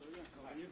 Très bien,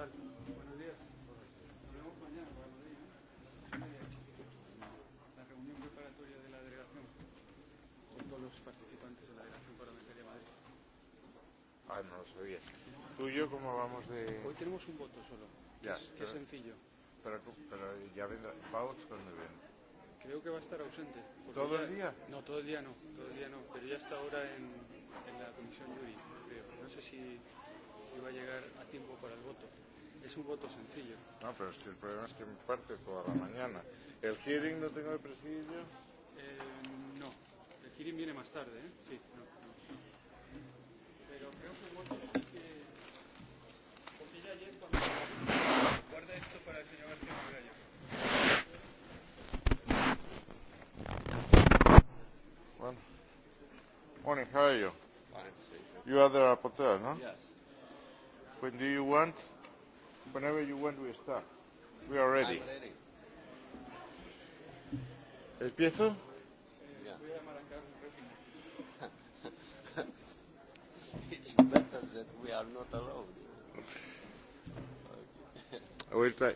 tal? Buenos días. Nos vemos mañana por la La reunión preparatoria de la delegación con todos los participantes de la delegación parlamentaria de Madrid. Ah, no lo sabía. ¿Tú y yo cómo vamos de...? Hoy tenemos un voto solo. Ya. Qué sencillo. Pero, pero ya vendrá. ¿Paux cuando viene? Creo que va a estar ausente. ¿Todo el día? No, todo el día no, todo el día no. Pero ya está ahora en, en la comisión Yuri, creo. No sé si, si va a llegar a tiempo para el voto. Es un voto sencillo. No, pero es que el problema es que me parte toda la mañana. ¿El hearing lo tengo de presidio? Eh, no. El hearing viene más tarde, ¿eh? Sí, no. Pero creo que el voto que... Porque ya ayer cuando... Guarda esto para el señor García Magallo. Bueno. Morning, how are you? Fine, You are the rapporteur, no? Yes. When do you want? Whenever you want, we start. We are ready. ¿Empiezo? It's better that we are not alone. I will try.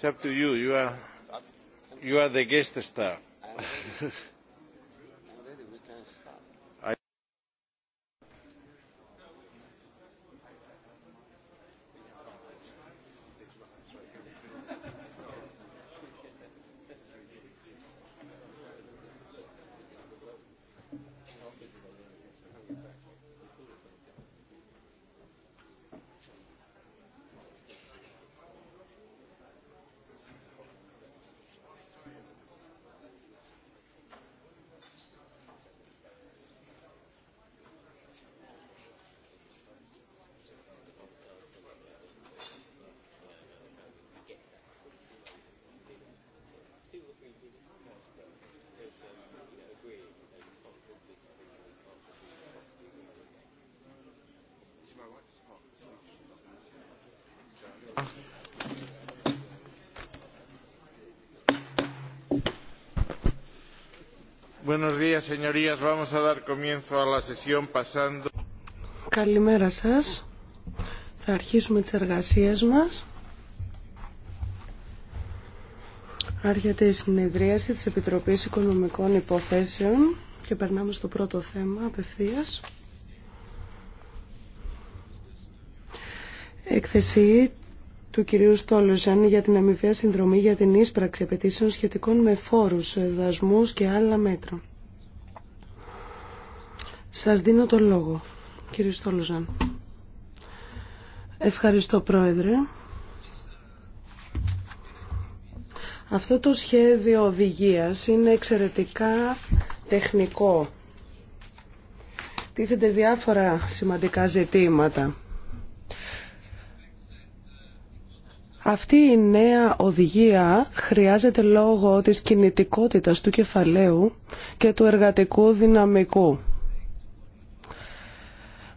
It's up to you. You are, you are the guest star. Καλημέρα σας. Θα αρχίσουμε τις εργασίες μας. Άρχεται η συνεδρίαση της Επιτροπής Οικονομικών Υποθέσεων και περνάμε στο πρώτο θέμα απευθείας. Εκθεσή του κυρίου Στόλοζαν για την αμοιβαία συνδρομή για την ίσπραξη απαιτήσεων σχετικών με φόρους, δασμούς και άλλα μέτρα. Σας δίνω το λόγο, κύριε Στόλοζαν. Ευχαριστώ, Πρόεδρε. Αυτό το σχέδιο οδηγίας είναι εξαιρετικά τεχνικό. Τίθενται διάφορα σημαντικά ζητήματα. Αυτή η νέα οδηγία χρειάζεται λόγω της κινητικότητας του κεφαλαίου και του εργατικού δυναμικού.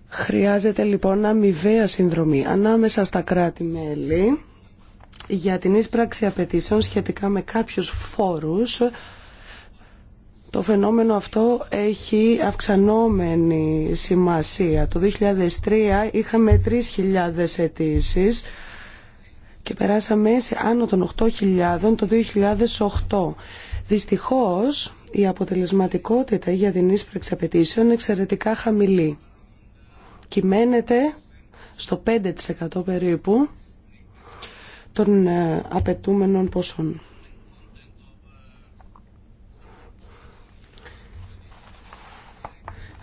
Χρειάζεται λοιπόν αμοιβαία συνδρομή ανάμεσα στα κράτη-μέλη για την εισπράξη απαιτήσεων σχετικά με κάποιους φόρους. Το φαινόμενο αυτό έχει αυξανόμενη σημασία. Το 2003 είχαμε 3.000 αιτήσει και περάσαμε σε άνω των 8.000 το 2008. Δυστυχώς η αποτελεσματικότητα για την ίσπραξη απαιτήσεων είναι εξαιρετικά χαμηλή. Κυμαίνεται στο 5% περίπου των ε, απαιτούμενων ποσών.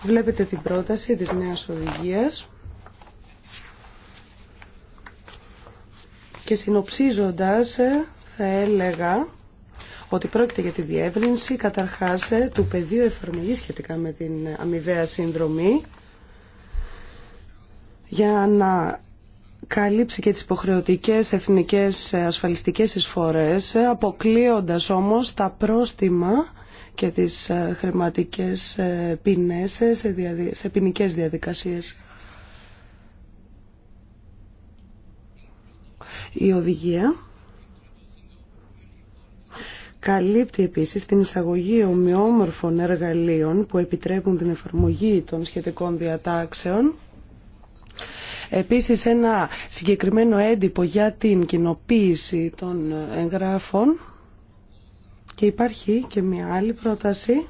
Βλέπετε την πρόταση της νέας οδηγίας. Και συνοψίζοντας ε, θα έλεγα ότι πρόκειται για τη διεύρυνση καταρχάς ε, του πεδίου εφαρμογής σχετικά με την αμοιβαία σύνδρομη για να καλύψει και τις υποχρεωτικές εθνικές ε, ασφαλιστικές εισφορές, αποκλείοντας όμως τα πρόστιμα και τις χρηματικές ποινές σε ποινικέ διαδικασίες. Η οδηγία καλύπτει επίσης την εισαγωγή ομοιόμορφων εργαλείων που επιτρέπουν την εφαρμογή των σχετικών διατάξεων Επίσης ένα συγκεκριμένο έντυπο για την κοινοποίηση των εγγράφων και υπάρχει και μια άλλη πρόταση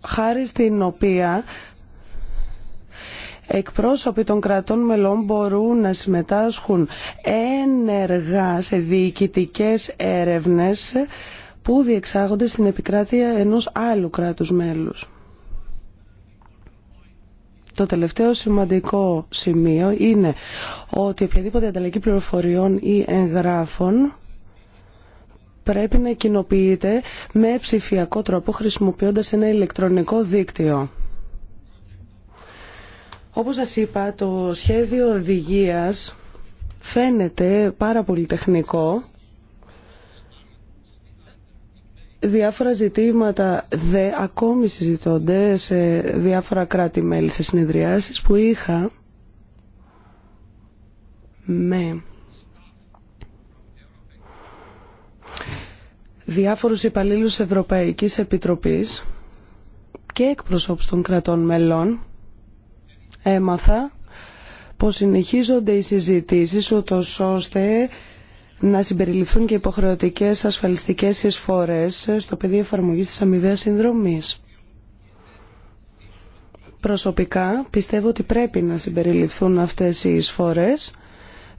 χάρη στην οποία εκπρόσωποι των κρατών μελών μπορούν να συμμετάσχουν ένεργα σε διοικητικές έρευνες που διεξάγονται στην επικράτεια ενός άλλου κράτους μέλους. Το τελευταίο σημαντικό σημείο είναι ότι οποιαδήποτε ανταλλαγή πληροφοριών ή εγγράφων πρέπει να κοινοποιείται με ψηφιακό τρόπο χρησιμοποιώντας ένα ηλεκτρονικό δίκτυο. Όπως σας είπα, το σχέδιο οδηγίας φαίνεται πάρα πολύ τεχνικό. Διάφορα ζητήματα δε ακόμη συζητώνται σε διάφορα κράτη-μέλη, σε συνεδριάσεις που είχα με διάφορους υπαλλήλους Ευρωπαϊκής Επιτροπής και εκπροσώπους των κρατών μελών έμαθα πως συνεχίζονται οι συζητήσεις ούτως ώστε να συμπεριληφθούν και υποχρεωτικές ασφαλιστικές εισφορές στο πεδίο εφαρμογής της αμοιβαίας συνδρομής. Προσωπικά πιστεύω ότι πρέπει να συμπεριληφθούν αυτές οι εισφορές,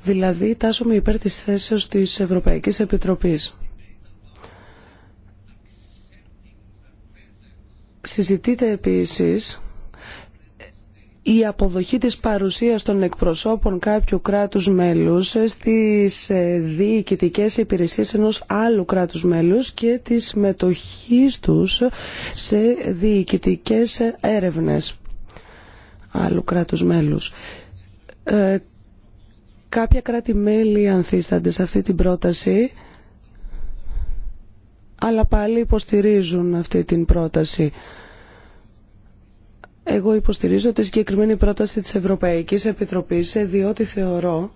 δηλαδή τάσομαι υπέρ της θέσεως της Ευρωπαϊκής Επιτροπής. Συζητείται επίσης η αποδοχή της παρουσίας των εκπροσώπων κάποιου κράτους μέλους στις ε, διοικητικές υπηρεσίες ενός άλλου κράτους μέλους και τη συμμετοχή τους σε διοικητικές έρευνες άλλου κράτους μέλους. Ε, κάποια κράτη-μέλη ανθίστανται σε αυτή την πρόταση, αλλά πάλι υποστηρίζουν αυτή την πρόταση. Εγώ υποστηρίζω τη συγκεκριμένη πρόταση της Ευρωπαϊκής Επιτροπής ε, διότι θεωρώ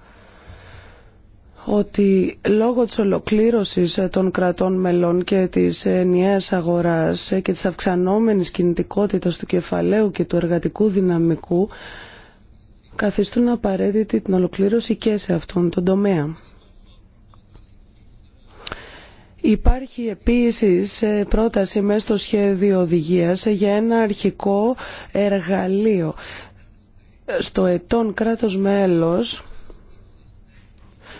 ότι λόγω της ολοκλήρωσης ε, των κρατών μελών και της ε, ενιαίας αγοράς και της αυξανόμενης κινητικότητας του κεφαλαίου και του εργατικού δυναμικού καθιστούν απαραίτητη την ολοκλήρωση και σε αυτόν τον τομέα. Υπάρχει επίσης ε, πρόταση μέσα στο σχέδιο οδηγίας για ένα αρχικό εργαλείο στο ετών κράτος μέλος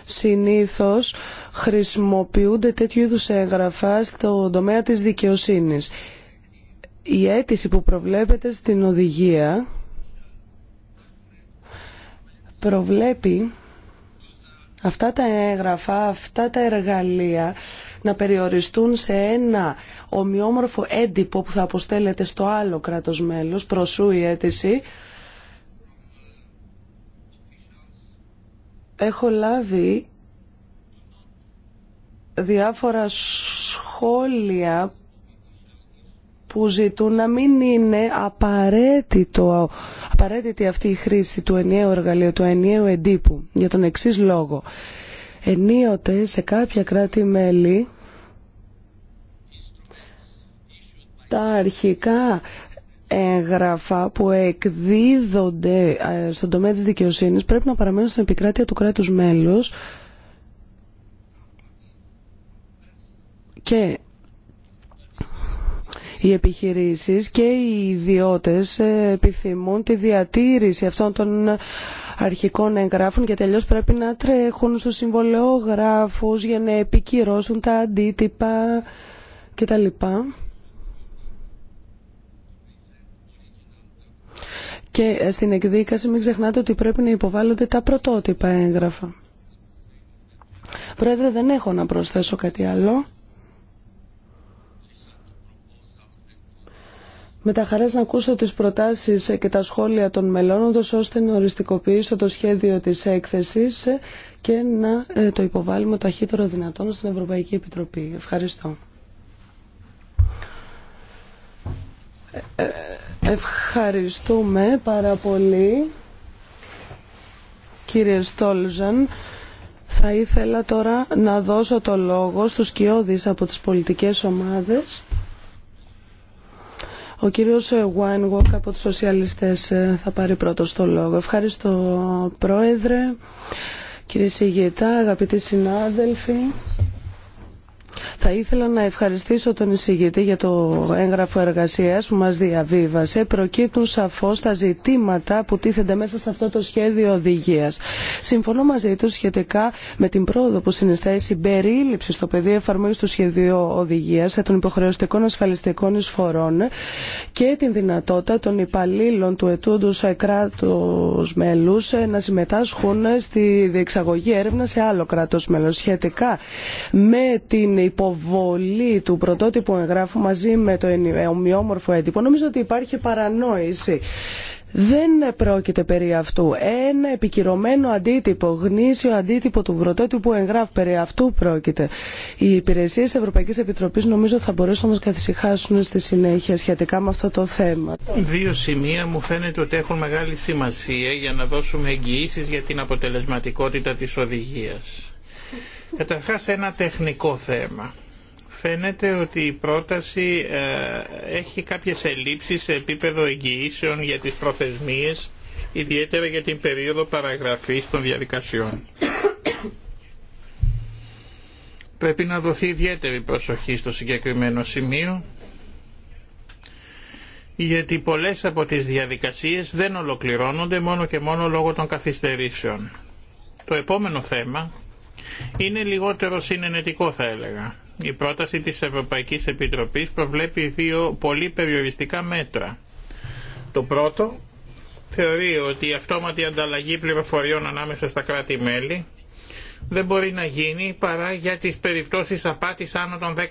συνήθως χρησιμοποιούνται τέτοιου είδους έγγραφα στον τομέα της δικαιοσύνης. Η αίτηση που προβλέπεται στην οδηγία προβλέπει αυτά τα έγγραφα, αυτά τα εργαλεία να περιοριστούν σε ένα ομοιόμορφο έντυπο που θα αποστέλλεται στο άλλο κράτος μέλος, προσού η αίτηση, έχω λάβει διάφορα σχόλια που ζητούν να μην είναι απαραίτητη αυτή η χρήση του ενιαίου εργαλείου, του ενιαίου εντύπου, για τον εξής λόγο. Ενίοτε σε κάποια κράτη-μέλη τα αρχικά έγγραφα που εκδίδονται ε, στον τομέα της δικαιοσύνης πρέπει να παραμένουν στην επικράτεια του κράτους μέλους και οι επιχειρήσεις και οι ιδιώτες ε, επιθυμούν τη διατήρηση αυτών των αρχικών εγγράφων και τελειώς πρέπει να τρέχουν στους συμβολεογράφους για να επικυρώσουν τα αντίτυπα κτλ. Και στην εκδίκαση μην ξεχνάτε ότι πρέπει να υποβάλλονται τα πρωτότυπα έγγραφα. Πρόεδρε, δεν έχω να προσθέσω κάτι άλλο. Με τα χαράς να ακούσω τις προτάσεις και τα σχόλια των μελών, ώστε να οριστικοποιήσω το σχέδιο της έκθεσης και να ε, το υποβάλουμε ταχύτερο δυνατόν στην Ευρωπαϊκή Επιτροπή. Ευχαριστώ. Ε, ε, ευχαριστούμε πάρα πολύ, κύριε Στόλζαν. Θα ήθελα τώρα να δώσω το λόγο στους κοιόδης από τις πολιτικές ομάδες. Ο κύριος Βάινγουοκ ε, από τους Σοσιαλιστές ε, θα πάρει πρώτος το λόγο. Ευχαριστώ Πρόεδρε, κύριε Σιγητά, αγαπητοί συνάδελφοι. Θα ήθελα να ευχαριστήσω τον εισηγητή για το έγγραφο εργασίας που μας διαβίβασε. Προκύπτουν σαφώς τα ζητήματα που τίθενται μέσα σε αυτό το σχέδιο οδηγίας. Συμφωνώ μαζί του σχετικά με την πρόοδο που συνιστά η συμπερίληψη στο πεδίο εφαρμογή του σχεδίου οδηγίας των υποχρεωστικών ασφαλιστικών εισφορών και την δυνατότητα των υπαλλήλων του σε κράτου μέλους να συμμετάσχουν στη διεξαγωγή έρευνα σε άλλο κράτο μέλο. σχετικά με την υποβολή του πρωτότυπου εγγράφου μαζί με το ε, ομοιόμορφο έντυπο, νομίζω ότι υπάρχει παρανόηση. Δεν πρόκειται περί αυτού. Ένα επικυρωμένο αντίτυπο, γνήσιο αντίτυπο του πρωτότυπου εγγράφου, περί αυτού πρόκειται. Οι υπηρεσίε Ευρωπαϊκή Επιτροπή νομίζω θα μπορέσουν να μα καθησυχάσουν στη συνέχεια σχετικά με αυτό το θέμα. Δύο σημεία μου φαίνεται ότι έχουν μεγάλη σημασία για να δώσουμε εγγυήσει για την αποτελεσματικότητα τη οδηγία. Καταρχάς ένα τεχνικό θέμα. Φαίνεται ότι η πρόταση ε, έχει κάποιες ελλείψεις σε επίπεδο εγγυήσεων για τις προθεσμίες, ιδιαίτερα για την περίοδο παραγραφής των διαδικασιών. Πρέπει να δοθεί ιδιαίτερη προσοχή στο συγκεκριμένο σημείο, γιατί πολλές από τις διαδικασίες δεν ολοκληρώνονται μόνο και μόνο λόγω των καθυστερήσεων. Το επόμενο θέμα είναι λιγότερο συνενετικό θα έλεγα. Η πρόταση της Ευρωπαϊκής Επιτροπής προβλέπει δύο πολύ περιοριστικά μέτρα. Το πρώτο θεωρεί ότι η αυτόματη ανταλλαγή πληροφοριών ανάμεσα στα κράτη-μέλη δεν μπορεί να γίνει παρά για τις περιπτώσεις απάτης άνω των 10.000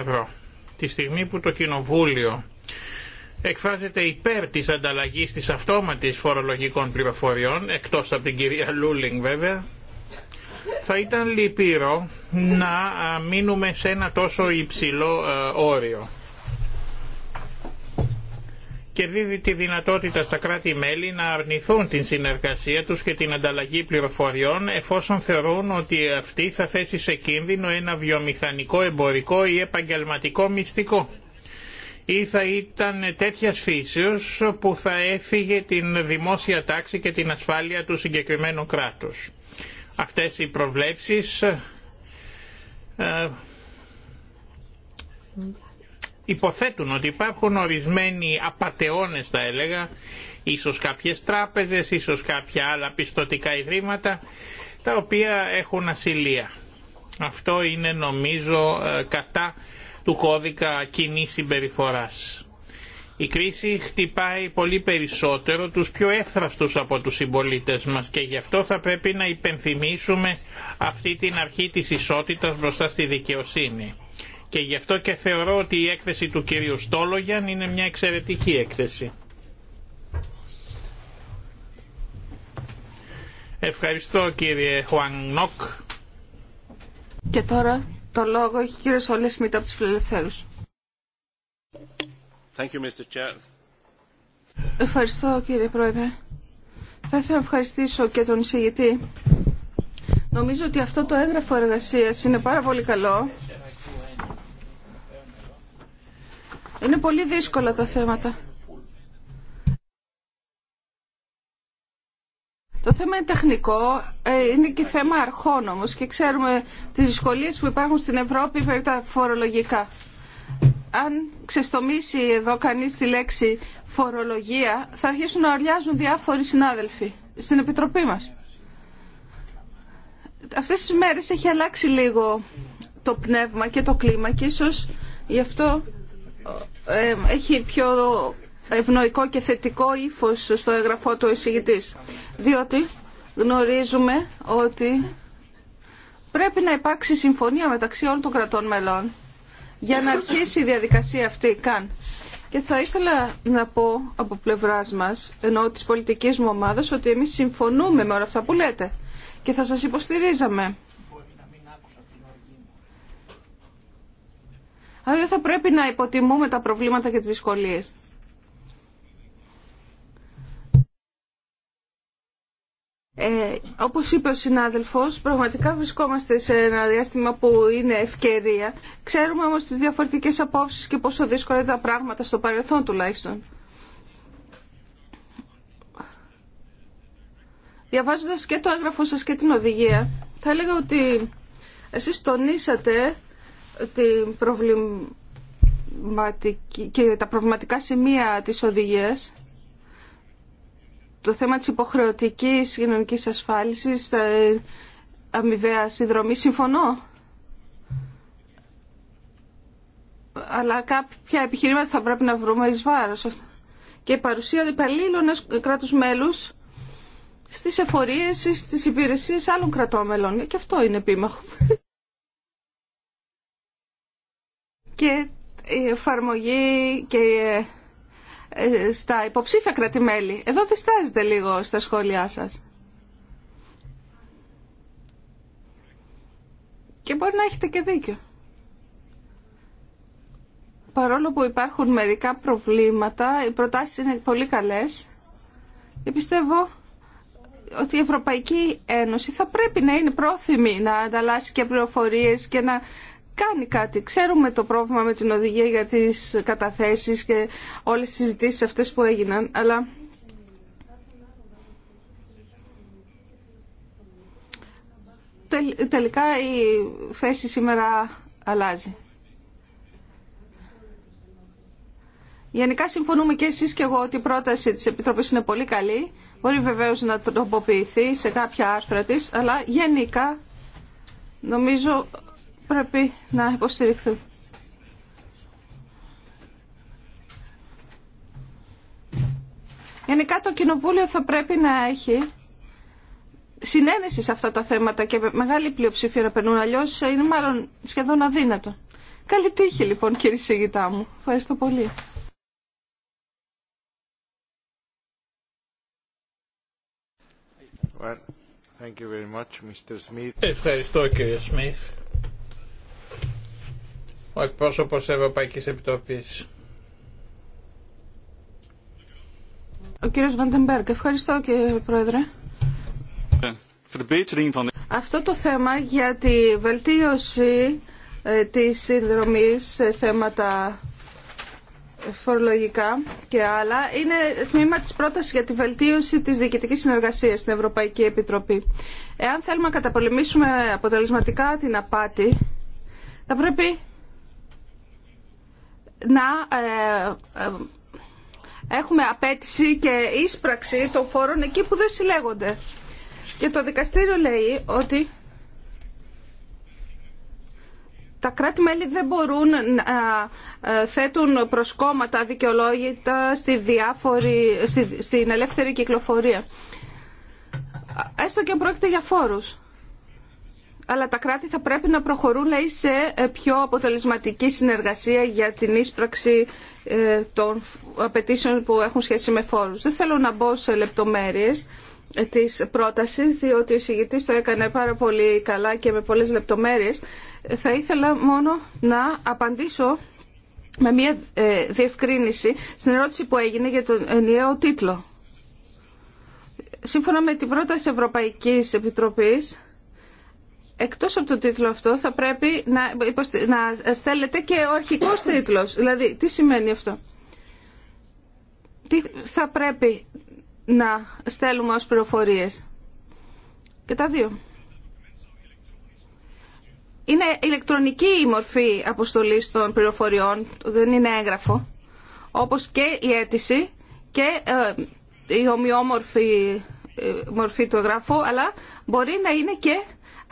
ευρώ. Τη στιγμή που το Κοινοβούλιο εκφράζεται υπέρ της ανταλλαγής της αυτόματης φορολογικών πληροφοριών, εκτός από την κυρία Λούλινγκ βέβαια, θα ήταν λυπηρό να μείνουμε σε ένα τόσο υψηλό όριο και δίδει τη δυνατότητα στα κράτη-μέλη να αρνηθούν την συνεργασία τους και την ανταλλαγή πληροφοριών εφόσον θεωρούν ότι αυτή θα θέσει σε κίνδυνο ένα βιομηχανικό, εμπορικό ή επαγγελματικό μυστικό ή θα ήταν τέτοια φύσεως που θα έφυγε την δημόσια τάξη και την ασφάλεια του συγκεκριμένου κράτους. Αυτές οι προβλέψεις ε, ε, υποθέτουν ότι υπάρχουν ορισμένοι απατεώνες θα έλεγα, ίσως κάποιες τράπεζες, ίσως κάποια άλλα πιστοτικά ιδρύματα, τα οποία έχουν ασυλία. Αυτό είναι νομίζω ε, κατά του κώδικα κοινή συμπεριφοράς. Η κρίση χτυπάει πολύ περισσότερο τους πιο εύθραστους από τους συμπολίτε μας και γι' αυτό θα πρέπει να υπενθυμίσουμε αυτή την αρχή της ισότητας μπροστά στη δικαιοσύνη. Και γι' αυτό και θεωρώ ότι η έκθεση του κυρίου Στόλογιαν είναι μια εξαιρετική έκθεση. Ευχαριστώ κύριε Χουανγνόκ. Και τώρα το λόγο έχει κύριο κύριος Ολέσμιτ από τους Φιλελευθέρους. Ευχαριστώ κύριε Πρόεδρε. Θα ήθελα να ευχαριστήσω και τον εισηγητή. Νομίζω ότι αυτό το έγγραφο εργασίας είναι πάρα πολύ καλό. Είναι πολύ δύσκολα τα θέματα. Το θέμα είναι τεχνικό, ε, είναι και θέμα αρχών όμως και ξέρουμε τις δυσκολίες που υπάρχουν στην Ευρώπη περί τα φορολογικά αν ξεστομίσει εδώ κανείς τη λέξη φορολογία, θα αρχίσουν να οριάζουν διάφοροι συνάδελφοι στην Επιτροπή μας. Αυτές τις μέρες έχει αλλάξει λίγο το πνεύμα και το κλίμα και ίσως γι' αυτό ε, ε, έχει πιο ευνοϊκό και θετικό ύφος στο εγγραφό του εισηγητής. Διότι γνωρίζουμε ότι πρέπει να υπάρξει συμφωνία μεταξύ όλων των κρατών μελών για να αρχίσει η διαδικασία αυτή καν. Και θα ήθελα να πω από πλευρά μα, ενώ τη πολιτική μου ομάδα, ότι εμεί συμφωνούμε με όλα αυτά που λέτε και θα σα υποστηρίζαμε. Αλλά δεν θα πρέπει να υποτιμούμε τα προβλήματα και τις δυσκολίες. Ε, όπως είπε ο συνάδελφος, πραγματικά βρισκόμαστε σε ένα διάστημα που είναι ευκαιρία. Ξέρουμε όμως τις διαφορετικές απόψεις και πόσο δύσκολα ήταν τα πράγματα στο παρελθόν τουλάχιστον. Διαβάζοντας και το έγγραφο σας και την οδηγία, θα έλεγα ότι εσείς τονίσατε την και τα προβληματικά σημεία της οδηγίας το θέμα της υποχρεωτικής κοινωνικής ασφάλισης, ε, αμοιβαία συνδρομή, συμφωνώ. Αλλά κάποια επιχειρήματα θα πρέπει να βρούμε εις βάρος. Και η παρουσία υπαλλήλων κράτους μέλους στις εφορίες ή στις υπηρεσίες άλλων κρατών Και αυτό είναι επίμαχο. και η εφαρμογή και ε, στα υποψήφια κρατημέλη. Εδώ διστάζετε λίγο στα σχόλιά σας. Και μπορεί να έχετε και δίκιο. Παρόλο που υπάρχουν μερικά προβλήματα, οι προτάσεις είναι πολύ καλές και ότι η Ευρωπαϊκή Ένωση θα πρέπει να είναι πρόθυμη να ανταλλάσσει και πληροφορίες και να κάνει κάτι. Ξέρουμε το πρόβλημα με την οδηγία για τις καταθέσεις και όλες τις συζητήσεις αυτές που έγιναν, αλλά τελικά η θέση σήμερα αλλάζει. Γενικά συμφωνούμε και εσείς και εγώ ότι η πρόταση της Επιτροπής είναι πολύ καλή. Μπορεί βεβαίως να τροποποιηθεί σε κάποια άρθρα της, αλλά γενικά νομίζω πρέπει να υποστηριχθούν. Γενικά το Κοινοβούλιο θα πρέπει να έχει συνένεση σε αυτά τα θέματα και μεγάλη πλειοψηφία να περνούν. Αλλιώ είναι μάλλον σχεδόν αδύνατο. Καλή τύχη λοιπόν κύριε Σιγητά μου. Ευχαριστώ πολύ. Ευχαριστώ κύριε Σμιθ ο εκπρόσωπος ευρωπαϊκή Επιτροπής. Ο κύριος Βαντεμπέρκ, ευχαριστώ κύριε Πρόεδρε. Αυτό το θέμα για τη βελτίωση ε, της συνδρομής σε θέματα φορολογικά και άλλα είναι τμήμα της πρότασης για τη βελτίωση της διοικητικής συνεργασίας στην Ευρωπαϊκή Επιτροπή. Εάν θέλουμε να καταπολεμήσουμε αποτελεσματικά την απάτη, θα πρέπει να ε, ε, έχουμε απέτηση και ίσπραξη των φόρων εκεί που δεν συλλέγονται. Και το δικαστήριο λέει ότι τα κράτη-μέλη δεν μπορούν να ε, θέτουν προσκόμματα δικαιολόγητα στη διάφορη, στη, στην ελεύθερη κυκλοφορία. Έστω και αν πρόκειται για φόρους αλλά τα κράτη θα πρέπει να προχωρούν λέει, σε ε, πιο αποτελεσματική συνεργασία για την ίσπραξη ε, των απαιτήσεων που έχουν σχέση με φόρους. Δεν θέλω να μπω σε λεπτομέρειες ε, της πρότασης, διότι ο συγητής το έκανε πάρα πολύ καλά και με πολλές λεπτομέρειες. Θα ήθελα μόνο να απαντήσω με μια διευκρίνηση στην ερώτηση που έγινε για τον ενιαίο τίτλο. Σύμφωνα με την πρόταση Ευρωπαϊκής Επιτροπής, εκτός από τον τίτλο αυτό θα πρέπει να, να στέλνετε και ο αρχικός τίτλος. Δηλαδή, τι σημαίνει αυτό. Τι θα πρέπει να στέλνουμε ως πληροφορίες. Και τα δύο. Είναι ηλεκτρονική η μορφή αποστολής των πληροφοριών, δεν είναι έγγραφο, όπως και η αίτηση και ε, η ομοιόμορφη ε, μορφή του εγγράφου, αλλά μπορεί να είναι και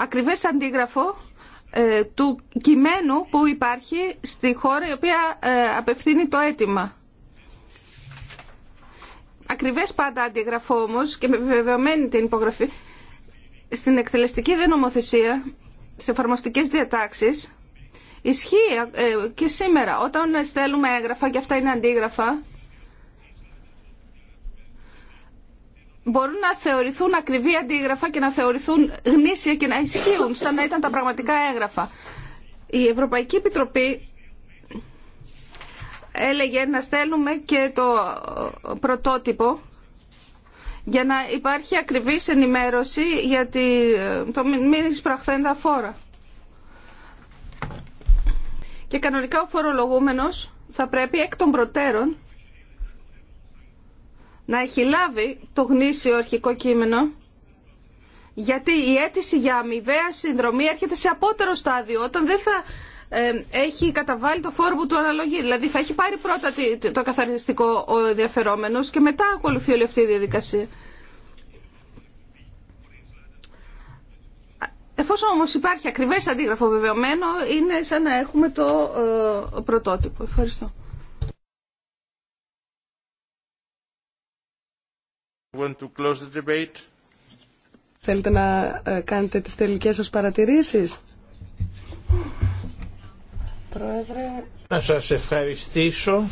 ακριβές αντίγραφο ε, του κειμένου που υπάρχει στη χώρα η οποία ε, απευθύνει το αίτημα. Ακριβές πάντα αντίγραφο όμως και με βεβαιωμένη την υπογραφή στην εκτελεστική δεν νομοθεσία, σε εφαρμοστικές διατάξεις, ισχύει ε, και σήμερα. Όταν στέλνουμε έγγραφα, και αυτά είναι αντίγραφα, μπορούν να θεωρηθούν ακριβή αντίγραφα και να θεωρηθούν γνήσια και να ισχύουν σαν να ήταν τα πραγματικά έγγραφα. Η Ευρωπαϊκή Επιτροπή έλεγε να στέλνουμε και το πρωτότυπο για να υπάρχει ακριβής ενημέρωση για το μήνυση πραχθέντα φόρα. Και κανονικά ο φορολογούμενος θα πρέπει εκ των προτέρων να έχει λάβει το γνήσιο αρχικό κείμενο γιατί η αίτηση για αμοιβαία συνδρομή έρχεται σε απότερο στάδιο όταν δεν θα ε, έχει καταβάλει το φόρμα του αναλογή. Δηλαδή θα έχει πάρει πρώτα το καθαριστικό ο ενδιαφερόμενος και μετά ακολουθεί όλη αυτή η διαδικασία. Εφόσον όμως υπάρχει ακριβές αντίγραφο βεβαιωμένο, είναι σαν να έχουμε το ε, πρωτότυπο. Ευχαριστώ. Θέλετε να ε, κάνετε τις τελικές σας παρατηρήσεις. Πρόεδρε. Να σας ευχαριστήσω.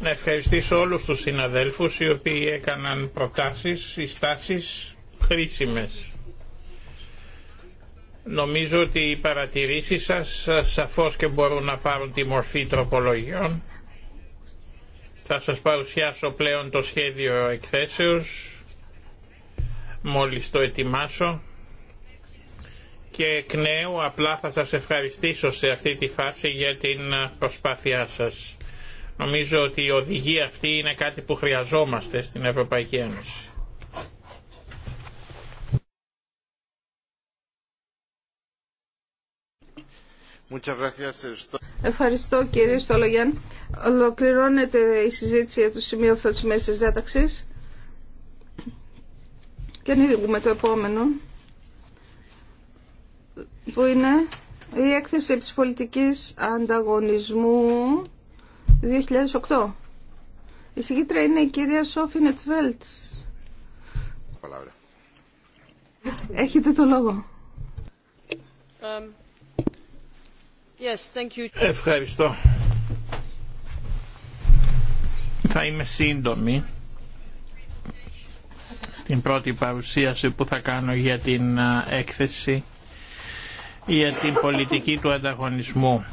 Να ευχαριστήσω όλους τους συναδέλφους οι οποίοι έκαναν προτάσεις, συστάσεις χρήσιμες. Νομίζω ότι οι παρατηρήσεις σας ε, σαφώς και μπορούν να πάρουν τη μορφή τροπολογιών θα σας παρουσιάσω πλέον το σχέδιο εκθέσεως μόλις το ετοιμάσω και εκ νέου απλά θα σας ευχαριστήσω σε αυτή τη φάση για την προσπάθειά σας. Νομίζω ότι η οδηγία αυτή είναι κάτι που χρειαζόμαστε στην Ευρωπαϊκή Ένωση. Ευχαριστώ κύριε Στολογιάν. Ολοκληρώνεται η συζήτηση για το σημείο αυτό της μέσης διάταξης και ανοίγουμε το επόμενο που είναι η έκθεση της πολιτικής ανταγωνισμού 2008. Η συγκήτρια είναι η κυρία Σόφι Νετβέλτ. Έχετε το λόγο. Um, yes, thank you. Ευχαριστώ. Θα είμαι σύντομη στην πρώτη παρουσίαση που θα κάνω για την έκθεση για την πολιτική του ανταγωνισμού.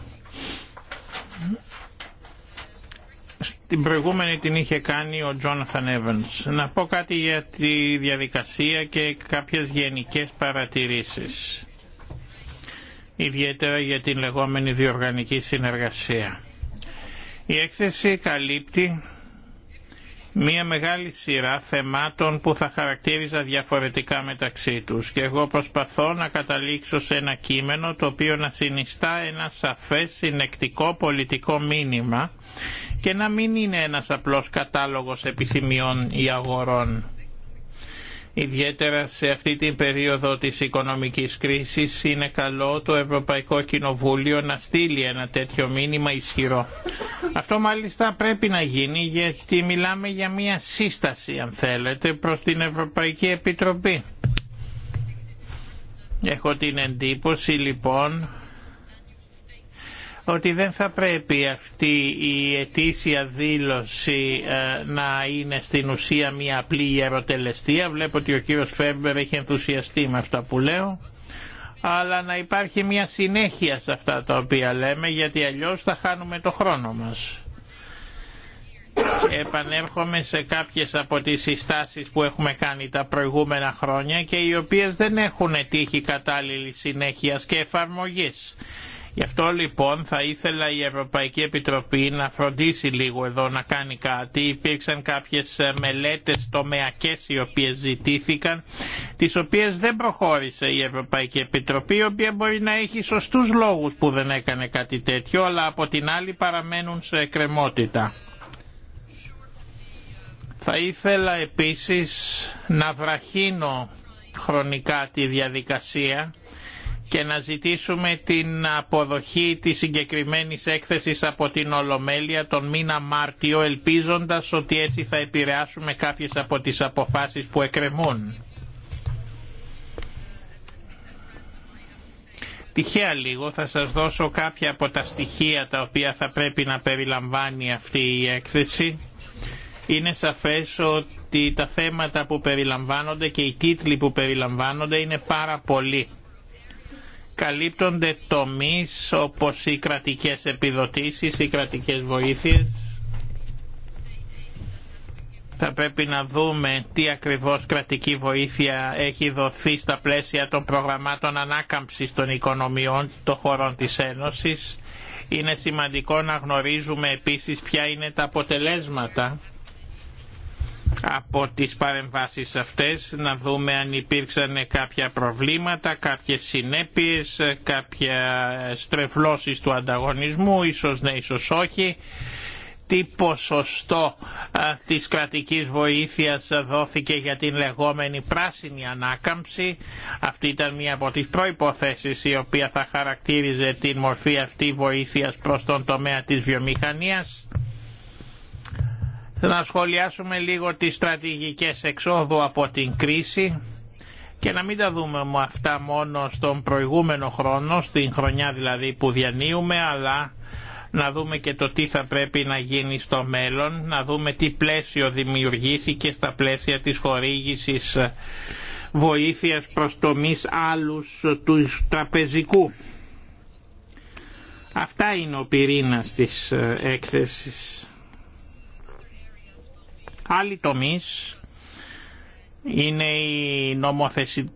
Στην προηγούμενη την είχε κάνει ο Τζόναθαν Evans. Να πω κάτι για τη διαδικασία και κάποιες γενικές παρατηρήσεις. Ιδιαίτερα για την λεγόμενη διοργανική συνεργασία. Η έκθεση καλύπτει μία μεγάλη σειρά θεμάτων που θα χαρακτήριζα διαφορετικά μεταξύ τους και εγώ προσπαθώ να καταλήξω σε ένα κείμενο το οποίο να συνιστά ένα σαφές συνεκτικό πολιτικό μήνυμα και να μην είναι ένας απλός κατάλογος επιθυμιών ή αγορών. Ιδιαίτερα σε αυτή την περίοδο της οικονομικής κρίσης είναι καλό το Ευρωπαϊκό Κοινοβούλιο να στείλει ένα τέτοιο μήνυμα ισχυρό. Αυτό μάλιστα πρέπει να γίνει γιατί μιλάμε για μια σύσταση αν θέλετε προς την Ευρωπαϊκή Επιτροπή. Έχω την εντύπωση λοιπόν ότι δεν θα πρέπει αυτή η ετήσια δήλωση ε, να είναι στην ουσία μια απλή ιεροτελεστία. Βλέπω ότι ο κύριος Φέμπερ έχει ενθουσιαστεί με αυτά που λέω αλλά να υπάρχει μια συνέχεια σε αυτά τα οποία λέμε γιατί αλλιώς θα χάνουμε το χρόνο μας. Επανέρχομαι σε κάποιες από τις συστάσεις που έχουμε κάνει τα προηγούμενα χρόνια και οι οποίες δεν έχουν τύχει κατάλληλη συνέχεια και εφαρμογής. Γι' αυτό λοιπόν θα ήθελα η Ευρωπαϊκή Επιτροπή να φροντίσει λίγο εδώ να κάνει κάτι. Υπήρξαν κάποιες ε, μελέτες τομεακές οι οποίες ζητήθηκαν, τις οποίες δεν προχώρησε η Ευρωπαϊκή Επιτροπή, η οποία μπορεί να έχει σωστούς λόγους που δεν έκανε κάτι τέτοιο, αλλά από την άλλη παραμένουν σε εκκρεμότητα. Θα ήθελα επίσης να βραχύνω χρονικά τη διαδικασία και να ζητήσουμε την αποδοχή της συγκεκριμένης έκθεσης από την Ολομέλεια τον μήνα Μάρτιο ελπίζοντας ότι έτσι θα επηρεάσουμε κάποιες από τις αποφάσεις που εκκρεμούν. Τυχαία λίγο θα σας δώσω κάποια από τα στοιχεία τα οποία θα πρέπει να περιλαμβάνει αυτή η έκθεση. Είναι σαφές ότι τα θέματα που περιλαμβάνονται και οι τίτλοι που περιλαμβάνονται είναι πάρα πολλοί καλύπτονται τομείς όπως οι κρατικές επιδοτήσεις, οι κρατικές βοήθειες. Θα πρέπει να δούμε τι ακριβώς κρατική βοήθεια έχει δοθεί στα πλαίσια των προγραμμάτων ανάκαμψης των οικονομιών των χωρών της Ένωσης. Είναι σημαντικό να γνωρίζουμε επίσης ποια είναι τα αποτελέσματα από τις παρεμβάσεις αυτές να δούμε αν υπήρξαν κάποια προβλήματα, κάποιες συνέπειες, κάποια στρεβλώσεις του ανταγωνισμού, ίσως ναι, ίσως όχι τι ποσοστό της κρατικής βοήθειας δόθηκε για την λεγόμενη πράσινη ανάκαμψη. Αυτή ήταν μία από τις προϋποθέσεις η οποία θα χαρακτήριζε την μορφή αυτή βοήθειας προς τον τομέα της βιομηχανίας να σχολιάσουμε λίγο τις στρατηγικές εξόδου από την κρίση και να μην τα δούμε αυτά μόνο στον προηγούμενο χρόνο, στην χρονιά δηλαδή που διανύουμε, αλλά να δούμε και το τι θα πρέπει να γίνει στο μέλλον, να δούμε τι πλαίσιο δημιουργήθηκε στα πλαίσια της χορήγησης βοήθειας προς τομείς άλλους του τραπεζικού. Αυτά είναι ο πυρήνας της ε, έκθεσης. Άλλοι τομείς είναι οι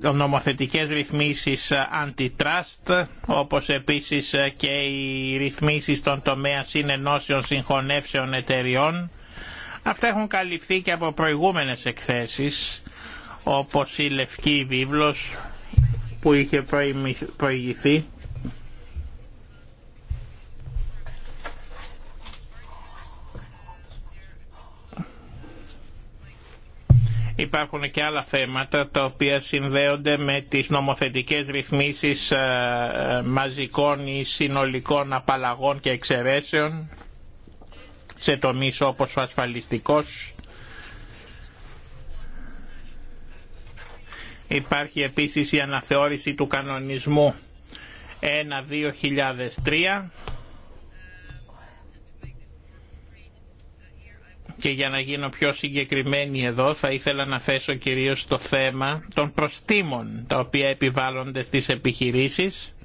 νομοθετικές ρυθμίσεις antitrust όπως επίσης και οι ρυθμίσεις των τομέα συνενώσεων συγχωνεύσεων εταιριών. Αυτά έχουν καλυφθεί και από προηγούμενες εκθέσεις, όπως η Λευκή Βίβλος που είχε προηγηθεί Υπάρχουν και άλλα θέματα τα οποία συνδέονται με τις νομοθετικές ρυθμίσεις ε, ε, μαζικών ή συνολικών απαλλαγών και εξαιρέσεων σε τομείς όπως ο ασφαλιστικός. Υπάρχει επίσης η αναθεώρηση του κανονισμού 1-2003 Και για να γίνω πιο συγκεκριμένη εδώ θα ήθελα να θέσω κυρίως το θέμα των προστήμων τα οποία επιβάλλονται στις επιχειρήσεις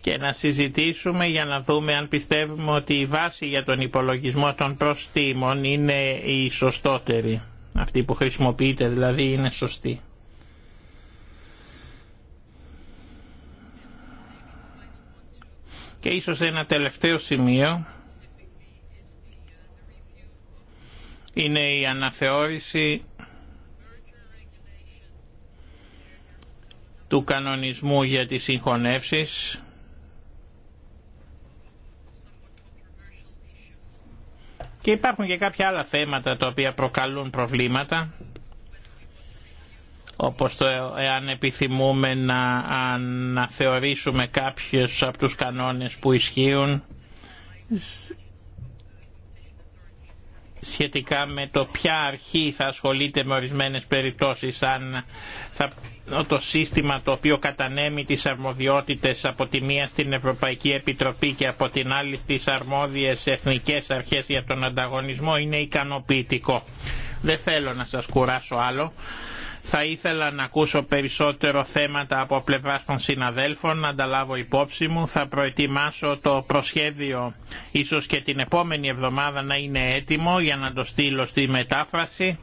και να συζητήσουμε για να δούμε αν πιστεύουμε ότι η βάση για τον υπολογισμό των προστήμων είναι η σωστότερη. Αυτή που χρησιμοποιείται δηλαδή είναι σωστή. Και ίσως ένα τελευταίο σημείο είναι η αναθεώρηση του κανονισμού για τις συγχωνεύσεις και υπάρχουν και κάποια άλλα θέματα τα οποία προκαλούν προβλήματα όπως το εάν επιθυμούμε να αναθεωρήσουμε κάποιους από τους κανόνες που ισχύουν σχετικά με το ποια αρχή θα ασχολείται με ορισμένες περιπτώσεις αν θα, το σύστημα το οποίο κατανέμει τις αρμοδιότητες από τη μία στην Ευρωπαϊκή Επιτροπή και από την άλλη στις αρμόδιες εθνικές αρχές για τον ανταγωνισμό είναι ικανοποιητικό. Δεν θέλω να σας κουράσω άλλο. Θα ήθελα να ακούσω περισσότερο θέματα από πλευρά των συναδέλφων, να ανταλάβω υπόψη μου. Θα προετοιμάσω το προσχέδιο ίσως και την επόμενη εβδομάδα να είναι έτοιμο για να το στείλω στη μετάφραση.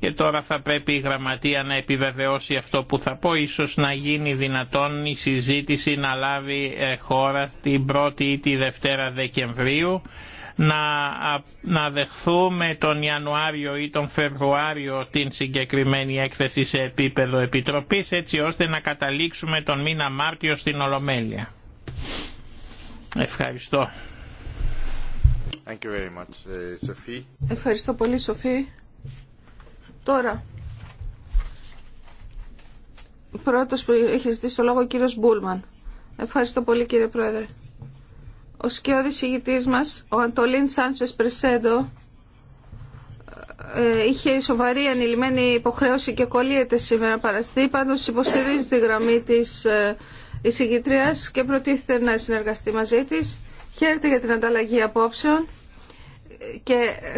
Και τώρα θα πρέπει η Γραμματεία να επιβεβαιώσει αυτό που θα πω, ίσως να γίνει δυνατόν η συζήτηση να λάβει ε, χώρα την 1η ή τη Δευτέρα Δεκεμβρίου να, να δεχθούμε τον Ιανουάριο ή τον Φεβρουάριο την συγκεκριμένη έκθεση σε επίπεδο επιτροπής έτσι ώστε να καταλήξουμε τον μήνα Μάρτιο στην Ολομέλεια. Ευχαριστώ. Thank you very much, ε, Ευχαριστώ πολύ Σοφή. Τώρα, πρώτος που έχει ζητήσει το λόγο ο κύριος Μπούλμαν. Ευχαριστώ πολύ κύριε Πρόεδρε. Ο σκιώδης ηγητής μας, ο Αντολίν Σάντσες Πρεσέντο, ε, είχε σοβαρή ανηλυμένη υποχρέωση και κολλείεται σήμερα παραστή. Πάντως υποστηρίζει τη γραμμή της ε, εισηγητρίας και προτίθεται να συνεργαστεί μαζί της. Χαίρεται για την ανταλλαγή απόψεων. Και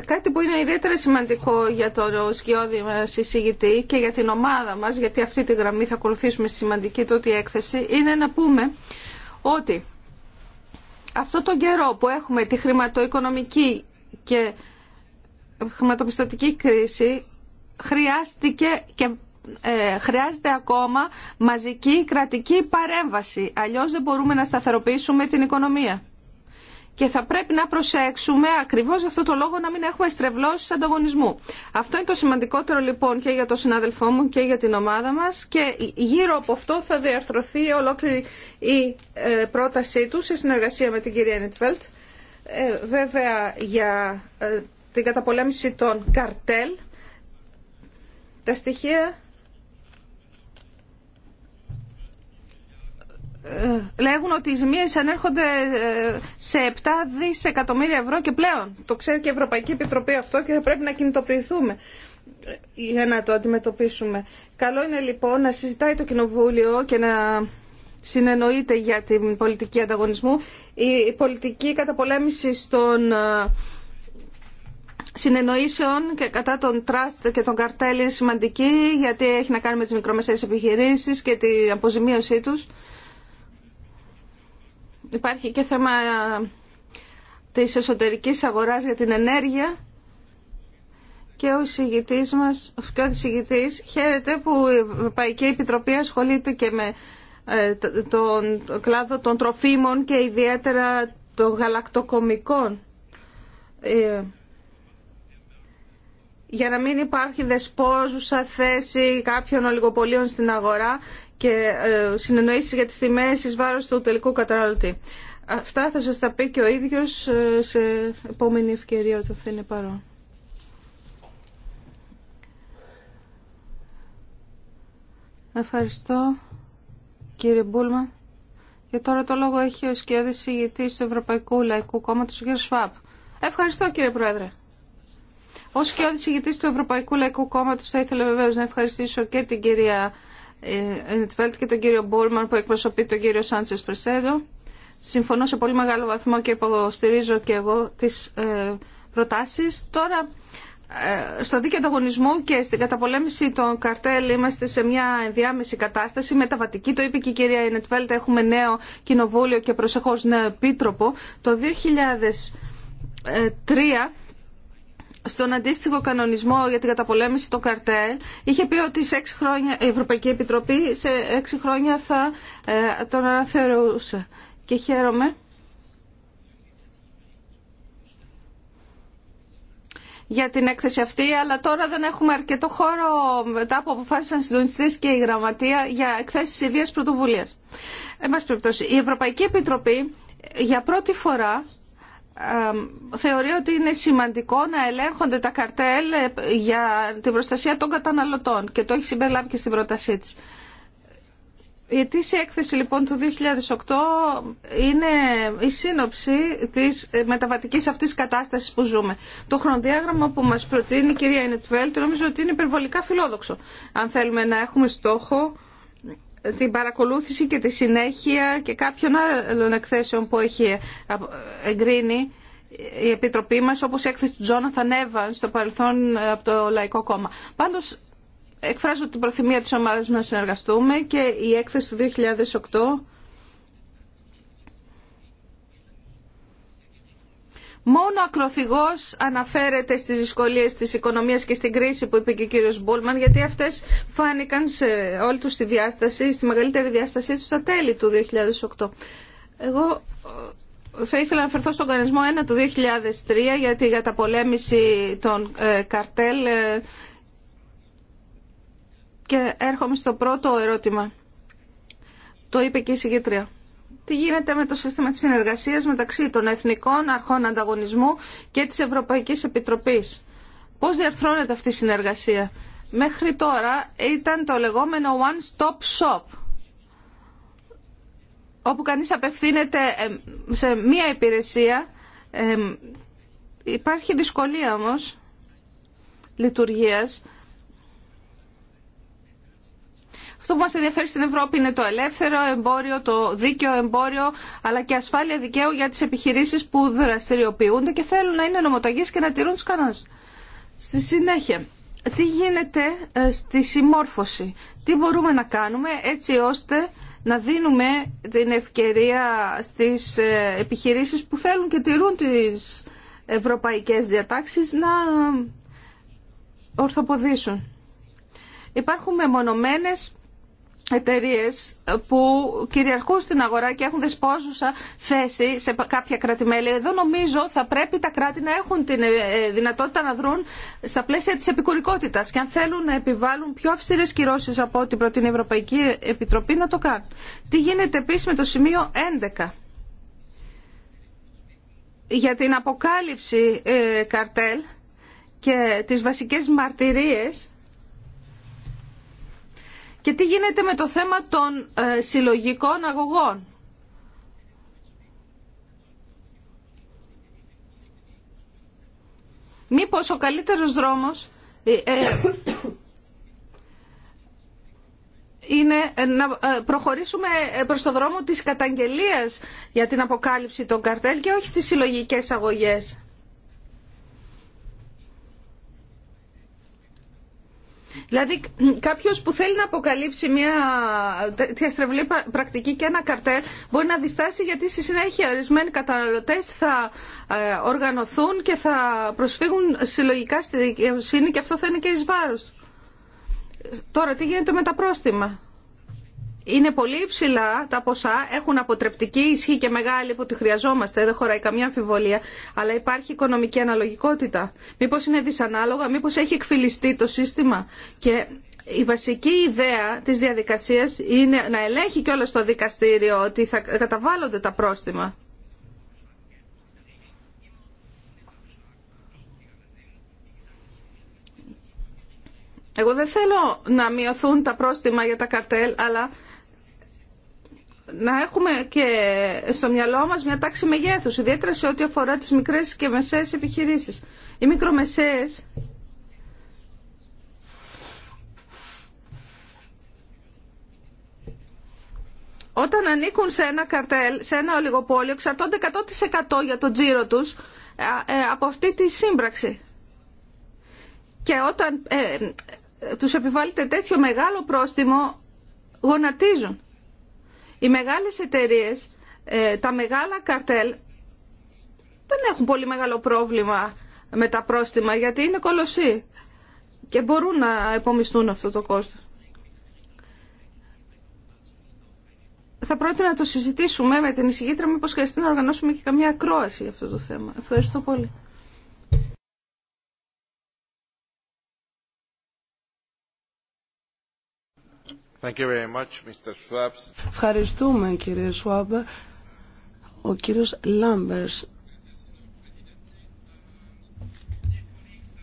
κάτι που είναι ιδιαίτερα σημαντικό για τον σκιώδη μας εισηγητή και για την ομάδα μας, γιατί αυτή τη γραμμή θα ακολουθήσουμε στη σημαντική τότε έκθεση, είναι να πούμε ότι αυτό τον καιρό που έχουμε τη χρηματοοικονομική και χρηματοπιστωτική κρίση χρειάστηκε και ε, χρειάζεται ακόμα μαζική κρατική παρέμβαση. Αλλιώς δεν μπορούμε να σταθεροποιήσουμε την οικονομία και θα πρέπει να προσέξουμε ακριβώς αυτό το λόγο να μην έχουμε στρεβλώσει ανταγωνισμού. Αυτό είναι το σημαντικότερο λοιπόν και για τον συνάδελφό μου και για την ομάδα μας και γύρω από αυτό θα διαρθρωθεί ολόκληρη η ε, πρότασή του σε συνεργασία με την κυρία Νιτβέλτ. Ε, βέβαια για ε, την καταπολέμηση των καρτέλ τα στοιχεία Ε, λέγουν ότι οι ζημίε ανέρχονται ε, σε 7 δισεκατομμύρια ευρώ και πλέον. Το ξέρει και η Ευρωπαϊκή Επιτροπή αυτό και θα πρέπει να κινητοποιηθούμε για να το αντιμετωπίσουμε. Καλό είναι λοιπόν να συζητάει το Κοινοβούλιο και να συνεννοείται για την πολιτική ανταγωνισμού. Η πολιτική καταπολέμηση των ε, συνεννοήσεων και κατά τον τραστ και τον καρτέλ είναι σημαντική γιατί έχει να κάνει με τις μικρομεσαίες επιχειρήσεις και την αποζημίωσή τους. Υπάρχει και θέμα της εσωτερικής αγοράς για την ενέργεια και ο συγητής μας, ο συγητής, χαίρεται που η Ευρωπαϊκή Επιτροπή ασχολείται και με ε, τον κλάδο των τροφίμων και ιδιαίτερα των γαλακτοκομικών ε, για να μην υπάρχει δεσπόζουσα θέση κάποιων ολιγοπολίων στην αγορά και ε, συνεννοήσεις για τις τιμές εις βάρος του τελικού καταναλωτή. Αυτά θα σας τα πει και ο ίδιος ε, σε επόμενη ευκαιρία όταν θα είναι παρόν. Ευχαριστώ κύριε Μπούλμα. Και τώρα το λόγο έχει ο σκιώδης ηγητής του Ευρωπαϊκού Λαϊκού Κόμματος, ο κ. Σφάπ. Ευχαριστώ κύριε Πρόεδρε. Ω και ο του Ευρωπαϊκού Λαϊκού Κόμματος θα ήθελα βεβαίω να ευχαριστήσω και την κυρία Ενετφέλτ και τον κύριο Μπούλμαν που εκπροσωπεί τον κύριο Σάντσε Πρεσέδο. Συμφωνώ σε πολύ μεγάλο βαθμό και υποστηρίζω και εγώ τις ε, προτάσει. Τώρα, ε, στο δίκαιο ανταγωνισμού και στην καταπολέμηση των καρτέλ είμαστε σε μια ενδιάμεση κατάσταση μεταβατική. Το είπε και η κυρία Ενετφέλτ, έχουμε νέο κοινοβούλιο και προσεχώ νέο επίτροπο. Το 2003 στον αντίστοιχο κανονισμό για την καταπολέμηση των καρτέλ είχε πει ότι σε έξι χρόνια, η Ευρωπαϊκή Επιτροπή σε έξι χρόνια θα ε, τον αναθεωρούσε. Και χαίρομαι. για την έκθεση αυτή, αλλά τώρα δεν έχουμε αρκετό χώρο μετά που αποφάσισαν συντονιστεί και η Γραμματεία για εκθέσει ιδία πρωτοβουλία. Εν πάση περιπτώσει, η Ευρωπαϊκή Επιτροπή για πρώτη φορά θεωρεί ότι είναι σημαντικό να ελέγχονται τα καρτέλ ε, για την προστασία των καταναλωτών και το έχει συμπεριλάβει και στην πρότασή της. Η ετήσια έκθεση λοιπόν του 2008 είναι η σύνοψη της μεταβατικής αυτής κατάστασης που ζούμε. Το χρονοδιάγραμμα που μας προτείνει η κυρία Ινετβέλτ νομίζω ότι είναι υπερβολικά φιλόδοξο. Αν θέλουμε να έχουμε στόχο την παρακολούθηση και τη συνέχεια και κάποιων άλλων εκθέσεων που έχει εγκρίνει η Επιτροπή μας, όπως η έκθεση του Τζόναθαν Εύαν στο παρελθόν από το Λαϊκό Κόμμα. Πάντως, εκφράζω την προθυμία της ομάδας μας να συνεργαστούμε και η έκθεση του 2008 Μόνο ακροθυγό αναφέρεται στις δυσκολίες της οικονομίας και στην κρίση που είπε και ο κύριος Μπούλμαν, γιατί αυτές φάνηκαν σε όλη του τη διάσταση, στη μεγαλύτερη διάστασή του στα τέλη του 2008. Εγώ ε, θα ήθελα να αναφερθώ στον κανονισμό 1 του 2003 γιατί για τα πολέμηση των ε, καρτέλ ε, και έρχομαι στο πρώτο ερώτημα. Το είπε και η συγκεκριά τι γίνεται με το σύστημα της συνεργασίας μεταξύ των Εθνικών Αρχών Ανταγωνισμού και της Ευρωπαϊκής Επιτροπής. Πώς διαρθρώνεται αυτή η συνεργασία. Μέχρι τώρα ήταν το λεγόμενο one-stop shop όπου κανείς απευθύνεται σε μία υπηρεσία. Υπάρχει δυσκολία όμως λειτουργίας Αυτό που μα ενδιαφέρει στην Ευρώπη είναι το ελεύθερο εμπόριο, το δίκαιο εμπόριο, αλλά και ασφάλεια δικαίου για τις επιχειρήσεις που δραστηριοποιούνται και θέλουν να είναι νομοταγεί και να τηρούν τους κανόνες. Στη συνέχεια, τι γίνεται ε, στη συμμόρφωση, τι μπορούμε να κάνουμε έτσι ώστε να δίνουμε την ευκαιρία στις ε, επιχειρήσεις που θέλουν και τηρούν τις ευρωπαϊκές διατάξεις να ορθοποδήσουν. Υπάρχουν μεμονωμένες εταιρείε που κυριαρχούν στην αγορά και έχουν δεσπόζουσα θέση σε κάποια κράτη-μέλη. Εδώ νομίζω θα πρέπει τα κράτη να έχουν τη ε, δυνατότητα να δρουν στα πλαίσια της επικουρικότητας και αν θέλουν να επιβάλλουν πιο αυστηρές κυρώσεις από ό,τι προτείνει η Ευρωπαϊκή Επιτροπή να το κάνουν. Τι γίνεται επίσης με το σημείο 11 για την αποκάλυψη ε, καρτέλ και τις βασικές μαρτυρίες και τι γίνεται με το θέμα των ε, συλλογικών αγωγών. Μήπως ο καλύτερος δρόμος ε, ε, είναι να προχωρήσουμε προς το δρόμο της καταγγελίας για την αποκάλυψη των καρτέλ και όχι στις συλλογικές αγωγές. Δηλαδή κάποιος που θέλει να αποκαλύψει μια τέτοια στρεβλή πρακτική και ένα καρτέλ μπορεί να διστάσει γιατί στη συνέχεια ορισμένοι καταναλωτές θα ε, οργανωθούν και θα προσφύγουν συλλογικά στη δικαιοσύνη και αυτό θα είναι και εις βάρος. Τώρα τι γίνεται με τα πρόστιμα είναι πολύ υψηλά τα ποσά, έχουν αποτρεπτική ισχύ και μεγάλη που τη χρειαζόμαστε, δεν χωράει καμία αμφιβολία, αλλά υπάρχει οικονομική αναλογικότητα. Μήπως είναι δυσανάλογα, μήπως έχει εκφυλιστεί το σύστημα και η βασική ιδέα της διαδικασίας είναι να ελέγχει κιόλας το δικαστήριο ότι θα καταβάλλονται τα πρόστιμα. Εγώ δεν θέλω να μειωθούν τα πρόστιμα για τα καρτέλ, αλλά να έχουμε και στο μυαλό μας μια τάξη μεγέθους, ιδιαίτερα σε ό,τι αφορά τις μικρές και μεσαίες επιχειρήσεις. Οι μικρομεσαίες όταν ανήκουν σε ένα καρτέλ, σε ένα ολιγοπόλιο, εξαρτώνται 100% για τον τζίρο τους ε, ε, από αυτή τη σύμπραξη. Και όταν ε, τους επιβάλλεται τέτοιο μεγάλο πρόστιμο, γονατίζουν. Οι μεγάλες εταιρείες, ε, τα μεγάλα καρτέλ δεν έχουν πολύ μεγάλο πρόβλημα με τα πρόστιμα γιατί είναι κολοσσοί και μπορούν να επομιστούν αυτό το κόστος. Θα πρότεινα να το συζητήσουμε με την εισηγήτρια μήπως χρειαστεί να οργανώσουμε και καμία ακρόαση για αυτό το θέμα. Ευχαριστώ πολύ. Ευχαριστούμε κύριε Σουάμπ. Ο κύριος Λάμπερς.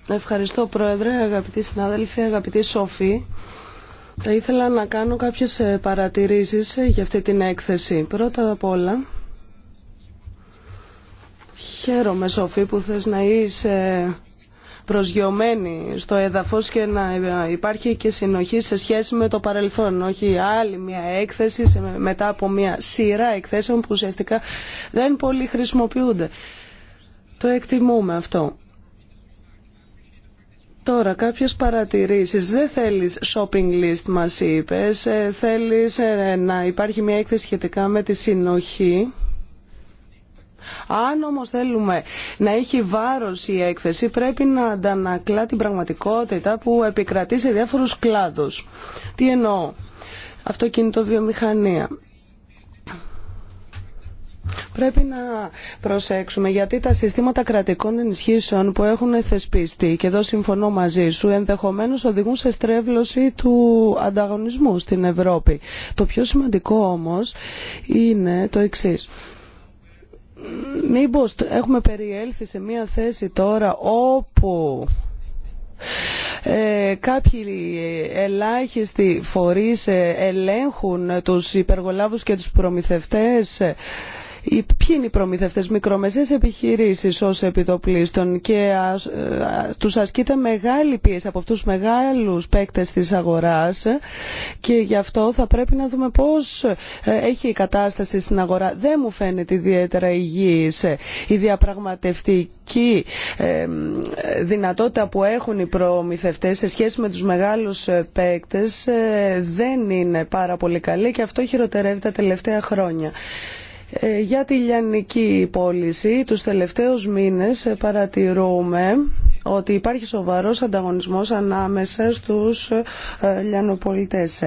Ευχαριστώ πρόεδρε, αγαπητοί συνάδελφοι, αγαπητοί σοφοί. Θα ήθελα να κάνω κάποιες ε, παρατηρήσεις ε, για αυτή την έκθεση. Πρώτα απ' όλα, χαίρομαι σοφή που θες να είσαι προσγειωμένη στο έδαφος και να υπάρχει και συνοχή σε σχέση με το παρελθόν. Όχι άλλη μια έκθεση μετά από μια σειρά εκθέσεων που ουσιαστικά δεν πολύ χρησιμοποιούνται. Το εκτιμούμε αυτό. Τώρα, κάποιες παρατηρήσεις. Δεν θέλεις shopping list, μας είπες. Ε, θέλεις ε, να υπάρχει μια έκθεση σχετικά με τη συνοχή αν όμω θέλουμε να έχει βάρος η έκθεση πρέπει να αντανακλά την πραγματικότητα που επικρατεί σε διάφορους κλάδους. Τι εννοώ. Αυτοκινητοβιομηχανία. Πρέπει να προσέξουμε γιατί τα συστήματα κρατικών ενισχύσεων που έχουν θεσπιστεί και εδώ συμφωνώ μαζί σου ενδεχομένως οδηγούν σε στρέβλωση του ανταγωνισμού στην Ευρώπη. Το πιο σημαντικό όμως είναι το εξής μήπως έχουμε περιέλθει σε μια θέση τώρα όπου ε, κάποιοι ελάχιστοι φορείς ε, ελέγχουν τους υπεργολάβους και τους προμηθευτές ε, ποιοι είναι οι προμηθευτές μικρομεσαίες επιχειρήσεις ως επιτοπλίστων και ε, τους ασκείται μεγάλη πίεση από αυτούς τους μεγάλους παίκτες της αγοράς και γι' αυτό θα πρέπει να δούμε πώς ε, έχει η κατάσταση στην αγορά. Δεν μου φαίνεται ιδιαίτερα υγιής η διαπραγματευτική ε, δυνατότητα που έχουν οι προμηθευτές σε σχέση με τους μεγάλους παίκτες δεν είναι πάρα πολύ καλή και αυτό χειροτερεύει τα τελευταία χρόνια. Ε, για τη λιανική πώληση, τους τελευταίους μήνες ε, παρατηρούμε ότι υπάρχει σοβαρός ανταγωνισμός ανάμεσα στους ε, λιανοπολιτές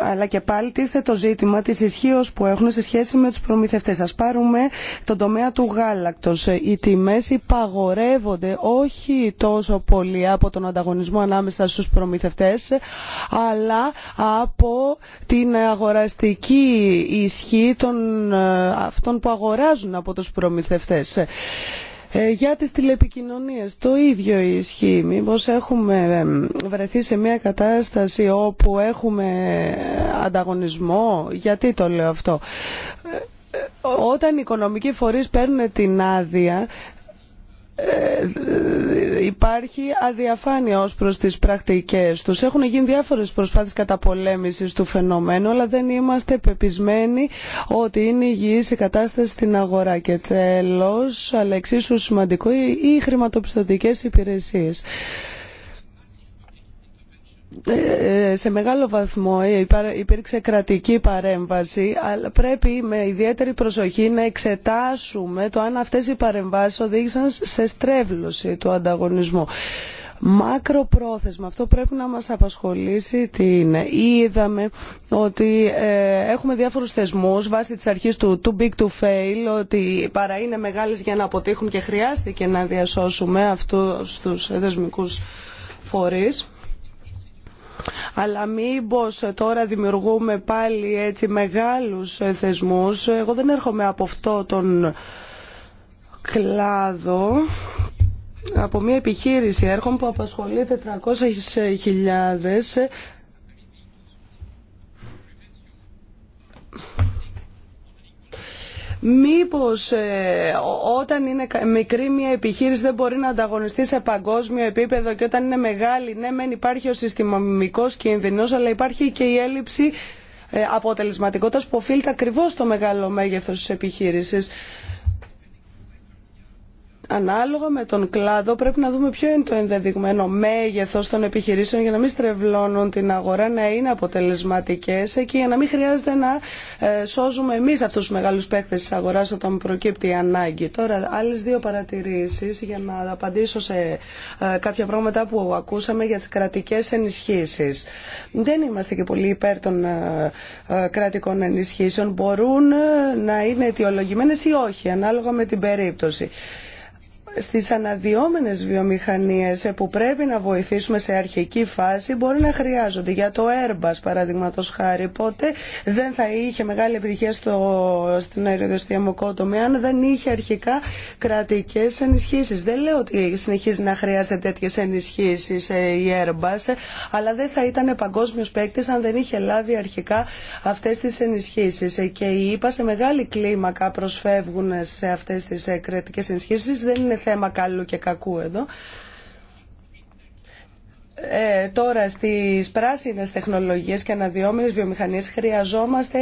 αλλά και πάλι τίθε το ζήτημα της ισχύω που έχουν σε σχέση με τους προμηθευτές. Ας πάρουμε τον τομέα του γάλακτος. Οι τιμές υπαγορεύονται όχι τόσο πολύ από τον ανταγωνισμό ανάμεσα στους προμηθευτές, αλλά από την αγοραστική ισχύ των ε, αυτών που αγοράζουν από τους προμηθευτές. Ε, για τις τηλεπικοινωνίες το ίδιο ισχύει. Μήπως έχουμε ε, βρεθεί σε μια κατάσταση όπου έχουμε ε, ανταγωνισμό. Γιατί το λέω αυτό. Όταν οι οικονομικοί φορείς παίρνουν την άδεια ε, υπάρχει αδιαφάνεια ως προς τις πρακτικές τους. Έχουν γίνει διάφορες προσπάθειες καταπολέμησης του φαινομένου, αλλά δεν είμαστε πεπισμένοι ότι είναι υγιής η κατάσταση στην αγορά. Και τέλος, αλλά εξίσου σημαντικό, οι χρηματοπιστωτικές υπηρεσίες. Ε, ε, σε μεγάλο βαθμό υπήρξε κρατική παρέμβαση αλλά πρέπει με ιδιαίτερη προσοχή να εξετάσουμε το αν αυτές οι παρεμβάσεις οδήγησαν σε στρέβλωση του ανταγωνισμού. Μακροπρόθεσμα, αυτό πρέπει να μας απασχολήσει τι είναι. Είδαμε ότι ε, έχουμε διάφορους θεσμούς βάσει της αρχής του too big to fail, ότι παρά είναι μεγάλες για να αποτύχουν και χρειάστηκε να διασώσουμε αυτούς τους θεσμικούς φορείς αλλά μήπως τώρα δημιουργούμε πάλι έτσι μεγάλους θεσμούς. Εγώ δεν έρχομαι από αυτό τον κλάδο από μια επιχείρηση έρχομαι που απασχολεί 400.000 Μήπως ε, όταν είναι μικρή μια επιχείρηση δεν μπορεί να ανταγωνιστεί σε παγκόσμιο επίπεδο και όταν είναι μεγάλη, ναι μεν υπάρχει ο συστημικός κίνδυνος αλλά υπάρχει και η έλλειψη ε, αποτελεσματικότητας που οφείλεται ακριβώς στο μεγάλο μέγεθος της επιχείρησης. Ανάλογα με τον κλάδο πρέπει να δούμε ποιο είναι το ενδεδειγμένο μέγεθος των επιχειρήσεων για να μην στρεβλώνουν την αγορά, να είναι αποτελεσματικές και για να μην χρειάζεται να ε, σώζουμε εμείς αυτούς τους μεγάλους παίκτες της αγοράς όταν προκύπτει η ανάγκη. Τώρα άλλες δύο παρατηρήσεις για να απαντήσω σε ε, κάποια πράγματα που ακούσαμε για τις κρατικές ενισχύσεις. Δεν είμαστε και πολύ υπέρ των ε, κρατικών ενισχύσεων. Μπορούν να είναι αιτιολογημένες ή όχι, ανάλογα με την περίπτωση στις αναδυόμενες βιομηχανίες που πρέπει να βοηθήσουμε σε αρχική φάση μπορεί να χρειάζονται. Για το Airbus παραδείγματο χάρη πότε δεν θα είχε μεγάλη επιτυχία στην αεροδοστιακό τομέα αν δεν είχε αρχικά κρατικές ενισχύσεις. Δεν λέω ότι συνεχίζει να χρειάζεται τέτοιες ενισχύσεις ε, η Airbus αλλά δεν θα ήταν παγκόσμιος παίκτη αν δεν είχε λάβει αρχικά αυτές τις ενισχύσεις. Και οι σε μεγάλη κλίμακα προσφεύγουν σε αυτές τις ε, κρατικές ενισχύσεις. Δεν θέμα καλού και κακού εδώ. Ε, τώρα στις πράσινες τεχνολογίες και αναδυόμενες βιομηχανίες χρειαζόμαστε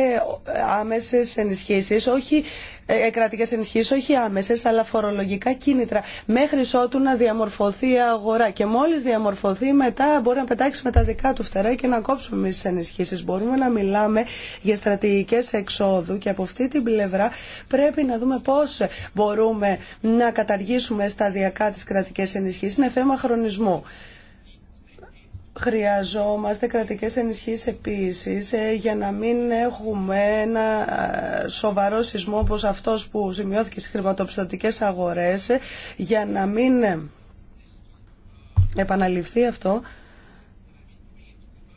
άμεσες ενισχύσεις, όχι ε, κρατικές ενισχύσεις, όχι άμεσες, αλλά φορολογικά κίνητρα, μέχρι ότου να διαμορφωθεί η αγορά. Και μόλις διαμορφωθεί μετά μπορεί να πετάξει με τα δικά του φτερά και να κόψουμε εμείς τις ενισχύσεις. Μπορούμε να μιλάμε για στρατηγικές εξόδου και από αυτή την πλευρά πρέπει να δούμε πώς μπορούμε να καταργήσουμε σταδιακά τις κρατικές ενισχύσεις. Είναι θέμα χρονισμού. Χρειαζόμαστε κρατικές ενισχύσεις επίσης ε, για να μην έχουμε ένα ε, σοβαρό σεισμό όπως αυτός που σημειώθηκε στις χρηματοπιστωτικές αγορές ε, για να μην επαναληφθεί αυτό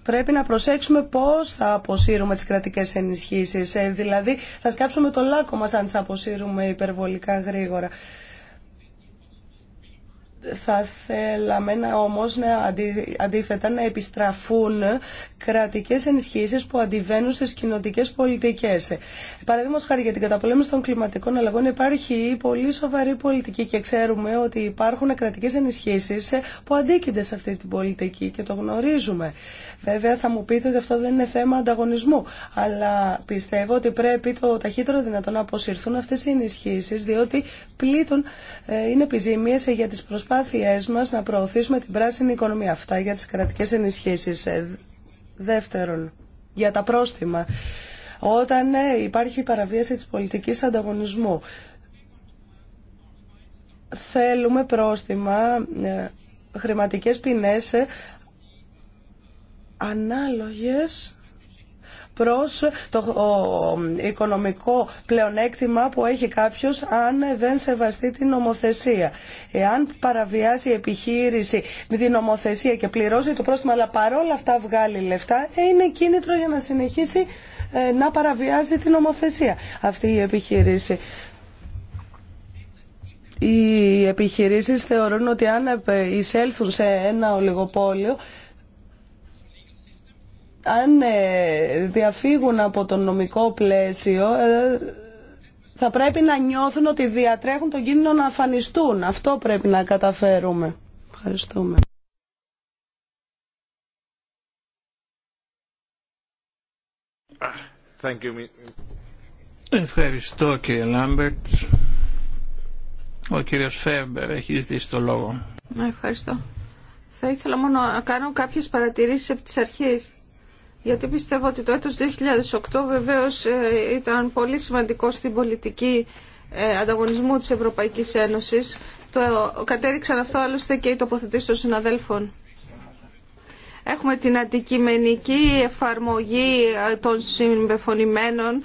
πρέπει να προσέξουμε πώς θα αποσύρουμε τις κρατικές ενισχύσεις δηλαδή θα σκάψουμε το λάκκο μας αν θα αποσύρουμε υπερβολικά γρήγορα θα θέλαμε να, όμως να αντί, αντίθετα να επιστραφούν κρατικές ενισχύσεις που αντιβαίνουν στις κοινοτικέ πολιτικές. Παραδείγματο χάρη για την καταπολέμηση των κλιματικών αλλαγών υπάρχει πολύ σοβαρή πολιτική και ξέρουμε ότι υπάρχουν κρατικές ενισχύσεις που αντίκεινται σε αυτή την πολιτική και το γνωρίζουμε. Βέβαια θα μου πείτε ότι αυτό δεν είναι θέμα ανταγωνισμού, αλλά πιστεύω ότι πρέπει το ταχύτερο δυνατό να αποσυρθούν αυτές οι ενισχύσεις, διότι πλήττουν ε, είναι επιζήμιες ε, για τις προσπάθειές μας να προωθήσουμε την πράσινη οικονομία. Αυτά για τις κρατικές ενισχύσεις. Ε, δεύτερον, για τα πρόστιμα. Όταν υπάρχει η παραβίαση της πολιτικής ανταγωνισμού, θέλουμε πρόστιμα χρηματικές ποινές ανάλογες προς το οικονομικό πλεονέκτημα που έχει κάποιος αν δεν σεβαστεί την νομοθεσία. Εάν παραβιάσει η επιχείρηση με την νομοθεσία και πληρώσει το πρόστιμο αλλά παρόλα αυτά βγάλει λεφτά, ε, είναι κίνητρο για να συνεχίσει ε, να παραβιάζει την νομοθεσία αυτή η επιχείρηση. Οι επιχειρήσεις θεωρούν ότι αν εισέλθουν σε ένα ολιγοπόλιο αν ε, διαφύγουν από το νομικό πλαίσιο ε, θα πρέπει να νιώθουν ότι διατρέχουν τον κίνδυνο να αφανιστούν. Αυτό πρέπει να καταφέρουμε. Ευχαριστούμε. Thank you. Ευχαριστώ κύριε Λάμπερτ. Ο κύριος Φέρμπερ έχει ζητήσει το λόγο. Ναι, ευχαριστώ. Θα ήθελα μόνο να κάνω κάποιες παρατηρήσεις από τις αρχές γιατί πιστεύω ότι το έτος 2008 βεβαίως ε, ήταν πολύ σημαντικό στην πολιτική ε, ανταγωνισμού της Ευρωπαϊκής Ένωσης. Το κατέδειξαν αυτό άλλωστε και οι τοποθετήσεις των συναδέλφων. Έχουμε την αντικειμενική εφαρμογή ε, των συμπεφωνημένων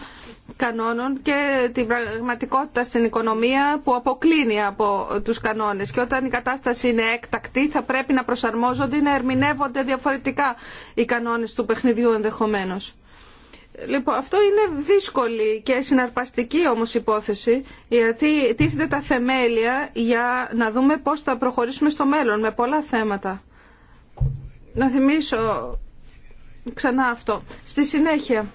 κανόνων και την πραγματικότητα στην οικονομία που αποκλίνει από τους κανόνες. Και όταν η κατάσταση είναι έκτακτη θα πρέπει να προσαρμόζονται ή να ερμηνεύονται διαφορετικά οι κανόνες του παιχνιδιού ενδεχομένως. Λοιπόν, αυτό είναι δύσκολη και συναρπαστική όμως υπόθεση, γιατί τίθεται τα θεμέλια για να δούμε πώς θα προχωρήσουμε στο μέλλον με πολλά θέματα. Να θυμίσω ξανά αυτό. Στη συνέχεια,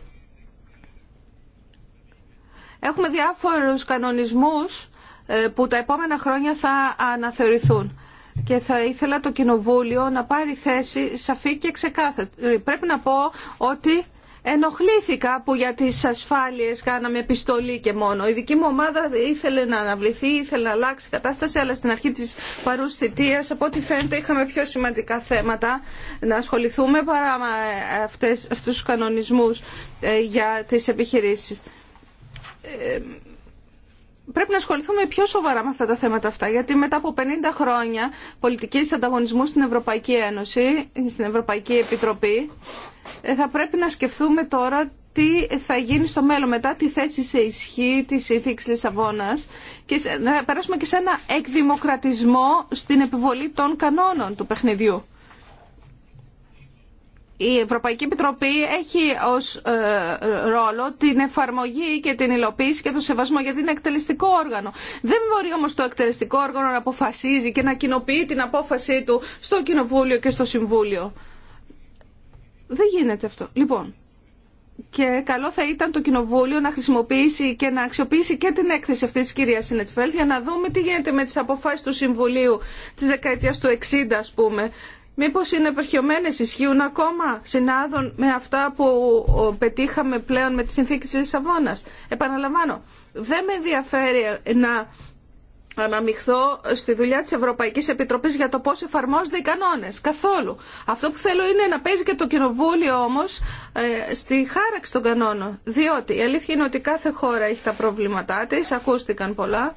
Έχουμε διάφορους κανονισμούς ε, που τα επόμενα χρόνια θα αναθεωρηθούν και θα ήθελα το Κοινοβούλιο να πάρει θέση σαφή και ξεκάθαρη. Πρέπει να πω ότι ενοχλήθηκα που για τις ασφάλειες κάναμε επιστολή και μόνο. Η δική μου ομάδα ήθελε να αναβληθεί, ήθελε να αλλάξει η κατάσταση, αλλά στην αρχή της παρούς θητείας, από ό,τι φαίνεται, είχαμε πιο σημαντικά θέματα να ασχοληθούμε παρά με αυτούς τους κανονισμούς ε, για τις επιχειρήσεις. Ε, πρέπει να ασχοληθούμε πιο σοβαρά με αυτά τα θέματα αυτά, γιατί μετά από 50 χρόνια πολιτικής ανταγωνισμού στην Ευρωπαϊκή Ένωση, στην Ευρωπαϊκή Επιτροπή, ε, θα πρέπει να σκεφτούμε τώρα τι θα γίνει στο μέλλον μετά τη θέση σε ισχύ της τη Λισαβόνας και να περάσουμε και σε ένα εκδημοκρατισμό στην επιβολή των κανόνων του παιχνιδιού η Ευρωπαϊκή Επιτροπή έχει ως ε, ρόλο την εφαρμογή και την υλοποίηση και το σεβασμό γιατί είναι εκτελεστικό όργανο. Δεν μπορεί όμως το εκτελεστικό όργανο να αποφασίζει και να κοινοποιεί την απόφασή του στο Κοινοβούλιο και στο Συμβούλιο. Δεν γίνεται αυτό. Λοιπόν, και καλό θα ήταν το Κοινοβούλιο να χρησιμοποιήσει και να αξιοποιήσει και την έκθεση αυτή τη κυρία Σινετφέλτ για να δούμε τι γίνεται με τι αποφάσει του Συμβουλίου τη δεκαετία του 60, α πούμε, Μήπως είναι επαρχιωμένες ισχύουν ακόμα, συνάδουν με αυτά που πετύχαμε πλέον με τη συνθήκη της Λισαβόνα. Επαναλαμβάνω, δεν με ενδιαφέρει να αναμειχθώ στη δουλειά της Ευρωπαϊκής Επιτροπής για το πώς εφαρμόζονται οι κανόνες. Καθόλου. Αυτό που θέλω είναι να παίζει και το Κοινοβούλιο όμως ε, στη χάραξη των κανόνων. Διότι η αλήθεια είναι ότι κάθε χώρα έχει τα προβλήματά της, ακούστηκαν πολλά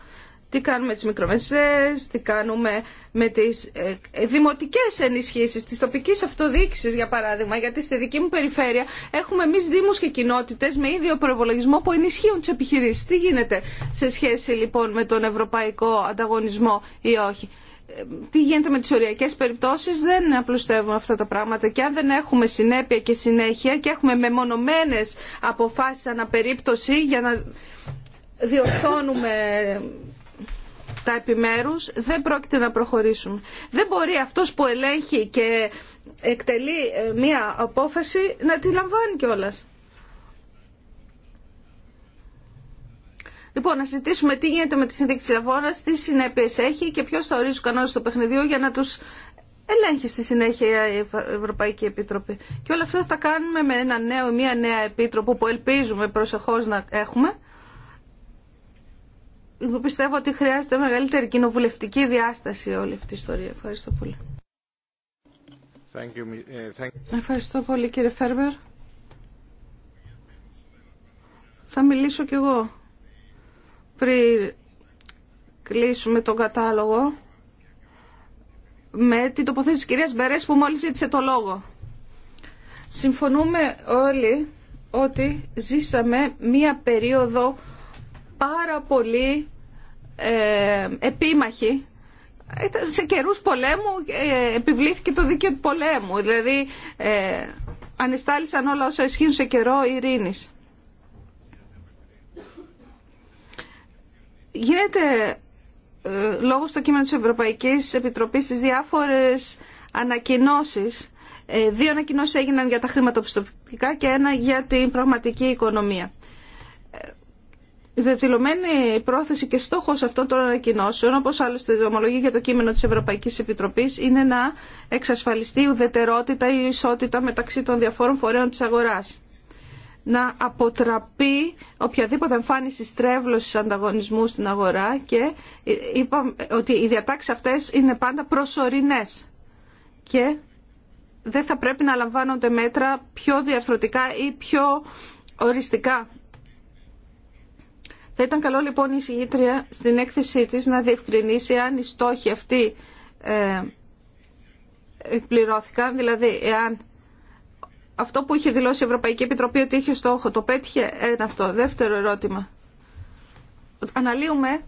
τι κάνουμε με τις μικρομεσαίες, τι κάνουμε με τις ε, ε, δημοτικές ενισχύσεις της τοπικές αυτοδιοίκησης για παράδειγμα, γιατί στη δική μου περιφέρεια έχουμε εμεί δήμους και κοινότητες με ίδιο προπολογισμό που ενισχύουν τις επιχειρήσεις. Τι γίνεται σε σχέση λοιπόν με τον ευρωπαϊκό ανταγωνισμό ή όχι. Ε, τι γίνεται με τις οριακές περιπτώσεις, δεν απλουστεύουμε αυτά τα πράγματα και αν δεν έχουμε συνέπεια και συνέχεια και έχουμε μεμονωμένες αποφάσεις αναπερίπτωση για να διορθώνουμε αυτά επιμέρους δεν πρόκειται να προχωρήσουμε. Δεν μπορεί αυτός που ελέγχει και εκτελεί ε, μία απόφαση να τη λαμβάνει κιόλα. Λοιπόν, να συζητήσουμε τι γίνεται με τη συνδίκη τη τι συνέπειες έχει και ποιος θα ορίζει κανόνες κανόνε του παιχνιδιού για να τους ελέγχει στη συνέχεια η Ευρωπαϊκή Επίτροπη. Και όλα αυτά θα τα κάνουμε με ένα νέο, μια νέα επίτροπο που ελπίζουμε προσεχώς να έχουμε πιστεύω ότι χρειάζεται μεγαλύτερη κοινοβουλευτική διάσταση όλη αυτή η ιστορία. Ευχαριστώ πολύ. Ε, Ευχαριστώ πολύ κύριε Φέρμπερ. Θα μιλήσω κι εγώ πριν κλείσουμε τον κατάλογο με την τοποθέτηση της κυρίας Μπερές που μόλις ζήτησε το λόγο. Συμφωνούμε όλοι ότι ζήσαμε μία περίοδο πάρα πολύ ε, επίμαχη. Σε καιρούς πολέμου ε, επιβλήθηκε το δίκαιο του πολέμου, δηλαδή ε, ανιστάλησαν όλα όσα ισχύουν σε καιρό ειρήνης. Γίνεται ε, λόγω στο κείμενο της Ευρωπαϊκής Επιτροπής στις διάφορες ανακοινώσεις. Ε, δύο ανακοινώσεις έγιναν για τα χρηματοπιστωτικά και ένα για την πραγματική οικονομία. Η δεδηλωμένη πρόθεση και στόχο αυτών των ανακοινώσεων, όπω άλλωστε ομολογεί για το κείμενο τη Ευρωπαϊκή Επιτροπή, είναι να εξασφαλιστεί ουδετερότητα ή η ισότητα μεταξύ των διαφόρων φορέων τη αγορά. Να αποτραπεί οποιαδήποτε εμφάνιση στρέβλωση ανταγωνισμού στην αγορά και είπαμε ότι οι διατάξει αυτέ είναι πάντα προσωρινέ και δεν θα πρέπει να λαμβάνονται μέτρα πιο διαρθρωτικά ή πιο οριστικά θα ήταν καλό λοιπόν η συγγήτρια στην έκθεσή της να διευκρινίσει αν οι στόχοι αυτοί ε, πληρώθηκαν, δηλαδή εάν αυτό που είχε δηλώσει η Ευρωπαϊκή Επιτροπή ότι είχε στόχο, το πέτυχε ένα αυτό. Δεύτερο ερώτημα. Αναλύουμε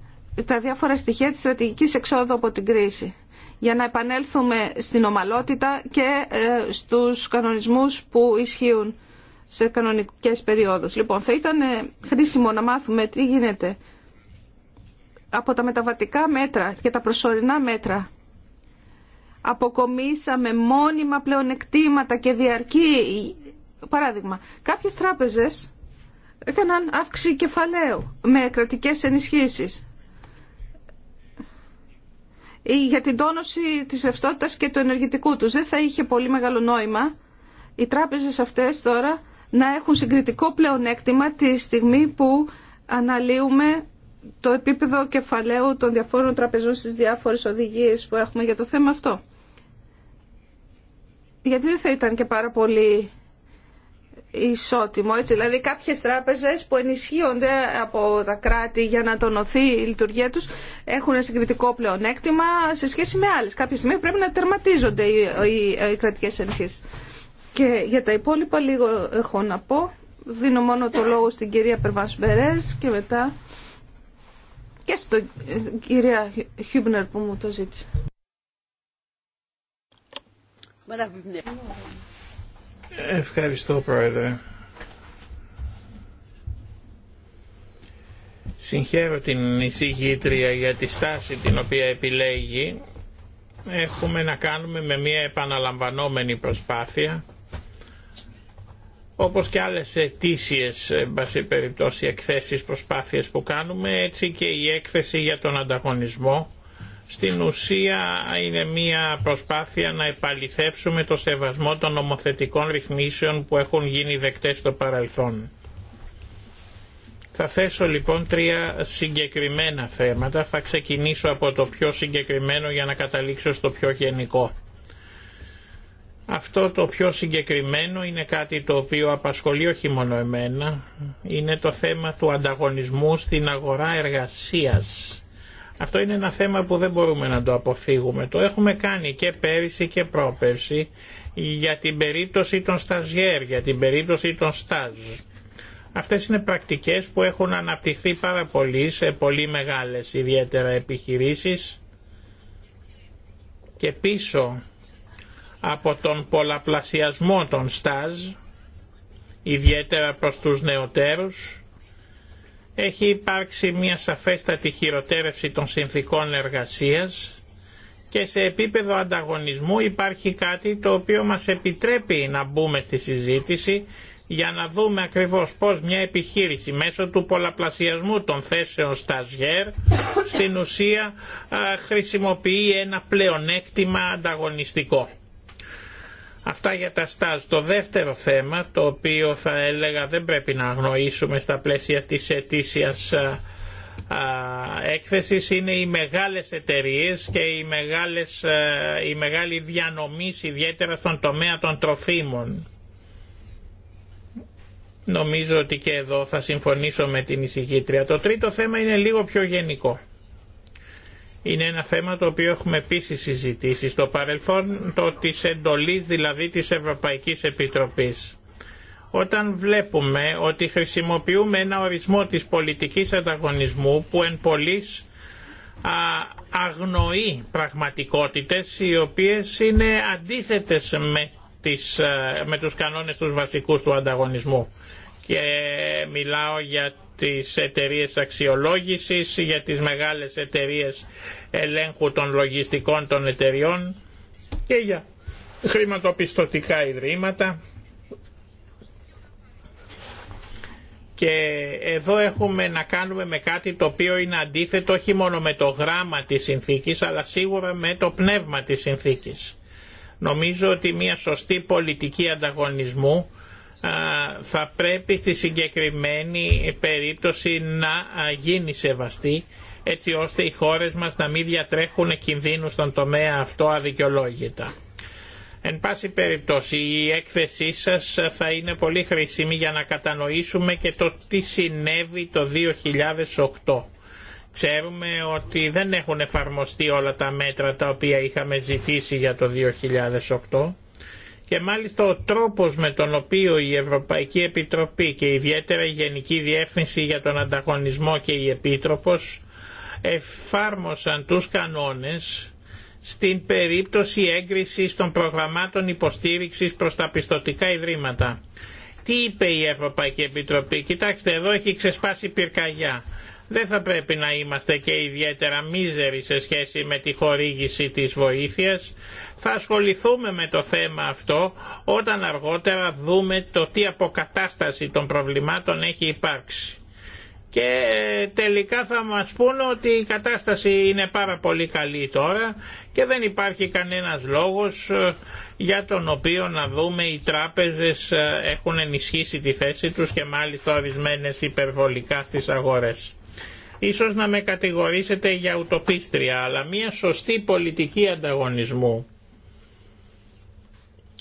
τα διάφορα στοιχεία της στρατηγικής εξόδου από την κρίση για να επανέλθουμε στην ομαλότητα και ε, στους κανονισμούς που ισχύουν σε κανονικές περιόδους. Λοιπόν, θα ήταν ε, χρήσιμο να μάθουμε τι γίνεται από τα μεταβατικά μέτρα και τα προσωρινά μέτρα. Αποκομίσαμε μόνιμα πλεονεκτήματα και διαρκή. Παράδειγμα, κάποιες τράπεζες έκαναν αύξηση κεφαλαίου με κρατικές ενισχύσεις ή για την τόνωση της ρευστότητας και του ενεργητικού τους. Δεν θα είχε πολύ μεγάλο νόημα οι τράπεζες αυτές τώρα να έχουν συγκριτικό πλεονέκτημα τη στιγμή που αναλύουμε το επίπεδο κεφαλαίου των διαφόρων τραπεζών στις διάφορες οδηγίες που έχουμε για το θέμα αυτό. Γιατί δεν θα ήταν και πάρα πολύ ισότιμο, έτσι. Δηλαδή κάποιες τράπεζες που ενισχύονται από τα κράτη για να τονωθεί η λειτουργία τους έχουν συγκριτικό πλεονέκτημα σε σχέση με άλλες. Κάποια στιγμή πρέπει να τερματίζονται οι, οι, οι κρατικές ενισχύσεις. Και για τα υπόλοιπα λίγο έχω να πω. Δίνω μόνο το λόγο στην κυρία Περβάς Μπερές και μετά και στην ε, κυρία Χιούμπνερ που μου το ζήτησε. Ευχαριστώ Πρόεδρε. Συγχαίρω την εισηγήτρια για τη στάση την οποία επιλέγει. Έχουμε να κάνουμε με μια επαναλαμβανόμενη προσπάθεια όπως και άλλες αιτήσιες πάση περιπτώσει εκθέσεις προσπάθειες που κάνουμε έτσι και η έκθεση για τον ανταγωνισμό στην ουσία είναι μια προσπάθεια να επαληθεύσουμε το σεβασμό των νομοθετικών ρυθμίσεων που έχουν γίνει δεκτές στο παρελθόν. Θα θέσω λοιπόν τρία συγκεκριμένα θέματα. Θα ξεκινήσω από το πιο συγκεκριμένο για να καταλήξω στο πιο γενικό. Αυτό το πιο συγκεκριμένο είναι κάτι το οποίο απασχολεί όχι μόνο εμένα, είναι το θέμα του ανταγωνισμού στην αγορά εργασίας. Αυτό είναι ένα θέμα που δεν μπορούμε να το αποφύγουμε. Το έχουμε κάνει και πέρυσι και πρόπερσι για την περίπτωση των σταζιέρ, για την περίπτωση των στάζ. Αυτές είναι πρακτικές που έχουν αναπτυχθεί πάρα πολύ σε πολύ μεγάλες ιδιαίτερα επιχειρήσεις και πίσω από τον πολλαπλασιασμό των στάζ, ιδιαίτερα προς τους νεοτέρους, έχει υπάρξει μια σαφέστατη χειροτέρευση των συνθήκων εργασίας και σε επίπεδο ανταγωνισμού υπάρχει κάτι το οποίο μας επιτρέπει να μπούμε στη συζήτηση για να δούμε ακριβώς πώς μια επιχείρηση μέσω του πολλαπλασιασμού των θέσεων σταζιέρ στην ουσία χρησιμοποιεί ένα πλεονέκτημα ανταγωνιστικό. Αυτά για τα στάζ. Το δεύτερο θέμα, το οποίο θα έλεγα δεν πρέπει να αγνοήσουμε στα πλαίσια της ετήσιας έκθεσης, είναι οι μεγάλες εταιρείες και οι, μεγάλες, οι μεγάλοι ιδιαίτερα στον τομέα των τροφίμων. Νομίζω ότι και εδώ θα συμφωνήσω με την εισηγήτρια. Το τρίτο θέμα είναι λίγο πιο γενικό είναι ένα θέμα το οποίο έχουμε επίση συζητήσει στο παρελθόν, το της εντολής δηλαδή της Ευρωπαϊκής Επιτροπής. Όταν βλέπουμε ότι χρησιμοποιούμε ένα ορισμό της πολιτικής ανταγωνισμού που εν πολλής αγνοεί πραγματικότητες οι οποίες είναι αντίθετες με, τις, με τους κανόνες τους βασικούς του ανταγωνισμού. Και μιλάω για τις εταιρείες αξιολόγησης, για τις μεγάλες εταιρείες ελέγχου των λογιστικών των εταιριών και για χρηματοπιστωτικά ιδρύματα. Και εδώ έχουμε να κάνουμε με κάτι το οποίο είναι αντίθετο όχι μόνο με το γράμμα της συνθήκης αλλά σίγουρα με το πνεύμα της συνθήκης. Νομίζω ότι μια σωστή πολιτική ανταγωνισμού θα πρέπει στη συγκεκριμένη περίπτωση να γίνει σεβαστή έτσι ώστε οι χώρες μας να μην διατρέχουν κίνδυνου στον τομέα αυτό αδικαιολόγητα. Εν πάση περιπτώσει η έκθεσή σας θα είναι πολύ χρήσιμη για να κατανοήσουμε και το τι συνέβη το 2008. Ξέρουμε ότι δεν έχουν εφαρμοστεί όλα τα μέτρα τα οποία είχαμε ζητήσει για το 2008 και μάλιστα ο τρόπος με τον οποίο η Ευρωπαϊκή Επιτροπή και ιδιαίτερα η Γενική Διεύθυνση για τον Ανταγωνισμό και η Επίτροπος εφάρμοσαν τους κανόνες στην περίπτωση έγκρισης των προγραμμάτων υποστήριξης προς τα πιστοτικά ιδρύματα. Τι είπε η Ευρωπαϊκή Επιτροπή, κοιτάξτε εδώ έχει ξεσπάσει πυρκαγιά δεν θα πρέπει να είμαστε και ιδιαίτερα μίζεροι σε σχέση με τη χορήγηση της βοήθειας. Θα ασχοληθούμε με το θέμα αυτό όταν αργότερα δούμε το τι αποκατάσταση των προβλημάτων έχει υπάρξει. Και τελικά θα μας πούνε ότι η κατάσταση είναι πάρα πολύ καλή τώρα και δεν υπάρχει κανένας λόγος ε, για τον οποίο να δούμε οι τράπεζες ε, έχουν ενισχύσει τη θέση τους και μάλιστα ορισμένες υπερβολικά στις αγορές. Ίσως να με κατηγορήσετε για ουτοπίστρια, αλλά μια σωστή πολιτική ανταγωνισμού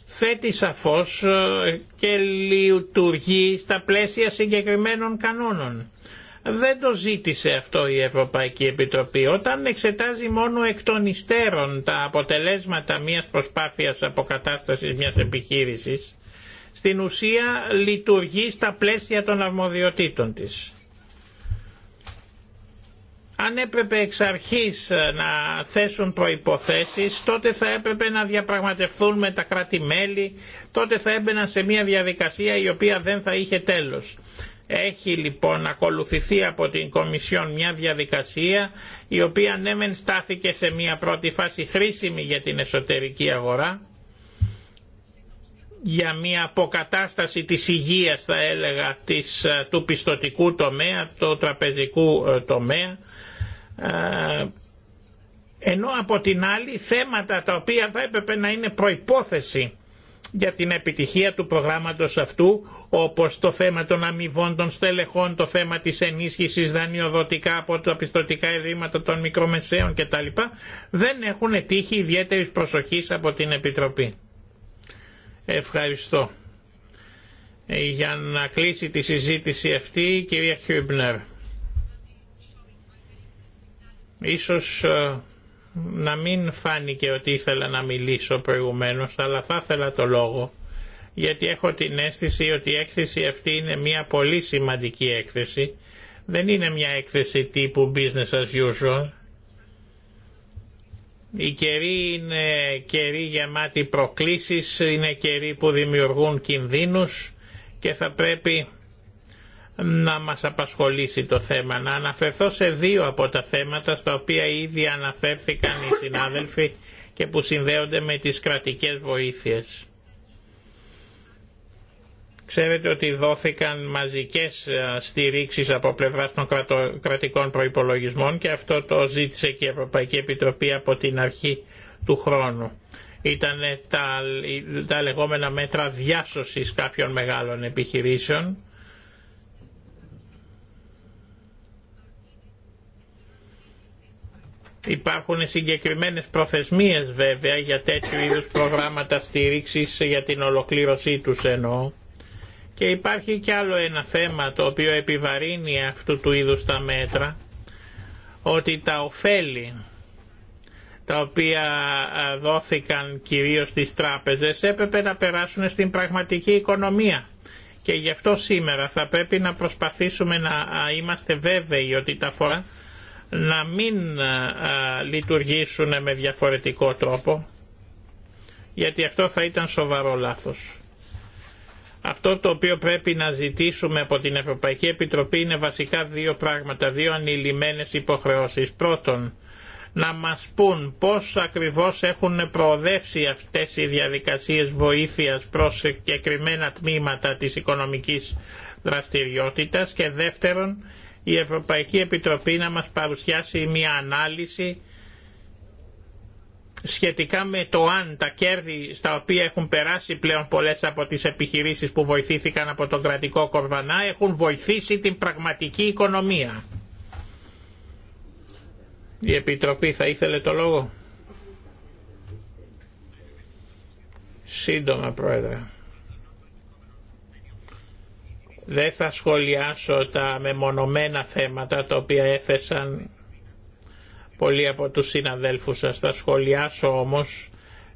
θέτει σαφώς ε, και λειτουργεί στα πλαίσια συγκεκριμένων κανόνων. Δεν το ζήτησε αυτό η Ευρωπαϊκή Επιτροπή. Όταν εξετάζει μόνο εκ των υστέρων τα αποτελέσματα μιας προσπάθειας αποκατάστασης μιας επιχείρησης, στην ουσία λειτουργεί στα πλαίσια των αρμοδιοτήτων της αν έπρεπε εξ αρχής ε, να θέσουν προϋποθέσεις, τότε θα έπρεπε να διαπραγματευτούν με τα κράτη-μέλη, τότε θα έμπαιναν σε μια διαδικασία η οποία δεν θα είχε τέλος. Έχει λοιπόν ακολουθηθεί από την Κομισιόν μια διαδικασία η οποία ναι μεν στάθηκε σε μια πρώτη φάση χρήσιμη για την εσωτερική αγορά, για μια αποκατάσταση της υγείας θα έλεγα της, ε, του πιστοτικού τομέα, του τραπεζικού ε, τομέα ε, ενώ από την άλλη θέματα τα οποία θα έπρεπε να είναι προϋπόθεση για την επιτυχία του προγράμματος αυτού όπως το θέμα των αμοιβών των στελεχών, το θέμα της ενίσχυσης δανειοδοτικά από τα πιστοτικά ειδήματα των μικρομεσαίων κτλ. δεν έχουν τύχει ιδιαίτερης προσοχής από την Επιτροπή. Ευχαριστώ. Ε, για να κλείσει τη συζήτηση αυτή η κυρία Χιούμπνερ. Ίσως ε, να μην φάνηκε ότι ήθελα να μιλήσω προηγουμένως, αλλά θα ήθελα το λόγο, γιατί έχω την αίσθηση ότι η έκθεση αυτή είναι μια πολύ σημαντική έκθεση. Δεν είναι μια έκθεση τύπου business as usual. Οι καιροί είναι καιροί γεμάτοι προκλήσεις, είναι καιροί που δημιουργούν κινδύνους και θα πρέπει να μας απασχολήσει το θέμα. Να αναφερθώ σε δύο από τα θέματα στα οποία ήδη αναφέρθηκαν οι συνάδελφοι και που συνδέονται με τις κρατικές βοήθειες. Ξέρετε ότι δόθηκαν μαζικές στηρίξεις από πλευράς των κρατικών προϋπολογισμών και αυτό το ζήτησε και η Ευρωπαϊκή Επιτροπή από την αρχή του χρόνου. Ήταν τα, τα λεγόμενα μέτρα διάσωσης κάποιων μεγάλων επιχειρήσεων Υπάρχουν συγκεκριμένες προθεσμίες βέβαια για τέτοιου είδους προγράμματα στήριξης για την ολοκλήρωσή τους εννοώ. Και υπάρχει κι άλλο ένα θέμα το οποίο επιβαρύνει αυτού του είδους τα μέτρα, ότι τα ωφέλη τα οποία δόθηκαν κυρίως στις τράπεζες έπρεπε να περάσουν στην πραγματική οικονομία. Και γι' αυτό σήμερα θα πρέπει να προσπαθήσουμε να είμαστε βέβαιοι ότι τα φορά να μην λειτουργήσουν με διαφορετικό τρόπο γιατί αυτό θα ήταν σοβαρό λάθος. Αυτό το οποίο πρέπει να ζητήσουμε από την Ευρωπαϊκή Επιτροπή είναι βασικά δύο πράγματα, δύο ανηλυμένες υποχρεώσεις. Πρώτον, να μας πούν πώς ακριβώς έχουν προοδεύσει αυτές οι διαδικασίες βοήθειας προς συγκεκριμένα τμήματα της οικονομικής δραστηριότητας και δεύτερον, η Ευρωπαϊκή Επιτροπή να μας παρουσιάσει μια ανάλυση σχετικά με το αν τα κέρδη στα οποία έχουν περάσει πλέον πολλές από τις επιχειρήσεις που βοηθήθηκαν από τον κρατικό κορβανά έχουν βοηθήσει την πραγματική οικονομία. Η Επιτροπή θα ήθελε το λόγο. Σύντομα, Πρόεδρε. Δεν θα σχολιάσω τα μεμονωμένα θέματα τα οποία έθεσαν πολλοί από τους συναδέλφους σας. Θα σχολιάσω όμως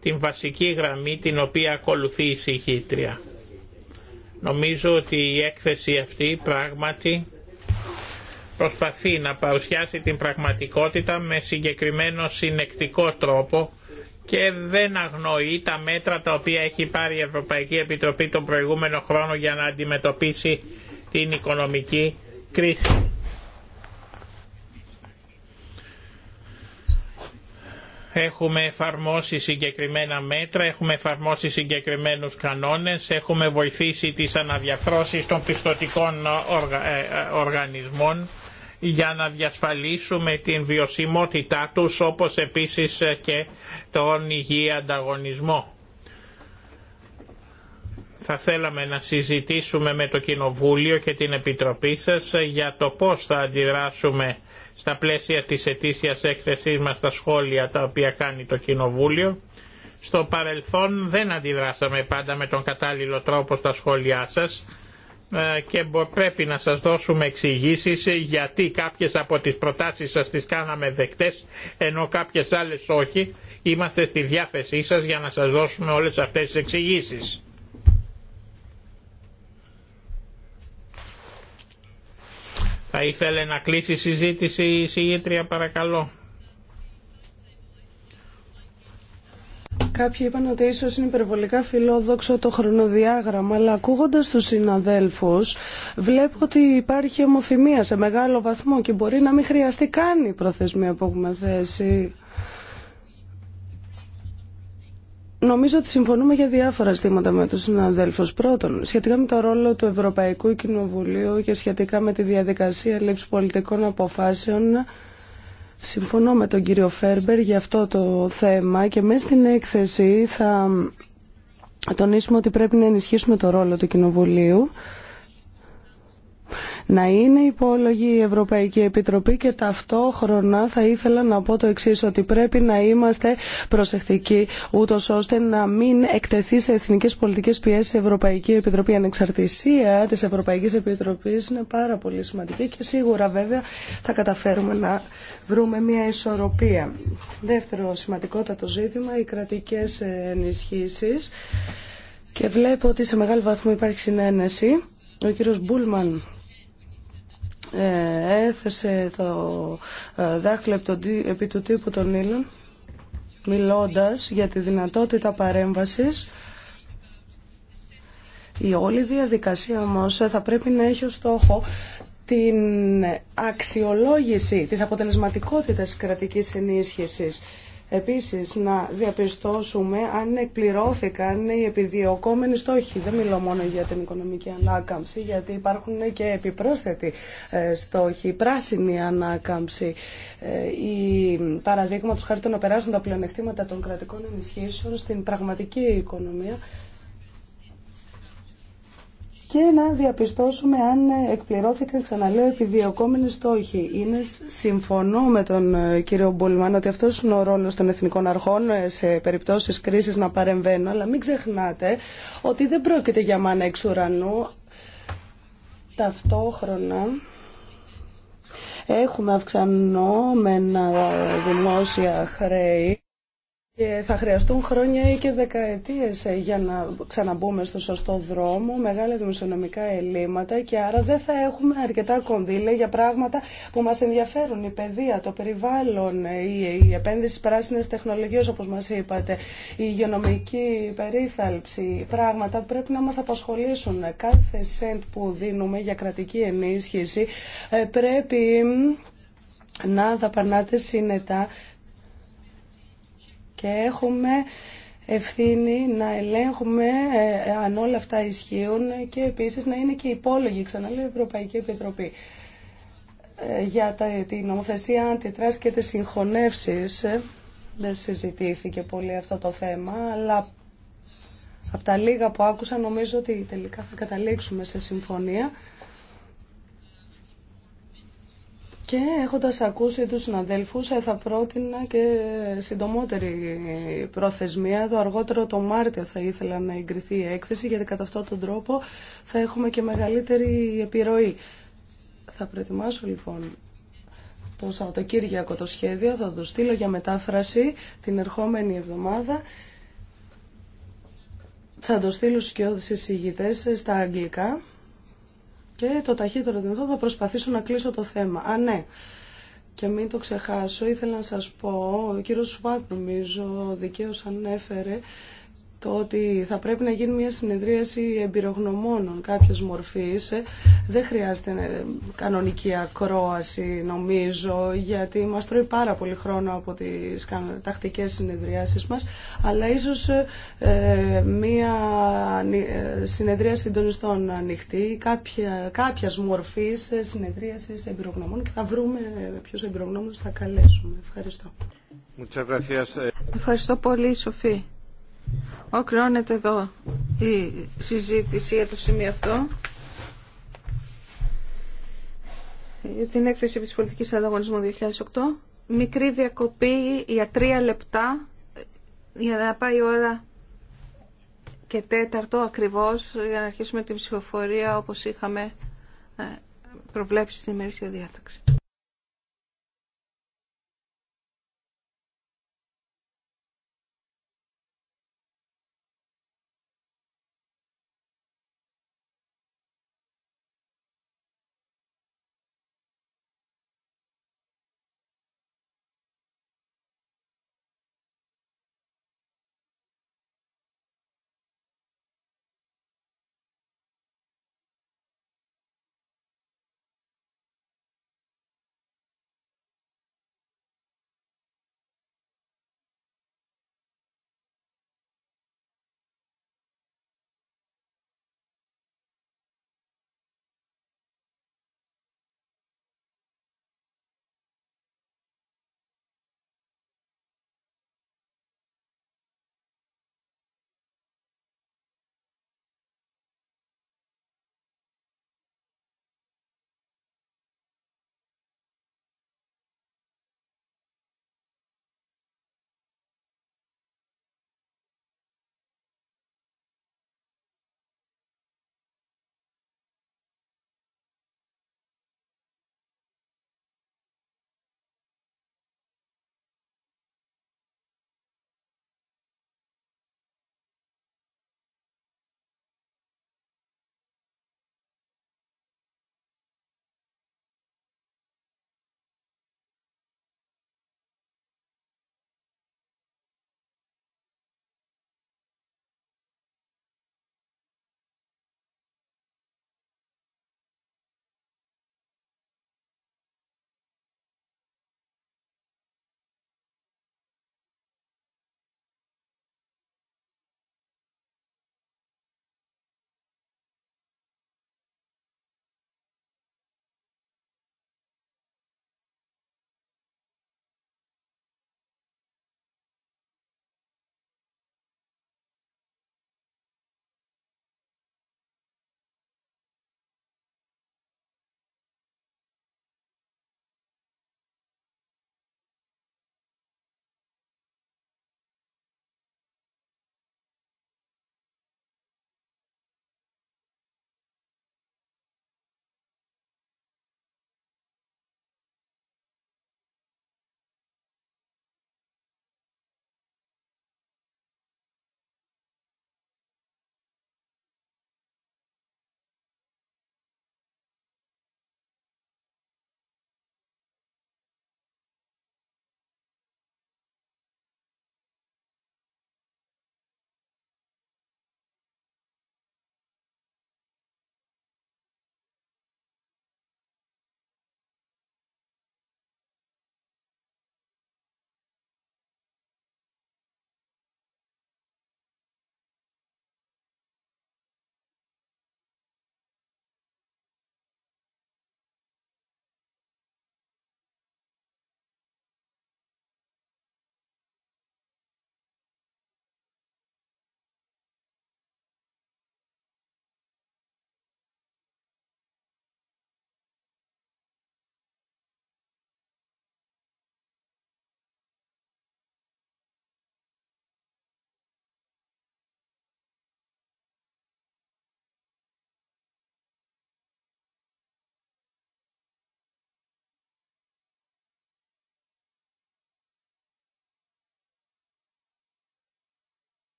την βασική γραμμή την οποία ακολουθεί η συγχύτρια. Νομίζω ότι η έκθεση αυτή πράγματι προσπαθεί να παρουσιάσει την πραγματικότητα με συγκεκριμένο συνεκτικό τρόπο και δεν αγνοεί τα μέτρα τα οποία έχει πάρει η Ευρωπαϊκή Επιτροπή τον προηγούμενο χρόνο για να αντιμετωπίσει την οικονομική κρίση. Έχουμε εφαρμόσει συγκεκριμένα μέτρα, έχουμε εφαρμόσει συγκεκριμένους κανόνες, έχουμε βοηθήσει τις αναδιαφρώσεις των πιστοτικών ε, ε, οργανισμών για να διασφαλίσουμε την βιωσιμότητά τους όπως επίσης και τον υγιή ανταγωνισμό. Θα θέλαμε να συζητήσουμε με το Κοινοβούλιο και την Επιτροπή σας για το πώς θα αντιδράσουμε στα πλαίσια της ετήσιας έκθεσής μας στα σχόλια τα οποία κάνει το Κοινοβούλιο. Στο παρελθόν δεν αντιδράσαμε πάντα με τον κατάλληλο τρόπο στα σχόλιά σας ε, και πρέπει να σας δώσουμε εξηγήσεις γιατί κάποιες από τις προτάσεις σας τις κάναμε δεκτές ενώ κάποιες άλλες όχι. Είμαστε στη διάθεσή σας για να σας δώσουμε όλες αυτές τις εξηγήσεις. Θα ήθελε να κλείσει η συζήτηση η συγγήτρια παρακαλώ. Κάποιοι είπαν ότι ίσω είναι υπερβολικά φιλόδοξο το χρονοδιάγραμμα, αλλά ακούγοντα του συναδέλφου, βλέπω ότι υπάρχει ομοθυμία σε μεγάλο βαθμό και μπορεί να μην χρειαστεί καν η προθεσμία που έχουμε θέσει. Νομίζω ότι συμφωνούμε για διάφορα στήματα με τους συναδέλφους. Πρώτον, σχετικά με το ρόλο του Ευρωπαϊκού Κοινοβουλίου και σχετικά με τη διαδικασία λήψη πολιτικών αποφάσεων, Συμφωνώ με τον κύριο Φέρμπερ για αυτό το θέμα και μέσα στην έκθεση θα τονίσουμε ότι πρέπει να ενισχύσουμε το ρόλο του Κοινοβουλίου να είναι υπόλογη η Ευρωπαϊκή Επιτροπή και ταυτόχρονα θα ήθελα να πω το εξής ότι πρέπει να είμαστε προσεκτικοί ούτω ώστε να μην εκτεθεί σε εθνικές πολιτικές πιέσεις η Ευρωπαϊκή Επιτροπή. Η ανεξαρτησία της Ευρωπαϊκής Επιτροπής είναι πάρα πολύ σημαντική και σίγουρα βέβαια θα καταφέρουμε να βρούμε μια ισορροπία. Δεύτερο σημαντικότατο ζήτημα, οι κρατικές ενισχύσεις. Και βλέπω ότι σε μεγάλο βαθμό υπάρχει συνένεση. Ο κύριος Μπούλμαν ε, έθεσε το ε, δάχτυλο επί του τύπου των ήλων μιλώντας για τη δυνατότητα παρέμβασης η όλη διαδικασία όμως θα πρέπει να έχει ως στόχο την αξιολόγηση της αποτελεσματικότητας κρατικής ενίσχυσης Επίσης, να διαπιστώσουμε αν εκπληρώθηκαν οι επιδιωκόμενοι στόχοι. Δεν μιλώ μόνο για την οικονομική ανάκαμψη, γιατί υπάρχουν και επιπρόσθετοι ε, στόχοι. Η πράσινη ανάκαμψη, ε, η χάρη του να περάσουν τα πλεονεκτήματα των κρατικών ενισχύσεων στην πραγματική οικονομία και να διαπιστώσουμε αν εκπληρώθηκαν, ξαναλέω, επιδιωκόμενοι στόχοι. Είναι συμφωνώ με τον ε, κύριο Μπούλμαν ότι αυτό είναι ο ρόλο των εθνικών αρχών ε, σε περιπτώσει κρίση να παρεμβαίνουν, αλλά μην ξεχνάτε ότι δεν πρόκειται για μάνα εξ ουρανού. Ταυτόχρονα έχουμε αυξανόμενα δημόσια χρέη και θα χρειαστούν χρόνια ή και δεκαετίες ε, για να ξαναμπούμε στο σωστό δρόμο, μεγάλα δημοσιονομικά ελλείμματα και άρα δεν θα έχουμε αρκετά κονδύλια για πράγματα που μας ενδιαφέρουν, η παιδεία, το περιβάλλον, ε, η, επένδυση πράσινες τεχνολογίες όπως μας είπατε, η υγειονομική περίθαλψη, πράγματα που πρέπει να μας απασχολήσουν. Κάθε σέντ που δίνουμε για κρατική ενίσχυση ε, πρέπει να δαπανάτε συνετά και έχουμε ευθύνη να ελέγχουμε ε, αν όλα αυτά ισχύουν και επίσης να είναι και υπόλογοι, ξαναλέω, η Ευρωπαϊκή Επιτροπή ε, για την νομοθεσία αντιτράς και τις συγχωνεύσεις ε, δεν συζητήθηκε πολύ αυτό το θέμα αλλά από τα λίγα που άκουσα νομίζω ότι τελικά θα καταλήξουμε σε συμφωνία Και έχοντας ακούσει τους συναδέλφους ε, θα πρότεινα και συντομότερη προθεσμία. Το αργότερο το Μάρτιο θα ήθελα να εγκριθεί η έκθεση γιατί κατά αυτόν τον τρόπο θα έχουμε και μεγαλύτερη επιρροή. Θα προετοιμάσω λοιπόν το Σαββατοκύριακο το σχέδιο, θα το στείλω για μετάφραση την ερχόμενη εβδομάδα. Θα το στείλω στους και στα αγγλικά και το ταχύτερο δυνατό θα προσπαθήσω να κλείσω το θέμα. Α, ναι. Και μην το ξεχάσω, ήθελα να σας πω, ο κύριος Σουβάπ νομίζω δικαίως ανέφερε το ότι θα πρέπει να γίνει μια συνεδρίαση εμπειρογνωμόνων κάποιες μορφής. Ε, δεν χρειάζεται ε, κανονική ακρόαση νομίζω γιατί μας τρώει πάρα πολύ χρόνο από τις τακτικές συνεδριάσεις μας αλλά ίσως ε, μια συνεδρία συντονιστών ανοιχτή κάποια, κάποιας μορφής συνεδρίασης εμπειρογνωμών και θα βρούμε ποιους εμπειρογνώμους θα καλέσουμε. Ευχαριστώ. Ευχαριστώ πολύ Σοφή. Οκρώνεται εδώ η συζήτηση για το σημείο αυτό. Για την έκθεση της πολιτικής ανταγωνισμού 2008. Μικρή διακοπή για τρία λεπτά για να πάει η ώρα και τέταρτο ακριβώς για να αρχίσουμε την ψηφοφορία όπως είχαμε ε, προβλέψει στην ημερήσια διάταξη.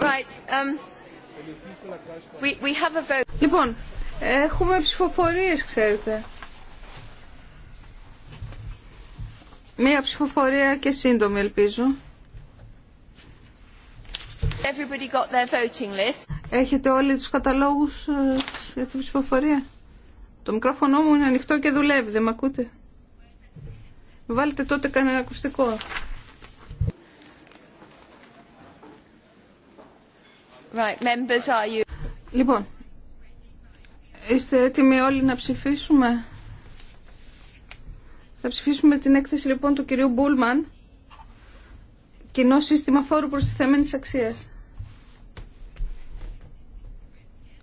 Um, λοιπόν, έχουμε ψηφοφορίες, ξέρετε. Μία ψηφοφορία και σύντομη, ελπίζω. got their voting Έχετε όλοι τους καταλόγους ε, για την ψηφοφορία. Το μικρόφωνο μου είναι ανοιχτό και δουλεύει, δεν με ακούτε. Βάλτε τότε κανένα ακουστικό. Λοιπόν, είστε έτοιμοι όλοι να ψηφίσουμε. Θα ψηφίσουμε την έκθεση λοιπόν του κυρίου Μπούλμαν. Κοινό σύστημα φόρου προστιθέμενης αξίας.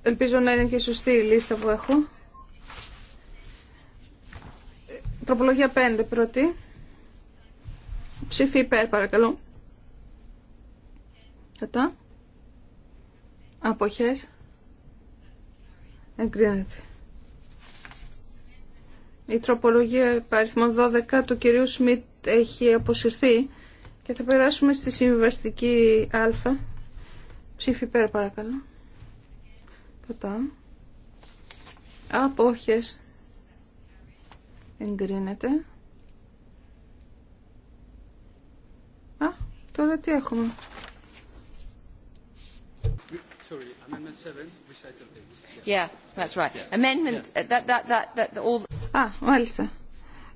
Ελπίζω να είναι και σωστή η λίστα που έχω. Τροπολογία 5 πρώτη. Ψήφι υπέρ παρακαλώ. Κατά. Αποχές. Εγκρίνεται. Η τροπολογία παριθμό 12 του κυρίου Σμιτ έχει αποσυρθεί και θα περάσουμε στη συμβιβαστική α. Ψήφι πέρα παρακαλώ. Κατά. Απόχες. Εγκρίνεται. Α, τώρα τι έχουμε. Sorry, Amendment 7, recital 8. Yeah, that's right. Amendment, uh, that, that, that, that, all... Ah, μάλιστα.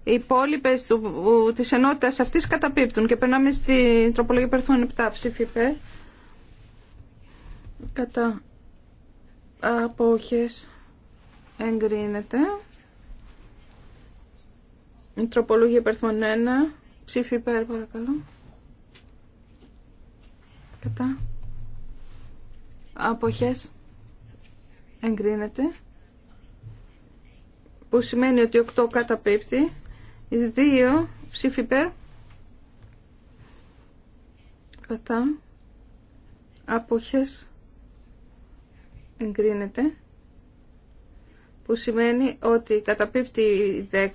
Οι υπόλοιπε τη ενότητα αυτή καταπίπτουν και περνάμε στην τροπολογία περθών 7 ψήφι υπέρ. Κατά απόχες εγκρίνεται. Η τροπολογία περθών 1 ψήφι υπέρ παρακαλώ. Κατά αποχές εγκρίνεται που σημαίνει ότι 8 καταπίπτει 2 ψήφι υπέρ κατά αποχές εγκρίνεται που σημαίνει ότι καταπίπτει 10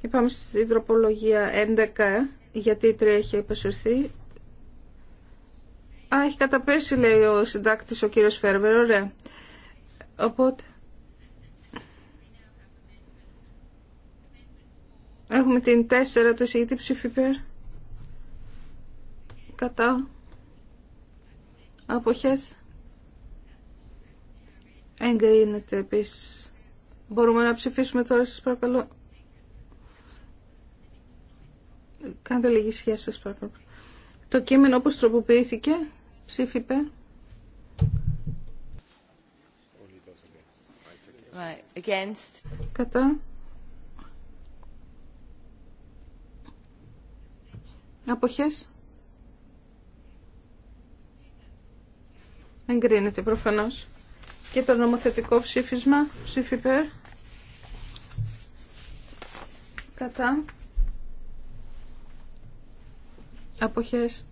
και πάμε στην τροπολογία 11 γιατί η 3 έχει υποσυρθεί Α, έχει καταπέσει, λέει ο συντάκτη ο κύριο Φέρβερ, ωραία. Οπότε... Έχουμε την 4 του εισηγητή ψηφιπέρ. Κατά. Αποχέ. Εγκρίνεται επίση. Μπορούμε να ψηφίσουμε τώρα, σα παρακαλώ. Κάντε λίγη σχέση σας παρακαλώ. Το κείμενο όπω τροποποιήθηκε Ψήφιπε Against. Κατά. Αποχές. Εγκρίνεται προφανώς. Και το νομοθετικό ψήφισμα, Ψήφιπε Κατά. Αποχές.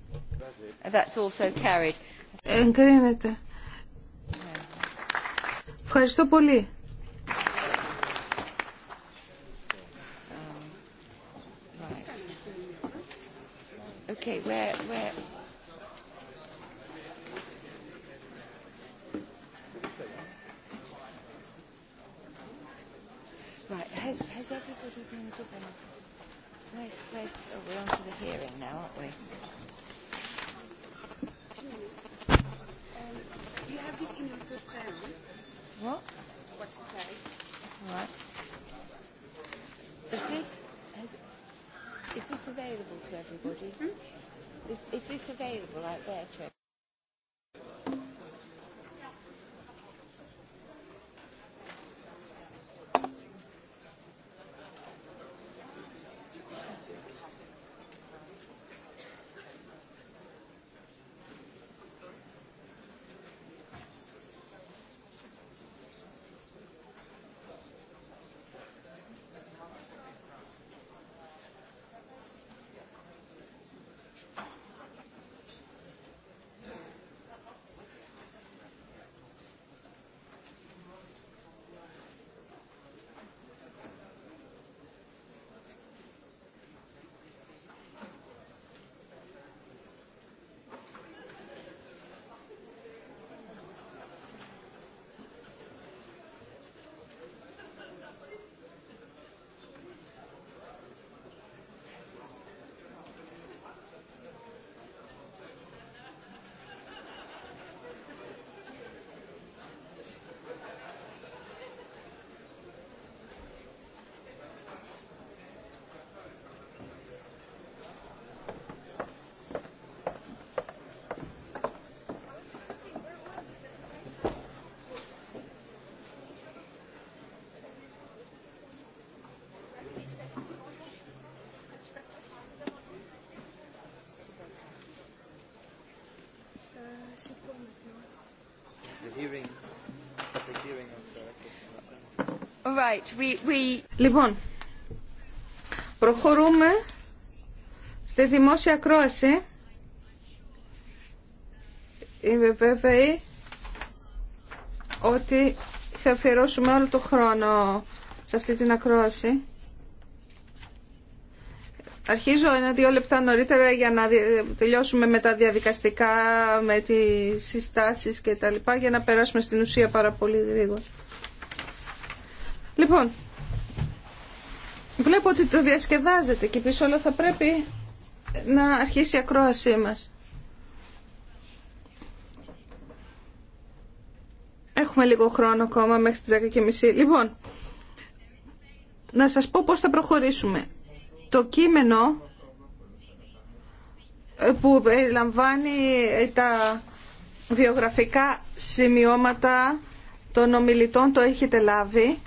Εγκρίνεται. Ευχαριστώ πολύ. Okay, Λοιπόν, προχωρούμε στη δημόσια ακρόαση. Είμαι βέβαιη ότι θα αφιερώσουμε όλο το χρόνο σε αυτή την ακρόαση. Αρχίζω ένα-δύο λεπτά νωρίτερα για να τελειώσουμε με τα διαδικαστικά, με τις συστάσεις και τα λοιπά, για να περάσουμε στην ουσία πάρα πολύ γρήγορα. Λοιπόν, βλέπω ότι το διασκεδάζεται και πίσω όλα θα πρέπει να αρχίσει η ακρόασή μας. Έχουμε λίγο χρόνο ακόμα μέχρι τις 10.30. Λοιπόν, να σας πω πώς θα προχωρήσουμε το κείμενο που περιλαμβάνει τα βιογραφικά σημειώματα των ομιλητών το έχετε λάβει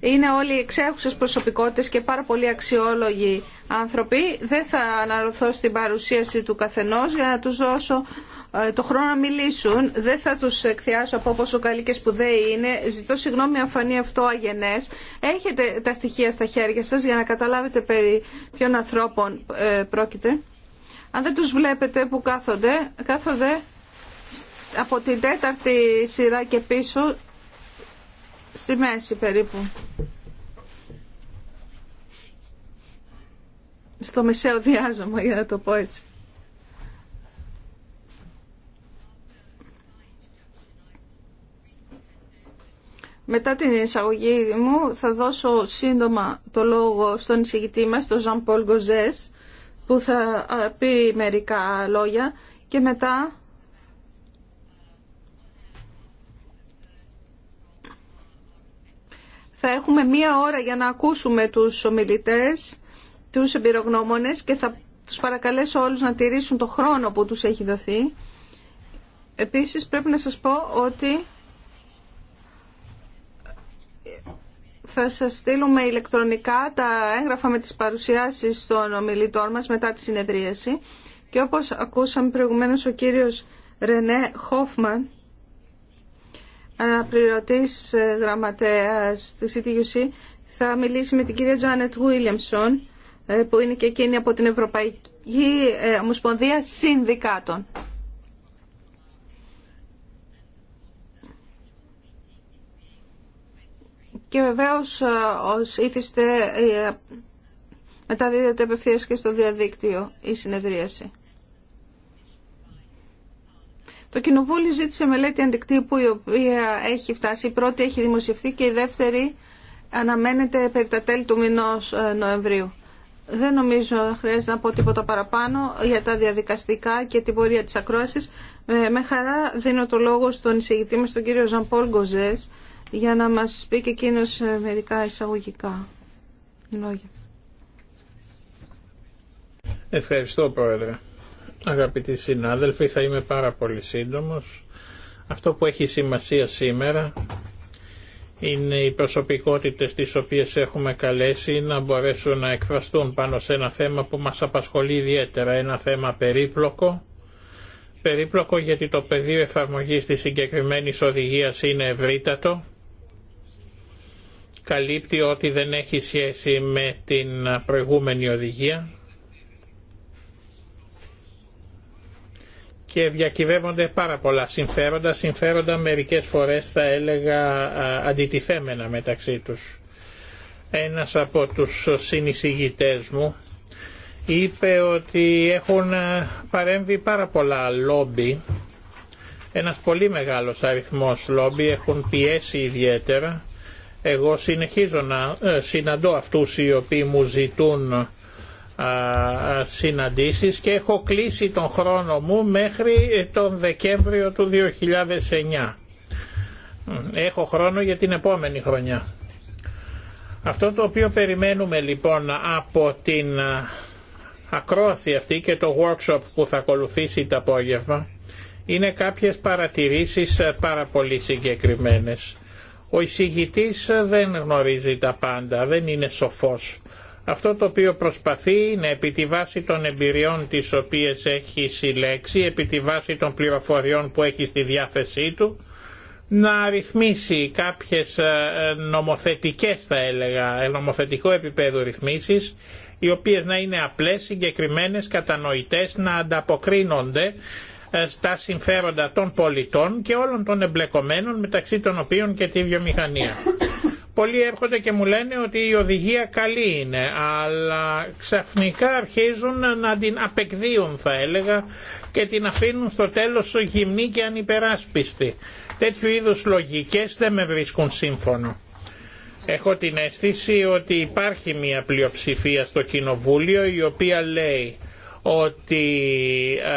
είναι όλοι εξέχουσε προσωπικότητες και πάρα πολύ αξιόλογοι άνθρωποι. Δεν θα αναρωθώ στην παρουσίαση του καθενός για να τους δώσω ε, το χρόνο να μιλήσουν. Δεν θα τους εκθιάσω από πόσο καλοί και σπουδαίοι είναι. Ζητώ συγγνώμη αν φανεί αυτό αγενές. Έχετε τα στοιχεία στα χέρια σας για να καταλάβετε περί ποιων ανθρώπων ε, πρόκειται. Αν δεν τους βλέπετε που κάθονται, κάθονται από την τέταρτη σειρά και πίσω στη μέση περίπου. Στο μεσαίο διάζωμα για να το πω έτσι. Μετά την εισαγωγή μου θα δώσω σύντομα το λόγο στον εισηγητή μας, τον Ζαν Πολ Γκοζές, που θα πει μερικά λόγια και μετά Θα έχουμε μία ώρα για να ακούσουμε τους ομιλητές, τους εμπειρογνώμονες και θα τους παρακαλέσω όλους να τηρήσουν το χρόνο που τους έχει δοθεί. Επίσης πρέπει να σας πω ότι θα σας στείλουμε ηλεκτρονικά τα έγγραφα με τις παρουσιάσεις των ομιλητών μας μετά τη συνεδρίαση. Και όπως ακούσαμε προηγουμένως ο κύριος Ρενέ Χόφμαν, αναπληρωτής ε, γραμματέας του CTUC θα μιλήσει με την κυρία Τζάνετ Βίλιαμσον ε, που είναι και εκείνη από την Ευρωπαϊκή ε, Ομοσπονδία Συνδικάτων. Και βεβαίως ως ήθιστε μεταδίδεται απευθείας και στο διαδίκτυο η συνεδρίαση. Το Κοινοβούλιο ζήτησε μελέτη αντικτύπου η οποία έχει φτάσει. Η πρώτη έχει δημοσιευθεί και η δεύτερη αναμένεται περί τα τέλη του μηνός ε, Νοεμβρίου. Δεν νομίζω χρειάζεται να πω τίποτα παραπάνω για τα διαδικαστικά και την πορεία της ακρόασης. Ε, με χαρά δίνω το λόγο στον εισηγητή μας, τον κύριο Ζανπόλ Γκοζές, για να μας πει και εκείνο ε, μερικά εισαγωγικά λόγια. Ευχαριστώ, Πρόεδρε. Αγαπητοί συνάδελφοι, θα είμαι πάρα πολύ σύντομος. Αυτό που έχει σημασία σήμερα είναι οι προσωπικότητες τις οποίες έχουμε καλέσει να μπορέσουν να εκφραστούν πάνω σε ένα θέμα που μας απασχολεί ιδιαίτερα, ένα θέμα περίπλοκο. Περίπλοκο γιατί το πεδίο εφαρμογής της συγκεκριμένης οδηγίας είναι ευρύτατο καλύπτει ότι δεν έχει σχέση με την προηγούμενη οδηγία και διακυβεύονται πάρα πολλά συμφέροντα, συμφέροντα μερικές φορές θα έλεγα αντιτιθέμενα μεταξύ τους. Ένας από τους συνεισηγητές μου είπε ότι έχουν παρέμβει πάρα πολλά λόμπι, ένας πολύ μεγάλος αριθμός λόμπι έχουν πιέσει ιδιαίτερα. Εγώ συνεχίζω να ε, συναντώ αυτούς οι οποίοι μου ζητούν συναντήσεις και έχω κλείσει τον χρόνο μου μέχρι τον Δεκέμβριο του 2009. Έχω χρόνο για την επόμενη χρονιά. Αυτό το οποίο περιμένουμε λοιπόν από την ακρόαση αυτή και το workshop που θα ακολουθήσει το απόγευμα είναι κάποιες παρατηρήσεις πάρα πολύ συγκεκριμένες. Ο εισηγητής δεν γνωρίζει τα πάντα, δεν είναι σοφός. Αυτό το οποίο προσπαθεί είναι επί τη βάση των εμπειριών τις οποίες έχει συλλέξει, επί τη βάση των πληροφοριών που έχει στη διάθεσή του, να ρυθμίσει κάποιες ε, νομοθετικές θα έλεγα, ε, νομοθετικό επίπεδο ρυθμίσεις, οι οποίες να είναι απλές, συγκεκριμένες, κατανοητές, να ανταποκρίνονται ε, στα συμφέροντα των πολιτών και όλων των εμπλεκομένων μεταξύ των οποίων και τη βιομηχανία. Πολλοί έρχονται και μου λένε ότι η οδηγία καλή είναι, αλλά ξαφνικά αρχίζουν να την απεκδίουν θα έλεγα και την αφήνουν στο τέλος γυμνή και ανυπεράσπιστη. Τέτοιου είδους λογικές δεν με βρίσκουν σύμφωνο. Έχω την αίσθηση ότι υπάρχει μια πλειοψηφία στο Κοινοβούλιο η οποία λέει ότι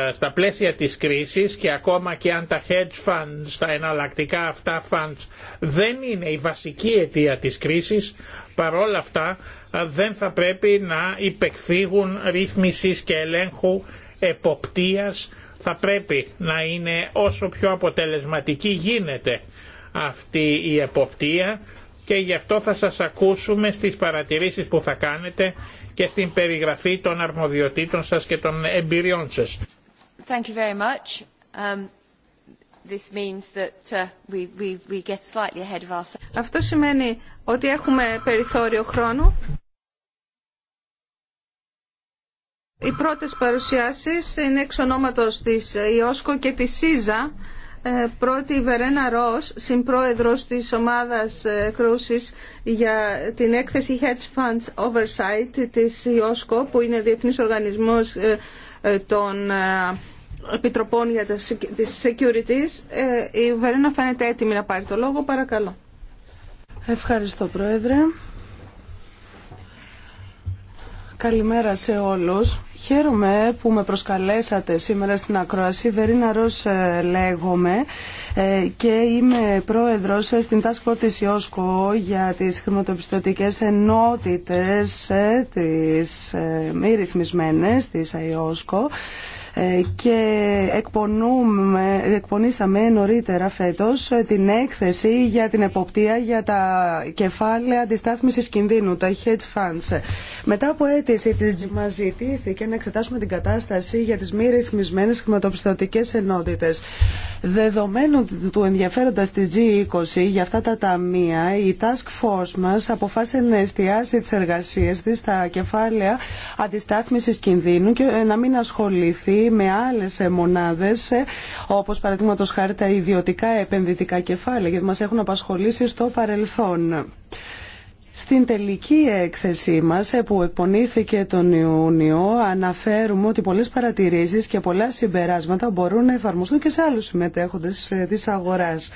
ε, στα πλαίσια της κρίσης και ακόμα και αν τα hedge funds, τα εναλλακτικά αυτά funds δεν είναι η βασική αιτία της κρίσης, παρόλα αυτά ε, δεν θα πρέπει να υπεκφύγουν ρύθμισης και ελέγχου εποπτείας, θα πρέπει να είναι όσο πιο αποτελεσματική γίνεται αυτή η εποπτεία και γι' αυτό θα σας ακούσουμε στις παρατηρήσεις που θα κάνετε και στην περιγραφή των αρμοδιοτήτων σας και των εμπειριών σας. Thank you very much. Um, Αυτό σημαίνει ότι έχουμε περιθώριο χρόνου. Οι πρώτες παρουσιάσεις είναι εξ ονόματος της ΙΟΣΚΟ και της ΣΥΖΑ. Ε, πρώτη Βερένα Ρος, συμπρόεδρος της ομάδας ε, κρούσης για την έκθεση Hedge Funds Oversight της ΙΟΣΚΟ, που είναι διεθνής οργανισμός ε, των επιτροπών για τις securities. Η Βερένα φαίνεται έτοιμη να πάρει το λόγο. Παρακαλώ. Ευχαριστώ, Πρόεδρε. Καλημέρα σε όλους. Χαίρομαι που με προσκαλέσατε σήμερα στην Ακρόαση. Βερίνα Ρος ε, λέγομαι ε, και είμαι πρόεδρος ε, στην Task Force της ΙΟΣΚΟ για τις χρηματοπιστωτικές ενότητες, της μη ρυθμισμένες της ΙΟΣΚΟ. Ε, και εκπονούμε, εκπονήσαμε νωρίτερα φέτος ε, την έκθεση για την εποπτεία για τα κεφάλαια αντιστάθμισης κινδύνου, τα hedge funds. Μετά από αίτηση της μας ζητήθηκε να εξετάσουμε την κατάσταση για τις μη ρυθμισμένες χρηματοπιστωτικές ενότητες. Δεδομένου του ενδιαφέροντας της G20 για αυτά τα ταμεία, η Task Force μας αποφάσισε να εστιάσει τις εργασίες της στα κεφάλαια αντιστάθμισης κινδύνου και ε, να μην ασχοληθεί με άλλες ε, μονάδες ε, όπως παραδείγματο χάρη τα ιδιωτικά επενδυτικά κεφάλαια γιατί μας έχουν απασχολήσει στο παρελθόν. Στην τελική έκθεσή μας ε, που εκπονήθηκε τον Ιούνιο αναφέρουμε ότι πολλές παρατηρήσεις και πολλά συμπεράσματα μπορούν να εφαρμοστούν και σε άλλους συμμετέχοντες της αγοράς.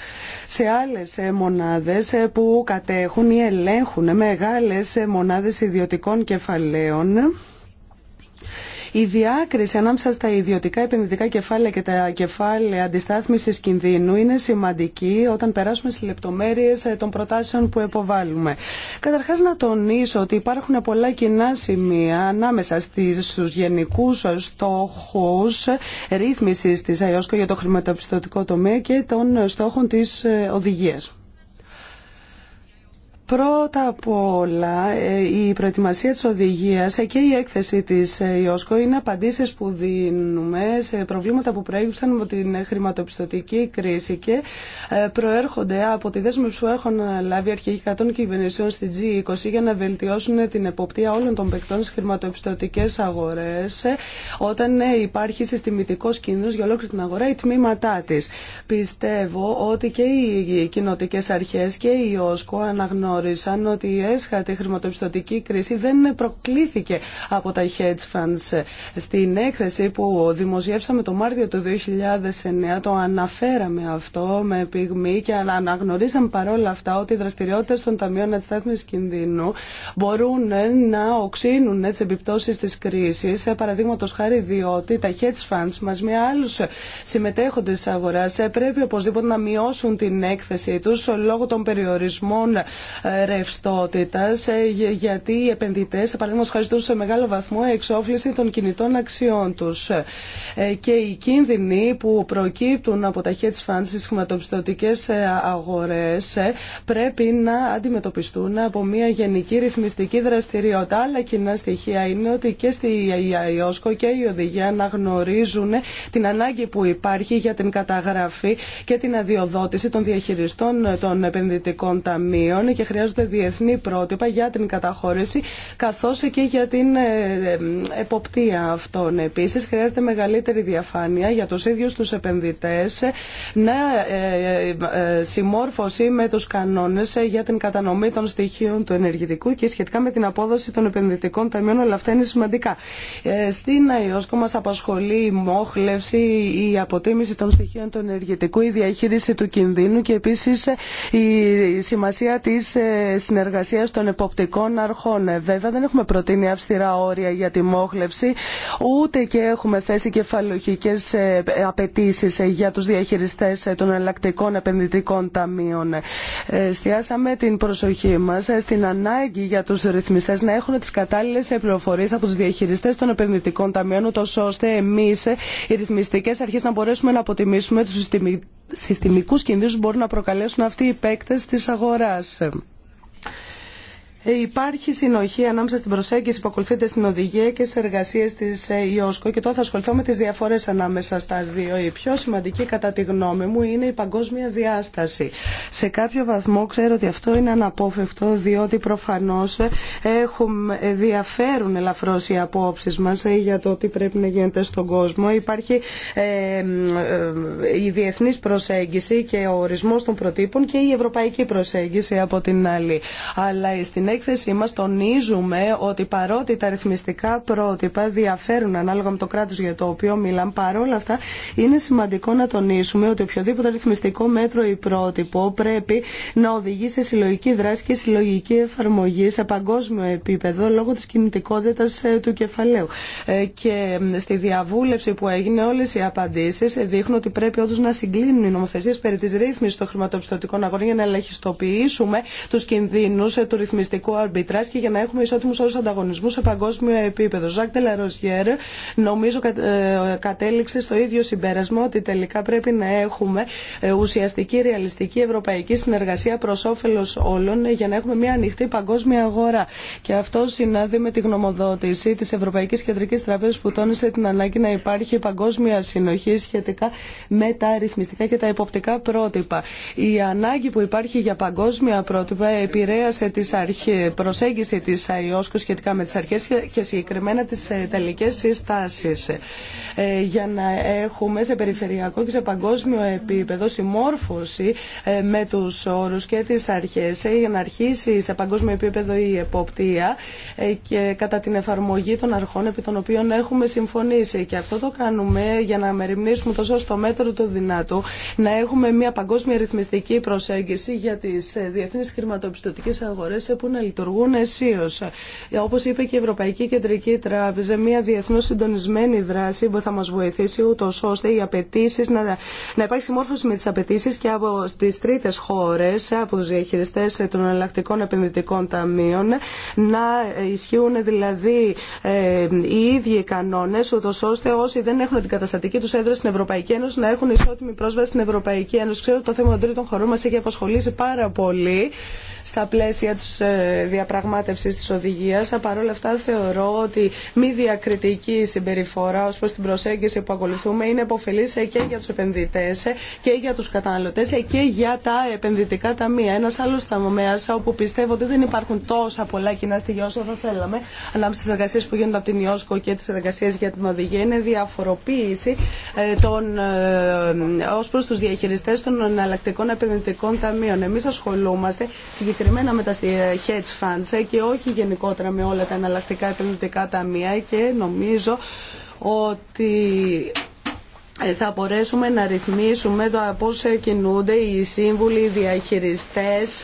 Σε άλλες μονάδες που κατέχουν ή ελέγχουν μεγάλες μονάδες ιδιωτικών κεφαλαίων η διάκριση ανάμεσα στα ιδιωτικά επενδυτικά κεφάλαια και τα κεφάλαια αντιστάθμισης κινδύνου είναι σημαντική όταν περάσουμε στις λεπτομέρειες ε, των προτάσεων που εποβάλλουμε. Καταρχάς να τονίσω ότι υπάρχουν πολλά κοινά σημεία ανάμεσα στους γενικούς στόχους ρύθμισης της ΑΕΟΣΚΟ για το χρηματοπιστωτικό τομέα και των στόχων της ε, οδηγίας. Πρώτα απ' όλα, ε, η προετοιμασία της οδηγίας και η έκθεση της ε, ΙΟΣΚΟ είναι απαντήσεις που δίνουμε σε προβλήματα που προέκυψαν από την χρηματοπιστωτική κρίση και ε, προέρχονται από τη δέσμευση που έχουν λάβει αρχηγικά των κυβερνησιών στην G20 για να βελτιώσουν την εποπτεία όλων των παικτών στις χρηματοπιστωτικές αγορές όταν υπάρχει συστημητικός κίνδυνος για ολόκληρη την αγορά ή τμήματά της. Πιστεύω ότι και οι κοινοτικές αρχές και η ΙΟΣΚΟ αναγνωρίζουν ότι η έσχατη χρηματοπιστωτική κρίση δεν προκλήθηκε από τα hedge funds. Στην έκθεση που δημοσιεύσαμε το Μάρτιο του 2009 το αναφέραμε αυτό με πυγμή και αναγνωρίσαμε παρόλα αυτά ότι οι δραστηριότητε των ταμείων αντιστάθμισης κινδύνου μπορούν να οξύνουν ε, τι επιπτώσει τη κρίση. Ε, Παραδείγματο χάρη διότι τα hedge funds μα με άλλου συμμετέχοντε τη αγορά ε, πρέπει οπωσδήποτε να μειώσουν την έκθεσή του λόγω των περιορισμών ρευστότητα, ε, γιατί οι επενδυτέ, παραδείγματο χάρη, σε μεγάλο βαθμό εξόφληση των κινητών αξιών του. Ε, και οι κίνδυνοι που προκύπτουν από τα hedge funds στι χρηματοπιστωτικέ ε, αγορέ πρέπει να αντιμετωπιστούν από μια γενική ρυθμιστική δραστηριότητα. Άλλα κοινά στοιχεία είναι ότι και στη ΙΟΣΚΟ και η Οδηγία να γνωρίζουν την ανάγκη που υπάρχει για την καταγραφή και την αδειοδότηση των διαχειριστών των επενδυτικών ταμείων χρειάζονται διεθνή πρότυπα για την καταχώρηση καθώς και για την ε, εποπτεία αυτών. Επίσης χρειάζεται μεγαλύτερη διαφάνεια για τους ίδιους τους επενδυτές, να ε, ε, συμμόρφωση με τους κανόνες για την κατανομή των στοιχείων του ενεργητικού και σχετικά με την απόδοση των επενδυτικών ταμείων, αλλά αυτά είναι σημαντικά. Στην ΑΕΟΣΚΟ μας απασχολεί η μόχλευση, η αποτίμηση των στοιχείων του ενεργητικού, η διαχείριση του κινδύνου και επίσης η σημασία της ε, Συνεργασία των εποπτικών αρχών. Ε, βέβαια δεν έχουμε προτείνει αυστηρά όρια για τη μόχλευση, ούτε και έχουμε θέσει κεφαλοχικές ε, απαιτήσει για τους διαχειριστές των ελλακτικών επενδυτικών ταμείων. Στιάσαμε την προσοχή μας στην ανάγκη για τους ρυθμιστές να έχουν τις κατάλληλες πληροφορίες από τους διαχειριστές των επενδυτικών ταμείων, ούτως ώστε εμείς οι ρυθμιστικές αρχές να μπορέσουμε να αποτιμήσουμε τους συστημικούς κινδύνους που μπορούν να προκαλέσουν αυτοί οι παίκτες της αγοράς. Ε, υπάρχει συνοχή ανάμεσα στην προσέγγιση που ακολουθείται στην οδηγία και στι εργασίε τη ε, ΙΟΣΚΟ και τώρα θα ασχοληθώ με τι διαφορέ ανάμεσα στα δύο. Η πιο σημαντική, κατά τη γνώμη μου, είναι η παγκόσμια διάσταση. Σε κάποιο βαθμό ξέρω ότι αυτό είναι αναπόφευκτο, διότι προφανώ ε, διαφέρουν ελαφρώ οι απόψει μα για το τι πρέπει να γίνεται στον κόσμο. Υπάρχει η διεθνή προσέγγιση και ο ορισμό των προτύπων και η ευρωπαϊκή προσέγγιση από την άλλη. Αλλά στην έκθεσή μας τονίζουμε ότι παρότι τα ρυθμιστικά πρότυπα διαφέρουν ανάλογα με το κράτος για το οποίο μιλάμε, παρόλα αυτά είναι σημαντικό να τονίσουμε ότι οποιοδήποτε ρυθμιστικό μέτρο ή πρότυπο πρέπει να οδηγεί σε συλλογική δράση και συλλογική εφαρμογή σε παγκόσμιο επίπεδο λόγω της κινητικότητας ε, του κεφαλαίου. Ε, και στη διαβούλευση που έγινε όλες οι απαντήσεις δείχνουν ότι πρέπει όντως να συγκλίνουν οι νομοθεσίες περί της ρύθμισης των χρηματοπιστωτικών αγορών για να ελαχιστοποιήσουμε τους κινδύνους ε, του ρυθμιστικού και για να έχουμε ισότιμου όρου ανταγωνισμού σε παγκόσμιο επίπεδο. Ζακ Τελαροζιέρ νομίζω ε, κατέληξε στο ίδιο συμπέρασμα ότι τελικά πρέπει να έχουμε ε, ουσιαστική, ρεαλιστική ευρωπαϊκή συνεργασία προ όφελο όλων για να έχουμε μια ανοιχτή παγκόσμια αγορά. Και αυτό συνάδει με τη γνωμοδότηση τη Ευρωπαϊκή Κεντρική Τράπεζα που τόνισε την ανάγκη να υπάρχει παγκόσμια συνοχή σχετικά με τα αριθμιστικά και τα υποπτικά πρότυπα. Η ανάγκη που υπάρχει για παγκόσμια πρότυπα επηρέασε τι αρχέ και προσέγγιση τη ΑΕΟσκο σχετικά με τι αρχέ και συγκεκριμένα τις ε, τελικέ συστάσεις ε, για να έχουμε σε περιφερειακό και σε παγκόσμιο επίπεδο συμμόρφωση ε, με του όρου και τις αρχές για να αρχίσει σε παγκόσμιο επίπεδο η εποπτεία και κατά την εφαρμογή των αρχών επί των οποίων έχουμε συμφωνήσει και αυτό το κάνουμε για να μεριμνήσουμε τόσο στο μέτρο του δυνατού να έχουμε μια παγκόσμια ρυθμιστική προσέγγιση για τι διεθνεί χρηματοπιστωτικέ αγορέ που λειτουργούν αισίω. Όπω είπε και η Ευρωπαϊκή Κεντρική Τράπεζα, μια διεθνώ συντονισμένη δράση που θα μα βοηθήσει ούτω ώστε οι απαιτήσει να, να υπάρχει συμμόρφωση με τι απαιτήσει και από τι τρίτε χώρε, από του διαχειριστέ των εναλλακτικών επενδυτικών ταμείων, να ισχύουν δηλαδή ε, οι ίδιοι κανόνε, ούτω ώστε όσοι δεν έχουν την καταστατική του έδρα στην Ευρωπαϊκή Ένωση να έχουν ισότιμη πρόσβαση στην Ευρωπαϊκή Ένωση. Ξέρω ότι το θέμα των τρίτων χωρών μα έχει απασχολήσει πάρα πολύ στα πλαίσια της ε, διαπραγμάτευσης της οδηγίας. Παρόλα αυτά θεωρώ ότι μη διακριτική συμπεριφορά ως προς την προσέγγιση που ακολουθούμε είναι επωφελής ε, και για τους επενδυτές ε, και για τους καταναλωτές και για τα επενδυτικά ταμεία. Ένας άλλος ταμέας όπου πιστεύω ότι δεν υπάρχουν τόσα πολλά κοινά στοιχεία όσο θα θέλαμε ανάμεσα στις εργασίες που γίνονται από την Ιόσκο και τις εργασίες για την οδηγία είναι διαφοροποίηση των, ως προς τους διαχειριστές των εναλλακτικών επενδυτικών ταμείων. Εμείς ασχολούμαστε συγκεκριμένα με τα hedge funds ε, και όχι γενικότερα με όλα τα εναλλακτικά επενδυτικά ταμεία και νομίζω ότι ε, θα μπορέσουμε να ρυθμίσουμε το ε, πώς κινούνται οι σύμβουλοι, οι διαχειριστές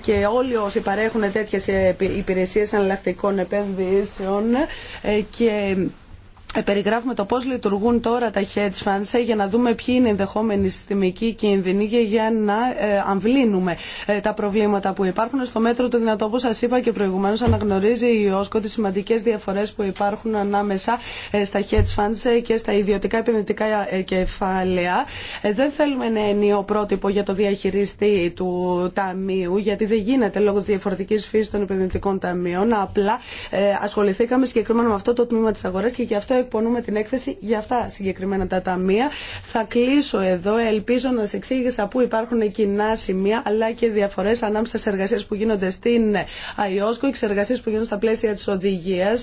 και όλοι όσοι παρέχουν τέτοιες υπηρεσίες εναλλακτικών επενδύσεων και ε, περιγράφουμε το πώς λειτουργούν τώρα τα hedge funds ε, για να δούμε ποιοι είναι ενδεχόμενοι συστημικοί κίνδυνοι και για να ε, αμβλύνουμε τα προβλήματα που υπάρχουν. Στο μέτρο του δυνατό, όπως σας είπα και προηγουμένως, αναγνωρίζει η ΟΣΚΟ τις σημαντικές διαφορές που υπάρχουν ανάμεσα στα hedge funds και στα ιδιωτικά επενδυτικά κεφάλαια. Δεν θέλουμε ένα ενίο πρότυπο για το διαχειριστή του ταμείου, γιατί δεν γίνεται λόγω της διαφορετικής φύσης των επενδυτικών ταμείων. Απλά ασχοληθήκαμε συγκεκριμένα αυτό το τμήμα της αγοράς και γι' αυτό εκπονούμε την έκθεση για αυτά συγκεκριμένα τα ταμεία. Θα κλείσω εδώ. Ελπίζω να σα εξήγησα πού υπάρχουν κοινά σημεία αλλά και διαφορέ ανάμεσα σε εργασίε που γίνονται στην ΑΙΟΣΚΟ και εργασίε που γίνονται στα πλαίσια τη οδηγία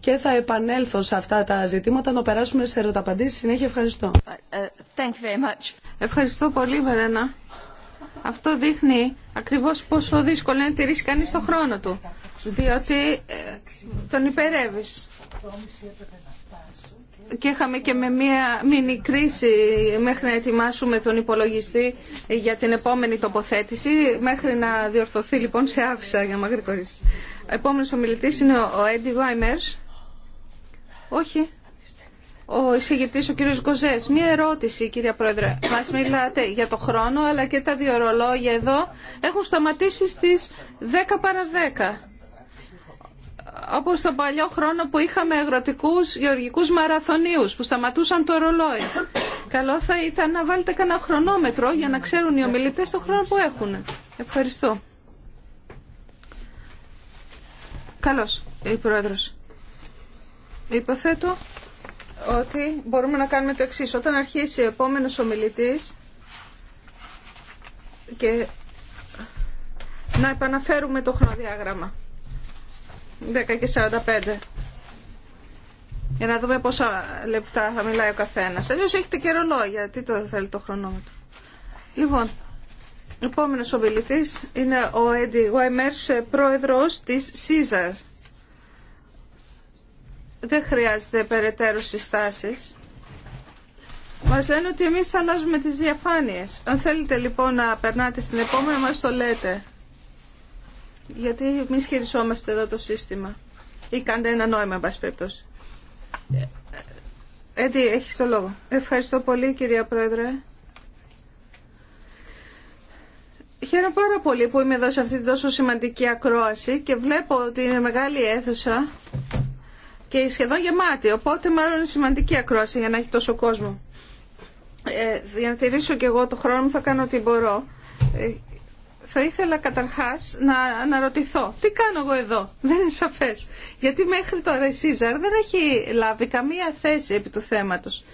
και θα επανέλθω σε αυτά τα ζητήματα να περάσουμε σε ερωταπαντήσει. Συνέχεια ευχαριστώ. Ευχαριστώ πολύ, Βερένα. Αυτό δείχνει ακριβώς πόσο δύσκολο είναι να τηρήσει κανείς τον χρόνο του, διότι ε, τον υπερεύεις και είχαμε και με μία μίνι κρίση μέχρι να ετοιμάσουμε τον υπολογιστή για την επόμενη τοποθέτηση, μέχρι να διορθωθεί λοιπόν σε άφησα για μαγρικορήσεις. Ο επόμενος ομιλητής είναι ο Έντι Βάιμερς. Όχι. Ο εισηγητής, ο κύριος Γκοζές. Μία ερώτηση, κυρία Πρόεδρε. Μας μιλάτε για το χρόνο, αλλά και τα δύο εδώ έχουν σταματήσει στις 10 παρα 10 Όπω τον παλιό χρόνο που είχαμε αγροτικούς γεωργικούς μαραθωνίους που σταματούσαν το ρολόι. Καλό θα ήταν να βάλετε κανένα χρονόμετρο για να ξέρουν οι ομιλητές το χρόνο που έχουν. Ευχαριστώ. Καλώς, η Πρόεδρος. Υποθέτω ότι μπορούμε να κάνουμε το εξής. Όταν αρχίσει ο επόμενος ομιλητής και να επαναφέρουμε το χρονοδιάγραμμα. 10 και 45. Για να δούμε πόσα λεπτά θα μιλάει ο καθένα. Αλλιώ έχετε και ρολόγια. Τι το θέλει το χρονόμετρο. Λοιπόν, ο επόμενο ομιλητή είναι ο Έντι Γουάιμερ, πρόεδρο τη Caesar Δεν χρειάζεται περαιτέρω συστάσει. Μα λένε ότι εμεί θα αλλάζουμε τι διαφάνειε. Αν θέλετε λοιπόν να περνάτε στην επόμενη, μα το λέτε γιατί μη χειριζόμαστε εδώ το σύστημα. Ή κάντε ένα νόημα, εν πάση ε, ε, έχει το λόγο. Ευχαριστώ πολύ, κυρία Πρόεδρε. Χαίρομαι πάρα πολύ που είμαι εδώ σε αυτή την τόσο σημαντική ακρόαση και βλέπω ότι είναι μεγάλη αίθουσα και σχεδόν γεμάτη. Οπότε, μάλλον είναι σημαντική ακρόαση για να έχει τόσο κόσμο. Ε, για και εγώ το χρόνο μου θα κάνω ό,τι μπορώ ε, θα ήθελα καταρχάς να αναρωτηθώ τι κάνω εγώ εδώ, δεν είναι σαφές γιατί μέχρι τώρα η Σίζαρ δεν έχει λάβει καμία θέση επί του θέματος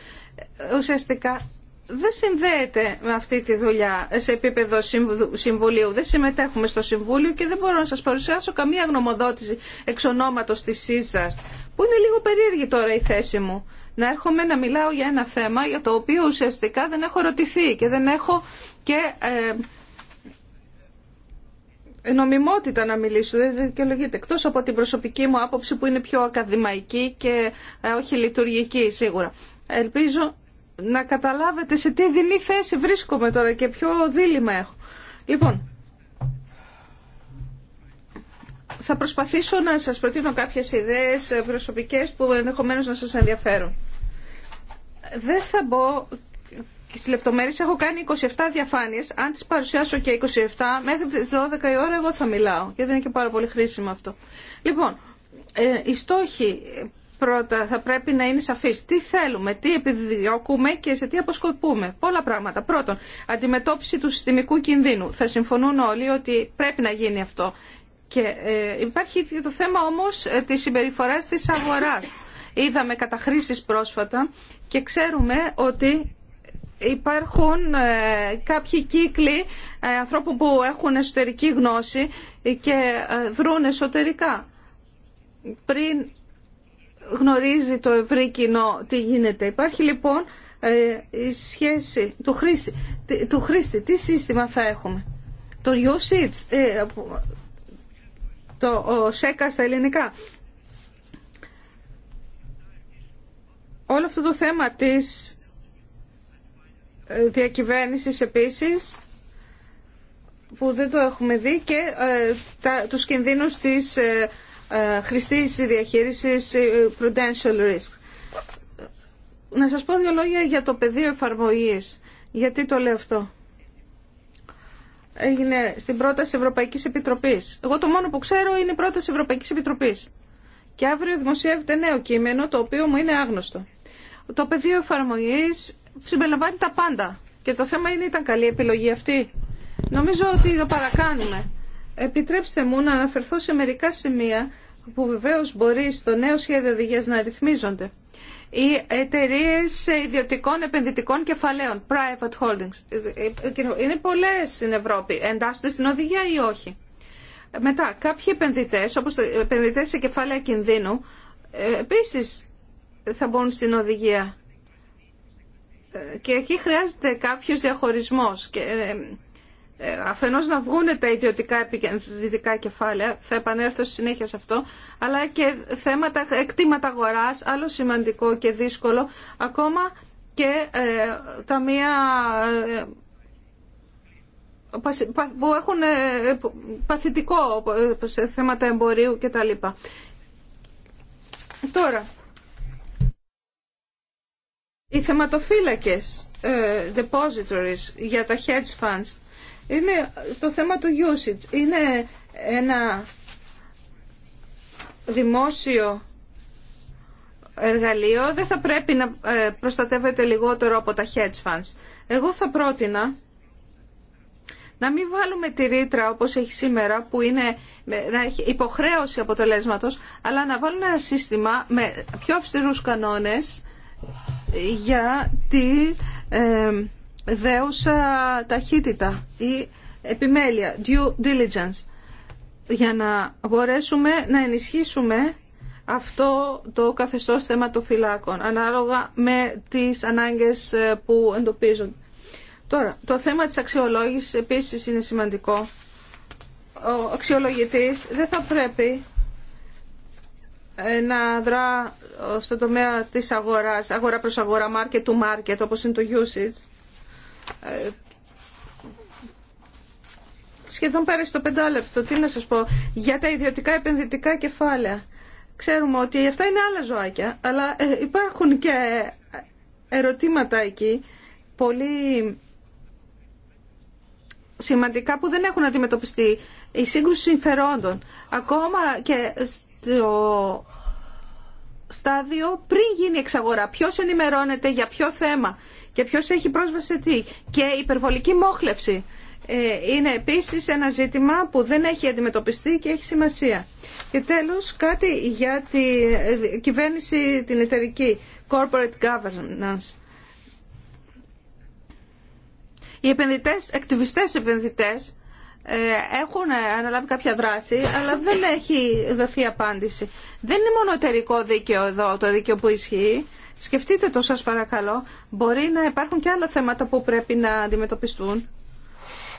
ε, ουσιαστικά δεν συνδέεται με αυτή τη δουλειά σε επίπεδο συμβουλίου. Δεν συμμετέχουμε στο συμβούλιο και δεν μπορώ να σας παρουσιάσω καμία γνωμοδότηση εξ ονόματος της ΣΥΣΑΡ, που είναι λίγο περίεργη τώρα η θέση μου. Να έρχομαι να μιλάω για ένα θέμα για το οποίο ουσιαστικά δεν έχω ρωτηθεί και δεν έχω και ε, νομιμότητα να μιλήσω, δεν δικαιολογείται. εκτό από την προσωπική μου άποψη που είναι πιο ακαδημαϊκή και ε, όχι λειτουργική σίγουρα. Ελπίζω να καταλάβετε σε τι δινή θέση βρίσκομαι τώρα και ποιο δίλημα έχω. Λοιπόν, θα προσπαθήσω να σας προτείνω κάποιες ιδέες ε, προσωπικές που ενδεχομένως να σας ενδιαφέρουν. Δεν θα μπω Στι λεπτομέρειε έχω κάνει 27 διαφάνειες. Αν τις παρουσιάσω και 27, μέχρι τις 12 η ώρα εγώ θα μιλάω. Και δεν είναι και πάρα πολύ χρήσιμο αυτό. Λοιπόν, ε, οι στόχοι ε, πρώτα θα πρέπει να είναι σαφείς. Τι θέλουμε, τι επιδιώκουμε και σε τι αποσκοπούμε. Πολλά πράγματα. Πρώτον, αντιμετώπιση του συστημικού κινδύνου. Θα συμφωνούν όλοι ότι πρέπει να γίνει αυτό. Και ε, υπάρχει το θέμα όμως ε, της συμπεριφοράς της αγοράς. Είδαμε καταχρήσεις πρόσφατα και ξέρουμε ότι Υπάρχουν ε, κάποιοι κύκλοι ε, ανθρώπων που έχουν εσωτερική γνώση και ε, δρούν εσωτερικά. Πριν γνωρίζει το ευρύ κοινό τι γίνεται. Υπάρχει λοιπόν η σχέση του χρήστη. Του χρήστη. Τι σύστημα θα έχουμε. Το usage, το ΣΕΚΑ στα ελληνικά. Όλο αυτό το θέμα της διακυβέρνησης επίσης που δεν το έχουμε δει και ε, τα, τους κινδύνους της ε, ε χρηστής διαχείρισης ε, prudential risk. Να σας πω δύο λόγια για το πεδίο εφαρμογής. Γιατί το λέω αυτό. Έγινε στην πρόταση Ευρωπαϊκής Επιτροπής. Εγώ το μόνο που ξέρω είναι η πρόταση Ευρωπαϊκής Επιτροπής. Και αύριο δημοσιεύεται νέο κείμενο το οποίο μου είναι άγνωστο. Το πεδίο εφαρμογής συμπεριλαμβάνει τα πάντα. Και το θέμα είναι ήταν καλή επιλογή αυτή. Νομίζω ότι το παρακάνουμε. Επιτρέψτε μου να αναφερθώ σε μερικά σημεία που βεβαίω μπορεί στο νέο σχέδιο οδηγίας να ρυθμίζονται. Οι εταιρείε ιδιωτικών επενδυτικών κεφαλαίων, private holdings, είναι πολλές στην Ευρώπη. Εντάσσονται στην οδηγία ή όχι. Μετά, κάποιοι επενδυτέ, όπω επενδυτέ σε κεφάλαια κινδύνου, ε, επίση θα μπουν στην οδηγία και εκεί χρειάζεται κάποιος διαχωρισμός και ε, ε, αφενός να βγουν τα ιδιωτικά επικεντρωτικά κεφάλαια, θα επανέλθω στη συνέχεια σε αυτό, αλλά και θέματα εκτίματα αγοράς, άλλο σημαντικό και δύσκολο, ακόμα και ε, τα μία που έχουν παθητικό σε θέματα εμπορίου λοιπά Τώρα, οι θεματοφύλακες ε, depositories για τα hedge funds είναι το θέμα του usage. Είναι ένα δημόσιο εργαλείο. Δεν θα πρέπει να ε, προστατεύεται λιγότερο από τα hedge funds. Εγώ θα πρότεινα να μην βάλουμε τη ρήτρα όπως έχει σήμερα που είναι υποχρέωση αποτελέσματος αλλά να βάλουμε ένα σύστημα με πιο αυστηρούς κανόνες για τη ε, δέουσα ταχύτητα ή επιμέλεια, due diligence, για να μπορέσουμε να ενισχύσουμε αυτό το καθεστώς φυλάκων, ανάλογα με τις ανάγκες ε, που εντοπίζουν. Τώρα, το θέμα της αξιολόγησης επίσης είναι σημαντικό. Ο αξιολογητής δεν θα πρέπει ε, να δρά στον τομέα της αγοράς, αγορά προς αγορά, market to market, όπως είναι το usage, ε, σχεδόν πέρασε το πεντάλεπτο. Τι να σας πω, για τα ιδιωτικά επενδυτικά κεφάλαια. Ξέρουμε ότι αυτά είναι άλλα ζωάκια, αλλά ε, υπάρχουν και ερωτήματα εκεί, πολύ σημαντικά που δεν έχουν αντιμετωπιστεί. Η σύγκρουση συμφερόντων, ακόμα και στο στάδιο πριν γίνει εξαγορά. Ποιο ενημερώνεται για ποιο θέμα και ποιο έχει πρόσβαση σε τι. Και η υπερβολική μόχλευση ε, είναι επίσης ένα ζήτημα που δεν έχει αντιμετωπιστεί και έχει σημασία. Και τέλο κάτι για τη ε, κυβέρνηση την εταιρική, corporate governance. Οι επενδυτές, εκτιβιστές επενδυτές, ε, έχουν αναλάβει κάποια δράση, αλλά δεν έχει δοθεί απάντηση. Δεν είναι μόνο εταιρικό δίκαιο εδώ το δίκαιο που ισχύει. Σκεφτείτε το σας παρακαλώ. Μπορεί να υπάρχουν και άλλα θέματα που πρέπει να αντιμετωπιστούν.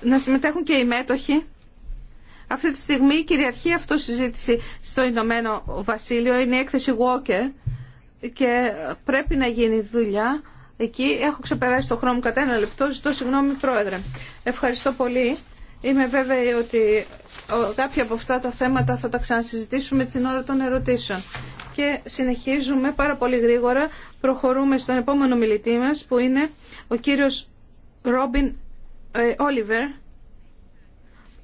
Να συμμετέχουν και οι μέτοχοι. Αυτή τη στιγμή η κυριαρχή αυτό στο Ηνωμένο Βασίλειο είναι η έκθεση Walker και πρέπει να γίνει δουλειά. Εκεί έχω ξεπεράσει το χρόνο μου κατά ένα λεπτό. Ζητώ συγγνώμη, Πρόεδρε. Ευχαριστώ πολύ. Είμαι βέβαιη ότι κάποια από αυτά τα θέματα θα τα ξανασυζητήσουμε την ώρα των ερωτήσεων. Και συνεχίζουμε πάρα πολύ γρήγορα. Προχωρούμε στον επόμενο μιλητή μας που είναι ο κύριος Ρόμπιν ε, Όλιβερ.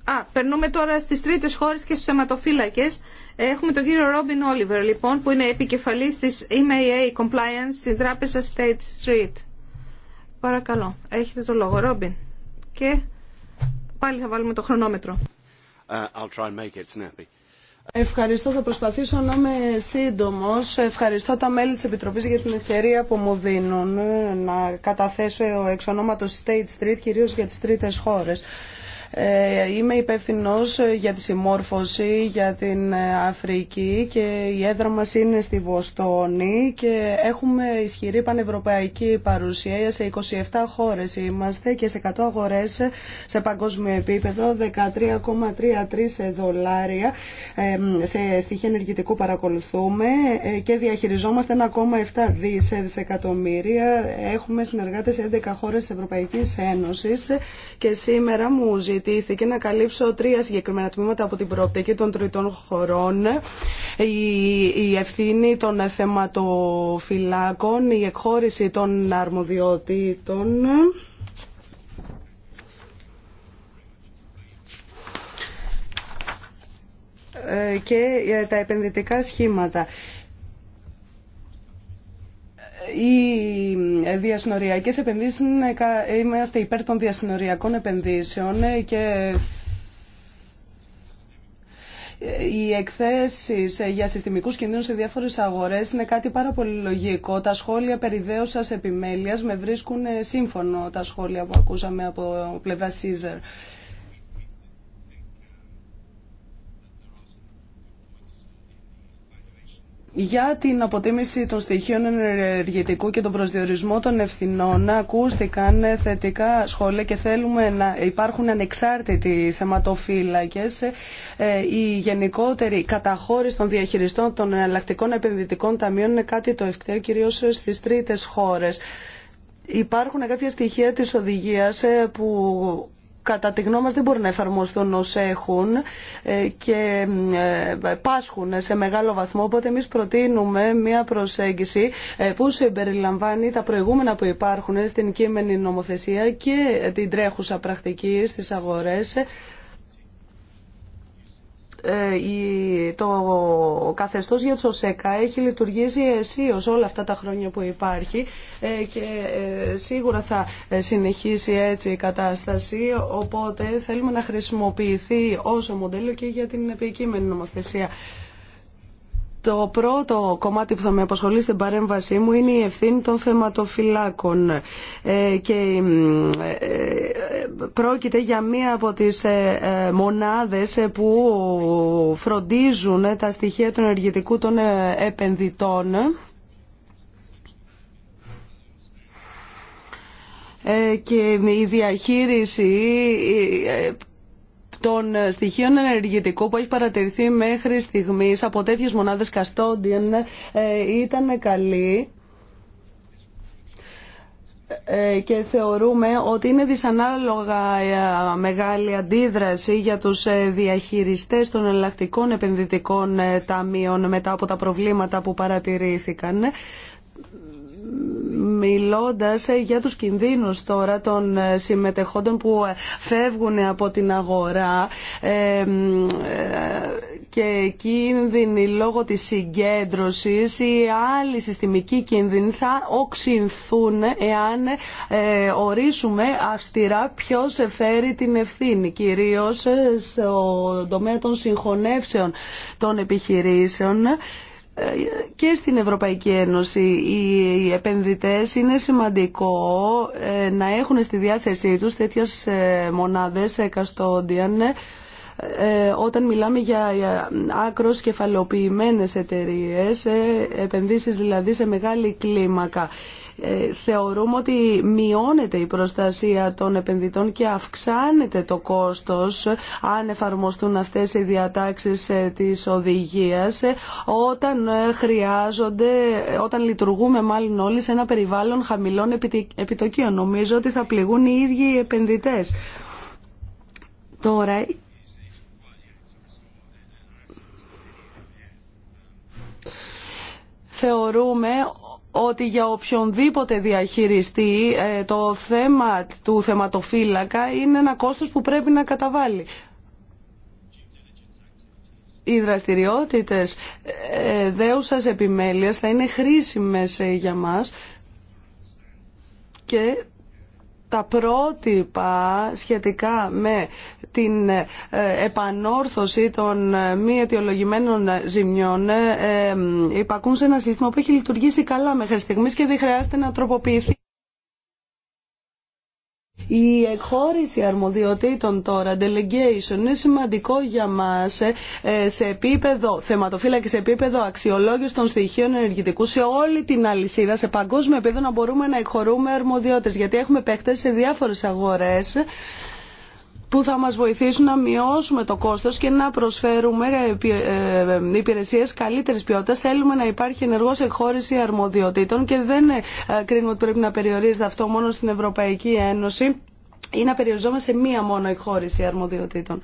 Α, περνούμε τώρα στις τρίτες χώρες και στους αιματοφύλακες. Έχουμε τον κύριο Ρόμπιν Όλιβερ, λοιπόν, που είναι επικεφαλής της EMA Compliance στην τράπεζα State Street. Παρακαλώ, έχετε το λόγο, Ρόμπιν. Και Πάλι θα βάλουμε το χρονόμετρο. Uh, Ευχαριστώ, θα προσπαθήσω να είμαι σύντομο. Ευχαριστώ τα μέλη τη Επιτροπή για την ευκαιρία που μου δίνουν ε, να καταθέσω εξ ονόματο State Street, κυρίω για τι τρίτε χώρε. Ε, είμαι υπεύθυνο για τη συμμόρφωση για την Αφρική και η έδρα μας είναι στη Βοστόνη και έχουμε ισχυρή πανευρωπαϊκή παρουσία σε 27 χώρες είμαστε και σε 100 αγορές σε παγκόσμιο επίπεδο 13,33 δολάρια σε στοιχεία ενεργητικού παρακολουθούμε ε, και διαχειριζόμαστε 1,7 δισεκατομμύρια. Έχουμε συνεργάτες σε 11 χώρες της Ευρωπαϊκής Ένωσης και σήμερα μου ζητήθηκε να καλύψω τρία συγκεκριμένα τμήματα από την προοπτική των τριτών χωρών. Η, ευθύνη των θεματοφυλάκων, η εκχώρηση των αρμοδιοτήτων. Ε, και τα επενδυτικά σχήματα οι διασυνοριακές επενδύσεις είναι, είμαστε υπέρ των διασυνοριακών επενδύσεων και οι εκθέσεις για συστημικούς κινδύνους σε διάφορες αγορές είναι κάτι πάρα πολύ λογικό. Τα σχόλια περί δέωσα επιμέλειας με βρίσκουν σύμφωνο τα σχόλια που ακούσαμε από πλευρά Caesar. Για την αποτίμηση των στοιχείων ενεργητικού και τον προσδιορισμό των ευθυνών ακούστηκαν θετικά σχόλια και θέλουμε να υπάρχουν ανεξάρτητοι θεματοφύλακες. Ε, η γενικότερη καταχώρηση των διαχειριστών των εναλλακτικών επενδυτικών ταμείων είναι κάτι το ευκταίο κυρίως στις τρίτες χώρες. Υπάρχουν κάποια στοιχεία της οδηγίας ε, που κατά τη γνώμη μας δεν μπορούν να εφαρμοστούν ως έχουν ε, και ε, πάσχουν σε μεγάλο βαθμό. Οπότε εμείς προτείνουμε μια προσέγγιση ε, που συμπεριλαμβάνει τα προηγούμενα που υπάρχουν στην κείμενη νομοθεσία και την τρέχουσα πρακτική στις αγορές ε, το καθεστώς για ΣΕΚΑ έχει λειτουργήσει αισίως όλα αυτά τα χρόνια που υπάρχει ε, και ε, σίγουρα θα συνεχίσει έτσι η κατάσταση οπότε θέλουμε να χρησιμοποιηθεί όσο μοντέλο και για την επικείμενη νομοθεσία. Το πρώτο κομμάτι που θα με απασχολεί στην παρέμβασή μου είναι η ευθύνη των θεματοφυλάκων ε, και ε, ε, πρόκειται για μία από τις μονάδες που φροντίζουν τα στοιχεία του ενεργητικού των επενδυτών και η διαχείριση των ε, στοιχείων ενεργητικού που έχει παρατηρηθεί μέχρι στιγμής από τέτοιες μονάδες custodian ε, ήταν καλή ε, και θεωρούμε ότι είναι δυσανάλογα μεγάλη αντίδραση για τους διαχειριστές των ελλακτικών επενδυτικών ταμείων μετά από τα προβλήματα που παρατηρήθηκαν μιλώντας ε, για τους κινδύνους τώρα των ε, συμμετεχόντων που ε, φεύγουν από την αγορά και κίνδυνοι λόγω της συγκέντρωσης ή άλλοι συστημικοί κίνδυνοι θα οξυνθούν εάν ορίσουμε αυστηρά ποιος φέρει την ευθύνη κυρίως στον τομέα των συγχωνεύσεων των επιχειρήσεων και στην Ευρωπαϊκή Ένωση οι επενδυτές είναι σημαντικό ε, να έχουν στη διάθεσή τους τέτοιες ε, μονάδες καστόντιαν ε, όταν μιλάμε για άκρος κεφαλοποιημένες εταιρείες, επενδύσεις δηλαδή σε μεγάλη κλίμακα. Ε, θεωρούμε ότι μειώνεται η προστασία των επενδυτών και αυξάνεται το κόστος αν εφαρμοστούν αυτές οι διατάξεις ε, της οδηγίας ε, όταν χρειάζονται, όταν λειτουργούμε μάλλον όλοι σε ένα περιβάλλον χαμηλών επιτοκίων. Νομίζω ότι θα πληγούν οι ίδιοι οι επενδυτές. Τώρα θεωρούμε ότι για οποιονδήποτε διαχειριστεί το θέμα του θεματοφύλακα είναι ένα κόστος που πρέπει να καταβάλει. Οι δραστηριότητες ε, δέουσας επιμέλειας θα είναι χρήσιμες ε, για μας και τα πρότυπα σχετικά με την ε, επανόρθωση των ε, μη αιτιολογημένων ζημιών ε, υπακούν σε ένα σύστημα που έχει λειτουργήσει καλά μέχρι στιγμής και δεν χρειάζεται να τροποποιηθεί. Η εκχώρηση αρμοδιοτήτων τώρα, delegation, είναι σημαντικό για μας ε, σε επίπεδο θεματοφύλακη, σε επίπεδο αξιολόγηση των στοιχείων ενεργητικού, σε όλη την αλυσίδα, σε παγκόσμιο επίπεδο να μπορούμε να εκχωρούμε αρμοδιότητες, γιατί έχουμε παίχτες σε διάφορες αγορές που θα μας βοηθήσουν να μειώσουμε το κόστος και να προσφέρουμε ε, ε, υπηρεσίες καλύτερης ποιότητας. Θέλουμε να υπάρχει ενεργός εκχώρηση αρμοδιοτήτων και δεν ε, κρίνουμε ότι πρέπει να περιορίζεται αυτό μόνο στην Ευρωπαϊκή Ένωση ή να περιοριζόμαστε σε μία μόνο εκχώρηση αρμοδιοτήτων.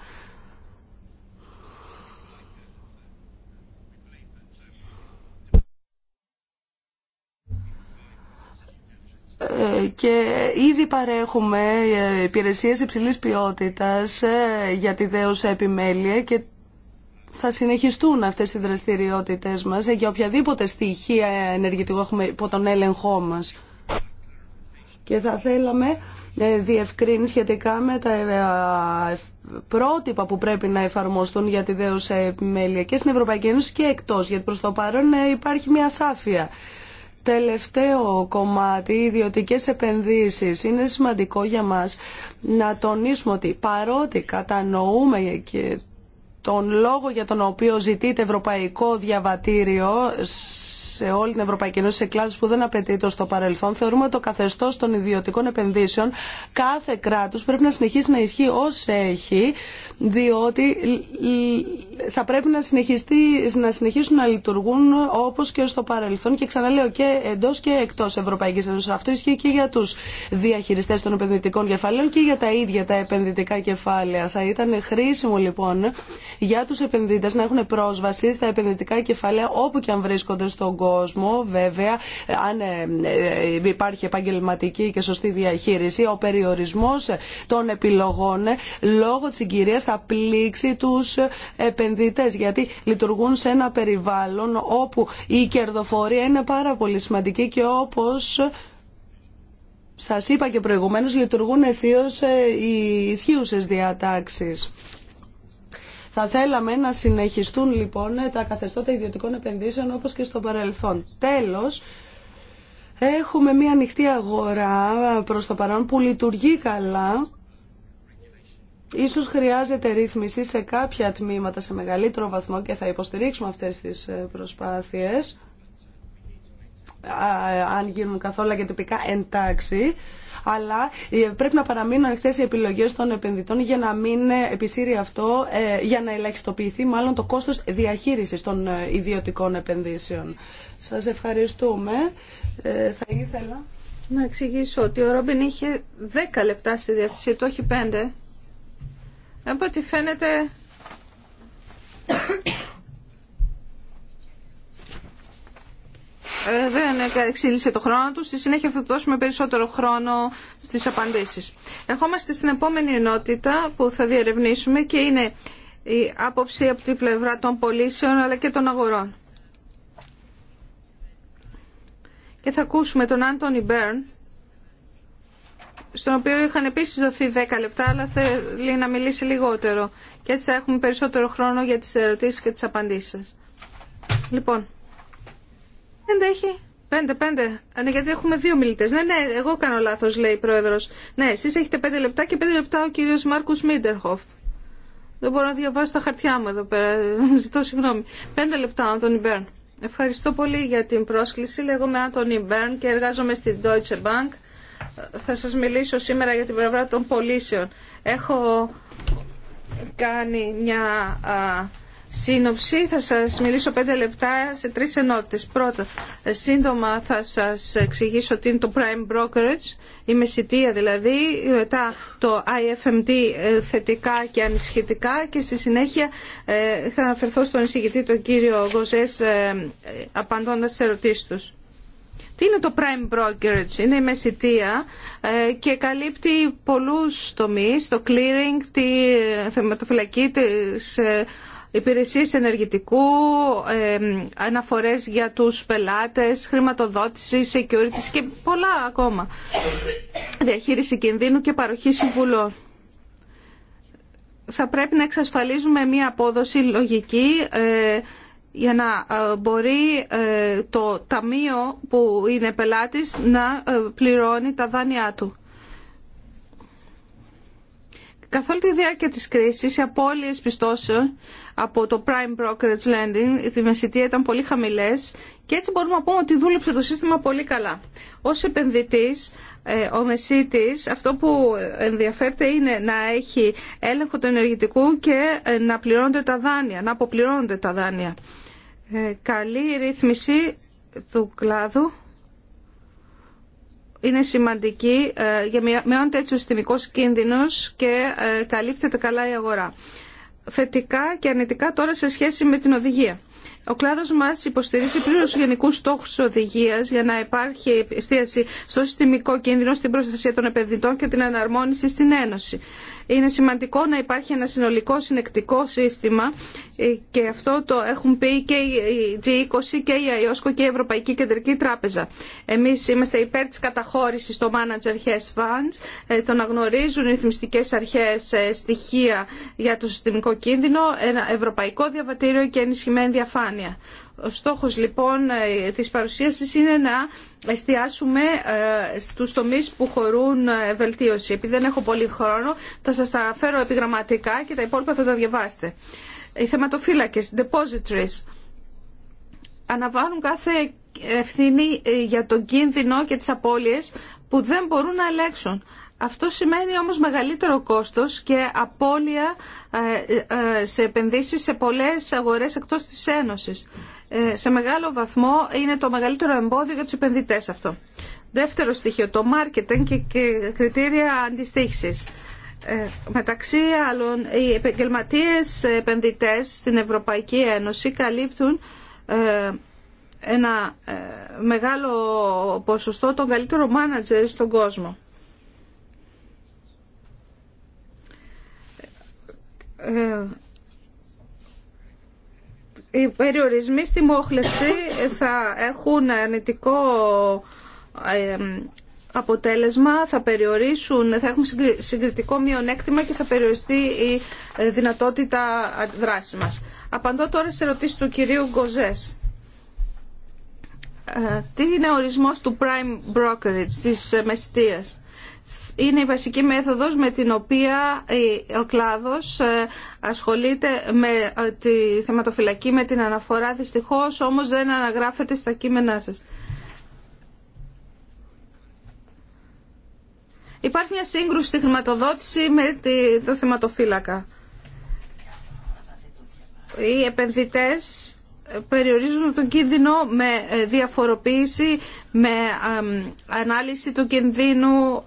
και ήδη παρέχουμε ε, υπηρεσίες υψηλής ποιότητας ε, για τη δέωσα επιμέλεια και θα συνεχιστούν αυτές οι δραστηριότητες μας ε, για οποιαδήποτε στοιχεία ενεργητικού έχουμε υπό τον έλεγχό μας. Και θα θέλαμε διευκρίνη σχετικά με τα πρότυπα που πρέπει να εφαρμοστούν για τη δέωσα επιμέλεια και στην Ευρωπαϊκή Ένωση και εκτός, γιατί προς το παρόν υπάρχει μια σάφια. Τελευταίο κομμάτι, οι ιδιωτικές επενδύσεις. Είναι σημαντικό για μας να τονίσουμε ότι παρότι κατανοούμε και τον λόγο για τον οποίο ζητείται ευρωπαϊκό διαβατήριο σε όλη την Ευρωπαϊκή Ένωση σε κλάδους που δεν απαιτείται στο παρελθόν. Θεωρούμε το καθεστώς των ιδιωτικών επενδύσεων κάθε κράτος πρέπει να συνεχίσει να ισχύει ως έχει, διότι θα πρέπει να, συνεχιστεί, να συνεχίσουν να λειτουργούν όπως και στο παρελθόν και ξαναλέω και εντός και εκτός Ευρωπαϊκής Ένωσης. Αυτό ισχύει και για τους διαχειριστές των επενδυτικών κεφαλαίων και για τα ίδια τα επενδυτικά κεφάλαια. Θα ήταν χρήσιμο λοιπόν για τους επενδύτε να έχουν πρόσβαση στα επενδυτικά κεφάλαια όπου και αν βρίσκονται στον κόσμο κόσμο. Βέβαια, αν ε, ε, υπάρχει επαγγελματική και σωστή διαχείριση, ο περιορισμός των επιλογών ε, λόγω της συγκυρίας θα πλήξει τους επενδυτές γιατί λειτουργούν σε ένα περιβάλλον όπου η κερδοφορία είναι πάρα πολύ σημαντική και όπως σας είπα και προηγουμένως λειτουργούν αισίως οι ισχύουσες διατάξεις. Θα θέλαμε να συνεχιστούν λοιπόν τα καθεστώτα ιδιωτικών επενδύσεων όπως και στο παρελθόν. Τέλος, έχουμε μια ανοιχτή αγορά προς το παρόν που λειτουργεί καλά Ίσως χρειάζεται ρύθμιση σε κάποια τμήματα σε μεγαλύτερο βαθμό και θα υποστηρίξουμε αυτές τις ε, προσπάθειες αν γίνουν καθόλου και τυπικά εντάξει αλλά ε, πρέπει να παραμείνουν ανοιχτέ οι επιλογέ των επενδυτών για να μην ε, επισύρει αυτό, ε, για να ελαχιστοποιηθεί μάλλον το κόστο διαχείριση των ιδιωτικών επενδύσεων. Σα ευχαριστούμε. θα ήθελα. Να εξηγήσω ότι ο Ρόμπιν είχε 10 λεπτά στη διάθεσή του, όχι 5. Από ό,τι Ε, δεν εξήλυσε το χρόνο του. Στη συνέχεια θα δώσουμε περισσότερο χρόνο στις απαντήσεις. Ερχόμαστε στην επόμενη ενότητα που θα διερευνήσουμε και είναι η άποψη από την πλευρά των πωλήσεων αλλά και των αγορών. Και θα ακούσουμε τον Άντωνι Μπέρν, στον οποίο είχαν επίσης δοθεί 10 λεπτά, αλλά θέλει να μιλήσει λιγότερο. Και έτσι θα έχουμε περισσότερο χρόνο για τις ερωτήσεις και τις απαντήσεις σας. Λοιπόν, Πέντε, έχει. πέντε. Ναι, γιατί έχουμε δύο μιλητέ. Ναι, ναι, εγώ κάνω λάθο, λέει η πρόεδρο. Ναι, εσεί έχετε πέντε λεπτά και πέντε λεπτά ο κύριο Μάρκο Μίντερχοφ. Δεν μπορώ να διαβάσω τα χαρτιά μου εδώ πέρα. Ζητώ συγγνώμη. Πέντε λεπτά, Άντωνι Μπέρν. Ευχαριστώ πολύ για την πρόσκληση. Λέγομαι Άντωνι Μπέρν και εργάζομαι στην Deutsche Bank. Θα σας μιλήσω σήμερα για την πλευρά των πωλήσεων. Έχω κάνει μια σύνοψη θα σας μιλήσω πέντε λεπτά σε τρεις ενότητες. Πρώτα, σύντομα θα σας εξηγήσω τι είναι το prime brokerage, η μεσητεία δηλαδή, μετά το IFMD ε, θετικά και ανισχυτικά και στη συνέχεια ε, θα αναφερθώ στον εισηγητή τον κύριο Γοζές ε, απαντώντας σε ερωτήσεις τους. Τι είναι το prime brokerage, είναι η μεσητεία και καλύπτει πολλούς τομείς, το clearing, τη θεματοφυλακή, τις υπηρεσίες ενεργητικού, ε, αναφορές για τους πελάτες, χρηματοδότηση, security και πολλά ακόμα. Διαχείριση κινδύνου και παροχή συμβουλών. Θα πρέπει να εξασφαλίζουμε μία απόδοση λογική ε, για να ε, μπορεί το ταμείο που είναι πελάτης να πληρώνει τα δάνειά του. Καθ' όλη τη διάρκεια της κρίσης, οι απώλειες πιστώσεων από το prime brokerage lending, τη μεσητεία ήταν πολύ χαμηλές και έτσι μπορούμε να πούμε ότι δούλεψε το σύστημα πολύ καλά. Ως επενδυτής, ε, ο μεσίτης αυτό που ενδιαφέρεται είναι να έχει έλεγχο του ενεργητικού και ε, να πληρώνονται τα δάνεια, να αποπληρώνονται τα δάνεια. Ε, καλή ρύθμιση του κλάδου είναι σημαντική, ε, για μειώνεται έτσι ο συστημικός κίνδυνος και ε, καλύπτεται καλά η αγορά. Θετικά και αρνητικά τώρα σε σχέση με την οδηγία. Ο κλάδος μας υποστηρίζει πλήρως τους γενικούς στόχους της οδηγίας για να υπάρχει εστίαση στο συστημικό κίνδυνο, στην προστασία των επενδυτών και την αναρμόνιση στην Ένωση. Είναι σημαντικό να υπάρχει ένα συνολικό συνεκτικό σύστημα ε, και αυτό το έχουν πει και η G20 και η ΑΙΟΣΚΟ και η Ευρωπαϊκή Κεντρική Τράπεζα. Εμείς είμαστε υπέρ της καταχώρησης των manager hedge funds, ε, το να γνωρίζουν οι ρυθμιστικές αρχές ε, στοιχεία για το συστημικό κίνδυνο, ένα ευρωπαϊκό διαβατήριο και ενισχυμένη διαφάνεια. Ο στόχος λοιπόν ε, της παρουσίασης είναι να εστιάσουμε ε, στους τομείς που χωρούν ε, βελτίωση. Επειδή δεν έχω πολύ χρόνο, θα σας τα φέρω επιγραμματικά και τα υπόλοιπα θα τα διαβάσετε. Οι θεματοφύλακες, depositories, αναβάλουν κάθε ευθύνη για τον κίνδυνο και τις απώλειες που δεν μπορούν να ελέγξουν. Αυτό σημαίνει όμως μεγαλύτερο κόστος και απώλεια ε, ε, σε επενδύσεις σε πολλές αγορές εκτός της Ένωσης. Ε, σε μεγάλο βαθμό είναι το μεγαλύτερο εμπόδιο για τους επενδυτές αυτό. Δεύτερο στοιχείο, το μάρκετινγκ και κριτήρια αντιστοίχησης. Μεταξύ άλλων, οι επαγγελματίες επενδυτές στην Ευρωπαϊκή Ένωση καλύπτουν ένα μεγάλο ποσοστό των καλύτερων μάνατζερ στον κόσμο. Ε, οι περιορισμοί στη μόχλευση θα έχουν αρνητικό ε, αποτέλεσμα, θα περιορίσουν, θα έχουν συγκριτικό μειονέκτημα και θα περιοριστεί η ε, δυνατότητα δράση μας. Απαντώ τώρα σε ερωτήσεις του κυρίου Γκοζές. Τι είναι ο ορισμός του prime brokerage, της μεστίας είναι η βασική μέθοδος με την οποία ο κλάδος ε, ασχολείται με ε, τη θεματοφυλακή, με την αναφορά. Δυστυχώς όμως δεν αναγράφεται στα κείμενά σας. Υπάρχει μια σύγκρουση στη χρηματοδότηση με το θεματοφύλακα. Οι επενδυτές περιορίζουν τον κίνδυνο με ε, διαφοροποίηση, με ανάλυση του κινδύνου,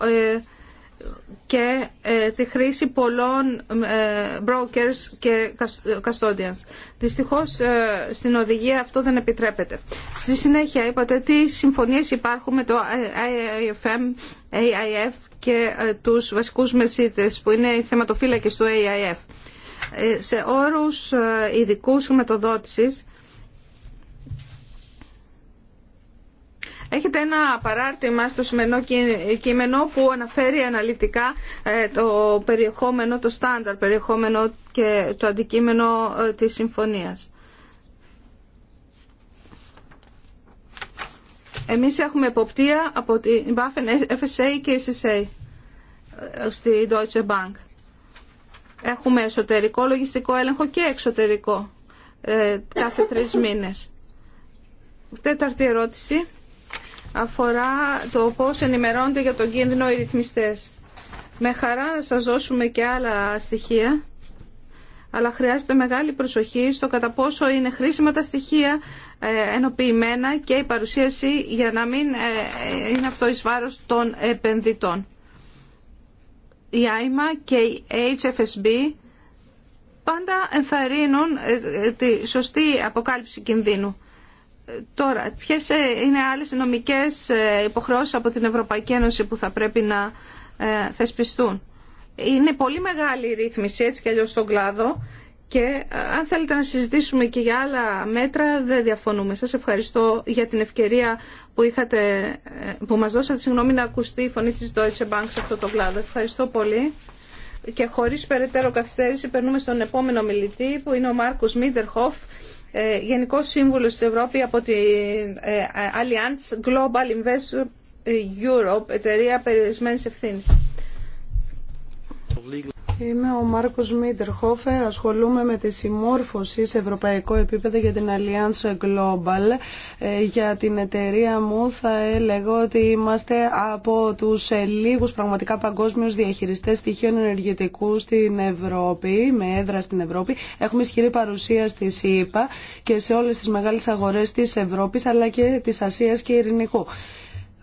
και ε, τη χρήση πολλών ε, brokers και custodians. Δυστυχώς ε, στην οδηγία αυτό δεν επιτρέπεται. Στη συνέχεια είπατε τι συμφωνίες υπάρχουν με το AIFM, AIF και τους βασικούς μεσίτες που είναι οι θεματοφύλακες του AIF. Σε όρους ειδικού χρηματοδότησης Έχετε ένα παράρτημα στο σημερινό κείμενο που αναφέρει αναλυτικά ε, το περιεχόμενο, το στάνταρ περιεχόμενο και το αντικείμενο ε, της συμφωνίας. Εμείς έχουμε εποπτεία από την Buffen FSA και SSA ε, στη Deutsche Bank. Έχουμε εσωτερικό λογιστικό έλεγχο και εξωτερικό κάθε τρεις μήνες. Τέταρτη ερώτηση αφορά το πώς ενημερώνονται για τον κίνδυνο οι ρυθμιστές. Με χαρά να σας δώσουμε και άλλα στοιχεία, αλλά χρειάζεται μεγάλη προσοχή στο κατά πόσο είναι χρήσιμα τα στοιχεία ε, ενοποιημένα και η παρουσίαση για να μην ε, είναι αυτό εις βάρος των επενδυτών. Η ΆΙΜΑ και η HFSB πάντα ενθαρρύνουν ε, τη σωστή αποκάλυψη κινδύνου. Τώρα, ποιε ε, είναι άλλε νομικέ ε, υποχρεώσει από την Ευρωπαϊκή Ένωση που θα πρέπει να ε, θεσπιστούν. Είναι πολύ μεγάλη η ρύθμιση έτσι και αλλιώ στον κλάδο και αν θέλετε να συζητήσουμε και για άλλα μέτρα δεν διαφωνούμε. σα. ευχαριστώ για την ευκαιρία που, είχατε, που μας δώσατε συγγνώμη να ακουστεί η φωνή της Deutsche Bank σε αυτό το κλάδο. Ευχαριστώ πολύ. Και χωρίς περαιτέρω καθυστέρηση περνούμε στον επόμενο μιλητή που είναι ο Μάρκος Μίντερχοφ ε, Γενικό Σύμβουλο στην Ευρώπη από την ε, Alliance Global Invest Europe, εταιρεία περιορισμένη ευθύνη. Είμαι ο Μάρκος Μίτερχοφε. ασχολούμαι με τη συμμόρφωση σε ευρωπαϊκό επίπεδο για την Alliance Global. Ε, για την εταιρεία μου θα έλεγα ότι είμαστε από τους ε, λίγους πραγματικά παγκόσμιους διαχειριστές στοιχείων ενεργητικού στην Ευρώπη, με έδρα στην Ευρώπη. Έχουμε ισχυρή παρουσία στη ΣΥΠΑ και σε όλες τις μεγάλες αγορές της Ευρώπης αλλά και της Ασίας και Ειρηνικού.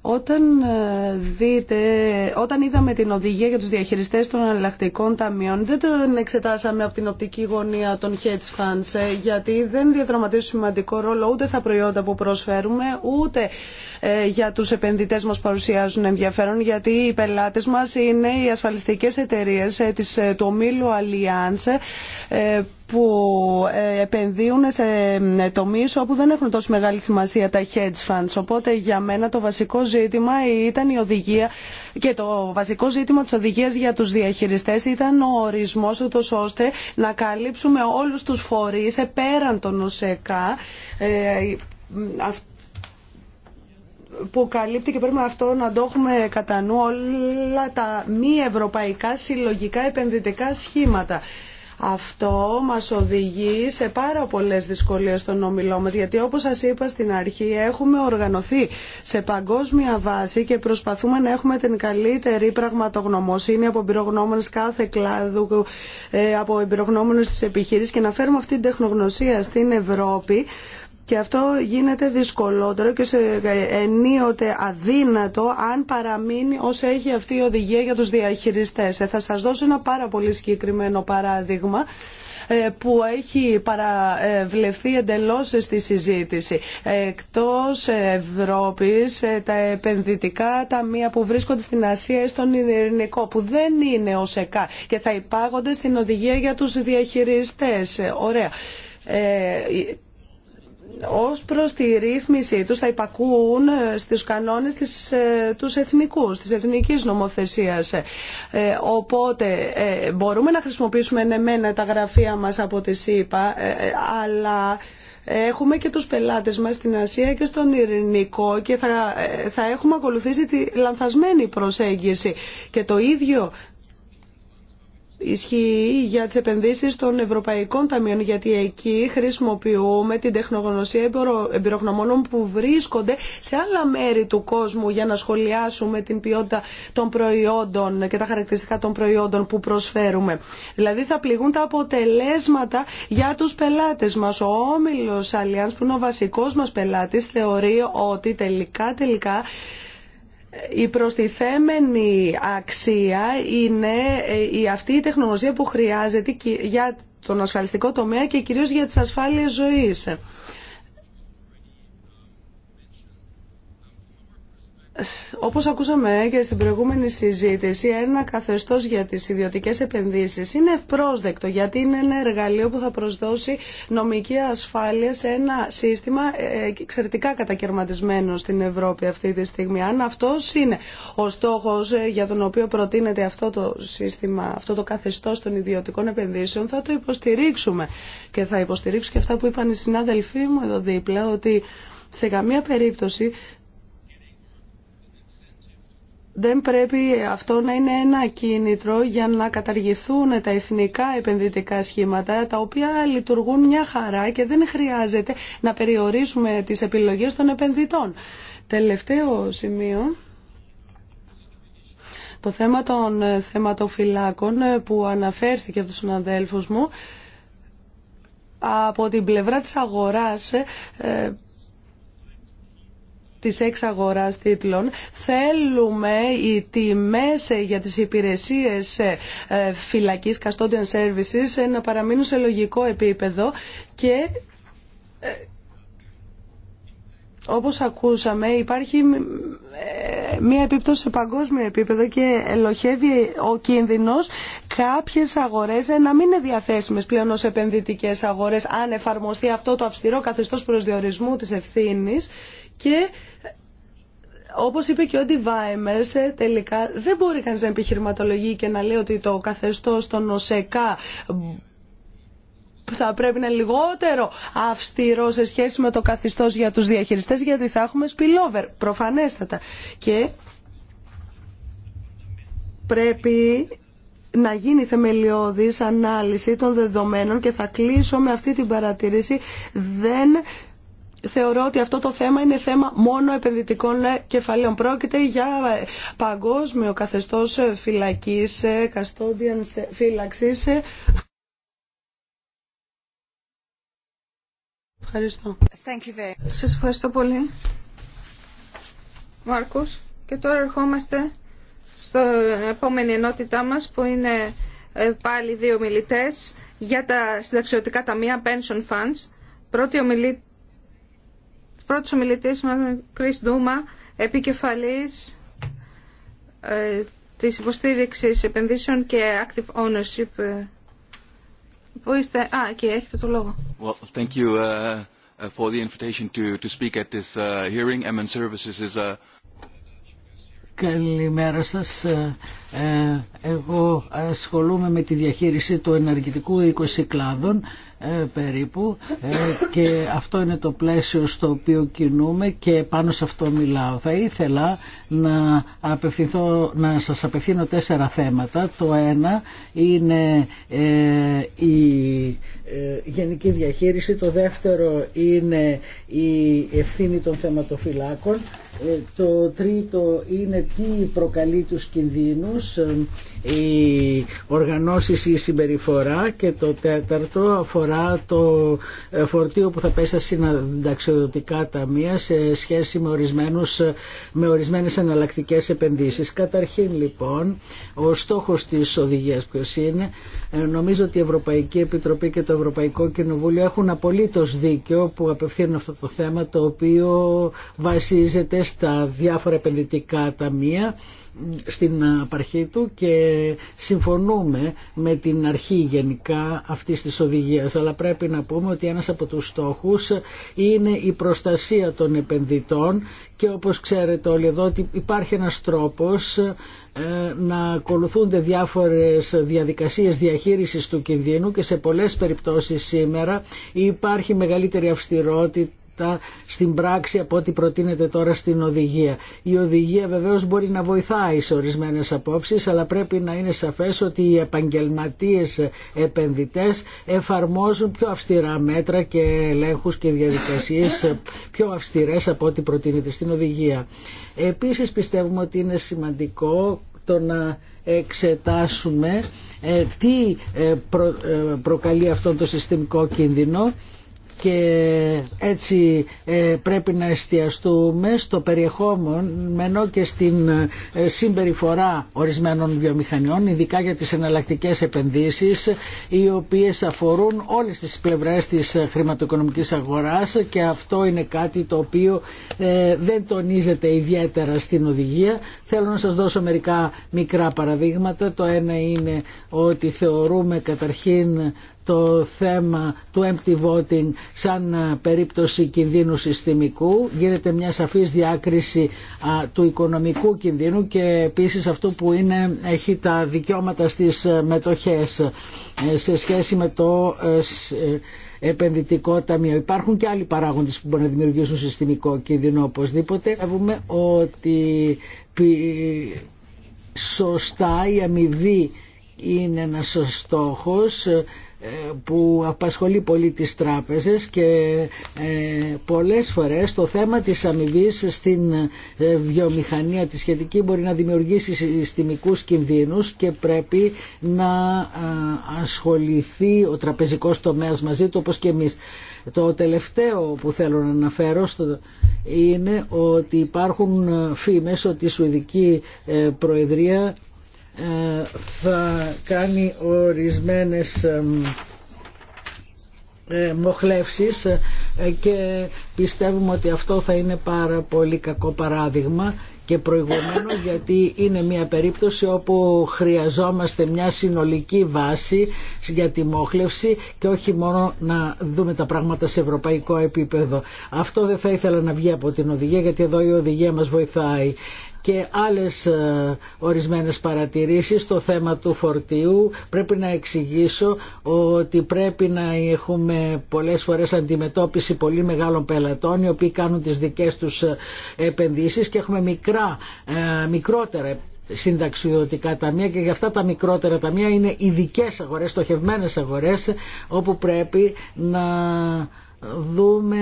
Όταν, ε, δείτε, όταν είδαμε την οδηγία για τους διαχειριστές των εναλλακτικών ταμείων, δεν την εξετάσαμε από την οπτική γωνία των hedge funds, ε, γιατί δεν διαδραματίζουν σημαντικό ρόλο ούτε στα προϊόντα που προσφέρουμε, ούτε ε, για τους επενδυτές μας παρουσιάζουν ενδιαφέρον, γιατί οι πελάτες μας είναι οι ασφαλιστικές εταιρείες της, του ομίλου Allianz, που ε, επενδύουν σε τομείς όπου δεν έχουν τόσο μεγάλη σημασία τα hedge funds. Οπότε για μένα το βασικό ζήτημα ήταν η οδηγία και το βασικό ζήτημα της οδηγίας για του διαχειριστές ήταν ο ορισμός ούτω ώστε να καλύψουμε όλους τους φορείς πέραν των ΟΣΕΚΑ ε, που καλύπτει και πρέπει αυτό να το έχουμε κατά νου όλα τα μη ευρωπαϊκά συλλογικά επενδυτικά σχήματα. Αυτό μας οδηγεί σε πάρα πολλές δυσκολίες στον ομιλό μας, γιατί όπως σας είπα στην αρχή έχουμε οργανωθεί σε παγκόσμια βάση και προσπαθούμε να έχουμε την καλύτερη πραγματογνωμοσύνη από εμπειρογνώμονες κάθε κλάδου, ε, από εμπειρογνώμονες της επιχείρησης και να φέρουμε αυτή την τεχνογνωσία στην Ευρώπη και αυτό γίνεται δυσκολότερο και σε ενίοτε αδύνατο αν παραμείνει όσο έχει αυτή η οδηγία για τους διαχειριστές. Ε, θα σας δώσω ένα πάρα πολύ συγκεκριμένο παράδειγμα ε, που έχει παραβλεφθεί εντελώς στη συζήτηση. Εκτός Ευρώπης, ε, τα επενδυτικά ταμεία που βρίσκονται στην Ασία ή στον Ειρηνικό, που δεν είναι ως ΕΚΑ και θα υπάγονται στην οδηγία για τους διαχειριστές. Ωραία ως προς τη ρύθμιση τους θα υπακούν ε, στους κανόνες της, ε, τους εθνικούς, της εθνικής νομοθεσίας. Ε, οπότε μπορούμε να χρησιμοποιήσουμε εμένα ναι, τα γραφεία μας από τη ΣΥΠΑ, αλλά... Έχουμε και τους πελάτες μας στην Ασία και στον Ειρηνικό και θα, θα έχουμε ακολουθήσει τη λανθασμένη προσέγγιση. Και το ίδιο ισχύει για τις επενδύσεις των Ευρωπαϊκών Ταμείων, γιατί εκεί χρησιμοποιούμε την τεχνογνωσία εμπειρογνωμόνων που βρίσκονται σε άλλα μέρη του κόσμου για να σχολιάσουμε την ποιότητα των προϊόντων και τα χαρακτηριστικά των προϊόντων που προσφέρουμε. Δηλαδή θα πληγούν τα αποτελέσματα για τους πελάτες μας. Ο Όμιλος Αλιάνς που είναι ο βασικός μας πελάτης θεωρεί ότι τελικά τελικά η προστιθέμενη αξία είναι ε, η αυτή η τεχνολογία που χρειάζεται για τον ασφαλιστικό τομέα και κυρίως για τις ασφάλειες ζωής. Όπως ακούσαμε και στην προηγούμενη συζήτηση, ένα καθεστώς για τις ιδιωτικές επενδύσεις είναι ευπρόσδεκτο γιατί είναι ένα εργαλείο που θα προσδώσει νομική ασφάλεια σε ένα σύστημα ε, ε, εξαιρετικά κατακαιρματισμένο στην Ευρώπη αυτή τη στιγμή. Αν αυτό είναι ο στόχος ε, για τον οποίο προτείνεται αυτό το σύστημα, αυτό το καθεστώς των ιδιωτικών επενδύσεων, θα το υποστηρίξουμε. Και θα υποστηρίξω και αυτά που είπαν οι συνάδελφοί μου εδώ δίπλα, ότι σε καμία περίπτωση δεν πρέπει αυτό να είναι ένα κίνητρο για να καταργηθούν τα εθνικά επενδυτικά σχήματα, τα οποία λειτουργούν μια χαρά και δεν χρειάζεται να περιορίσουμε τις επιλογές των επενδυτών. Τελευταίο σημείο. Το θέμα των θεματοφυλάκων που αναφέρθηκε από τους συναδέλφους μου, από την πλευρά της αγοράς ε, της εξαγοράς τίτλων. Θέλουμε οι τιμές ε, για τις υπηρεσίες ε, ε, φυλακής, custodian services, να παραμείνουν σε λογικό επίπεδο και όπως ακούσαμε υπάρχει μία επίπτωση σε παγκόσμιο επίπεδο και ελοχεύει ο κίνδυνος κάποιες αγορές να μην είναι διαθέσιμες πλέον ως επενδυτικές αγορές αν εφαρμοστεί αυτό το αυστηρό καθεστώς προσδιορισμού της ευθύνης και όπως είπε και ο Ντιβάιμερς, ε, τελικά δεν μπορεί κανεί να επιχειρηματολογεί και να λέει ότι το καθεστώς των ΟΣΕΚΑ θα πρέπει να είναι λιγότερο αυστηρό σε σχέση με το καθεστώ για τους διαχειριστές γιατί θα έχουμε spillover, προφανέστατα. Και πρέπει να γίνει θεμελιώδης ανάλυση των δεδομένων και θα κλείσω με αυτή την παρατήρηση δεν θεωρώ ότι αυτό το θέμα είναι θέμα μόνο επενδυτικών ναι, κεφαλαίων. Πρόκειται για παγκόσμιο καθεστώς ε, φυλακής, καστόντιαν ε, ε, φύλαξης. Ευχαριστώ. Thank you very Σας ευχαριστώ πολύ. Μάρκος. Και τώρα ερχόμαστε στο επόμενη ενότητά μας που είναι πάλι δύο μιλητές για τα συνταξιωτικά ταμεία pension funds. Πρώτη ομιλή Πρώτος ομιλητής είναι ο Κρίς Ντούμα, επικεφαλής ε, της υποστήριξης επενδύσεων και Active Ownership. Πού είστε, α, και έχετε το λόγο. Well, thank you uh, uh, for the invitation to, to speak at this uh, hearing. MN Services is a... Καλημέρα σας. Ε, ε, εγώ ασχολούμαι με τη διαχείριση του ενεργητικού οικοσυκλάδων. Ε, περίπου ε, και αυτό είναι το πλαίσιο στο οποίο κινούμε και πάνω σε αυτό μιλάω. Θα ήθελα να, απευθυνθώ, να σας απευθύνω τέσσερα θέματα. Το ένα είναι ε, η γενική διαχείριση, το δεύτερο είναι η ευθύνη των θεματοφυλάκων, το τρίτο είναι τι προκαλεί τους κινδύνους, οι οργανώσεις ή η συμπεριφορά και το τέταρτο αφορά το ε, φορτίο που θα πέσει στα συνανταξιοδοτικά ταμεία σε σχέση με, ορισμένους, με ορισμένες εναλλακτικέ επενδύσεις. Καταρχήν λοιπόν, ο στόχος της οδηγίας ποιο είναι, ε, νομίζω ότι η Ευρωπαϊκή Επιτροπή και το Ευρωπαϊκό Κοινοβούλιο έχουν απολύτως δίκιο που απευθύνουν αυτό το θέμα το οποίο βασίζεται στα διάφορα επενδυτικά ταμεία στην απαρχή του και συμφωνούμε με την αρχή γενικά αυτής της οδηγίας αλλά πρέπει να πούμε ότι ένας από τους στόχους είναι η προστασία των επενδυτών και όπως ξέρετε όλοι εδώ ότι υπάρχει ένας τρόπος ε, να ακολουθούνται διάφορες διαδικασίες διαχείρισης του κινδύνου και σε πολλές περιπτώσεις σήμερα υπάρχει μεγαλύτερη αυστηρότητα στην πράξη από ό,τι προτείνεται τώρα στην οδηγία. Η οδηγία βεβαίως μπορεί να βοηθάει σε ορισμένες απόψεις αλλά πρέπει να είναι σαφές ότι οι επαγγελματίες επενδυτές εφαρμόζουν πιο αυστηρά μέτρα και ελέγχους και διαδικασίες πιο αυστηρές από ό,τι προτείνεται στην οδηγία. Επίσης πιστεύουμε ότι είναι σημαντικό το να εξετάσουμε ε, τι ε, ε, προκαλεί αυτό το συστημικό κίνδυνο και έτσι ε, πρέπει να εστιαστούμε στο περιεχόμενο και στην ε, συμπεριφορά ορισμένων βιομηχανιών ειδικά για τις εναλλακτικές επενδύσεις οι οποίες αφορούν όλες τις πλευρές της χρηματοοικονομικής αγοράς και αυτό είναι κάτι το οποίο ε, δεν τονίζεται ιδιαίτερα στην οδηγία. Θέλω να σας δώσω μερικά μικρά παραδείγματα. Το ένα είναι ότι θεωρούμε καταρχήν το θέμα του empty voting σαν ε, περίπτωση κινδύνου συστημικού. Γίνεται μια σαφής διάκριση του οικονομικού κινδύνου και επίσης αυτό που είναι, έχει τα δικαιώματα στις ε, μετοχές ε, σε σχέση με το επενδυτικό ταμείο. Υπάρχουν και άλλοι παράγοντες που μπορούν να δημιουργήσουν συστημικό κίνδυνο οπωσδήποτε. Βλέπουμε ότι σωστά η αμοιβή είναι ένας στόχος ε, που απασχολεί πολύ τις τράπεζες και ε, πολλές φορές το θέμα της αμοιβή στην ε, βιομηχανία τη σχετική μπορεί να δημιουργήσει συστημικούς κινδύνους και πρέπει να ασχοληθεί ο τραπεζικός τομέας μαζί του όπως και εμείς. Το τελευταίο που θέλω να αναφέρω είναι ότι υπάρχουν φήμες ότι η Σουηδική Προεδρία ε, θα κάνει ορισμένες ε, μοχλεύσεις ε, και πιστεύουμε ότι αυτό θα είναι πάρα πολύ κακό παράδειγμα και προηγουμένο γιατί είναι μια περίπτωση όπου χρειαζόμαστε μια συνολική βάση για τη μόχλευση και όχι μόνο να δούμε τα πράγματα σε ευρωπαϊκό επίπεδο. Αυτό δεν θα ήθελα να βγει από την οδηγία γιατί εδώ η οδηγία μας βοηθάει και άλλες ε, ορισμένες παρατηρήσεις στο θέμα του φορτίου. Πρέπει να εξηγήσω ότι πρέπει να έχουμε πολλές φορές αντιμετώπιση πολύ μεγάλων πελατών οι οποίοι κάνουν τις δικές τους ε, επενδύσεις και έχουμε μικρά, ε, μικρότερα συνταξιωτικά ταμεία και για αυτά τα μικρότερα ταμεία είναι ειδικέ αγορές, στοχευμένες αγορές όπου πρέπει να δούμε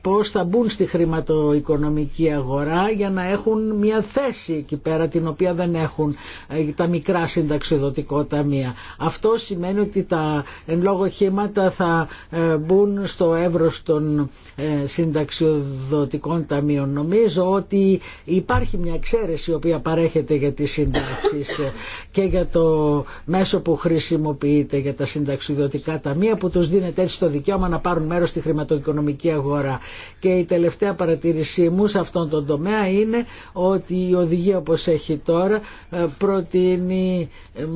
πώς θα μπουν στη χρηματοοικονομική αγορά για να έχουν μια θέση εκεί πέρα την οποία δεν έχουν ε, τα μικρά συνταξιοδοτικό ταμεία. Αυτό σημαίνει ότι τα εν λόγω χήματα θα ε, μπουν στο εύρος των ε, συνταξιοδοτικών ταμείων. Νομίζω ότι υπάρχει μια εξαίρεση η οποία παρέχεται για τις συντάξεις και για το μέσο που χρησιμοποιείται για τα συνταξιοδοτικά ταμεία που τους δίνεται έτσι το δικαίωμα να πάρουν μέρος στη χρηματοοικονομική οικονομική αγορά. Και η τελευταία παρατήρησή μου σε αυτόν τον τομέα είναι ότι η οδηγία όπως έχει τώρα ε, προτείνει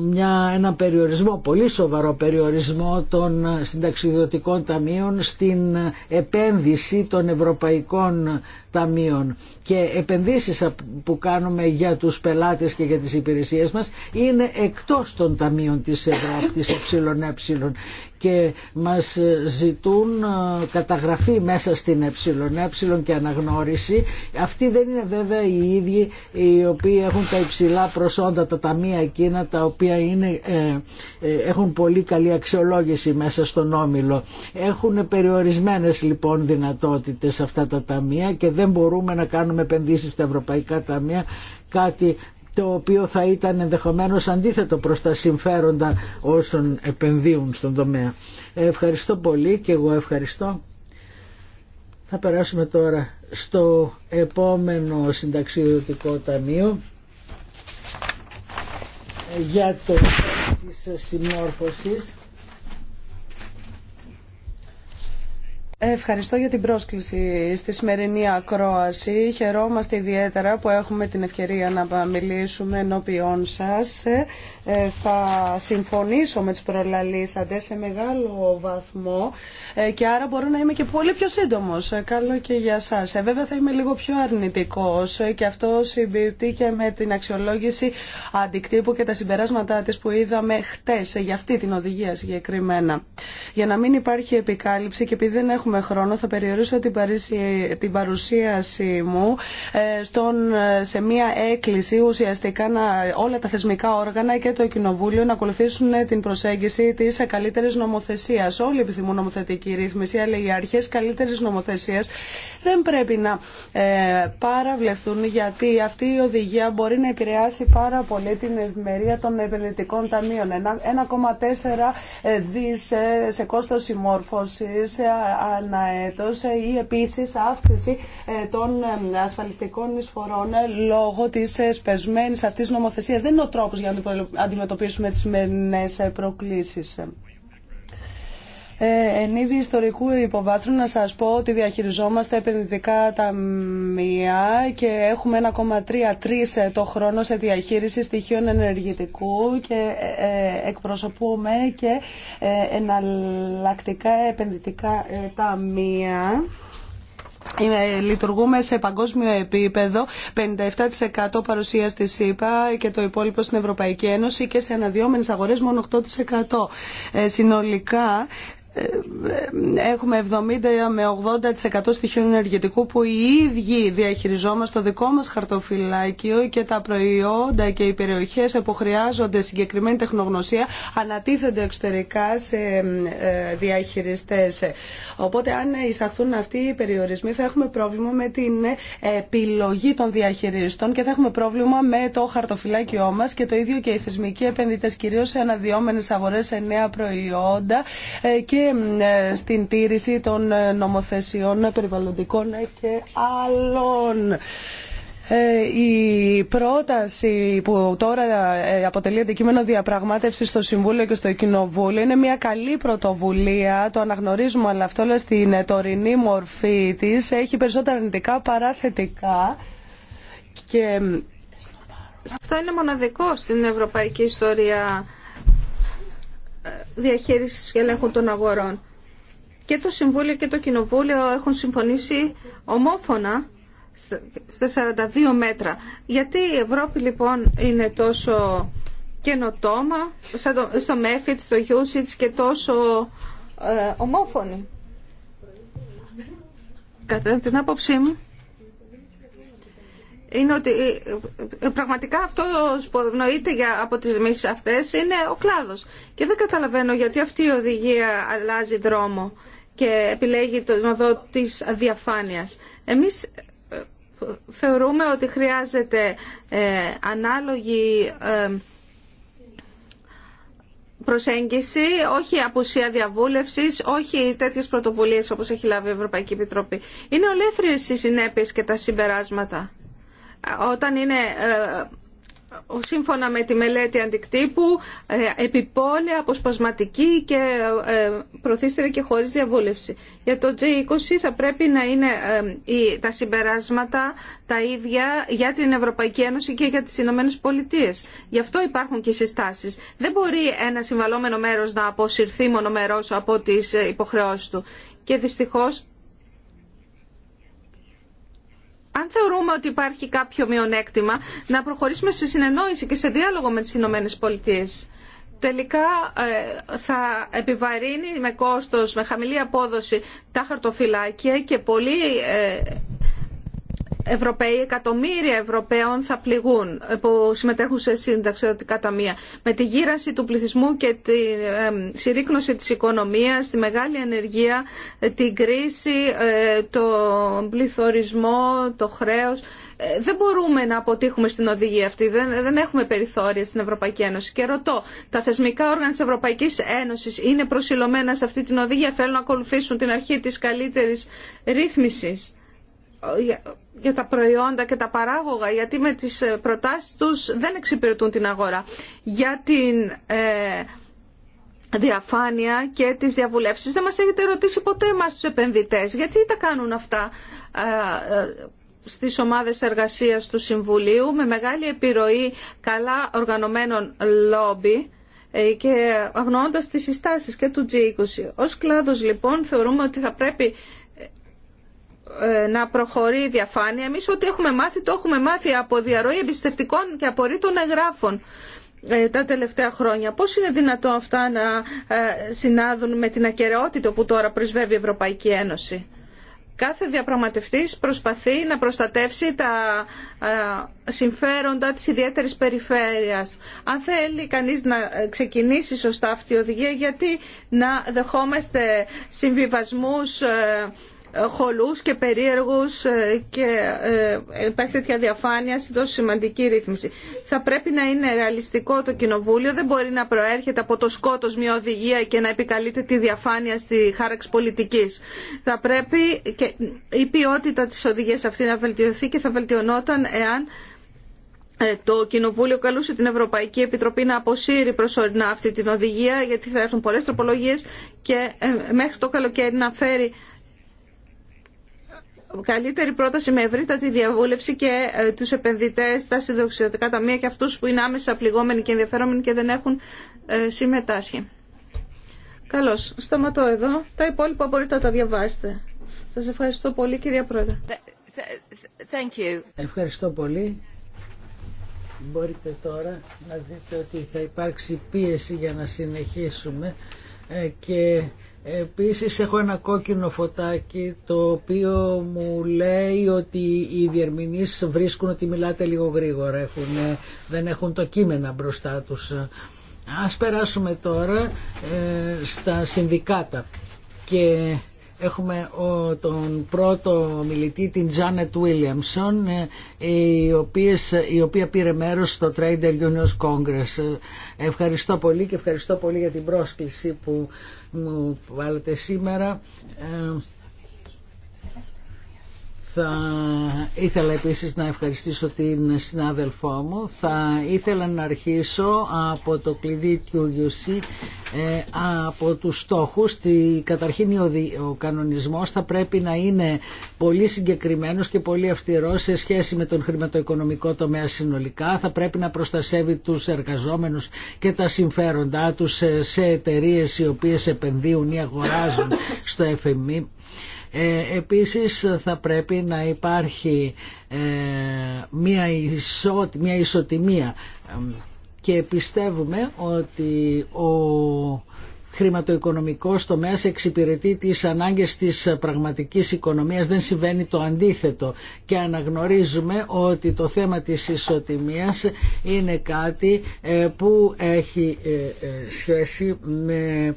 μια, ένα περιορισμό, πολύ σοβαρό περιορισμό των συνταξιδοτικών ταμείων στην επένδυση των ευρωπαϊκών ταμείων και επενδύσεις που κάνουμε για τους πελάτες και για τις υπηρεσίες μας είναι εκτός των ταμείων της ΕΕ και μας ζητούν ε, καταγραφή μέσα στην ΕΕ και αναγνώριση. Αυτοί δεν είναι βέβαια οι ίδιοι οι οποίοι έχουν τα υψηλά προσόντα, τα ταμεία εκείνα τα οποία είναι, ε, ε, έχουν πολύ καλή αξιολόγηση μέσα στον όμιλο. Έχουν περιορισμένες λοιπόν δυνατότητες αυτά τα ταμεία και δεν μπορούμε να κάνουμε επενδύσεις στα ευρωπαϊκά ταμεία κάτι το οποίο θα ήταν ενδεχομένως αντίθετο προς τα συμφέροντα όσων επενδύουν στον τομέα. Ευχαριστώ πολύ και εγώ ευχαριστώ. Θα περάσουμε τώρα στο επόμενο συνταξιδιωτικό ταμείο για το της συμμόρφωσης Ευχαριστώ για την πρόσκληση στη σημερινή ακρόαση. Χαιρόμαστε ιδιαίτερα που έχουμε την ευκαιρία να μιλήσουμε ενώπιόν σας. Ε, θα συμφωνήσω με του προλαλήσαντες σε μεγάλο βαθμό ε, και άρα μπορώ να είμαι και πολύ πιο σύντομος. Ε, καλό και για σας. βέβαια θα είμαι λίγο πιο αρνητικός και αυτό συμπίπτει και με την αξιολόγηση αντικτύπου και τα συμπεράσματά της που είδαμε χτες για αυτή την οδηγία συγκεκριμένα. Για να μην υπάρχει επικάλυψη και επειδή δεν έχουμε έχουμε χρόνο θα περιορίσω την, την παρουσίαση μου ε, στον, ε, σε μια έκκληση ουσιαστικά να, όλα τα θεσμικά όργανα και το Κοινοβούλιο να ακολουθήσουν ε, την προσέγγιση τη καλύτερη νομοθεσία. Όλοι επιθυμούν νομοθετική ρύθμιση, αλλά οι αρχέ καλύτερη νομοθεσία δεν πρέπει να παραβλεφθούν γιατί αυτή η οδηγία μπορεί να επηρεάσει πάρα πολύ την ευμερία των επενδυτικών ταμείων. 1,4 δις σε κόστος συμμόρφωσης να ε, ή επίσης αύξηση ε, των ε, ασφαλιστικών εισφορών λόγω της σπεσμένης αυτής νομοθεσίας. Δεν είναι ο τρόπος για να αντιμετωπίσουμε τις σημερινές προκλήσεις. Ε, εν είδη ιστορικού υποβάθρου να σας πω ότι διαχειριζόμαστε επενδυτικά ταμεία και έχουμε 1,33 ε, το χρόνο σε διαχείριση στοιχείων ενεργητικού και ε, εκπροσωπούμε και εναλλακτικά επενδυτικά ταμεία. Λειτουργούμε σε παγκόσμιο επίπεδο, 57% παρουσία στη ΣΥΠΑ και το υπόλοιπο στην Ευρωπαϊκή Ένωση και σε αναδυόμενες αγορές μόνο 8%. Συνολικά ε, ε, έχουμε 70 με 80% στοιχείων ενεργητικού που οι ίδιοι διαχειριζόμαστε το δικό μας χαρτοφυλάκιο και τα προϊόντα και οι περιοχές που χρειάζονται συγκεκριμένη τεχνογνωσία ανατίθενται εξωτερικά σε ε, διαχειριστές. Οπότε αν εισαχθούν αυτοί οι περιορισμοί θα έχουμε πρόβλημα με την επιλογή των διαχειριστών και θα έχουμε πρόβλημα με το χαρτοφυλάκιό μας και το ίδιο και οι θεσμικοί επενδυτές κυρίως σε αναδυόμενες αγορές σε νέα προϊόντα και ε, στην τήρηση των ε, νομοθεσιών περιβαλλοντικών ε, και άλλων. Η πρόταση που τώρα αποτελεί αντικείμενο διαπραγμάτευση στο Συμβούλιο και στο Κοινοβούλιο είναι μια καλή πρωτοβουλία, το αναγνωρίζουμε, αλλά αυτό όλα στην τωρινή μορφή τη. έχει περισσότερα αρνητικά παρά θετικά. Και... Αυτό είναι μοναδικό στην ευρωπαϊκή ιστορία διαχείρισης και ελέγχου των αγορών. Και το Συμβούλιο και το Κοινοβούλιο έχουν συμφωνήσει ομόφωνα στα 42 μέτρα. Γιατί η Ευρώπη λοιπόν είναι τόσο καινοτόμα στο ΜΕΦΙΤ, στο γιουσίτς και τόσο ε, ομόφωνη. Κατά την άποψή μου, είναι ότι ε, πραγματικά αυτό που ευνοείται από τις μίσεις αυτές είναι ο κλάδος. Και δεν καταλαβαίνω γιατί αυτή η οδηγία αλλάζει δρόμο και επιλέγει τον οδό της διαφάνειας. Εμείς ε, θεωρούμε ότι χρειάζεται ε, ανάλογη προσέγγιση, όχι απουσία διαβούλευσης, όχι τέτοιες πρωτοβουλίες όπως έχει λάβει η Ευρωπαϊκή Επιτροπή. Είναι ολέθριε οι συνέπειε και τα συμπεράσματα όταν είναι ε, σύμφωνα με τη μελέτη αντικτύπου ε, επιπόλαια, αποσπασματική και ε, προθύστερη και χωρίς διαβούλευση. Για το G20 θα πρέπει να είναι τα συμπεράσματα τα ίδια για την Ευρωπαϊκή Ένωση και για τις Ηνωμένε Πολιτείε. Γι' αυτό υπάρχουν και συστάσεις. Δεν μπορεί ένα συμβαλόμενο μέρος να αποσυρθεί μονομερός από τις υποχρεώσεις του. Και δυστυχώς αν θεωρούμε ότι υπάρχει κάποιο μειονέκτημα, να προχωρήσουμε σε συνεννόηση και σε διάλογο με τις Ηνωμένε Πολιτείε. Τελικά ε, θα επιβαρύνει με κόστος, με χαμηλή απόδοση τα χαρτοφυλάκια και πολύ Ευρωπαίοι, εκατομμύρια Ευρωπαίων θα πληγούν ε, που συμμετέχουν σε συνταξιδοτικά ταμεία. Με τη γύραση του πληθυσμού και τη συρρήκνωση της οικονομίας, τη μεγάλη ανεργία, ε, την κρίση, ε, τον πληθωρισμό, το χρέος. Δεν μπορούμε να αποτύχουμε στην οδηγία αυτή. Δεν έχουμε περιθώρια στην Ευρωπαϊκή Ένωση. Και ρωτώ, τα θεσμικά όργανα τη Ευρωπαϊκή Ένωση είναι προσιλωμένα σε αυτή την οδηγία. Θέλουν να ακολουθήσουν την αρχή τη καλύτερη ρύθμιση για τα προϊόντα και τα παράγωγα, γιατί με τις ε, προτάσεις τους δεν εξυπηρετούν την αγορά. Για την ε, διαφάνεια και τις διαβουλεύσεις δεν μας έχετε ρωτήσει ποτέ μας τους επενδυτές. Γιατί τα κάνουν αυτά ε, ε, στις ομάδες εργασίας του Συμβουλίου με μεγάλη επιρροή καλά οργανωμένων λόμπι και αγνοώντας τις συστάσεις και του G20. Ως κλάδος λοιπόν θεωρούμε ότι θα πρέπει ε, να προχωρεί η διαφάνεια. Εμείς ό,τι έχουμε μάθει το έχουμε μάθει από διαρροή εμπιστευτικών και απορρίτων εγγράφων ε, τα τελευταία χρόνια. Πώς είναι δυνατό αυτά να ε, συνάδουν με την ακαιρεότητα που τώρα πρεσβεύει η Ευρωπαϊκή Ένωση. Κάθε διαπραγματευτής προσπαθεί να προστατεύσει τα συμφέροντα της ιδιαίτερης περιφέρειας. Αν θέλει κανείς να ξεκινήσει σωστά αυτή η οδηγία, γιατί να δεχόμαστε συμβιβασμούς χολούς και περίεργους ε, και ε, υπάρχει τέτοια διαφάνεια στην τόσο σημαντική ρύθμιση. Θα πρέπει να είναι ρεαλιστικό το κοινοβούλιο, δεν μπορεί να προέρχεται από το σκότος μια οδηγία και να επικαλείται τη διαφάνεια στη χάραξη πολιτικής. Θα πρέπει και η ποιότητα της οδηγίας αυτή να βελτιωθεί και θα βελτιωνόταν εάν ε, το Κοινοβούλιο καλούσε την Ευρωπαϊκή Επιτροπή να αποσύρει προσωρινά αυτή την οδηγία γιατί θα έρθουν πολλές τροπολογίες και μέχρι το καλοκαίρι να φέρει καλύτερη πρόταση με ευρύτατη διαβούλευση και ε, τους επενδυτές, τα συνδοξιωτικά ταμεία και αυτούς που είναι άμεσα πληγόμενοι και ενδιαφερόμενοι και δεν έχουν ε, συμμετάσχει. Καλώς. Σταματώ εδώ. Τα υπόλοιπα μπορείτε να τα διαβάσετε. Σας ευχαριστώ πολύ κυρία Πρόεδρε. Thank you. Ευχαριστώ πολύ. Μπορείτε τώρα να δείτε ότι θα υπάρξει πίεση για να συνεχίσουμε ε, και Επίσης έχω ένα κόκκινο φωτάκι το οποίο μου λέει ότι οι διερμηνείς βρίσκουν ότι μιλάτε λίγο γρήγορα, έχουν, ε, δεν έχουν το κείμενα μπροστά τους. Ας περάσουμε τώρα ε, στα συνδικάτα και έχουμε τον πρώτο μιλητή την Τζάνετ Βίλιαμσον, η, η οποία πήρε μέρος στο Trader Unions Congress. Ε, ευχαριστώ πολύ και ευχαριστώ πολύ για την πρόσκληση που μου βάλετε σήμερα ε, θα ήθελα επίσης να ευχαριστήσω την συνάδελφό μου. Θα ήθελα να αρχίσω από το κλειδί του UC, ε, από τους στόχους. τη καταρχήν ο κανονισμός θα πρέπει να είναι πολύ συγκεκριμένος και πολύ αυστηρός σε σχέση με τον χρηματοοικονομικό τομέα συνολικά. Θα πρέπει να προστασεύει τους εργαζόμενους και τα συμφέροντά τους σε εταιρείε οι οποίες επενδύουν ή αγοράζουν στο FMI. E. Ε, επίσης θα πρέπει να υπάρχει ε, μια, ισο, μια ισοτιμία ε, και πιστεύουμε ότι ο χρηματοοικονομικός τομέας εξυπηρετεί τις ανάγκες της πραγματικής οικονομίας, δεν συμβαίνει το αντίθετο και αναγνωρίζουμε ότι το θέμα της ισοτιμίας είναι κάτι που έχει σχέση με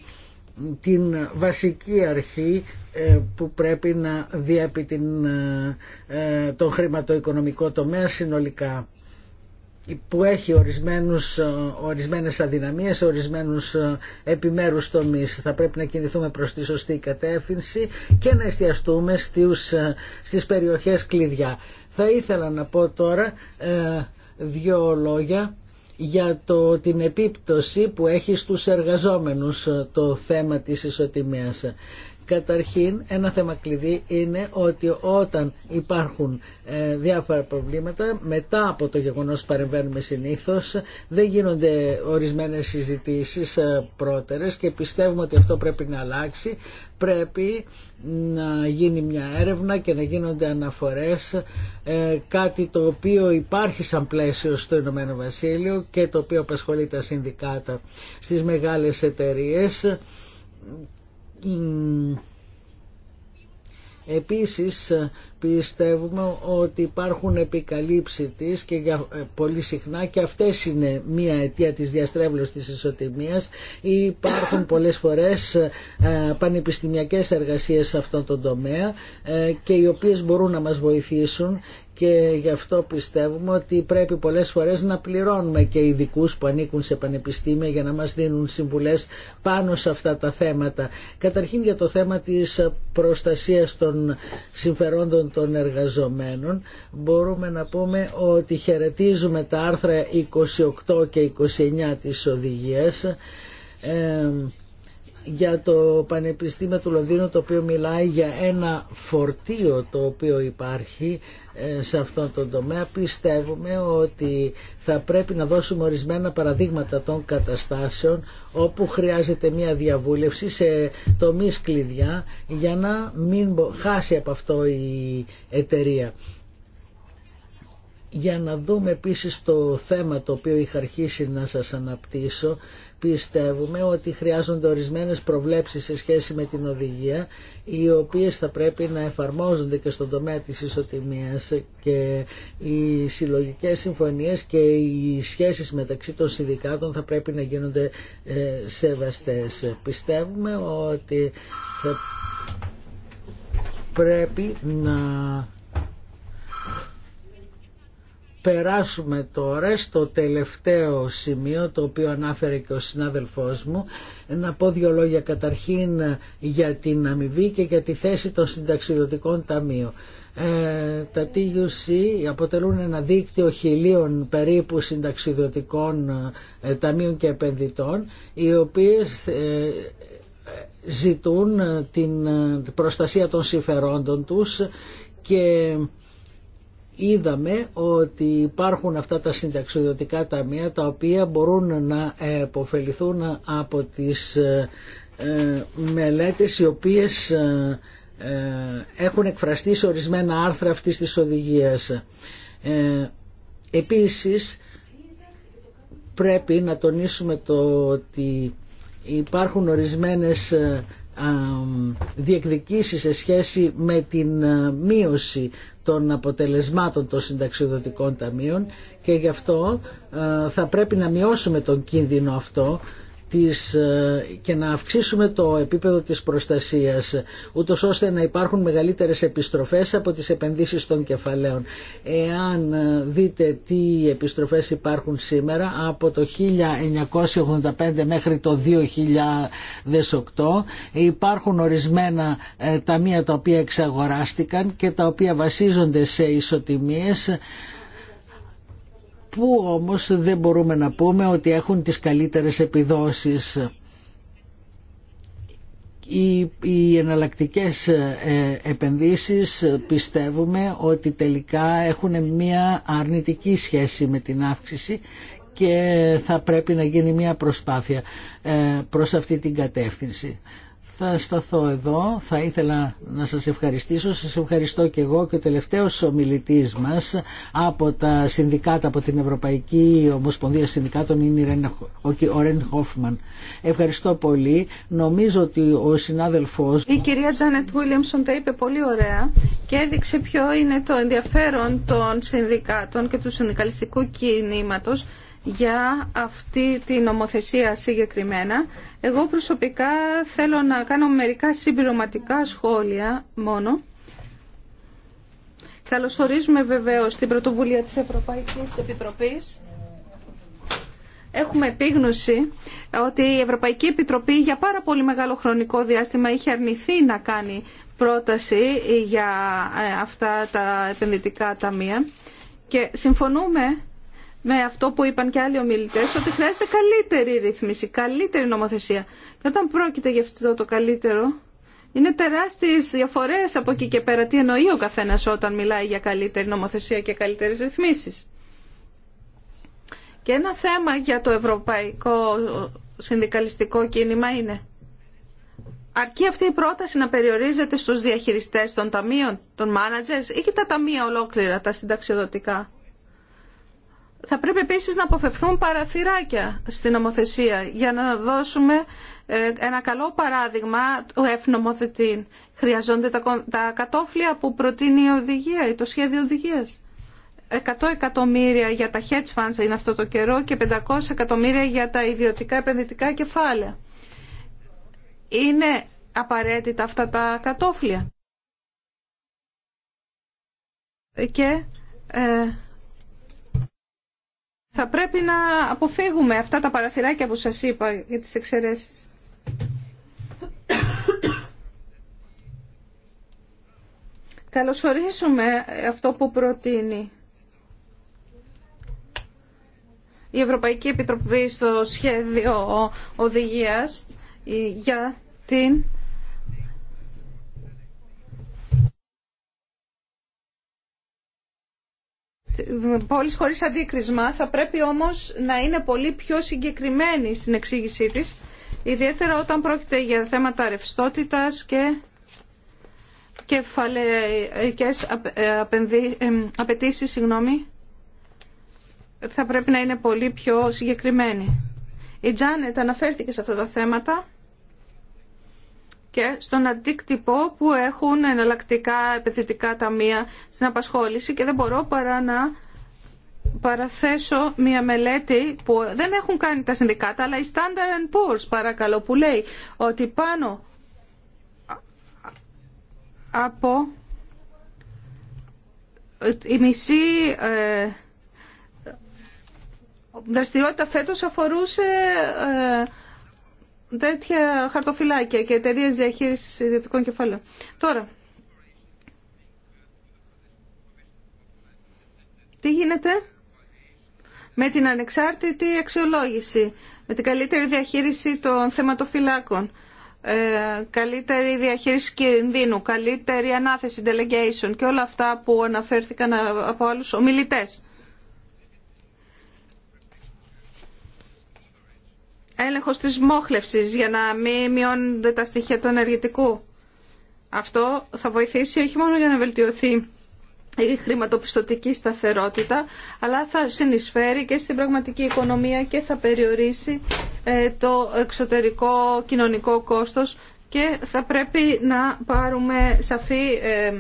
την βασική αρχή ε, που πρέπει να διέπει την, ε, ε, τον χρηματοοικονομικό τομέα συνολικά που έχει ορισμένους, ορισμένες αδυναμίες, ορισμένους επιμέρους τομείς. Θα πρέπει να κινηθούμε προς τη σωστή κατεύθυνση και να εστιαστούμε στις, στις περιοχές κλειδιά. Θα ήθελα να πω τώρα δύο λόγια για το, την επίπτωση που έχει στους εργαζόμενους το θέμα της ισοτιμίας. Καταρχήν ένα θέμα κλειδί είναι ότι όταν υπάρχουν ε, διάφορα προβλήματα μετά από το γεγονός παρεμβαίνουμε συνήθως δεν γίνονται ορισμένες συζητήσεις ε, πρώτερες και πιστεύουμε ότι αυτό πρέπει να αλλάξει πρέπει να γίνει μια έρευνα και να γίνονται αναφορές ε, κάτι το οποίο υπάρχει σαν πλαίσιο στο Ηνωμένο Βασίλειο και το οποίο απασχολεί τα συνδικάτα στις μεγάλες εταιρείες Επίσης πιστεύουμε ότι υπάρχουν επικαλύψεις της και για, ε, πολύ συχνά και αυτές είναι μία αιτία της διαστρέβλωσης της ισοτιμίας. Υπάρχουν πολλές φορές ε, πανεπιστημιακές εργασίες σε αυτόν τον τομέα ε, και οι οποίες μπορούν να μας βοηθήσουν και γι' αυτό πιστεύουμε ότι πρέπει πολλές φορές να πληρώνουμε και ειδικού που ανήκουν σε πανεπιστήμια για να μας δίνουν συμβουλές πάνω σε αυτά τα θέματα. Καταρχήν για το θέμα της προστασίας των συμφερόντων των εργαζομένων μπορούμε να πούμε ότι χαιρετίζουμε τα άρθρα 28 και 29 της οδηγίας ε, για το Πανεπιστήμιο του Λονδίνου το οποίο μιλάει για ένα φορτίο το οποίο υπάρχει ε, σε αυτόν τον τομέα πιστεύουμε ότι θα πρέπει να δώσουμε ορισμένα παραδείγματα των καταστάσεων όπου χρειάζεται μια διαβούλευση σε τομείς κλειδιά για να μην χάσει από αυτό η εταιρεία για να δούμε επίσης το θέμα το οποίο είχα αρχίσει να σας αναπτύσσω πιστεύουμε ότι χρειάζονται ορισμένες προβλέψεις σε σχέση με την οδηγία οι οποίες θα πρέπει να εφαρμόζονται και στον τομέα της ισοτιμίας και οι συλλογικές συμφωνίες και οι σχέσεις μεταξύ των συνδικάτων θα πρέπει να γίνονται ε, σεβαστές. Πιστεύουμε ότι θα πρέπει να περάσουμε τώρα στο τελευταίο σημείο το οποίο ανάφερε και ο συνάδελφός μου να πω δύο λόγια καταρχήν για την αμοιβή και για τη θέση των συνταξιδοτικών ταμείων. Ε, τα TUC αποτελούν ένα δίκτυο χιλίων περίπου συνταξιδοτικών ε, ταμείων και επενδυτών οι οποίες ε, ζητούν ε, την προστασία των συμφερόντων τους και είδαμε ότι υπάρχουν αυτά τα συνταξιδοτικά ταμεία τα οποία μπορούν να επωφεληθούν από τις ε, ε, μελέτες οι οποίες ε, έχουν εκφραστεί σε ορισμένα άρθρα αυτής της οδηγίας. Επίσης πρέπει να τονίσουμε το ότι υπάρχουν ορισμένες διεκδικήσει σε σχέση με την ε, μείωση των αποτελεσμάτων των συνταξιοδοτικών ταμείων και γι' αυτό ε, θα πρέπει να μειώσουμε τον κίνδυνο αυτό της ε, και να αυξήσουμε το επίπεδο της προστασίας ούτως ώστε να υπάρχουν μεγαλύτερες επιστροφές από τις επενδύσεις των κεφαλαίων. Εάν ε, δείτε τι επιστροφές υπάρχουν σήμερα από το 1985 μέχρι το 2008 υπάρχουν ορισμένα ε, ταμεία τα οποία εξαγοράστηκαν και τα οποία βασίζονται σε ισοτιμίες που όμως δεν μπορούμε να πούμε ότι έχουν τις καλύτερες επιδόσεις. Οι, οι εναλλακτικές ε, επενδύσεις πιστεύουμε ότι τελικά έχουν μια αρνητική σχέση με την αύξηση και θα πρέπει να γίνει μια προσπάθεια ε, προς αυτή την κατεύθυνση θα σταθώ εδώ. Θα ήθελα να σας ευχαριστήσω. Σας ευχαριστώ και εγώ και ο τελευταίος ομιλητής μας από τα συνδικάτα, από την Ευρωπαϊκή Ομοσπονδία Συνδικάτων είναι ο Ρεν Χόφμαν. Ευχαριστώ πολύ. Νομίζω ότι ο συνάδελφός... Η κυρία Τζάνετ Βίλιαμσον τα είπε πολύ ωραία και έδειξε ποιο είναι το ενδιαφέρον των συνδικάτων και του συνδικαλιστικού κινήματος για αυτή την νομοθεσία συγκεκριμένα. Εγώ προσωπικά θέλω να κάνω μερικά συμπληρωματικά σχόλια μόνο. Καλωσορίζουμε βεβαίως την πρωτοβουλία της Ευρωπαϊκής Επιτροπής. Έχουμε επίγνωση ότι η Ευρωπαϊκή Επιτροπή για πάρα πολύ μεγάλο χρονικό διάστημα είχε αρνηθεί να κάνει πρόταση για ε, αυτά τα επενδυτικά ταμεία και συμφωνούμε με αυτό που είπαν και άλλοι ομιλητέ, ότι χρειάζεται καλύτερη ρύθμιση, καλύτερη νομοθεσία. Και όταν πρόκειται για αυτό το καλύτερο, είναι τεράστιε διαφορέ από εκεί και πέρα τι εννοεί ο καθένα όταν μιλάει για καλύτερη νομοθεσία και καλύτερε ρυθμίσει. Και ένα θέμα για το ευρωπαϊκό συνδικαλιστικό κίνημα είναι αρκεί αυτή η πρόταση να περιορίζεται στους διαχειριστές των ταμείων, των managers ή και τα ταμεία ολόκληρα, τα συνταξιοδοτικά. Θα πρέπει επίσης να αποφευθούν παραθυράκια στην νομοθεσία για να δώσουμε ε, ένα καλό παράδειγμα του ευνομοθετή. Χρειαζόνται τα κατόφλια που προτείνει η οδηγία ή το σχέδιο οδηγίας. 100 εκατομμύρια για τα hedge funds είναι αυτό το καιρό και 500 εκατομμύρια για τα ιδιωτικά επενδυτικά κεφάλαια. Είναι απαραίτητα αυτά τα κατόφλια. Και... Ε, θα πρέπει να αποφύγουμε αυτά τα παραθυράκια που σας είπα για τις εξαιρέσεις. Καλωσορίζουμε αυτό που προτείνει η Ευρωπαϊκή Επιτροπή στο σχέδιο οδηγίας για την πόλεις χωρίς αντίκρισμα θα πρέπει όμως να είναι πολύ πιο συγκεκριμένη στην εξήγησή της ιδιαίτερα όταν πρόκειται για θέματα ρευστότητας και κεφαλαϊκές ε, ε, απαιτήσει, συγγνώμη, θα πρέπει να είναι πολύ πιο συγκεκριμένη. Η Τζάνετ αναφέρθηκε σε αυτά τα θέματα και στον αντίκτυπο που έχουν εναλλακτικά επιθετικά ταμεία στην απασχόληση και δεν μπορώ παρά να παραθέσω μια μελέτη που δεν έχουν κάνει τα συνδικάτα αλλά η Standard Poor's παρακαλώ που λέει ότι πάνω από η μισή ε, δραστηριότητα φέτος αφορούσε ε, τέτοια χαρτοφυλάκια και εταιρείε διαχείριση ιδιωτικών κεφαλαίων. Τώρα, τι γίνεται με την ανεξάρτητη αξιολόγηση, με την καλύτερη διαχείριση των θεματοφυλάκων, ε, καλύτερη διαχείριση κινδύνου, καλύτερη ανάθεση, delegation και όλα αυτά που αναφέρθηκαν από άλλους ομιλητές. έλεγχος της μόχλευσης για να μην μειώνονται τα στοιχεία του ενεργητικού. Αυτό θα βοηθήσει όχι μόνο για να βελτιωθεί η χρηματοπιστωτική σταθερότητα, αλλά θα συνεισφέρει και στην πραγματική οικονομία και θα περιορίσει ε, το εξωτερικό κοινωνικό κόστος και θα πρέπει να πάρουμε σαφή ε,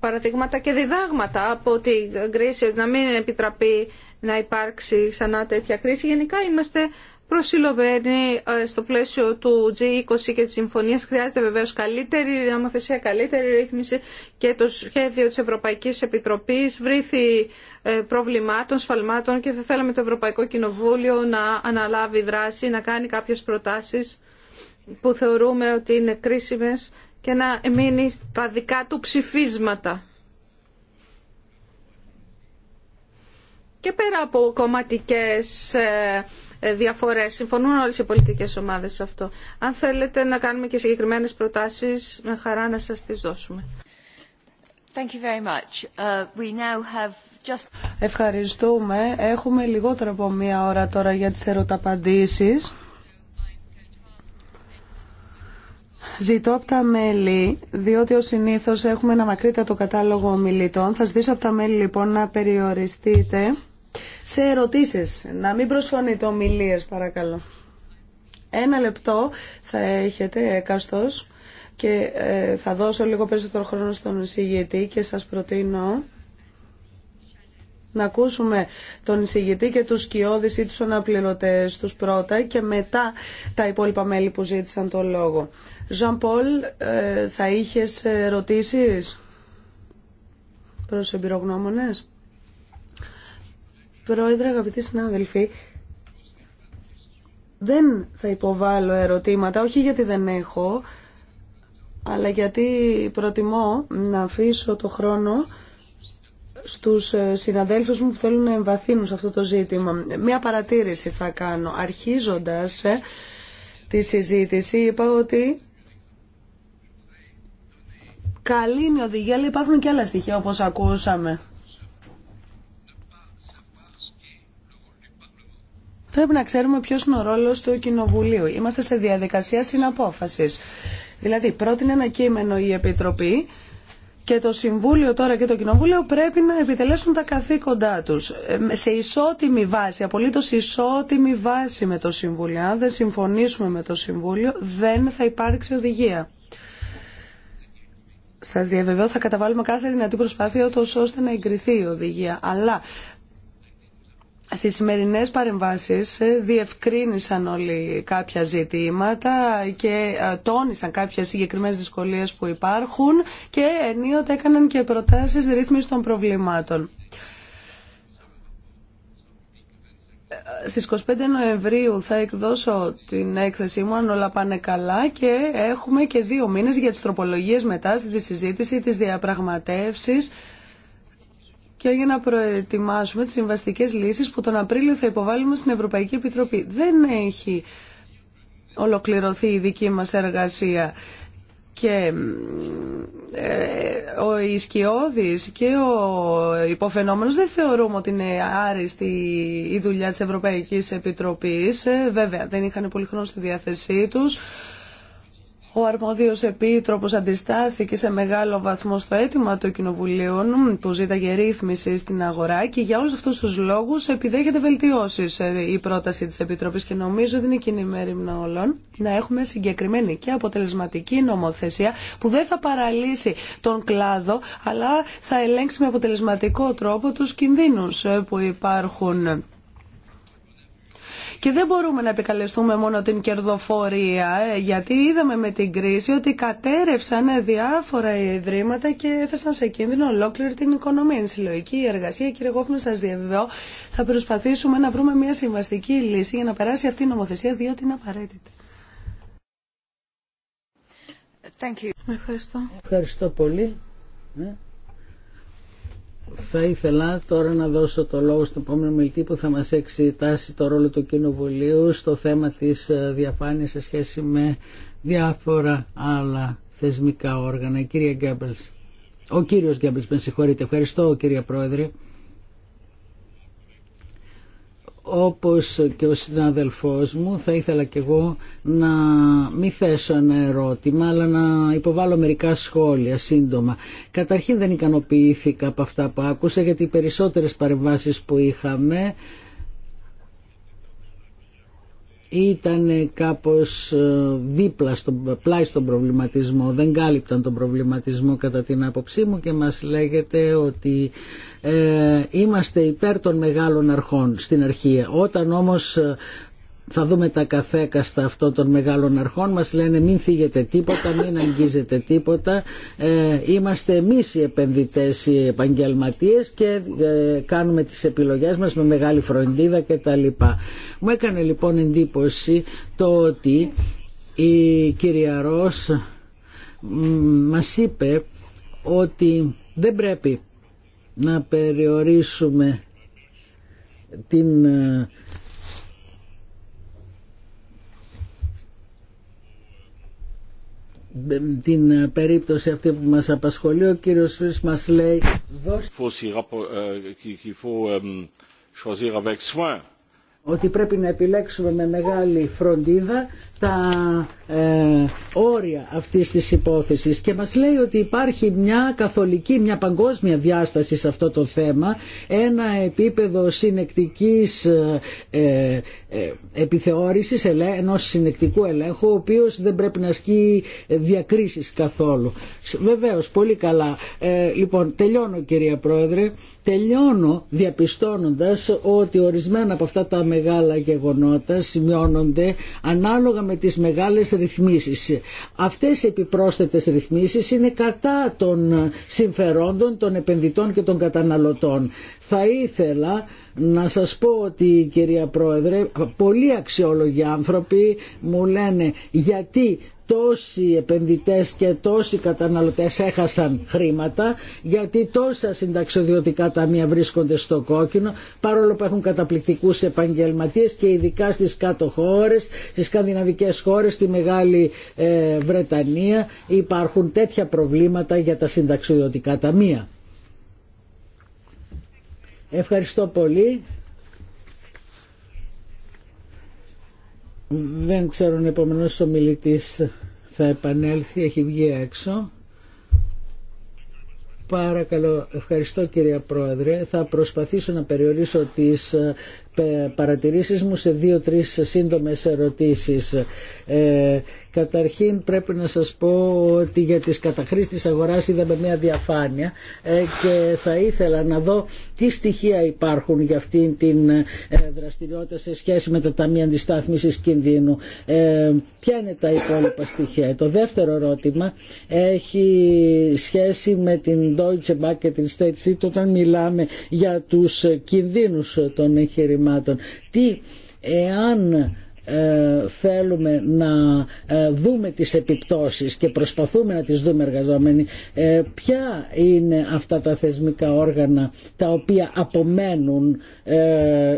παραδείγματα και διδάγματα από την κρίση, να μην επιτραπεί να υπάρξει ξανά τέτοια κρίση. Γενικά είμαστε προσυλλοβαίνει στο πλαίσιο του G20 και της συμφωνίας. Χρειάζεται βεβαίως καλύτερη νομοθεσία, καλύτερη ρύθμιση και το σχέδιο της Ευρωπαϊκής Επιτροπής βρήθη ε, προβλημάτων, σφαλμάτων και θα θέλαμε το Ευρωπαϊκό Κοινοβούλιο να αναλάβει δράση, να κάνει κάποιες προτάσεις που θεωρούμε ότι είναι κρίσιμες και να μείνει στα δικά του ψηφίσματα. Και πέρα από κομματικές ε, διαφορές. Συμφωνούν όλε οι πολιτικέ ομάδε σε αυτό. Αν θέλετε να κάνουμε και συγκεκριμένες προτάσεις, με χαρά να σα τι δώσουμε. Thank you very much. Uh, we now have just... Ευχαριστούμε. Έχουμε λιγότερο από μία ώρα τώρα για τις ερωταπαντήσεις. Ζητώ από τα μέλη, διότι ως συνήθως έχουμε ένα μακρύτατο κατάλογο ομιλητών. Θα ζητήσω από τα μέλη λοιπόν να περιοριστείτε σε ερωτήσεις. Να μην προσφωνείτε ομιλίες παρακαλώ. Ένα λεπτό θα έχετε Καστός, και ε, θα δώσω λίγο περισσότερο χρόνο στον εισηγητή και σας προτείνω να ακούσουμε τον εισηγητή και τους σκιώδεις ή τους αναπληρωτές τους πρώτα και μετά τα υπόλοιπα μέλη που ζήτησαν το λόγο. Ζαν Πολ, ε, θα είχες ερωτήσεις προς εμπειρογνώμονες? Πρόεδρε, αγαπητοί συνάδελφοι, δεν θα υποβάλω ερωτήματα, όχι γιατί δεν έχω, αλλά γιατί προτιμώ να αφήσω το χρόνο στους ε, συναδέλφους μου που θέλουν να εμβαθύνουν σε αυτό το ζήτημα. Μία παρατήρηση θα κάνω. Αρχίζοντας ε, τη συζήτηση είπα ότι καλή είναι η οδηγία, αλλά υπάρχουν και άλλα στοιχεία όπως ακούσαμε. Πρέπει να ξέρουμε ποιο είναι ο ρόλος του Κοινοβουλίου. Είμαστε σε διαδικασία συναπόφασης. Δηλαδή, πρότεινε ένα κείμενο η Επιτροπή και το Συμβούλιο τώρα και το Κοινοβούλιο πρέπει να επιτελέσουν τα καθήκοντά τους σε ισότιμη βάση, απολύτω ισότιμη βάση με το Συμβούλιο. Αν δεν συμφωνήσουμε με το Συμβούλιο δεν θα υπάρξει οδηγία. Σας διαβεβαιώ θα καταβάλουμε κάθε δυνατή προσπάθεια ώστε να εγκριθεί η οδηγία. Αλλά στις σημερινές παρεμβάσεις ε, διευκρίνησαν όλοι κάποια ζητήματα και ε, τόνισαν κάποιες συγκεκριμένες δυσκολίες που υπάρχουν και ενίοτε έκαναν και προτάσεις ρύθμιση των προβλημάτων. Στις 25 Νοεμβρίου θα εκδώσω την έκθεσή μου αν όλα πάνε καλά και έχουμε και δύο μήνες για τις τροπολογίες μετά στη συζήτηση, της διαπραγματεύσης και για να προετοιμάσουμε τις συμβαστικές λύσεις που τον Απρίλιο θα υποβάλουμε στην Ευρωπαϊκή Επιτροπή. Δεν έχει ολοκληρωθεί η δική μας εργασία και ε, ο Ισκιώδης και ο υποφαινόμενος δεν θεωρούμε ότι είναι άριστη η δουλειά της Ευρωπαϊκής Επιτροπής. Ε, βέβαια, δεν είχαν πολύ χρόνο στη διάθεσή τους. Ο αρμόδιος επίτροπο αντιστάθηκε σε μεγάλο βαθμό στο αίτημα του Κοινοβουλίου που ζήταγε ρύθμιση στην αγορά και για όλου αυτού τους λόγους επιδέχεται βελτιώσεις ε, η πρόταση της Επίτροπή και νομίζω ότι είναι κοινή μέρημνα όλων να έχουμε συγκεκριμένη και αποτελεσματική νομοθεσία που δεν θα παραλύσει τον κλάδο αλλά θα ελέγξει με αποτελεσματικό τρόπο του κινδύνου ε, που υπάρχουν και δεν μπορούμε να επικαλεστούμε μόνο την κερδοφορία, ε, γιατί είδαμε με την κρίση ότι κατέρευσαν διάφορα ιδρύματα και έθεσαν σε κίνδυνο ολόκληρη την οικονομία. Είναι συλλογική εργασία. Κύριε Γόφμαν, σα διαβεβαιώ, θα προσπαθήσουμε να βρούμε μια συμβαστική λύση για να περάσει αυτή η νομοθεσία, διότι είναι απαραίτητη. Thank you. Ευχαριστώ. Ευχαριστώ πολύ. Ναι. Θα ήθελα τώρα να δώσω το λόγο στον επόμενο μιλητή που θα μας εξετάσει το ρόλο του Κοινοβουλίου στο θέμα της ε, διαφάνειας σε σχέση με διάφορα άλλα θεσμικά όργανα. Κύριε Γκέμπελς, ο κύριος Γκέμπελς, με συγχωρείτε. Ευχαριστώ κύριε Πρόεδρε όπως και ο συνάδελφός μου θα ήθελα και εγώ να μη θέσω ένα ερώτημα αλλά να υποβάλω μερικά σχόλια σύντομα. Καταρχήν δεν ικανοποιήθηκα από αυτά που άκουσα γιατί οι περισσότερες παρεμβάσεις που είχαμε ήταν κάπως ε, δίπλα στο πλάι στον προβληματισμό δεν κάλυπταν τον προβληματισμό κατά την άποψή μου και μας λέγεται ότι ε, είμαστε υπέρ των μεγάλων αρχών στην αρχή όταν όμως ε, θα δούμε τα στα αυτό των μεγάλων αρχών μας λένε μην φύγετε τίποτα, μην αγγίζετε τίποτα ε, είμαστε εμείς οι επενδυτές οι επαγγελματίες και ε, κάνουμε τις επιλογές μας με μεγάλη φροντίδα κτλ. Μου έκανε λοιπόν εντύπωση το ότι η κυρία Ρος μας είπε ότι δεν πρέπει να περιορίσουμε την ε, την ε, περίπτωση αυτή που μας απασχολεί ο κύριος Φρυς μας λέει ότι πρέπει να επιλέξουμε με μεγάλη φροντίδα τα ε, όρια αυτής της υπόθεσης και μας λέει ότι υπάρχει μια καθολική, μια παγκόσμια διάσταση σε αυτό το θέμα, ένα επίπεδο συνεκτικής ε, ε, επιθεώρησης, ενός συνεκτικού ελέγχου, ο οποίος δεν πρέπει να ασκεί διακρίσεις καθόλου. Βεβαίως, πολύ καλά. Λοιπόν, τελειώνω κυρία Πρόεδρε, τελειώνω διαπιστώνοντας ότι ορισμένα από αυτά τα μεγάλα γεγονότα σημειώνονται ανάλογα με τις μεγάλες ρυθμίσεις. Αυτές οι επιπρόσθετες ρυθμίσεις είναι κατά των συμφερόντων των επενδυτών και των καταναλωτών. Θα ήθελα να σας πω ότι κυρία Πρόεδρε, πολλοί αξιόλογοι άνθρωποι μου λένε γιατί τόσοι επενδυτές και τόσοι καταναλωτές έχασαν χρήματα γιατί τόσα συνταξιδιωτικά ταμεία βρίσκονται στο κόκκινο παρόλο που έχουν καταπληκτικούς επαγγελματίες και ειδικά στις κάτω χώρες, στις σκανδιναβικές χώρες, στη Μεγάλη ε, Βρετανία υπάρχουν τέτοια προβλήματα για τα συνταξιδιωτικά ταμεία. Ευχαριστώ πολύ. Δεν ξέρω αν επόμενο ο μιλητή θα επανέλθει, έχει βγει έξω. Παρακαλώ, ευχαριστώ κυρία Πρόεδρε. Θα προσπαθήσω να περιορίσω τις ε, παρατηρήσεις μου σε δύο-τρεις σύντομες ερωτήσεις. Ε, καταρχήν πρέπει να σας πω ότι για τις καταχρήσεις της αγοράς είδαμε μια διαφάνεια ε, και θα ήθελα να δω τι στοιχεία υπάρχουν για αυτήν την ε, δραστηριότητα σε σχέση με τα ταμεία αντιστάθμισης κινδύνου. ποια είναι τα υπόλοιπα στοιχεία. Το δεύτερο ερώτημα έχει σχέση με την Deutsche Bank και την State Street όταν μιλάμε για τους κινδύνους των εγχειρημάτων προβλημάτων. Τι εάν ε, θέλουμε να ε, δούμε τις επιπτώσεις και προσπαθούμε να τις δούμε εργαζόμενοι ε, ποια είναι αυτά τα θεσμικά όργανα τα οποία απομένουν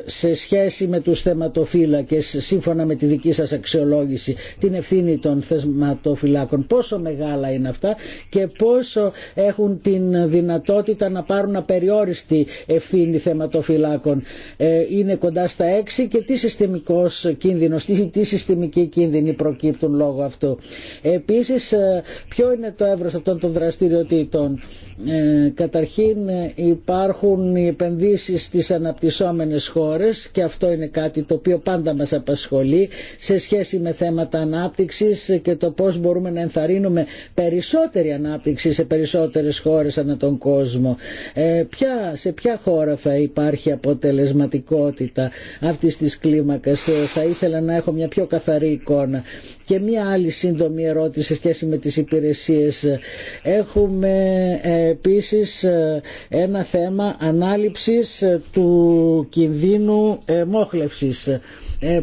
σε σχέση με τους θεματοφύλακες σύμφωνα με τη δική σας αξιολόγηση την ευθύνη των θεματοφυλάκων πόσο μεγάλα είναι αυτά και πόσο έχουν την δυνατότητα να πάρουν απεριόριστη ευθύνη θεματοφυλάκων είναι κοντά στα έξι και τι συστημικός κίνδυνο γνωστή τι συστημικοί κίνδυνοι προκύπτουν λόγω αυτού. Επίσης, ε, ποιο είναι το εύρος αυτών των δραστηριοτήτων. Ε, καταρχήν ε, υπάρχουν οι επενδύσεις στις αναπτυσσόμενες χώρες και αυτό είναι κάτι το οποίο πάντα μας απασχολεί σε σχέση με θέματα ανάπτυξης και το πώς μπορούμε να ενθαρρύνουμε περισσότερη ανάπτυξη σε περισσότερες χώρες ανά τον κόσμο. σε ποια χώρα θα υπάρχει αποτελεσματικότητα αυτής της κλίμακας. θα ήθελα να έχω μια πιο καθαρή εικόνα. Και μια άλλη σύντομη ερώτηση σε σχέση με τις υπηρεσίες. Έχουμε ε, επίσης ε, ένα θέμα ανάληψης ε, του κινδύνου μόχλευσης.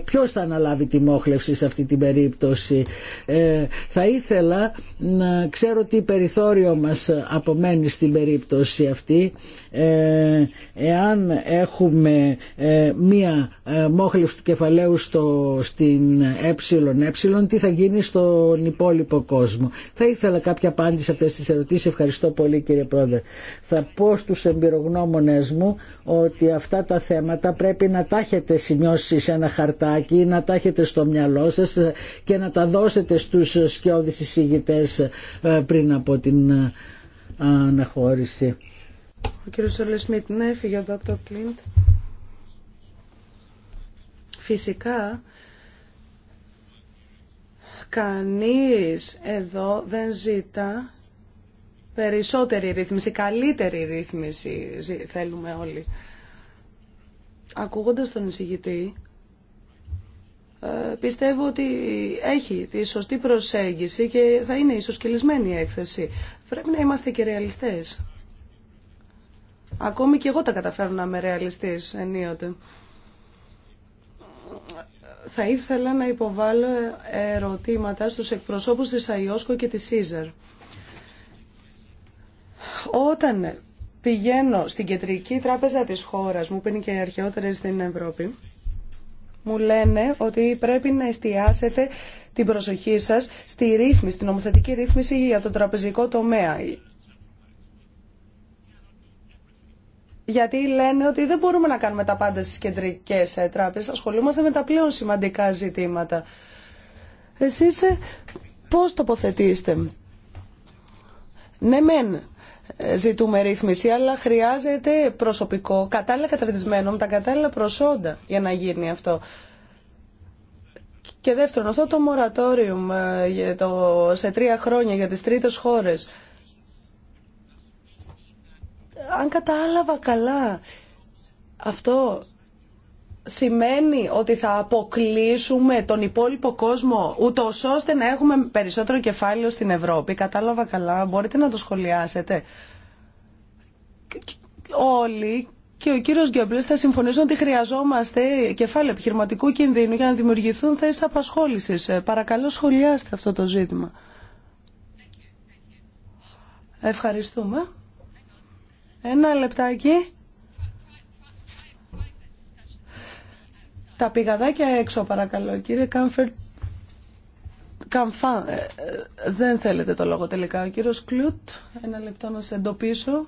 Ποιος θα αναλάβει τη μόχλευση σε αυτή την περίπτωση. Θα ήθελα να ξέρω τι περιθώριο μας απομένει στην περίπτωση αυτή. Εάν έχουμε μία μόχλευση του κεφαλαίου στο στην ΕΕ, τι θα γίνει στον υπόλοιπο κόσμο. Θα ήθελα κάποια απάντηση σε αυτές τις ερωτήσεις. Ευχαριστώ πολύ κύριε Πρόεδρε. Θα πω στους εμπειρογνώμονες μου ότι αυτά τα θέματα πρέπει να τα έχετε σημειώσει σε ένα χαρτάκι, να τα έχετε στο μυαλό σας και να τα δώσετε στους σκιώδεις εισηγητές ε, πριν από την ε, αναχώρηση. Ο κύριος Σολεσμίτ, ναι, ο Δόκτωρ Φυσικά Κανείς εδώ δεν ζητά περισσότερη ρύθμιση, καλύτερη ρύθμιση θέλουμε όλοι. Ακούγοντας τον εισηγητή, ε, πιστεύω ότι έχει τη σωστή προσέγγιση και θα είναι κυλισμένη η έκθεση. Πρέπει να είμαστε και ρεαλιστές. Ακόμη και εγώ τα καταφέρω να είμαι ρεαλιστής ενίοτε θα ήθελα να υποβάλω ερωτήματα στους εκπροσώπους της ΑΙΟΣΚΟ και της ΣΥΖΕΡ. Όταν πηγαίνω στην κεντρική τράπεζα της χώρας μου, που και οι αρχαιότερες στην Ευρώπη, μου λένε ότι πρέπει να εστιάσετε την προσοχή σας στη ρύθμιση, στην νομοθετική ρύθμιση για το τραπεζικό τομέα. γιατί λένε ότι δεν μπορούμε να κάνουμε τα πάντα στις κεντρικές ε, τράπεζες, ασχολούμαστε με τα πλέον σημαντικά ζητήματα. Εσείς ε, πώς τοποθετήσετε. Ναι μεν ε, ζητούμε ρύθμιση, αλλά χρειάζεται προσωπικό, κατάλληλα καταρτισμένο, με τα κατάλληλα προσόντα για να γίνει αυτό. Και δεύτερον, αυτό το μορατόριο σε τρία χρόνια για τις τρίτες χώρες, αν κατάλαβα καλά, αυτό σημαίνει ότι θα αποκλείσουμε τον υπόλοιπο κόσμο ούτω ώστε να έχουμε περισσότερο κεφάλαιο στην Ευρώπη. Κατάλαβα καλά, μπορείτε να το σχολιάσετε. Όλοι και ο κύριο Γκέμπλε θα συμφωνήσουν ότι χρειαζόμαστε κεφάλαιο επιχειρηματικού κινδύνου για να δημιουργηθούν θέσεις απασχόληση. Ε, παρακαλώ σχολιάστε αυτό το ζήτημα. Ευχαριστούμε. Ένα λεπτάκι. Τα πηγαδάκια έξω παρακαλώ. Κύριε Κάμφερ, Καμφά, ε, ε, δεν θέλετε το λόγο τελικά. Ο κύριος Κλουτ, ένα λεπτό να σε εντοπίσω.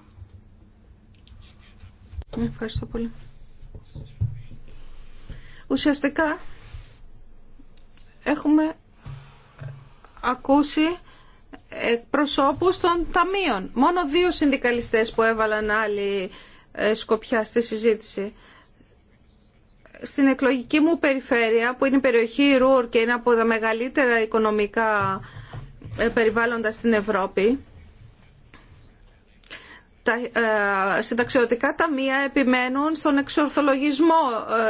Ευχαριστώ πολύ. Ουσιαστικά έχουμε ακούσει εκπροσώπους των ταμείων. Μόνο δύο συνδικαλιστές που έβαλαν άλλη ε, σκοπιά στη συζήτηση. Στην εκλογική μου περιφέρεια, που είναι η περιοχή Ρούρ και είναι από τα μεγαλύτερα οικονομικά ε, περιβάλλοντα στην Ευρώπη, τα ε, συνταξιωτικά ταμεία επιμένουν στον εξορθολογισμό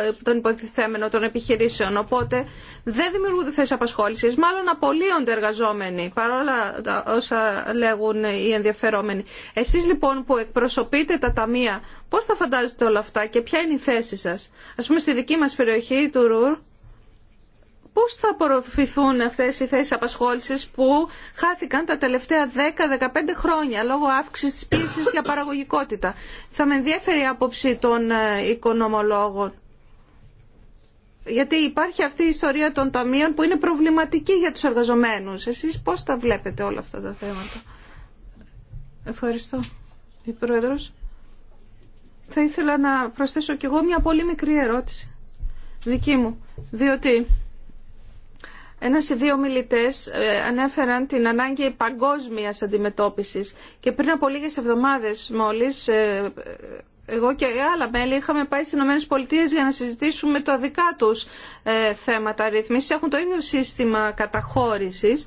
ε, των υποθυθέμενων των επιχειρήσεων. Οπότε δεν δημιουργούνται θέσει απασχόληση, μάλλον απολύονται εργαζόμενοι, παρόλα όσα λέγουν οι ενδιαφερόμενοι. Εσεί λοιπόν που εκπροσωπείτε τα ταμεία, πώ θα φαντάζεστε όλα αυτά και ποια είναι η θέση σα. Α πούμε στη δική μα περιοχή του Ρουρ, πώς θα απορροφηθούν αυτές οι θέσεις απασχόλησης που χάθηκαν τα τελευταία 10-15 χρόνια λόγω αύξησης της πίεσης για παραγωγικότητα. Θα με ενδιαφέρει η άποψη των ε, οικονομολόγων. Γιατί υπάρχει αυτή η ιστορία των ταμείων που είναι προβληματική για τους εργαζομένους. Εσείς πώς τα βλέπετε όλα αυτά τα θέματα. Ευχαριστώ. Η Πρόεδρος. Θα ήθελα να προσθέσω κι εγώ μια πολύ μικρή ερώτηση. Δική μου. Διότι ένας ή δύο μιλητές ε, ανέφεραν την ανάγκη παγκόσμια αντιμετώπισης και πριν από λίγες εβδομάδες μόλις ε, εγώ και άλλα μέλη είχαμε πάει στι ΗΠΑ για να συζητήσουμε τα δικά του ε, θέματα ρύθμιση. Έχουν το ίδιο σύστημα καταχώρηση,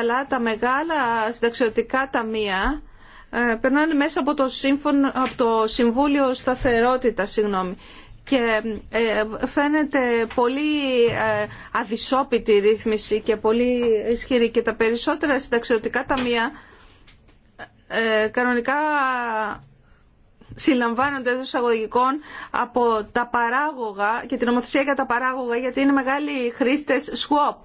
αλλά τα μεγάλα συνταξιωτικά ταμεία ε, περνάνε μέσα από το, σύμφωνο, από το Συμβούλιο Σταθερότητα. Συγγνώμη και ε, φαίνεται πολύ ε, αδυσόπιτη ρύθμιση και πολύ ισχυρή και τα περισσότερα συνταξιωτικά ταμεία ε, κανονικά συλλαμβάνονται εντό εισαγωγικών από τα παράγωγα και την ομοθεσία για τα παράγωγα γιατί είναι μεγάλοι χρήστες swap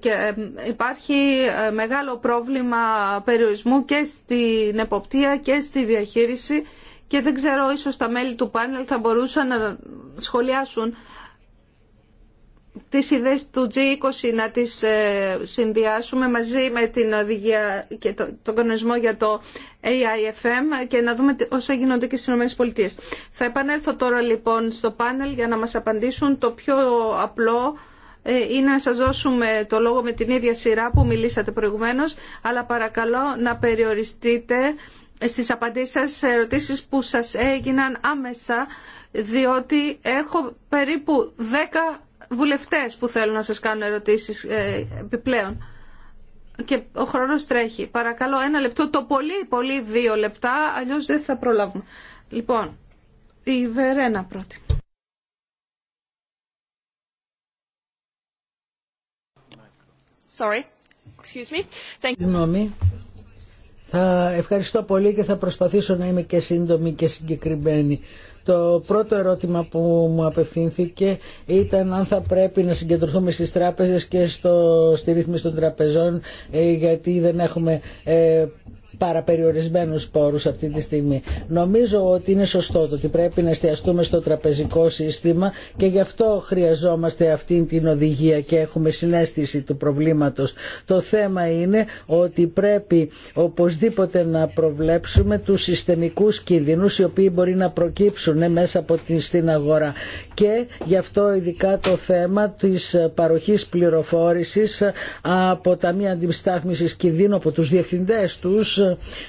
και υπάρχει μεγάλο πρόβλημα περιορισμού και στην εποπτεία και στη διαχείριση και δεν ξέρω ίσως τα μέλη του πάνελ θα μπορούσαν να σχολιάσουν τις ιδέες του G20 να τις ε, συνδυάσουμε μαζί με την οδηγία και τον κανονισμό για το AIFM και να δούμε όσα γίνονται και στις ΗΠΑ. Θα επανέλθω τώρα λοιπόν στο πάνελ για να μας απαντήσουν το πιο απλό ε, είναι να σας δώσουμε το λόγο με την ίδια σειρά που μιλήσατε προηγουμένως, αλλά παρακαλώ να περιοριστείτε στις απαντήσεις σας σε ερωτήσεις που σας έγιναν άμεσα, διότι έχω περίπου 10 βουλευτές που θέλουν να σας κάνουν ερωτήσεις ε, επιπλέον. Και ο χρόνος τρέχει. Παρακαλώ ένα λεπτό, το πολύ πολύ δύο λεπτά, αλλιώς δεν θα προλάβουμε. Λοιπόν, η Βερένα πρώτη. Sorry. Excuse me. Thank you. Θα ευχαριστώ πολύ και θα προσπαθήσω να είμαι και σύντομη και συγκεκριμένη. Το πρώτο ερώτημα που μου απευθύνθηκε ήταν αν θα πρέπει να συγκεντρωθούμε στις τράπεζες και στο, στη ρύθμιση των τραπεζών ε, γιατί δεν έχουμε ε, παραπεριορισμένους πόρους αυτή τη στιγμή. Νομίζω ότι είναι σωστό το ότι πρέπει να εστιαστούμε στο τραπεζικό σύστημα και γι' αυτό χρειαζόμαστε αυτή την οδηγία και έχουμε συνέστηση του προβλήματος. Το θέμα είναι ότι πρέπει οπωσδήποτε να προβλέψουμε τους συστημικούς κινδυνούς οι οποίοι μπορεί να προκύψουν μέσα από την, στην αγορά και γι' αυτό ειδικά το θέμα της παροχής πληροφόρησης από τα μία αντιστάθμισης κινδύνου από τους διευθυντές τους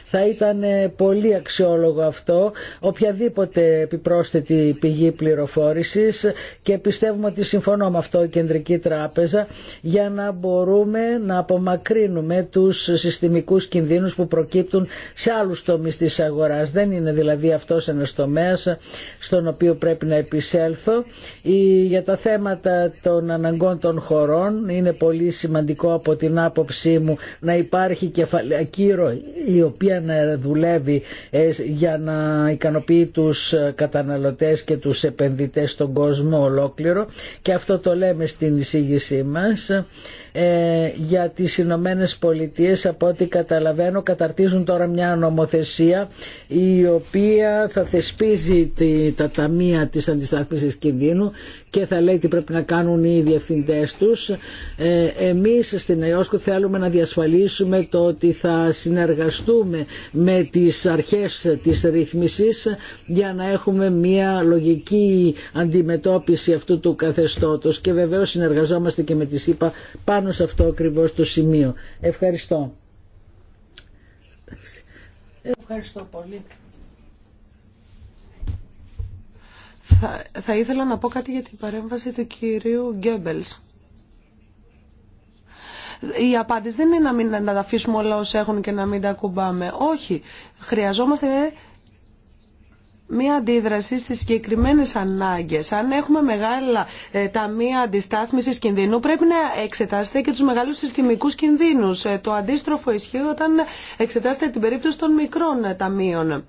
θα ήταν ε, πολύ αξιόλογο αυτό, οποιαδήποτε επιπρόσθετη πηγή πληροφόρησης και πιστεύουμε ότι συμφωνώ με αυτό η Κεντρική Τράπεζα για να μπορούμε να απομακρύνουμε τους συστημικούς κινδύνους που προκύπτουν σε άλλους τομείς της αγοράς. Δεν είναι δηλαδή αυτός ένας τομέας στον οποίο πρέπει να επισέλθω. Για τα θέματα των αναγκών των χωρών είναι πολύ σημαντικό από την άποψή μου να υπάρχει κεφαλαϊκή ροή η οποία να δουλεύει ε, για να ικανοποιεί τους ε, καταναλωτές και τους επενδυτές στον κόσμο ολόκληρο και αυτό το λέμε στην εισήγησή μας ε, για τις Ηνωμένε Πολιτείε από ό,τι καταλαβαίνω καταρτίζουν τώρα μια νομοθεσία η οποία θα θεσπίζει τα ταμεία της αντιστάθμισης κινδύνου και θα λέει τι πρέπει να κάνουν οι διευθυντές τους. Ε, εμείς στην ΕΟΣΚΟ θέλουμε να διασφαλίσουμε το ότι θα συνεργαστούμε με τις αρχές της ρύθμισης για να έχουμε μια λογική αντιμετώπιση αυτού του καθεστώτος και βεβαίως συνεργαζόμαστε και με τις ΗΠΑ πάνω σε αυτό ακριβώς το σημείο. Ευχαριστώ. Ευχαριστώ πολύ. Θα, θα ήθελα να πω κάτι για την παρέμβαση του κυρίου Γκέμπελς. Η απάντηση δεν είναι να, μην, να τα αφήσουμε όλα όσοι έχουν και να μην τα ακουμπάμε. Όχι. Χρειαζόμαστε μία αντίδραση στις συγκεκριμένε ανάγκες. Αν έχουμε μεγάλα ε, ταμεία αντισταθμιση κινδύνου πρέπει να εξετάσετε και τους μεγάλους συστημικούς κινδύνους. Ε, το αντίστροφο ισχύει όταν εξετάσετε την περίπτωση των μικρών ταμείων.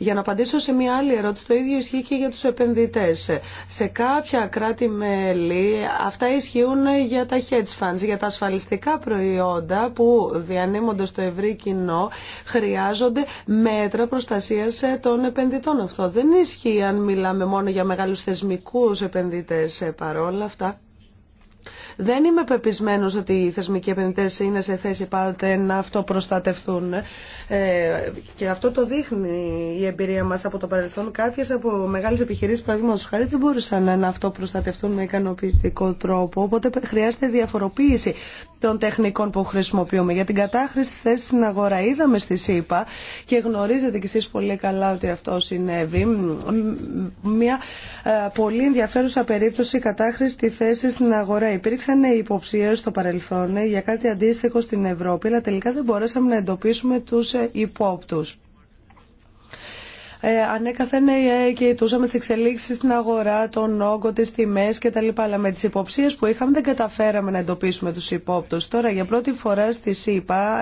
Για να απαντήσω σε μια άλλη ερώτηση, το ίδιο ισχύει και για τους επενδυτές. Σε κάποια κράτη-μέλη αυτά ισχύουν για τα hedge funds, για τα ασφαλιστικά προϊόντα που διανέμονται στο ευρύ κοινό, χρειάζονται μέτρα προστασίας των επενδυτών. Αυτό δεν ισχύει αν μιλάμε μόνο για μεγάλους θεσμικούς επενδυτές ε, παρόλα αυτά. Δεν είμαι πεπισμένο ότι οι θεσμικοί επενδυτέ είναι σε θέση πάλι να αυτοπροστατευτούν. Ε, και αυτό το δείχνει η εμπειρία μα από το παρελθόν. Κάποιες από μεγάλες επιχειρήσεις, παραδείγματο χάρη, δεν μπορούσαν να αυτοπροστατευτούν με ικανοποιητικό τρόπο. Οπότε χρειάζεται διαφοροποίηση των τεχνικών που χρησιμοποιούμε. Για την κατάχρηση τη θέση στην αγορά είδαμε στη ΣΥΠΑ και γνωρίζετε κι εσείς πολύ καλά ότι αυτό συνέβη. Μια ε, πολύ ενδιαφέρουσα περίπτωση κατάχρηση τη θέση στην αγορά. Υπήρξε υπήρξαν υποψίες στο παρελθόν για κάτι αντίστοιχο στην Ευρώπη, αλλά τελικά δεν μπορέσαμε να εντοπίσουμε τους ε, υπόπτους. Ε, ανέκαθεν ε, και ητούσαμε τι εξελίξει στην αγορά, τον όγκο, τι τιμέ κτλ. Αλλά με τι υποψίε που είχαμε δεν καταφέραμε να εντοπίσουμε του υπόπτου. Τώρα για πρώτη φορά στη ΣΥΠΑ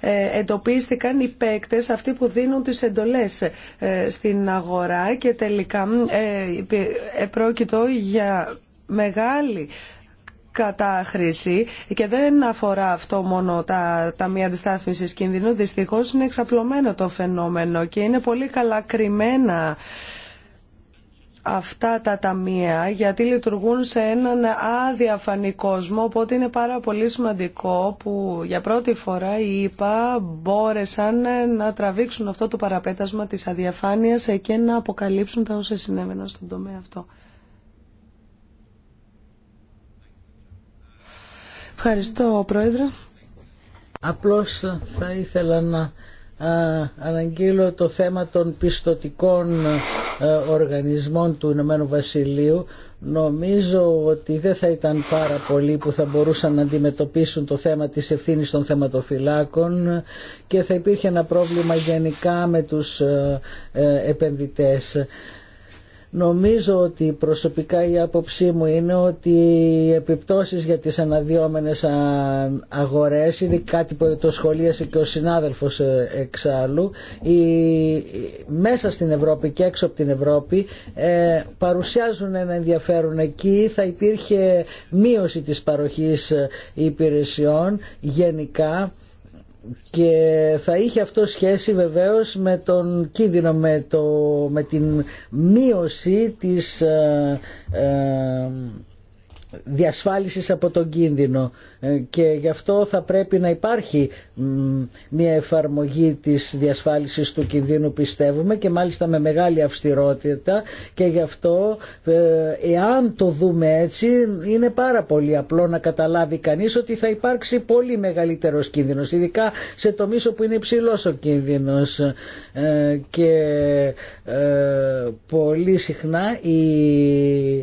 ε, εντοπίστηκαν οι παίκτε, αυτοί που δίνουν τι εντολέ ε, στην αγορά και τελικά ε, πρόκειτο για μεγάλη κατάχρηση και δεν αφορά αυτό μόνο τα ταμεία αντιστάθμισης κινδύνου. Δυστυχώς είναι εξαπλωμένο το φαινόμενο και είναι πολύ καλά κρυμμένα αυτά τα ταμεία γιατί λειτουργούν σε έναν αδιαφανή κόσμο οπότε είναι πάρα πολύ σημαντικό που για πρώτη φορά οι ΙΠΑ μπόρεσαν να τραβήξουν αυτό το παραπέτασμα της αδιαφάνειας και να αποκαλύψουν τα όσα συνέβαιναν στον τομέα αυτό. Ευχαριστώ, Πρόεδρε. Απλώς θα ήθελα να αναγγείλω το θέμα των πιστοτικών οργανισμών του Ηνωμένου Βασιλείου. Νομίζω ότι δεν θα ήταν πάρα πολλοί που θα μπορούσαν να αντιμετωπίσουν το θέμα της ευθύνης των θεματοφυλάκων και θα υπήρχε ένα πρόβλημα γενικά με τους ε, επενδυτές. Νομίζω ότι προσωπικά η άποψή μου είναι ότι οι επιπτώσεις για τις αναδιόμενες αγορές είναι κάτι που το σχολίασε και ο συνάδελφος ε, εξάλλου. Η, μέσα στην Ευρώπη και έξω από την Ευρώπη ε, παρουσιάζουν ένα ενδιαφέρον εκεί. Θα υπήρχε μείωση της παροχής ε, υπηρεσιών γενικά και θα είχε αυτό σχέση βεβαίως με τον κίνδυνο, με, το, με την μείωση της ε, ε διασφάλισης από τον κίνδυνο. Ε, και γι' αυτό θα πρέπει να υπάρχει μια εφαρμογή της διασφάλισης του κινδύνου πιστεύουμε και μάλιστα με μεγάλη αυστηρότητα και γι' αυτό ε, εάν το δούμε έτσι είναι πάρα πολύ απλό να καταλάβει κανείς ότι θα υπάρξει πολύ μεγαλύτερος κίνδυνος ειδικά σε τομείς όπου είναι υψηλός ο κίνδυνος ε, και πολύ συχνά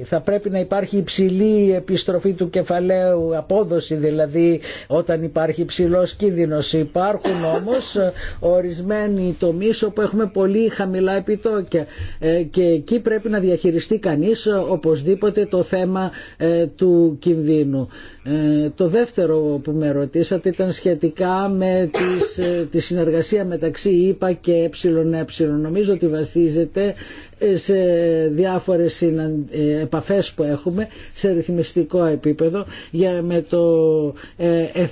θα πρέπει να υπάρχει υψηλή επιστροφή του κεφαλαίου απόδοση δηλαδή, δηλαδή όταν υπάρχει ψηλό κίνδυνος. Υπάρχουν όμως ε, ορισμένοι τομεί όπου έχουμε πολύ χαμηλά επιτόκια ε, και εκεί πρέπει να διαχειριστεί κανεί ε, οπωσδήποτε το θέμα του κινδύνου. Ε, το δεύτερο που με ρωτήσατε ήταν σχετικά με τις, ε, τη συνεργασία μεταξύ ΙΠΑ και ΕΕ. Νομίζω ότι βασίζεται ε, σε διάφορες επαφές που έχουμε σε ρυθμιστικό επίπεδο για με το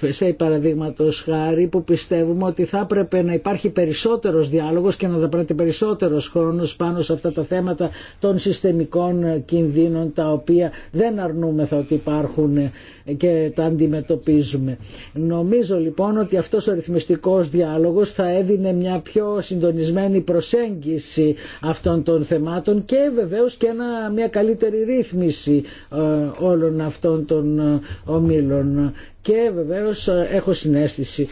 FSA παραδείγματος χάρη που πιστεύουμε ότι θα έπρεπε να υπάρχει περισσότερος διάλογος και να δαπράττει περισσότερος χρόνος πάνω σε αυτά τα θέματα των συστημικών κινδύνων τα οποία δεν αρνούμεθα ότι υπάρχουν και τα αντιμετωπίζουμε. Νομίζω λοιπόν ότι αυτός ο ρυθμιστικός διάλογος θα έδινε μια πιο συντονισμένη προσέγγιση αυτών των θεμάτων και βεβαίως και μια καλύτερη ρύθμιση ε, όλων αυτών των ε, ομίλων. Και βεβαίως ε, έχω συνέστηση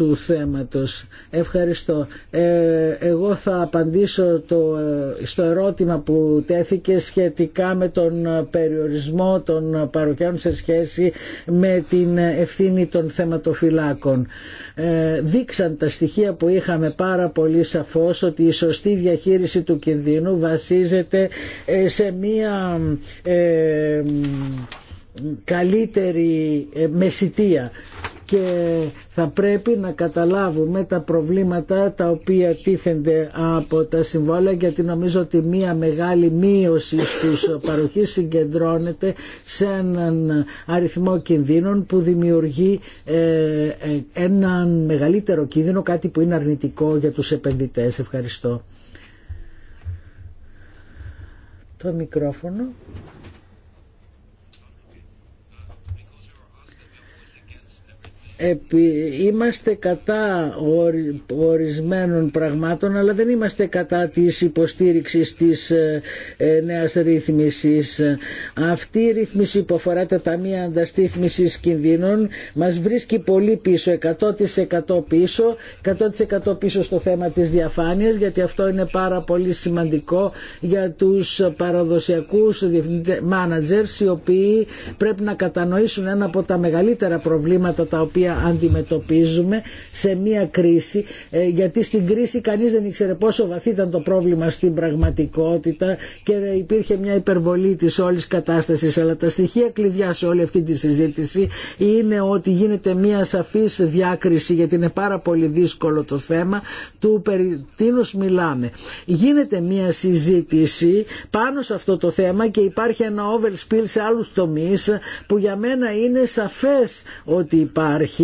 του θέματος. Ευχαριστώ. Ε, εγώ θα απαντήσω το, ε, στο ερώτημα που τέθηκε σχετικά με τον ε, περιορισμό των παροχιών σε σχέση με την ευθύνη των θεματοφυλάκων. Ε, δείξαν τα στοιχεία που είχαμε πάρα πολύ σαφώς ότι η σωστή διαχείριση του κινδύνου βασίζεται σε μία καλύτερη ε, μεσητεία και θα πρέπει να καταλάβουμε τα προβλήματα τα οποία τίθενται από τα συμβόλαια γιατί νομίζω ότι μία μεγάλη μείωση στους παροχή συγκεντρώνεται σε έναν αριθμό κινδύνων που δημιουργεί ε, ε, έναν μεγαλύτερο κίνδυνο κάτι που είναι αρνητικό για τους επενδυτές. Ευχαριστώ. Το μικρόφωνο. είμαστε κατά ορισμένων πραγμάτων αλλά δεν είμαστε κατά της υποστήριξης της ε, ε, νέας ρύθμισης. Αυτή η ρύθμιση που αφορά τα ταμεία ανταστήθμισης κινδύνων μας βρίσκει πολύ πίσω, 100% πίσω, 100% πίσω στο θέμα της διαφάνειας γιατί αυτό είναι πάρα πολύ σημαντικό για τους παραδοσιακούς managers οι οποίοι πρέπει να κατανοήσουν ένα από τα μεγαλύτερα προβλήματα τα οποία αντιμετωπίζουμε σε μια κρίση ε, γιατί στην κρίση κανείς δεν ήξερε πόσο βαθύ ήταν το πρόβλημα στην πραγματικότητα και υπήρχε μια υπερβολή της όλης κατάστασης αλλά τα στοιχεία κλειδιά σε όλη αυτή τη συζήτηση είναι ότι γίνεται μια σαφής διάκριση γιατί είναι πάρα πολύ δύσκολο το θέμα του περί τίνος μιλάμε. Γίνεται μια συζήτηση πάνω σε αυτό το θέμα και υπάρχει ένα overspill σε άλλους τομείς που για μένα είναι σαφές ότι υπάρχει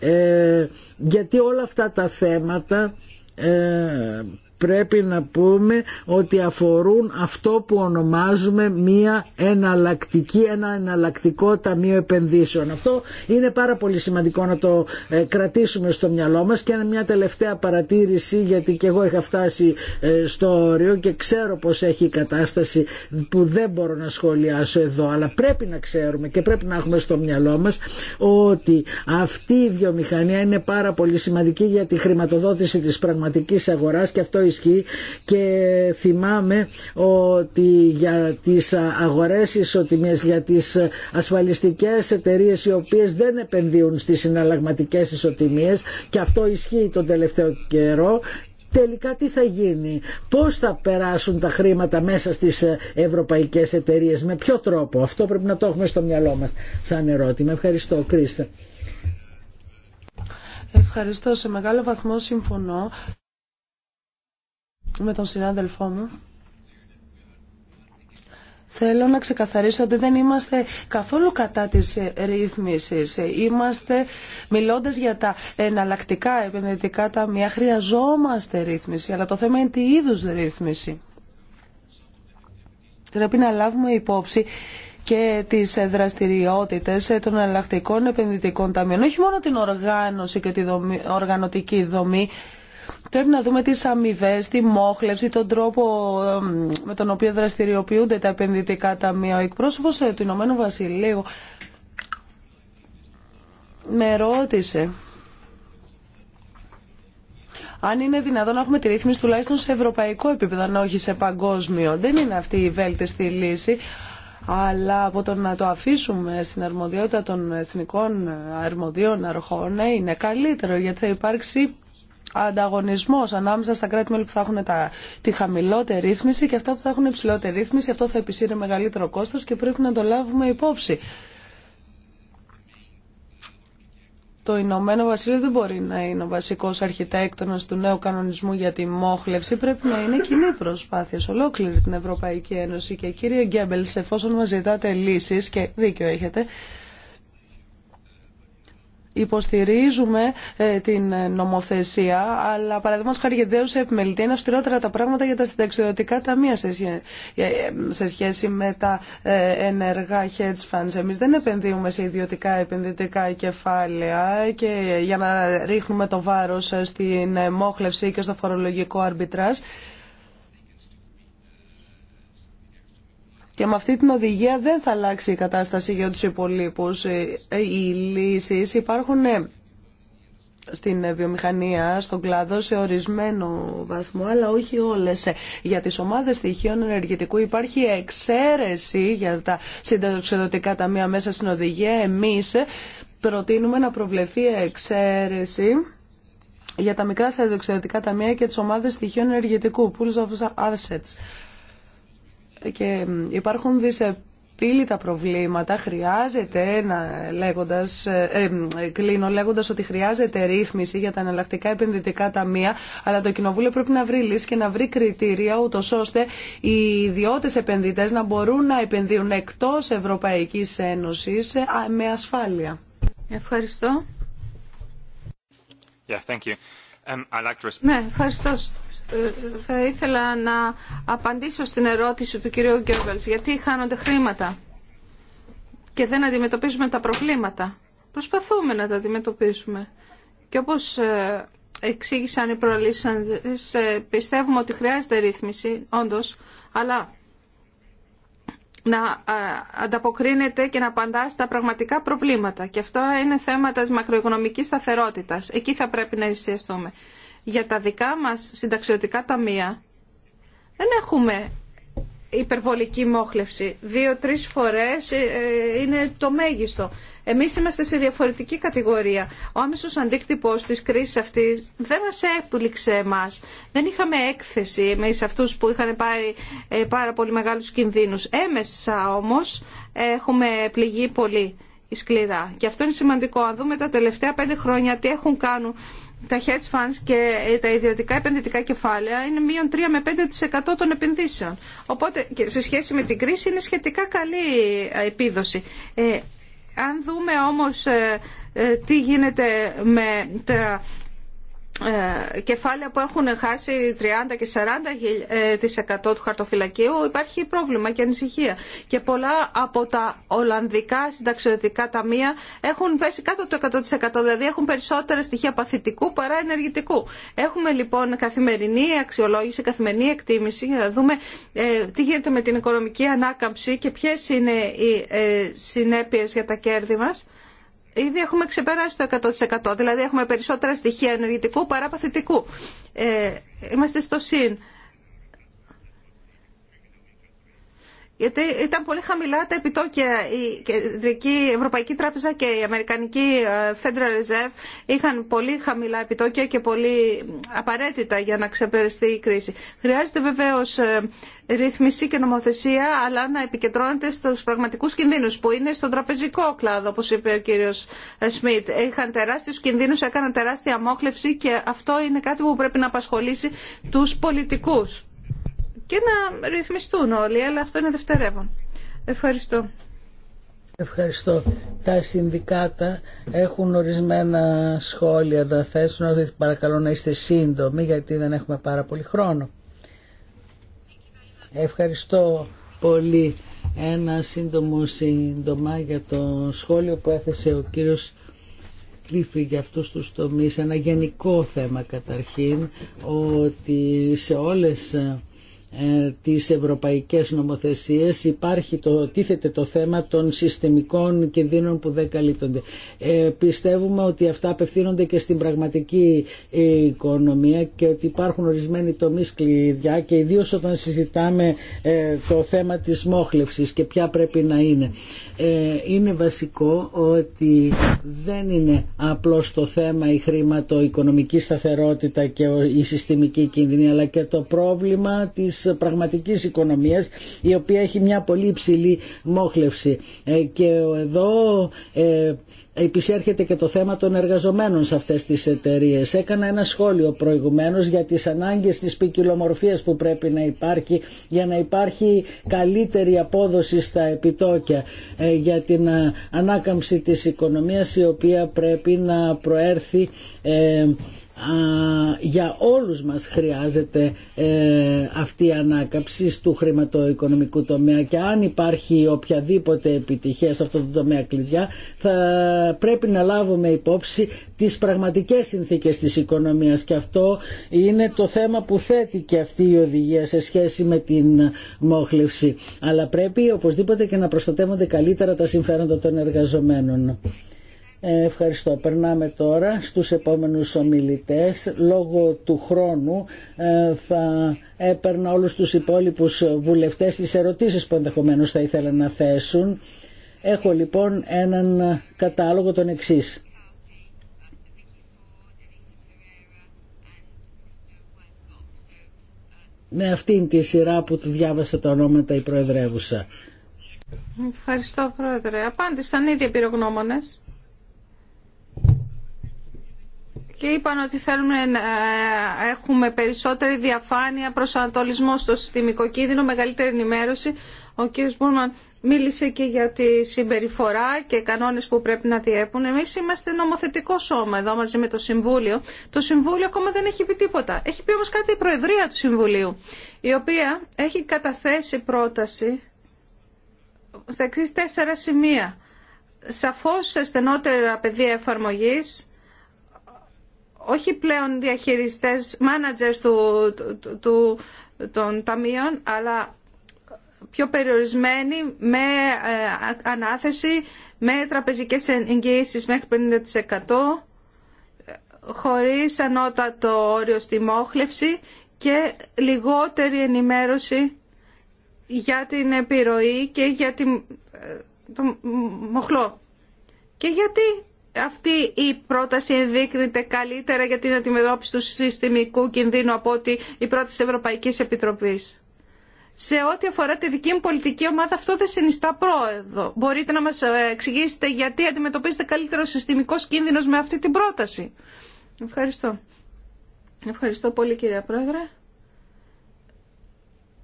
ε, γιατί όλα αυτά τα θέματα ε, πρέπει να πούμε ότι αφορούν αυτό που ονομάζουμε μία εναλλακτική, ένα εναλλακτικό ταμείο επενδύσεων. Αυτό είναι πάρα πολύ σημαντικό να το ε, κρατήσουμε στο μυαλό μας και μια τελευταία παρατήρηση γιατί και εγώ είχα φτάσει ε, στο όριο και ξέρω πως έχει η κατάσταση που δεν μπορώ να σχολιάσω εδώ αλλά πρέπει να ξέρουμε και πρέπει να έχουμε στο μυαλό μας ότι αυτή η βιομηχανία είναι πάρα πολύ σημαντική για τη χρηματοδότηση της πραγματικής αγοράς και αυτό ισχύει και θυμάμαι ότι για τις αγορές ισοτιμίες, για τις ασφαλιστικές εταιρείες οι οποίες δεν επενδύουν στις συναλλαγματικές ισοτιμίες και αυτό ισχύει τον τελευταίο καιρό τελικά τι θα γίνει, πώς θα περάσουν τα χρήματα μέσα στις ευρωπαϊκές εταιρείες, με ποιο τρόπο. Αυτό πρέπει να το έχουμε στο μυαλό μας σαν ερώτημα. Ευχαριστώ, Κρίστα. Ευχαριστώ. Σε μεγάλο βαθμό συμφωνώ με τον συνάδελφό μου. Θέλω να ξεκαθαρίσω ότι δεν είμαστε καθόλου κατά της ρύθμισης. Είμαστε, μιλώντας για τα εναλλακτικά επενδυτικά ταμεία, χρειαζόμαστε ρύθμιση. Αλλά το θέμα είναι τι είδους ρύθμιση. Πρέπει να λάβουμε υπόψη και τις δραστηριότητες των εναλλακτικών επενδυτικών ταμείων. Όχι μόνο την οργάνωση και την οργανωτική δομή, Πρέπει να δούμε τις αμοιβέ, τη μόχλευση, τον τρόπο με τον οποίο δραστηριοποιούνται τα επενδυτικά ταμεία. Ο εκπρόσωπος του Ηνωμένου Βασιλείου με ρώτησε αν είναι δυνατόν να έχουμε τη ρύθμιση τουλάχιστον σε ευρωπαϊκό επίπεδο, αν όχι σε παγκόσμιο. Δεν είναι αυτή η βέλτιστη λύση, αλλά από το να το αφήσουμε στην αρμοδιότητα των εθνικών αρμοδίων αρχών ναι, είναι καλύτερο, γιατί θα υπάρξει Ανταγωνισμό, ανάμεσα στα κράτη-μέλη που θα έχουν τα, τη χαμηλότερη ρύθμιση και αυτά που θα έχουν υψηλότερη ρύθμιση. Αυτό θα επισύρει μεγαλύτερο κόστο και πρέπει να το λάβουμε υπόψη. Το Ηνωμένο Βασίλειο δεν μπορεί να είναι ο βασικό αρχιτέκτονας του νέου κανονισμού για τη μόχλευση. Πρέπει να είναι κοινή προσπάθεια σε ολόκληρη την Ευρωπαϊκή Ένωση. Και κύριε Γκέμπελ, εφόσον μα ζητάτε λύσει και δίκιο έχετε, υποστηρίζουμε ε, την νομοθεσία, αλλά παραδείγματο χάρη για επιμελητή είναι αυστηρότερα τα πράγματα για τα συνταξιδοτικά ταμεία ε, σε, σχέση με τα ε, ενεργά hedge funds. Εμεί δεν επενδύουμε σε ιδιωτικά επενδυτικά κεφάλαια και για να ρίχνουμε το βάρο στην μόχλευση και στο φορολογικό αρμπιτράζ. Και με αυτή την οδηγία δεν θα αλλάξει η κατάσταση για τους υπολείπους. Ε, ε, οι λύσεις υπάρχουν ε, στην βιομηχανία, στον κλάδο, σε ορισμένο βαθμό, αλλά όχι όλες. Για τις ομάδες στοιχείων ενεργητικού υπάρχει εξαίρεση για τα συνταξιδοτικά ταμεία μέσα στην οδηγία. Εμείς προτείνουμε να προβλεφθεί εξαίρεση για τα μικρά συνταξιδοτικά ταμεία και τις ομάδες στοιχείων ενεργητικού, pools of assets και υπάρχουν δυσεπίλητα προβλήματα. Χρειάζεται, να, λέγοντας, ε, ε, κλείνω λέγοντας ότι χρειάζεται ρύθμιση για τα εναλλακτικά επενδυτικά ταμεία, αλλά το Κοινοβούλιο πρέπει να βρει λύση και να βρει κριτήρια, ούτω ώστε οι ιδιώτες επενδυτές να μπορούν να επενδύουν εκτός Ευρωπαϊκής Ένωσης ε, με ασφάλεια. Ευχαριστώ. Yeah, ναι, ευχαριστώ. Ε, θα ήθελα να απαντήσω στην ερώτηση του κυρίου Γκέμπελς. Γιατί χάνονται χρήματα και δεν αντιμετωπίζουμε τα προβλήματα. Προσπαθούμε να τα αντιμετωπίσουμε. Και όπως ε, εξήγησαν οι προαλήσεις, ε, πιστεύουμε ότι χρειάζεται ρύθμιση, όντως, αλλά να ανταποκρίνεται και να απαντά στα πραγματικά προβλήματα. Και αυτό είναι θέμα της μακροοικονομικής σταθερότητας. Εκεί θα πρέπει να εστιαστούμε. Για τα δικά μας συνταξιωτικά ταμεία δεν έχουμε υπερβολική μόχλευση. Δύο-τρεις φορές ε, ε, είναι το μέγιστο. Εμείς είμαστε σε διαφορετική κατηγορία. Ο άμεσος αντίκτυπος της κρίσης αυτής δεν μας έπληξε μας. Δεν είχαμε έκθεση εμείς αυτούς που είχαν πάρει ε, πάρα πολύ μεγάλους κινδύνους. Έμεσα όμως έχουμε πληγεί πολύ σκληρά. Και αυτό είναι σημαντικό. Αν δούμε τα τελευταία πέντε χρόνια τι έχουν κάνει τα hedge funds και τα ιδιωτικά επενδυτικά κεφάλαια είναι μείον 3 με 5% των επενδύσεων. Οπότε και σε σχέση με την κρίση είναι σχετικά καλή ε, επίδοση. Ε, αν δούμε όμως ε, ε, τι γίνεται με τα ε, κεφάλαια που έχουν χάσει 30 και 40% ε, του χαρτοφυλακίου υπάρχει πρόβλημα και ανησυχία. Και πολλά από τα Ολλανδικά συνταξιοδοτικά ταμεία έχουν πέσει κάτω το 100%, δηλαδή έχουν περισσότερα στοιχεία παθητικού παρά ενεργητικού. Έχουμε λοιπόν καθημερινή αξιολόγηση, καθημερινή εκτίμηση για να δούμε ε, τι γίνεται με την οικονομική ανάκαμψη και ποιες είναι οι συνέπειες για τα κέρδη μας ήδη έχουμε ξεπεράσει το 100%. Δηλαδή έχουμε περισσότερα στοιχεία ενεργητικού παρά παθητικού. Ε, είμαστε στο συν. γιατί ήταν πολύ χαμηλά τα επιτόκια. Η Κεντρική Ευρωπαϊκή Τράπεζα και η Αμερικανική ε, Federal Reserve είχαν πολύ χαμηλά επιτόκια και πολύ απαραίτητα για να ξεπεριστεί η κρίση. Χρειάζεται βεβαίω ε, ρύθμιση και νομοθεσία, αλλά να επικεντρώνεται στου πραγματικού κινδύνου που είναι στον τραπεζικό κλάδο, όπω είπε ο κύριο ε, Σμιτ. Είχαν τεράστιου κινδύνου, έκαναν τεράστια μόχλευση και αυτό είναι κάτι που πρέπει να απασχολήσει του πολιτικού και να ρυθμιστούν όλοι, αλλά αυτό είναι δευτερεύον. Ευχαριστώ. Ευχαριστώ. Τα συνδικάτα έχουν ορισμένα σχόλια να θέσουν. Παρακαλώ να είστε σύντομοι γιατί δεν έχουμε πάρα πολύ χρόνο. Ευχαριστώ πολύ. Ένα σύντομο σύντομα για το σχόλιο που έθεσε ο κύριος Κρύφη για αυτούς τους τομείς ένα γενικό θέμα καταρχήν ότι σε όλες ε, τις ευρωπαϊκές νομοθεσίες υπάρχει το, τίθεται το θέμα των συστημικών κινδύνων που δεν καλύπτονται. Ε, πιστεύουμε ότι αυτά απευθύνονται και στην πραγματική οικονομία και ότι υπάρχουν ορισμένοι τομείς κλειδιά και ιδίως όταν συζητάμε ε, το θέμα της μόχλευσης και ποια πρέπει να είναι. Ε, είναι βασικό ότι δεν είναι απλώς το θέμα η χρήματο-οικονομική σταθερότητα και η συστημική κίνδυνη αλλά και το πρόβλημα της πραγματικής οικονομίας η οποία έχει μια πολύ υψηλή μόχλευση ε, και εδώ ε, επισέρχεται και το θέμα των εργαζομένων σε αυτές τις εταιρείε. Έκανα ένα σχόλιο προηγουμένως για τις ανάγκες της ποικιλομορφίας που πρέπει να υπάρχει για να υπάρχει καλύτερη απόδοση στα επιτόκια ε, για την ανάκαμψη της οικονομίας η οποία πρέπει να προέρθει για όλους μας χρειάζεται ε, αυτή η ανάκαψη του χρηματοοικονομικού τομέα και αν υπάρχει οποιαδήποτε επιτυχία σε αυτό το τομέα κλειδιά θα πρέπει να λάβουμε υπόψη τις πραγματικές συνθήκες της οικονομίας και αυτό είναι το θέμα που θέτει και αυτή η οδηγία σε σχέση με την μόχλευση αλλά πρέπει οπωσδήποτε και να προστατεύονται καλύτερα τα συμφέροντα των εργαζομένων. Ε, ευχαριστώ. Περνάμε τώρα στους επόμενους ομιλητές. Λόγω του χρόνου ε, θα έπαιρνα όλους τους υπόλοιπους βουλευτές τις ερωτήσεις που ενδεχομένως θα ήθελα να θέσουν. Έχω λοιπόν έναν κατάλογο των εξής. με αυτήν τη σειρά που του διάβασα τα ονόματα η Προεδρεύουσα. Ευχαριστώ Πρόεδρε. Απάντησαν ήδη οι πυρογνώμονες. και είπαν ότι θέλουμε να ε, έχουμε περισσότερη διαφάνεια, ανατολισμό στο συστημικό κίνδυνο, μεγαλύτερη ενημέρωση. Ο κ. Μπούρμαν μίλησε και για τη συμπεριφορά και κανόνες που πρέπει να διέπουν. Εμείς είμαστε νομοθετικό σώμα εδώ μαζί με το Συμβούλιο. Το Συμβούλιο ακόμα δεν έχει πει τίποτα. Έχει πει όμως κάτι η Προεδρία του Συμβουλίου, η οποία έχει καταθέσει πρόταση στα εξή τέσσερα σημεία. Σαφώς στενότερα πεδία εφαρμογής, όχι πλέον διαχειριστές, managers του, του, των ταμείων, αλλά πιο περιορισμένοι με ε, ανάθεση, με τραπεζικές εγγυήσεις μέχρι 50%, χωρίς ανώτατο όριο στη μόχλευση και λιγότερη ενημέρωση για την επιρροή και για ε, το μοχλό. Και γιατί αυτή η πρόταση ενδείκνυται καλύτερα για την αντιμετώπιση του συστημικού κινδύνου από ότι η πρόταση Ευρωπαϊκής Επιτροπής. Σε ό,τι αφορά τη δική μου πολιτική ομάδα, αυτό δεν συνιστά πρόεδρο. Μπορείτε να μας ε, εξηγήσετε γιατί αντιμετωπίζετε καλύτερο συστημικός κίνδυνος με αυτή την πρόταση. Ευχαριστώ. Ευχαριστώ πολύ κυρία Πρόεδρε.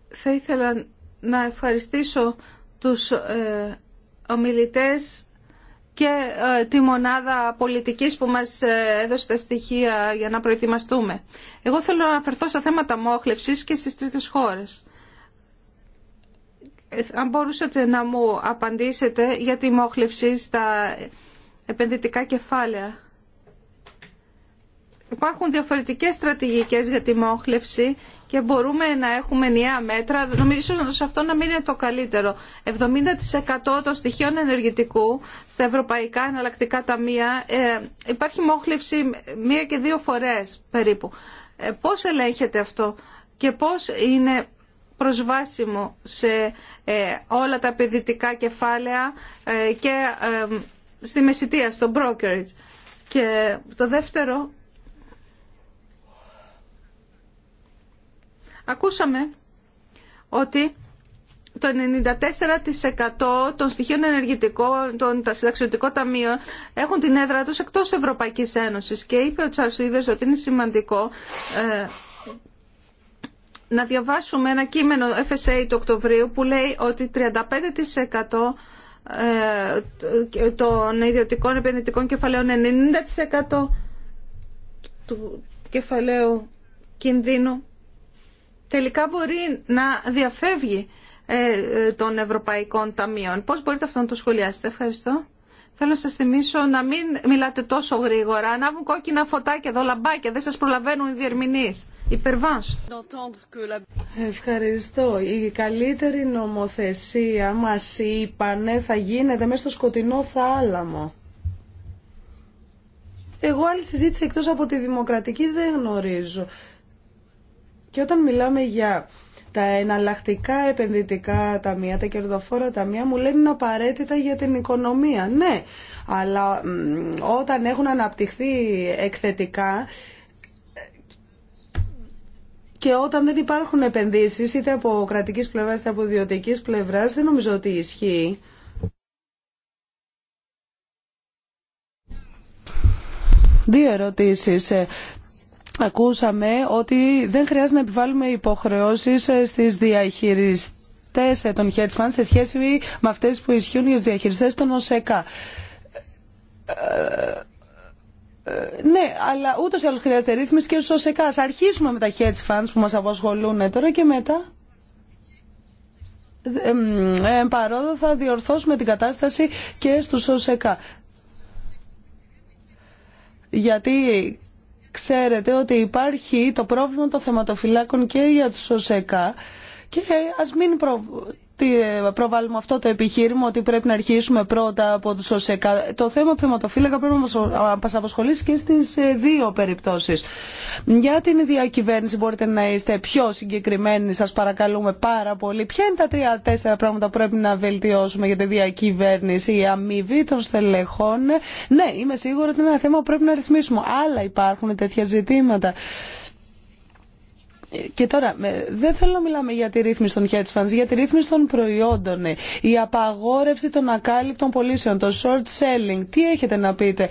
Θα ήθελα να ευχαριστήσω τους ε, ομιλητές και ε, τη μονάδα πολιτικής που μας ε, έδωσε τα στοιχεία για να προετοιμαστούμε. Εγώ θέλω να αναφερθώ στα θέματα μόχλευσης και στις τρίτες χώρες. Ε, αν μπορούσατε να μου απαντήσετε για τη μόχλευση στα επενδυτικά κεφάλαια υπάρχουν διαφορετικές στρατηγικές για τη μόχλευση και μπορούμε να έχουμε νέα μέτρα. Νομίζω ότι αυτό να μην είναι το καλύτερο. 70% των στοιχείων ενεργητικού στα ευρωπαϊκά εναλλακτικά ταμεία ε, υπάρχει μόχλευση μία και δύο φορές περίπου. Ε, πώς ελέγχεται αυτό και πώς είναι προσβάσιμο σε ε, όλα τα παιδιτικά κεφάλαια ε, και ε, στη μεσητεία, στο brokerage. Και το δεύτερο Ακούσαμε ότι το 94% των στοιχείων ενεργητικών, των συνταξιωτικών ταμείων έχουν την έδρα τους εκτός Ευρωπαϊκής Ένωσης και είπε ο ότι είναι σημαντικό ε, να διαβάσουμε ένα κείμενο FSA του Οκτωβρίου που λέει ότι 35% ε, των ιδιωτικών επενδυτικών κεφαλαίων 90% του κεφαλαίου κινδύνου τελικά μπορεί να διαφεύγει ε, ε, των Ευρωπαϊκών Ταμείων. Πώς μπορείτε αυτό να το σχολιάσετε. Ευχαριστώ. Θέλω να σας θυμίσω να μην μιλάτε τόσο γρήγορα. Ανάβουν κόκκινα φωτάκια εδώ, λαμπάκια. Δεν σας προλαβαίνουν οι διερμηνείς. Υπερβάσου. Ευχαριστώ. Η καλύτερη νομοθεσία μας είπανε θα γίνεται μέσα στο σκοτεινό θάλαμο. Εγώ άλλη συζήτηση εκτός από τη δημοκρατική δεν γνωρίζω. Και όταν μιλάμε για τα εναλλακτικά επενδυτικά ταμεία, τα κερδοφόρα ταμεία μου λένε είναι απαραίτητα για την οικονομία. Ναι, αλλά όταν έχουν αναπτυχθεί εκθετικά και όταν δεν υπάρχουν επενδύσεις είτε από κρατικής πλευράς είτε από ιδιωτικής πλευράς δεν νομίζω ότι ισχύει. Δύο ερωτήσεις. Ε, ακούσαμε ότι δεν χρειάζεται να επιβάλλουμε υποχρεώσεις ε, στις διαχειριστές ε, των hedge funds σε σχέση με αυτές που ισχύουν για του διαχειριστές των ΟΣΕΚΑ. Ε, ναι, αλλά ούτω ή άλλω χρειάζεται ρύθμιση και στου ΟΣΕΚΑ. Α αρχίσουμε με τα hedge funds που μα απασχολούν τώρα και μετά. Ε, παρόδο θα διορθώσουμε την κατάσταση και στους ΟΣΕΚΑ. Γιατί Ξέρετε ότι υπάρχει το πρόβλημα των θεματοφυλάκων και για τους ΟΣΕΚΑ και ας μην προ... Ε, προβάλλουμε αυτό το επιχείρημα ότι πρέπει να αρχίσουμε πρώτα από τους ΟΣΕΚΑ. Το θέμα του θεματοφύλακα πρέπει να μα απασχολήσει και στις ε, δύο περιπτώσεις. Για την διακυβέρνηση μπορείτε να είστε πιο συγκεκριμένοι, σας παρακαλούμε πάρα πολύ. Ποια είναι τα τρία-τέσσερα πράγματα που πρέπει να βελτιώσουμε για τη διακυβέρνηση, η αμοιβή των στελεχών. Ναι, είμαι σίγουρη ότι είναι ένα θέμα που πρέπει να ρυθμίσουμε. Αλλά υπάρχουν τέτοια ζητήματα. Και τώρα, ε, δεν θέλω να μιλάμε για τη ρύθμιση των hedge funds, για τη ρύθμιση των προϊόντων, ε, η απαγόρευση των ακάλυπτων πωλήσεων, το short selling. Τι έχετε να πείτε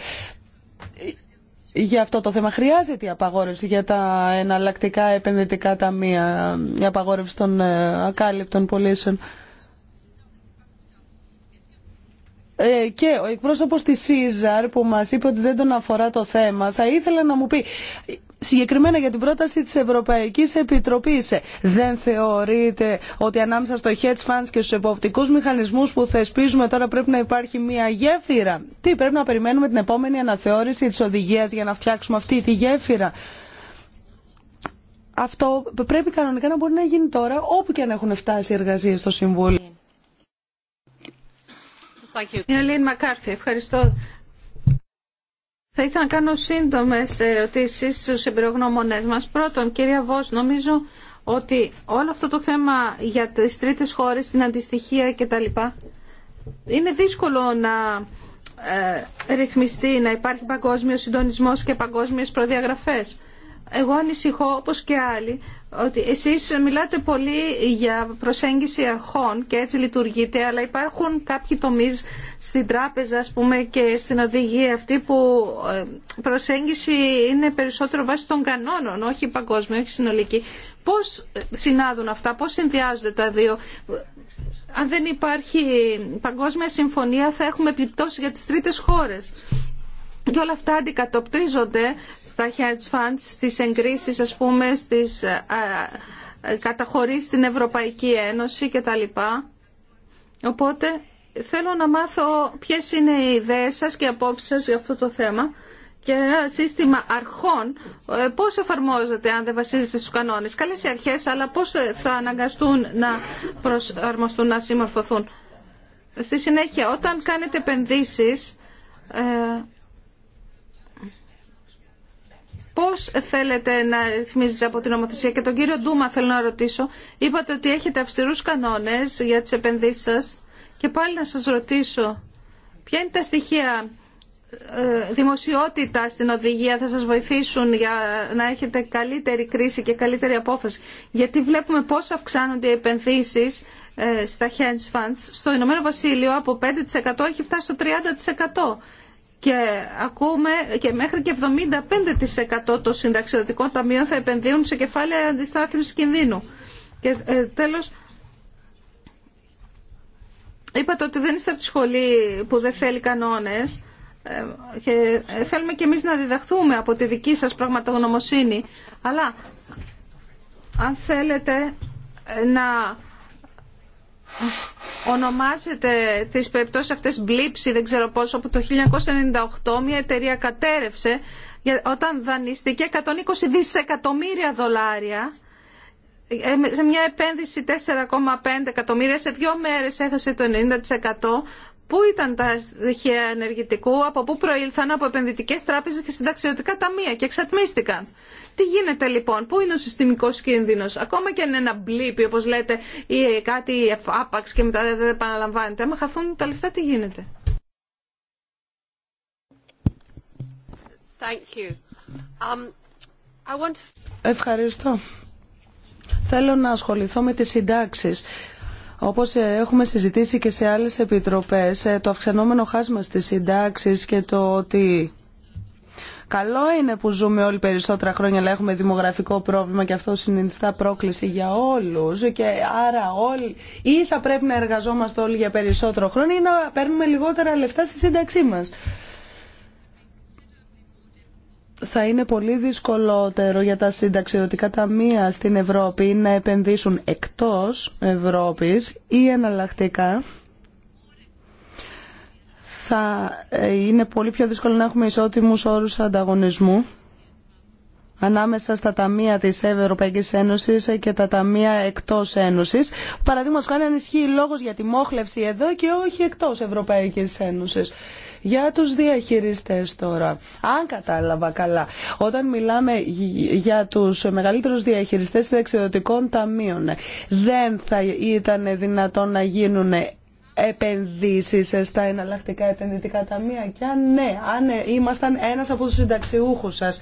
για αυτό το θέμα. Χρειάζεται η απαγόρευση για τα εναλλακτικά επενδυτικά ταμεία, ε, η απαγόρευση των ακάλυπτων πωλήσεων. και ο εκπρόσωπος της ΣΥΖΑΡ που μας είπε ότι δεν τον αφορά το θέμα θα ήθελα να μου πει Συγκεκριμένα για την πρόταση της Ευρωπαϊκής Επιτροπής δεν θεωρείτε ότι ανάμεσα στο hedge funds και στους εποπτικούς μηχανισμούς που θεσπίζουμε τώρα πρέπει να υπάρχει μια γέφυρα. Τι πρέπει να περιμένουμε την επόμενη αναθεώρηση της οδηγίας για να φτιάξουμε αυτή τη γέφυρα. Αυτό πρέπει κανονικά να μπορεί να γίνει τώρα όπου και αν έχουν φτάσει οι εργασίες στο Συμβούλιο. ευχαριστώ. Θα ήθελα να κάνω σύντομες ερωτήσει στους εμπειρογνώμονες μας. Πρώτον, κυρία Βός, νομίζω ότι όλο αυτό το θέμα για τις τρίτες χώρες, την αντιστοιχία κτλ. Είναι δύσκολο να ε, ρυθμιστεί, να υπάρχει παγκόσμιο συντονισμός και παγκόσμιες προδιαγραφές. Εγώ ανησυχώ, όπως και άλλοι, ότι εσείς μιλάτε πολύ για προσέγγιση αρχών και έτσι λειτουργείτε, αλλά υπάρχουν κάποιοι τομείς στην τράπεζα, ας πούμε, και στην οδηγία αυτή που ε, προσέγγιση είναι περισσότερο βάσει των κανόνων, όχι παγκόσμια, όχι συνολική. Πώς συνάδουν αυτά, πώς συνδυάζονται τα δύο. Αν δεν υπάρχει παγκόσμια συμφωνία θα έχουμε επιπτώσει για τις τρίτες χώρες. Και όλα αυτά αντικατοπτρίζονται στα hedge funds, στις εγκρίσεις ας πούμε, στις ε, ε, καταχωρήσεις στην Ευρωπαϊκή Ένωση κτλ. Οπότε θέλω να μάθω ποιες είναι οι ιδέες σας και οι απόψεις σας για αυτό το θέμα και ένα σύστημα αρχών ε, πώς εφαρμόζεται αν δεν βασίζεται στους κανόνες. Καλές οι αρχές, αλλά πώς θα αναγκαστούν να προσαρμοστούν, να συμμορφωθούν. Στη συνέχεια, όταν κάνετε επενδύσεις, Πώ θέλετε να ρυθμίζετε από την νομοθεσία. Και τον κύριο Ντούμα θέλω να ρωτήσω. Είπατε ότι έχετε αυστηρού κανόνε για τι επενδύσει σα Και πάλι να σα ρωτήσω, ποια είναι τα στοιχεία ε, δημοσιότητα στην οδηγία θα σας βοηθήσουν για να έχετε καλύτερη κρίση και καλύτερη απόφαση. Γιατί βλέπουμε πώς αυξάνονται οι επενδύσεις ε, στα hedge funds. Στο Ηνωμένο Βασίλειο από 5% έχει φτάσει στο 30% και ακούμε και μέχρι και 75% των συνταξιδοτικών ταμείων θα επενδύουν σε κεφάλαια αντιστάθμισης κινδύνου. Και ε, τέλος, είπατε ότι δεν είστε από τη σχολή που δεν θέλει κανόνες ε, και ε, θέλουμε και εμείς να διδαχθούμε από τη δική σας πραγματογνωμοσύνη. Αλλά αν θέλετε ε, να ονομάζεται τις περιπτώσεις αυτές μπλήψη, δεν ξέρω πόσο, από το 1998 μια εταιρεία κατέρευσε όταν δανείστηκε 120 δισεκατομμύρια δολάρια ε, σε μια επένδυση 4,5 εκατομμύρια σε δύο μέρες έχασε το 90% Πού ήταν τα στοιχεία ενεργητικού, από πού προήλθαν από επενδυτικέ τράπεζε και συνταξιωτικά ταμεία και εξατμίστηκαν. Τι γίνεται λοιπόν, πού είναι ο συστημικό κίνδυνο, ακόμα και αν ένα μπλίπι, όπω λέτε, ή κάτι άπαξ και μετά δεν επαναλαμβάνεται. Άμα χαθούν τα λεφτά, τι γίνεται. Um, Ευχαριστώ. Θέλω να ασχοληθώ με τις συντάξεις. Όπως ε, έχουμε συζητήσει και σε άλλες επιτροπές, ε, το αυξανόμενο χάσμα στις συντάξεις και το ότι Καλό είναι που ζούμε όλοι περισσότερα χρόνια, αλλά έχουμε δημογραφικό πρόβλημα και αυτό συνειδητά πρόκληση για όλους. Και άρα όλοι ή θα πρέπει να εργαζόμαστε όλοι για περισσότερο χρόνο ή να παίρνουμε λιγότερα λεφτά στη σύνταξή μας θα είναι πολύ δυσκολότερο για τα συνταξιδοτικά ταμεία στην Ευρώπη να επενδύσουν εκτός Ευρώπης ή εναλλακτικά θα ε, είναι πολύ πιο δύσκολο να έχουμε ισότιμους όρους ανταγωνισμού ανάμεσα στα ταμεία της Ευρωπαϊκής Ένωσης και τα ταμεία εκτός Ένωσης. Παραδείγματος κάνει αν ισχύει λόγος για τη μόχλευση εδώ και όχι εκτός Ευρωπαϊκής Ένωσης. Για τους διαχειριστές τώρα, αν κατάλαβα καλά, όταν μιλάμε για τους μεγαλύτερους διαχειριστές δεξιδοτικών ταμείων, δεν θα ήταν δυνατόν να γίνουν επενδύσεις στα εναλλακτικά επενδυτικά ταμεία και αν ναι, αν ήμασταν ένας από τους συνταξιούχους σας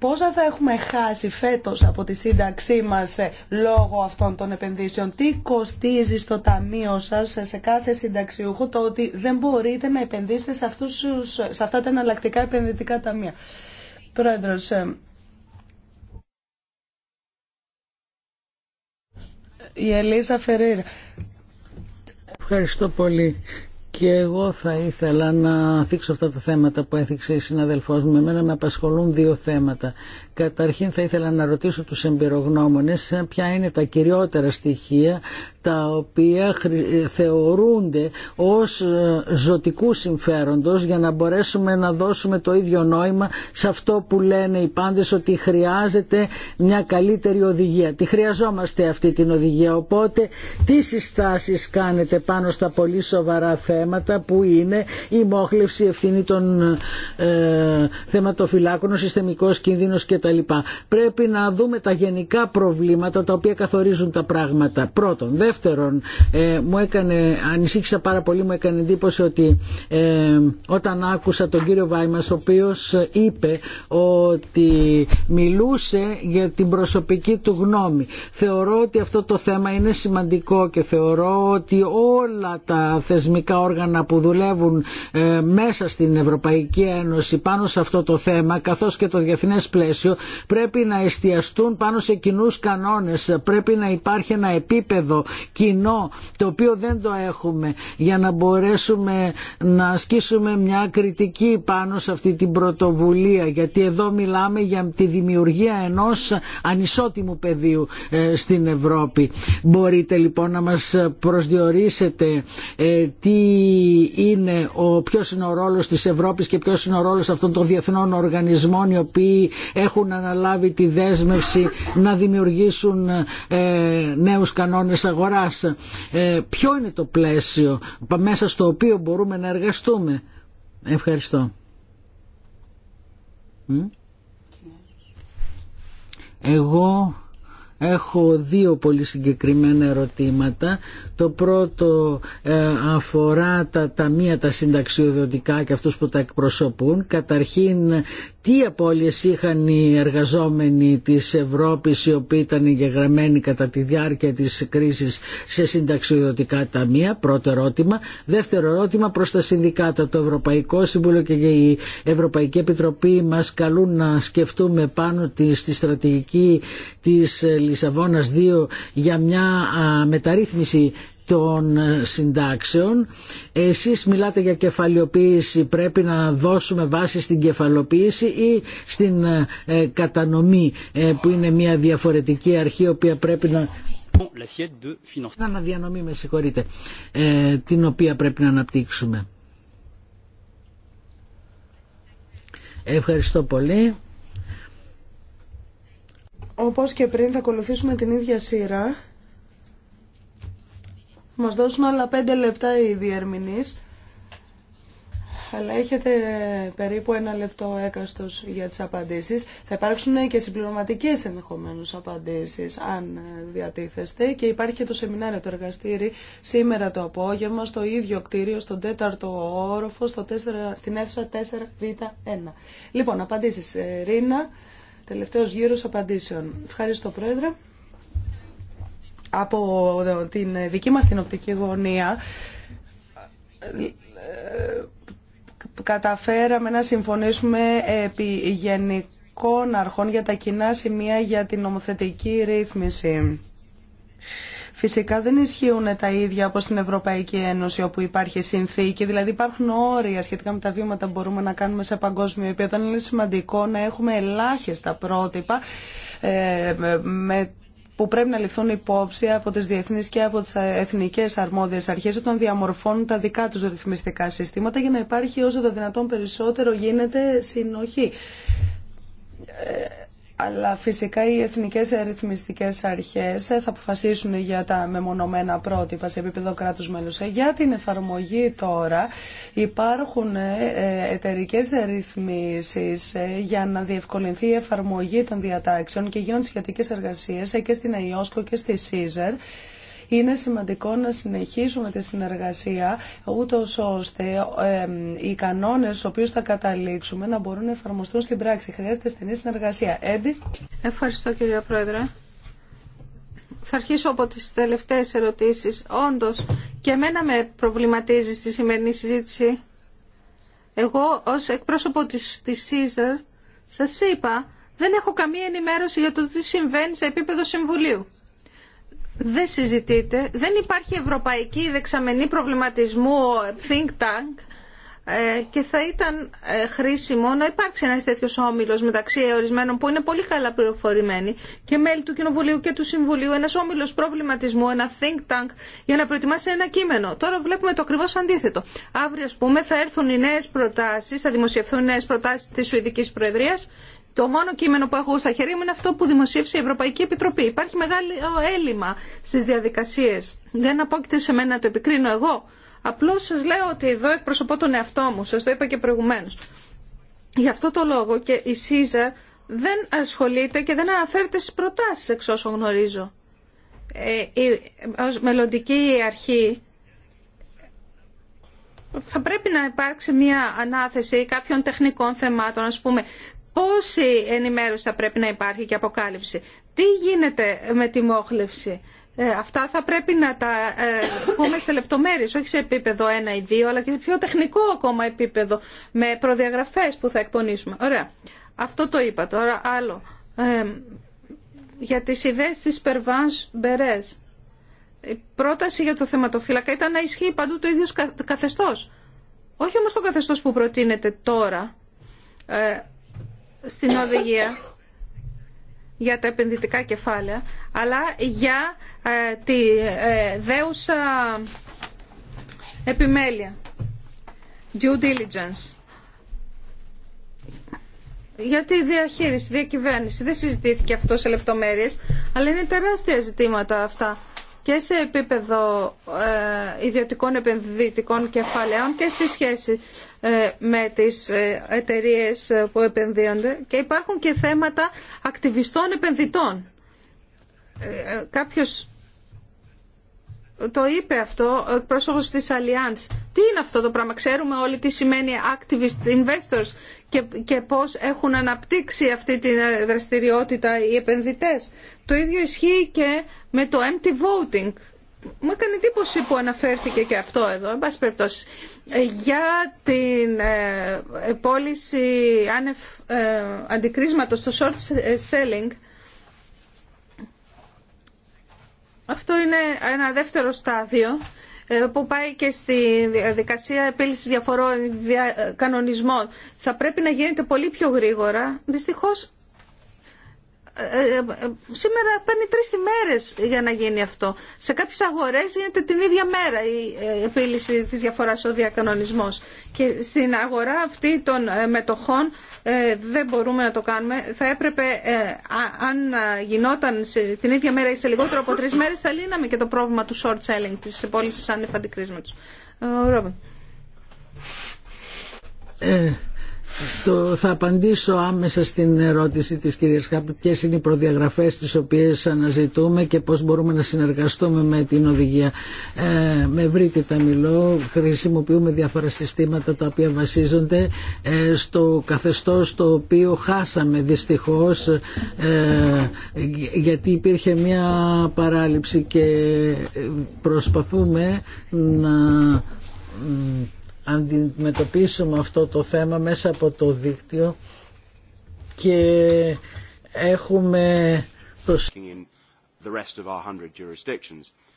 Πόσα θα έχουμε χάσει φέτος από τη σύνταξή μας ε, λόγω αυτών των επενδύσεων. Τι κοστίζει στο ταμείο σας ε, σε κάθε συνταξιούχο το ότι δεν μπορείτε να επενδύσετε σε, αυτούς, ε, σε αυτά τα εναλλακτικά επενδυτικά ταμεία. Πρόεδρος, η Ελίζα Φερήρα. Ευχαριστώ πολύ. Και εγώ θα ήθελα να θίξω αυτά τα θέματα που έθιξε η συναδελφός μου. Εμένα με απασχολούν δύο θέματα. Καταρχήν θα ήθελα να ρωτήσω τους εμπειρογνώμονες ποια είναι τα κυριότερα στοιχεία τα οποία θεωρούνται ως ε, ζωτικού συμφέροντος για να μπορέσουμε να δώσουμε το ίδιο νόημα σε αυτό που λένε οι πάντες ότι χρειάζεται μια καλύτερη οδηγία. Τη χρειαζόμαστε αυτή την οδηγία. Οπότε τι συστάσεις κάνετε πάνω στα πολύ σοβαρά θέματα που είναι η μόχλευση, ευθύνη των ε, θεματοφυλάκων, ο συστημικός κίνδυνος Πρέπει να δούμε τα γενικά προβλήματα τα οποία καθορίζουν τα πράγματα. Πρώτον. Δεύτερον, ε, μου έκανε, ανησύχησα πάρα πολύ, μου έκανε εντύπωση ότι ε, όταν άκουσα τον κύριο Βάιμα, ο οποίος ε, είπε ότι μιλούσε για την προσωπική του γνώμη. Θεωρώ ότι αυτό το θέμα είναι σημαντικό και θεωρώ ότι όλα τα θεσμικά όργανα που δουλεύουν ε, μέσα στην Ευρωπαϊκή Ένωση πάνω σε αυτό το θέμα καθώς και το διεθνές πλαίσιο πρέπει να εστιαστούν πάνω σε κοινού κανόνες. Πρέπει να υπάρχει ένα επίπεδο κοινό το οποίο δεν το έχουμε για να μπορέσουμε να ασκήσουμε μια κριτική πάνω σε αυτή την πρωτοβουλία γιατί εδώ μιλάμε για τη δημιουργία ενός ανισότιμου πεδίου ε, στην Ευρώπη. Μπορείτε λοιπόν να μας προσδιορίσετε ε, τι είναι ο, πιο είναι ο της Ευρώπης και ποιο είναι ο ρόλο αυτών των διεθνών οργανισμών οι οποίοι να αναλάβει τη δέσμευση να δημιουργήσουν ε, νέους κανόνες αγοράς. Ε, ποιο είναι το πλαίσιο μέσα στο οποίο μπορούμε να εργαστούμε. Ευχαριστώ. Εγώ έχω δύο πολύ συγκεκριμένα ερωτήματα. Το πρώτο ε, αφορά τα ταμεία τα συνταξιοδοτικά και αυτούς που τα εκπροσωπούν. Καταρχήν τι απώλειες είχαν οι εργαζόμενοι της Ευρώπης οι οποίοι ήταν εγγεγραμμένοι κατά τη διάρκεια της κρίσης σε συνταξιοδοτικά ταμεία, πρώτο ερώτημα. Δεύτερο ερώτημα προς τα συνδικάτα. Το Ευρωπαϊκό Σύμβουλο και η Ευρωπαϊκή Επιτροπή μας καλούν να σκεφτούμε πάνω τη, στη στρατηγική της Λισαβόνας 2 για μια μεταρρύθμιση των ε, συντάξεων. Εσείς μιλάτε για κεφαλαιοποίηση, πρέπει να δώσουμε βάση στην κεφαλοποίηση ή στην ε, ε, κατανομή που είναι μια διαφορετική αρχή η οποία πρέπει να να αναδιανομή, με συγχωρείτε, την οποία πρέπει να αναπτύξουμε. Ευχαριστώ πολύ. Όπως και πριν θα ακολουθήσουμε την ίδια σειρά μας δώσουν άλλα 5 λεπτά οι διερμηνείς. Αλλά έχετε περίπου ένα λεπτό έκαστος για τις απαντήσεις. Θα υπάρξουν και συμπληρωματικές ενδεχομένω απαντήσεις, αν διατίθεστε. Και υπάρχει και το σεμινάριο, το εργαστήρι, σήμερα το απόγευμα, στο ίδιο κτίριο, στον τέταρτο όροφο, στο 4, στην αίθουσα 4Β1. Λοιπόν, απαντήσεις. Ε, Ρίνα, τελευταίος γύρος απαντήσεων. Ευχαριστώ, Πρόεδρε από την δική μας την οπτική γωνία καταφέραμε να συμφωνήσουμε επί γενικών αρχών για τα κοινά σημεία για την νομοθετική ρύθμιση. Φυσικά δεν ισχύουν τα ίδια όπως στην Ευρωπαϊκή Ένωση όπου υπάρχει συνθήκη, δηλαδή υπάρχουν όρια σχετικά με τα βήματα που μπορούμε να κάνουμε σε παγκόσμιο επίπεδο. Είναι σημαντικό να έχουμε ελάχιστα πρότυπα ε, με που πρέπει να ληφθούν υπόψη από τις διεθνείς και από τις εθνικές αρμόδιες αρχές όταν διαμορφώνουν τα δικά τους ρυθμιστικά συστήματα για να υπάρχει όσο το δυνατόν περισσότερο γίνεται συνοχή ε, αλλά φυσικά οι εθνικές ρυθμιστικές αρχές θα αποφασίσουν για τα μεμονωμένα πρότυπα σε επίπεδο κράτους μέλους. Ε, για την εφαρμογή τώρα υπάρχουν ε, ε, εταιρικές ρυθμίσεις για να διευκολυνθεί η εφαρμογή των διατάξεων και γίνονται σχετικές εργασίες και στην ΑΙΟΣΚΟ και στη ΣΥΖΕΡ είναι σημαντικό να συνεχίσουμε τη συνεργασία ούτω ώστε οι κανόνες στους οποίους θα καταλήξουμε να μπορούν να εφαρμοστούν στην πράξη. Χρειάζεται στενή συνεργασία. Έντι. Ευχαριστώ κυρία Πρόεδρε. Θα αρχίσω από τις τελευταίες ερωτήσεις. Όντως, και εμένα με προβληματίζει στη σημερινή συζήτηση. Εγώ ως εκπρόσωπο της, Caesar σας είπα δεν έχω καμία ενημέρωση για το τι συμβαίνει σε επίπεδο συμβουλίου δεν συζητείται. Δεν υπάρχει ευρωπαϊκή δεξαμενή προβληματισμού think tank ε, και θα ήταν ε, χρήσιμο να υπάρξει ένας τέτοιος όμιλο μεταξύ ορισμένων που είναι πολύ καλά πληροφορημένοι και μέλη του Κοινοβουλίου και του Συμβουλίου, ένα όμιλο προβληματισμού, ένα think tank για να προετοιμάσει ένα κείμενο. Τώρα βλέπουμε το ακριβώ αντίθετο. Αύριο, α πούμε, θα έρθουν οι νέε προτάσει, θα δημοσιευθούν οι νέες προτάσεις της Σουηδικής Προεδρίας το μόνο κείμενο που έχω στα χέρια μου είναι αυτό που δημοσίευσε η Ευρωπαϊκή Επιτροπή. Υπάρχει μεγάλο έλλειμμα στις διαδικασίες. Δεν απόκειται σε μένα να το επικρίνω εγώ. Απλώς σα λέω ότι εδώ εκπροσωπώ τον εαυτό μου. σα το είπα και προηγουμένως. Γι' αυτό το λόγο και η ΣΥΖΑ δεν ασχολείται και δεν αναφέρεται στι προτάσει εξ όσων γνωρίζω. Ε, μελλοντική αρχή θα πρέπει να υπάρξει μια ανάθεση κάποιων τεχνικών θεμάτων, ας πούμε, Πόση ενημέρωση θα πρέπει να υπάρχει και αποκάλυψη. Τι γίνεται με τη μόχλευση. Ε, αυτά θα πρέπει να τα ε, πούμε σε λεπτομέρειες, όχι σε επίπεδο 1 ή 2, αλλά και σε πιο τεχνικό ακόμα επίπεδο, με προδιαγραφές που θα εκπονήσουμε. Ωραία. Αυτό το είπα τώρα. Άλλο. Ε, για τις ιδέες της Περβάνς Μπερές. Η πρόταση για το θεματοφύλακα ήταν να ισχύει παντού το ίδιο καθεστώς. Όχι όμως το καθεστώς που προτείνεται τώρα, ε, στην οδηγία για τα επενδυτικά κεφάλαια, αλλά για ε, τη ε, δέουσα επιμέλεια, due diligence, για τη διαχείριση, διακυβέρνηση. Δεν συζητήθηκε αυτό σε λεπτομέρειες, αλλά είναι τεράστια ζητήματα αυτά και σε επίπεδο ε, ιδιωτικών επενδυτικών κεφαλαίων και στη σχέση ε, με τις ε, εταιρείε που επενδύονται και υπάρχουν και θέματα ακτιβιστών επενδυτών. Κάποιος το είπε αυτό ο πρόσωπος της Allianz. Τι είναι αυτό το πράγμα, ξέρουμε όλοι τι σημαίνει activist investors και, και πώς έχουν αναπτύξει αυτή τη δραστηριότητα οι επενδυτές. Το ίδιο ισχύει και με το empty voting. Μου έκανε εντύπωση που αναφέρθηκε και αυτό εδώ, εν πάση περιπτώσει. Ε, για την ε, πώληση ε, αντικρίσματος, το short selling, αυτό είναι ένα δεύτερο στάδιο ε, που πάει και στη διαδικασία επίλυση διαφορών κανονισμών θα πρέπει να γίνεται πολύ πιο γρήγορα. Δυστυχώς σήμερα παίρνει τρει ημέρε για να γίνει αυτό. Σε κάποιε αγορές γίνεται την ίδια μέρα η ε, επίλυση της διαφοράς ο διακανονισμό. Και στην αγορά αυτή των ε, μετοχών ε, δεν μπορούμε να το κάνουμε. Θα έπρεπε, αν γινόταν την ίδια μέρα ή σε λιγότερο από τρει μέρες, θα λύναμε και το πρόβλημα του short selling, της πώληση ανεφαντικρίσματος. Ρόμπιν το, θα απαντήσω άμεσα στην ερώτηση της κυρίας Χάπη ποιε είναι οι προδιαγραφές τις οποίες αναζητούμε και πώς μπορούμε να συνεργαστούμε με την οδηγία. Ε, με τα μιλώ, χρησιμοποιούμε διάφορα συστήματα τα οποία βασίζονται ε, στο καθεστώς το οποίο χάσαμε δυστυχώς ε, γιατί υπήρχε μια παράληψη και προσπαθούμε να αντιμετωπίσουμε αυτό το θέμα μέσα από το δίκτυο και έχουμε το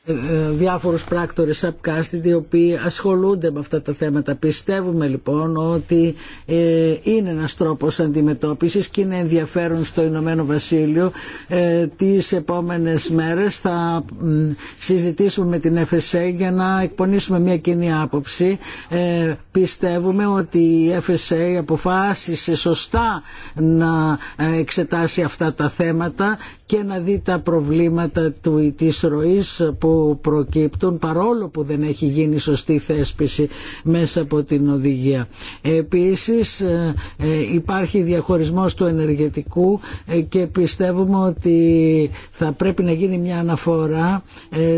ε, διάφορους πράκτορες απκάστητη οι οποίοι ασχολούνται με αυτά τα θέματα. Πιστεύουμε λοιπόν ότι ε, είναι ένας τρόπος αντιμετώπισης και είναι ενδιαφέρον στο Ηνωμένο Βασίλειο. Ε, τις επόμενες μέρες θα συζητήσουμε με την FSA για να εκπονήσουμε μια κοινή άποψη. Πιστεύουμε ότι η FSA αποφάσισε σωστά να εξετάσει αυτά τα θέματα και να δει τα προβλήματα του, της ροής που προκύπτουν παρόλο που δεν έχει γίνει σωστή θέσπιση μέσα από την οδηγία. Επίσης ε, ε, υπάρχει διαχωρισμός του ενεργετικού ε, και πιστεύουμε ότι θα πρέπει να γίνει μια αναφορά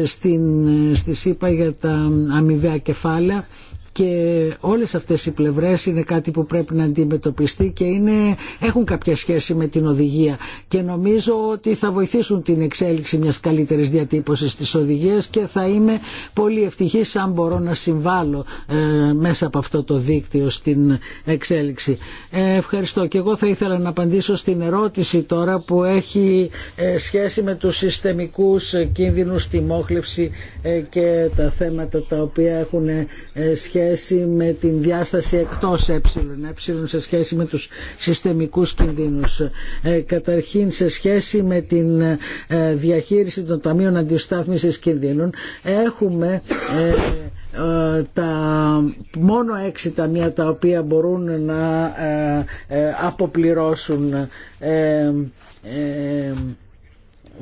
στην, στη ΣΥΠΑ για τα αμοιβαία κεφάλαια και όλες αυτές οι πλευρές είναι κάτι που πρέπει να αντιμετωπιστεί και είναι, έχουν κάποια σχέση με την οδηγία και νομίζω ότι θα βοηθήσουν την εξέλιξη μιας καλύτερης διατύπωσης της οδηγίας και θα είμαι πολύ ευτυχής αν μπορώ να συμβάλλω ε, μέσα από αυτό το δίκτυο στην εξέλιξη. Ε, ευχαριστώ και εγώ θα ήθελα να απαντήσω στην ερώτηση τώρα που έχει ε, σχέση με τους συστημικούς κίνδυνους, τη μόχλευση ε, και τα θέματα τα οποία έχουν σχέση σχέση με την διάσταση εκτός ε, ε, σε σχέση με τους συστημικούς κινδύνους. Ε, καταρχήν σε σχέση με την ε, διαχείριση των Ταμείων Αντιστάθμισης Κινδύνων έχουμε τα μόνο έξι ταμεία τα οποία μπορούν να αποπληρώσουν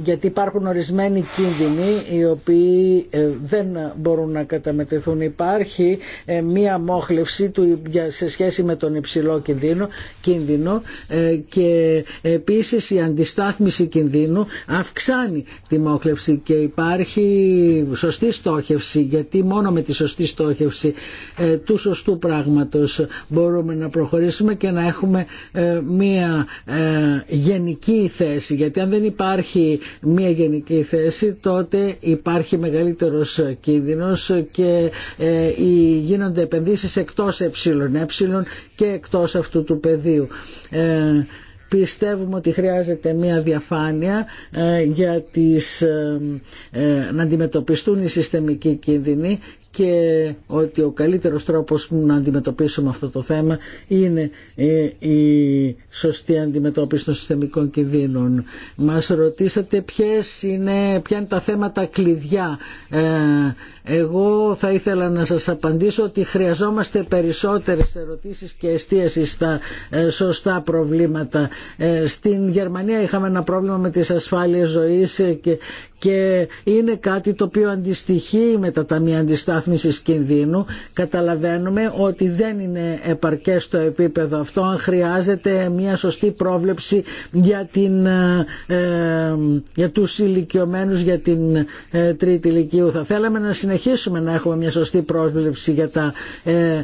γιατί υπάρχουν ορισμένοι κίνδυνοι οι οποίοι ε, δεν μπορούν να καταμετεθούν. Υπάρχει ε, μία μόχλευση του σε σχέση με τον υψηλό κίνδυνο, κίνδυνο ε, και επίσης η αντιστάθμιση κινδύνου αυξάνει τη μόχλευση και υπάρχει σωστή στόχευση γιατί μόνο με τη σωστή στόχευση του σωστού πράγματος μπορούμε να προχωρήσουμε και να έχουμε μία γενική θέση γιατί αν δεν υπάρχει μία γενική θέση τότε υπάρχει μεγαλύτερος κίνδυνος και ε, γίνονται επενδύσεις εκτός ε και εκτός αυτού του πεδίου ε, πιστεύουμε ότι χρειάζεται μια διαφάνεια ε, για τις, να αντιμετωπιστούν οι συστημικοί κίνδυνοι και ότι ο καλύτερος τρόπος να αντιμετωπίσουμε αυτό το θέμα είναι ε, η σωστή αντιμετώπιση των συστημικών κινδύνων. Μας ρωτήσατε ποιες είναι, ποια είναι τα θέματα κλειδιά. Ε, εγώ θα ήθελα να σας απαντήσω ότι χρειαζόμαστε περισσότερες ερωτήσεις και εστίαση στα ε, σωστά προβλήματα. στην Γερμανία είχαμε ένα πρόβλημα με τις ασφάλειες ζωής και είναι κάτι το οποίο αντιστοιχεί με τα ταμεία αντιστάθμισης κινδύνου. Καταλαβαίνουμε ότι δεν είναι επαρκές το επίπεδο αυτό αν χρειάζεται μια σωστή πρόβλεψη για, την, ε, ε για τους ηλικιωμένους για την ε, τρίτη ηλικίου. Θα θέλαμε να συνεχίσουμε να έχουμε μια σωστή πρόβλεψη για τα ε,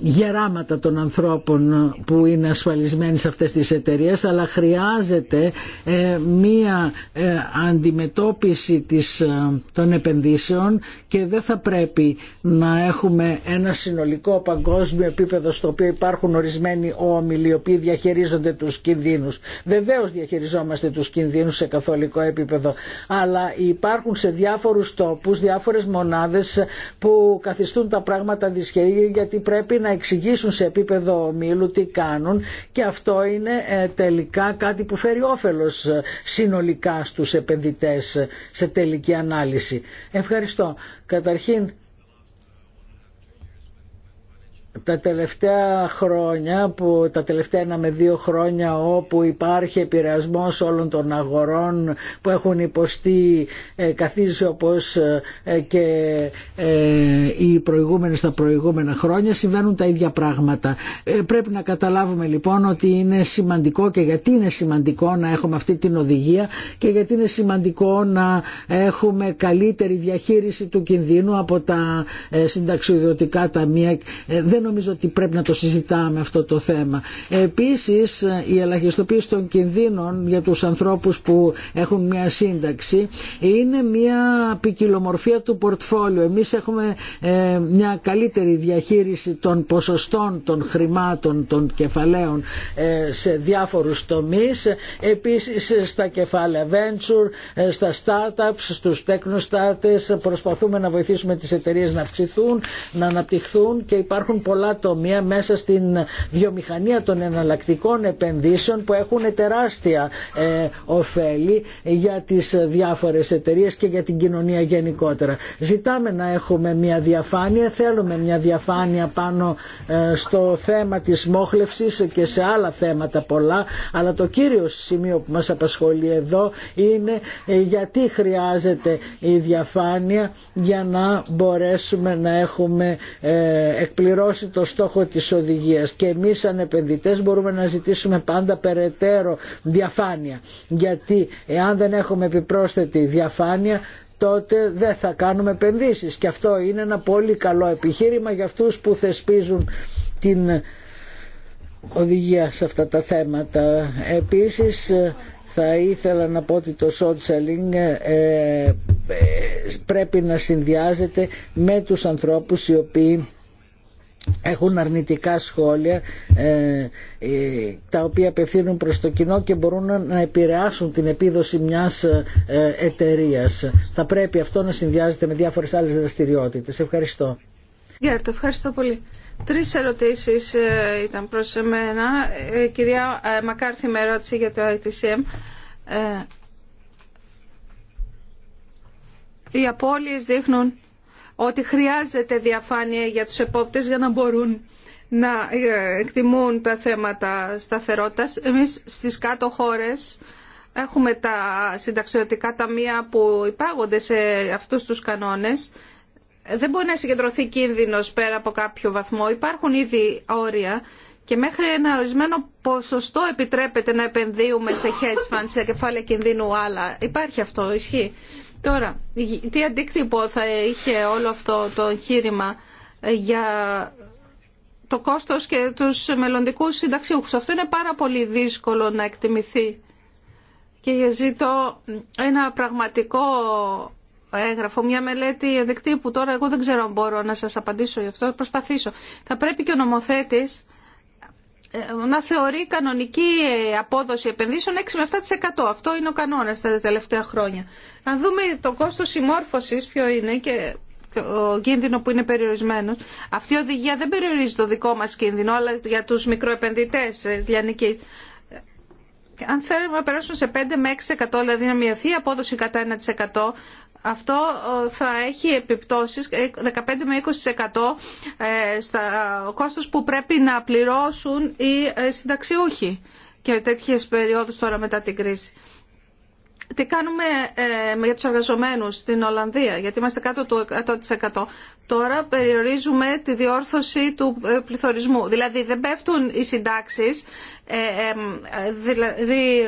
γεράματα των ανθρώπων που είναι ασφαλισμένοι σε αυτές τις εταιρείες αλλά χρειάζεται ε, μία ε, αντιμετώπιση της, ε, των επενδύσεων και δεν θα πρέπει να έχουμε ένα συνολικό παγκόσμιο επίπεδο στο οποίο υπάρχουν ορισμένοι όμιλοι οι οποίοι διαχειρίζονται τους κινδύνους. Βεβαίως διαχειριζόμαστε τους κινδύνους σε καθολικό επίπεδο αλλά υπάρχουν σε διάφορους τόπους, διάφορες μονάδες που καθιστούν τα πράγματα δυσχερή γιατί πρέπει να εξηγήσουν σε επίπεδο ομίλου τι κάνουν και αυτό είναι ε, τελικά κάτι που φέρει όφελος ε, συνολικά στους επενδυτές ε, σε τελική ανάλυση. Ευχαριστώ. Καταρχήν τα τελευταία χρόνια, που, τα τελευταία ένα με δύο χρόνια όπου υπάρχει επηρεασμό όλων των αγορών που έχουν υποστεί ε, όπως ε, ε, και ε, οι προηγούμενες τα προηγούμενα χρόνια συμβαίνουν τα ίδια πράγματα. πρέπει να καταλάβουμε λοιπόν ότι είναι σημαντικό και γιατί είναι σημαντικό να έχουμε αυτή την οδηγία και γιατί είναι σημαντικό να έχουμε καλύτερη διαχείριση του κινδύνου από τα συνταξιοδοτικά ταμεία. δεν νομίζω ότι πρέπει να το συζητάμε αυτό το θέμα. Επίσης η ελαχιστοποίηση των κινδύνων για τους ανθρώπους που έχουν μια σύνταξη είναι μια ποικιλομορφία του πορτφόλιου. Εμείς έχουμε ε, μια καλύτερη διαχείριση των ποσοστών των χρημάτων των κεφαλαίων ε, σε διάφορους τομείς. Επίσης στα κεφάλαια venture, ε, στα startups, στους τέκνοστάτες προσπαθούμε να βοηθήσουμε τις εταιρείες να αυξηθούν, να αναπτυχθούν και υπάρχουν πολλά τομεία μέσα στην βιομηχανία των εναλλακτικών επενδύσεων που έχουν τεράστια ε, ωφέλη για τις διάφορες εταιρείες και για την κοινωνία γενικότερα. Ζητάμε να έχουμε μια διαφάνεια, θέλουμε μια διαφάνεια πάνω ε, στο θέμα της μόχλευσης και σε άλλα θέματα πολλά, αλλά το κύριο σημείο που μας απασχολεί εδώ είναι ε, γιατί χρειάζεται η διαφάνεια για να μπορέσουμε να έχουμε ε, εκπληρώσει το στόχο της οδηγίας και εμείς σαν επενδυτές μπορούμε να ζητήσουμε πάντα περαιτέρω διαφάνεια γιατί εάν δεν έχουμε επιπρόσθετη διαφάνεια τότε δεν θα κάνουμε επενδύσει. και αυτό είναι ένα πολύ καλό επιχείρημα για αυτούς που θεσπίζουν την οδηγία σε αυτά τα θέματα. Επίσης θα ήθελα να πω ότι το short selling ε, ε, πρέπει να συνδυάζεται με τους ανθρώπους οι οποίοι έχουν αρνητικά σχόλια ε, ε, τα οποία απευθύνουν προς το κοινό και μπορούν να επηρεάσουν την επίδοση μιας ε, εταιρείας. Θα πρέπει αυτό να συνδυάζεται με διάφορες άλλες δραστηριότητες. Ευχαριστώ. Γιάρτο, ευχαριστώ πολύ. Τρεις ερωτήσεις ήταν προς εμένα. κυρία Μακάρθη με ερώτηση για το ITCM. οι απώλειες δείχνουν ότι χρειάζεται διαφάνεια για τους επόπτες για να μπορούν να ε, εκτιμούν τα θέματα σταθερότητας. Εμείς στις κάτω χώρες έχουμε τα συνταξιωτικά ταμεία που υπάγονται σε αυτούς τους κανόνες. Δεν μπορεί να συγκεντρωθεί κίνδυνος πέρα από κάποιο βαθμό. Υπάρχουν ήδη όρια και μέχρι ένα ορισμένο ποσοστό επιτρέπεται να επενδύουμε σε hedge funds, σε κεφάλαια κινδύνου άλλα. Υπάρχει αυτό, ισχύει. Τώρα, τι αντίκτυπο θα είχε όλο αυτό το εγχείρημα για το κόστος και τους μελλοντικού συνταξιούχους. Αυτό είναι πάρα πολύ δύσκολο να εκτιμηθεί. Και ζητώ ένα πραγματικό έγγραφο, μια μελέτη ενδεικτή που τώρα εγώ δεν ξέρω αν μπορώ να σας απαντήσω γι' αυτό, προσπαθήσω. Θα πρέπει και ο νομοθέτης ε, να θεωρεί κανονική απόδοση επενδύσεων 6 με 7%. Αυτό είναι ο κανόνας τα τελευταία χρόνια. Αν δούμε το κόστος συμμόρφωσης ποιο είναι και ο κίνδυνο που είναι περιορισμένο. Αυτή η οδηγία δεν περιορίζει το δικό μας κίνδυνο, αλλά για τους μικροεπενδυτές ε, λιανική. Αν θέλουμε να περάσουμε σε 5 με 6%, δηλαδή να μειωθεί η απόδοση κατά 1%, αυτό ε, θα έχει επιπτώσεις 15 ε, με 20% στα κόστος που πρέπει να πληρώσουν οι συνταξιούχοι και τέτοιες περιόδους τώρα μετά την κρίση τι κάνουμε ε, για τους εργαζομένους στην Ολλανδία, γιατί είμαστε κάτω του 100%. Τώρα περιορίζουμε τη διόρθωση του ε, πληθωρισμού. Δηλαδή δεν πέφτουν οι συντάξεις, ε, ε, δηλαδή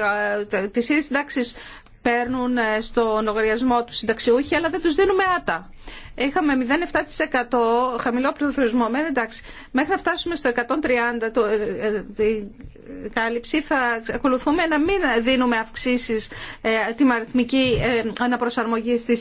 τις ίδιες συντάξεις παίρνουν ε, στον λογαριασμό του συνταξιούχοι, αλλά δεν τους δίνουμε άτα. Είχαμε 0,7% χαμηλό πληθωρισμό. εντάξει, μέχρι να φτάσουμε στο 130% κάλυψη θα ακολουθούμε να μην δίνουμε αυξήσεις ε, τη μαριθμική ε, αναπροσαρμογή στι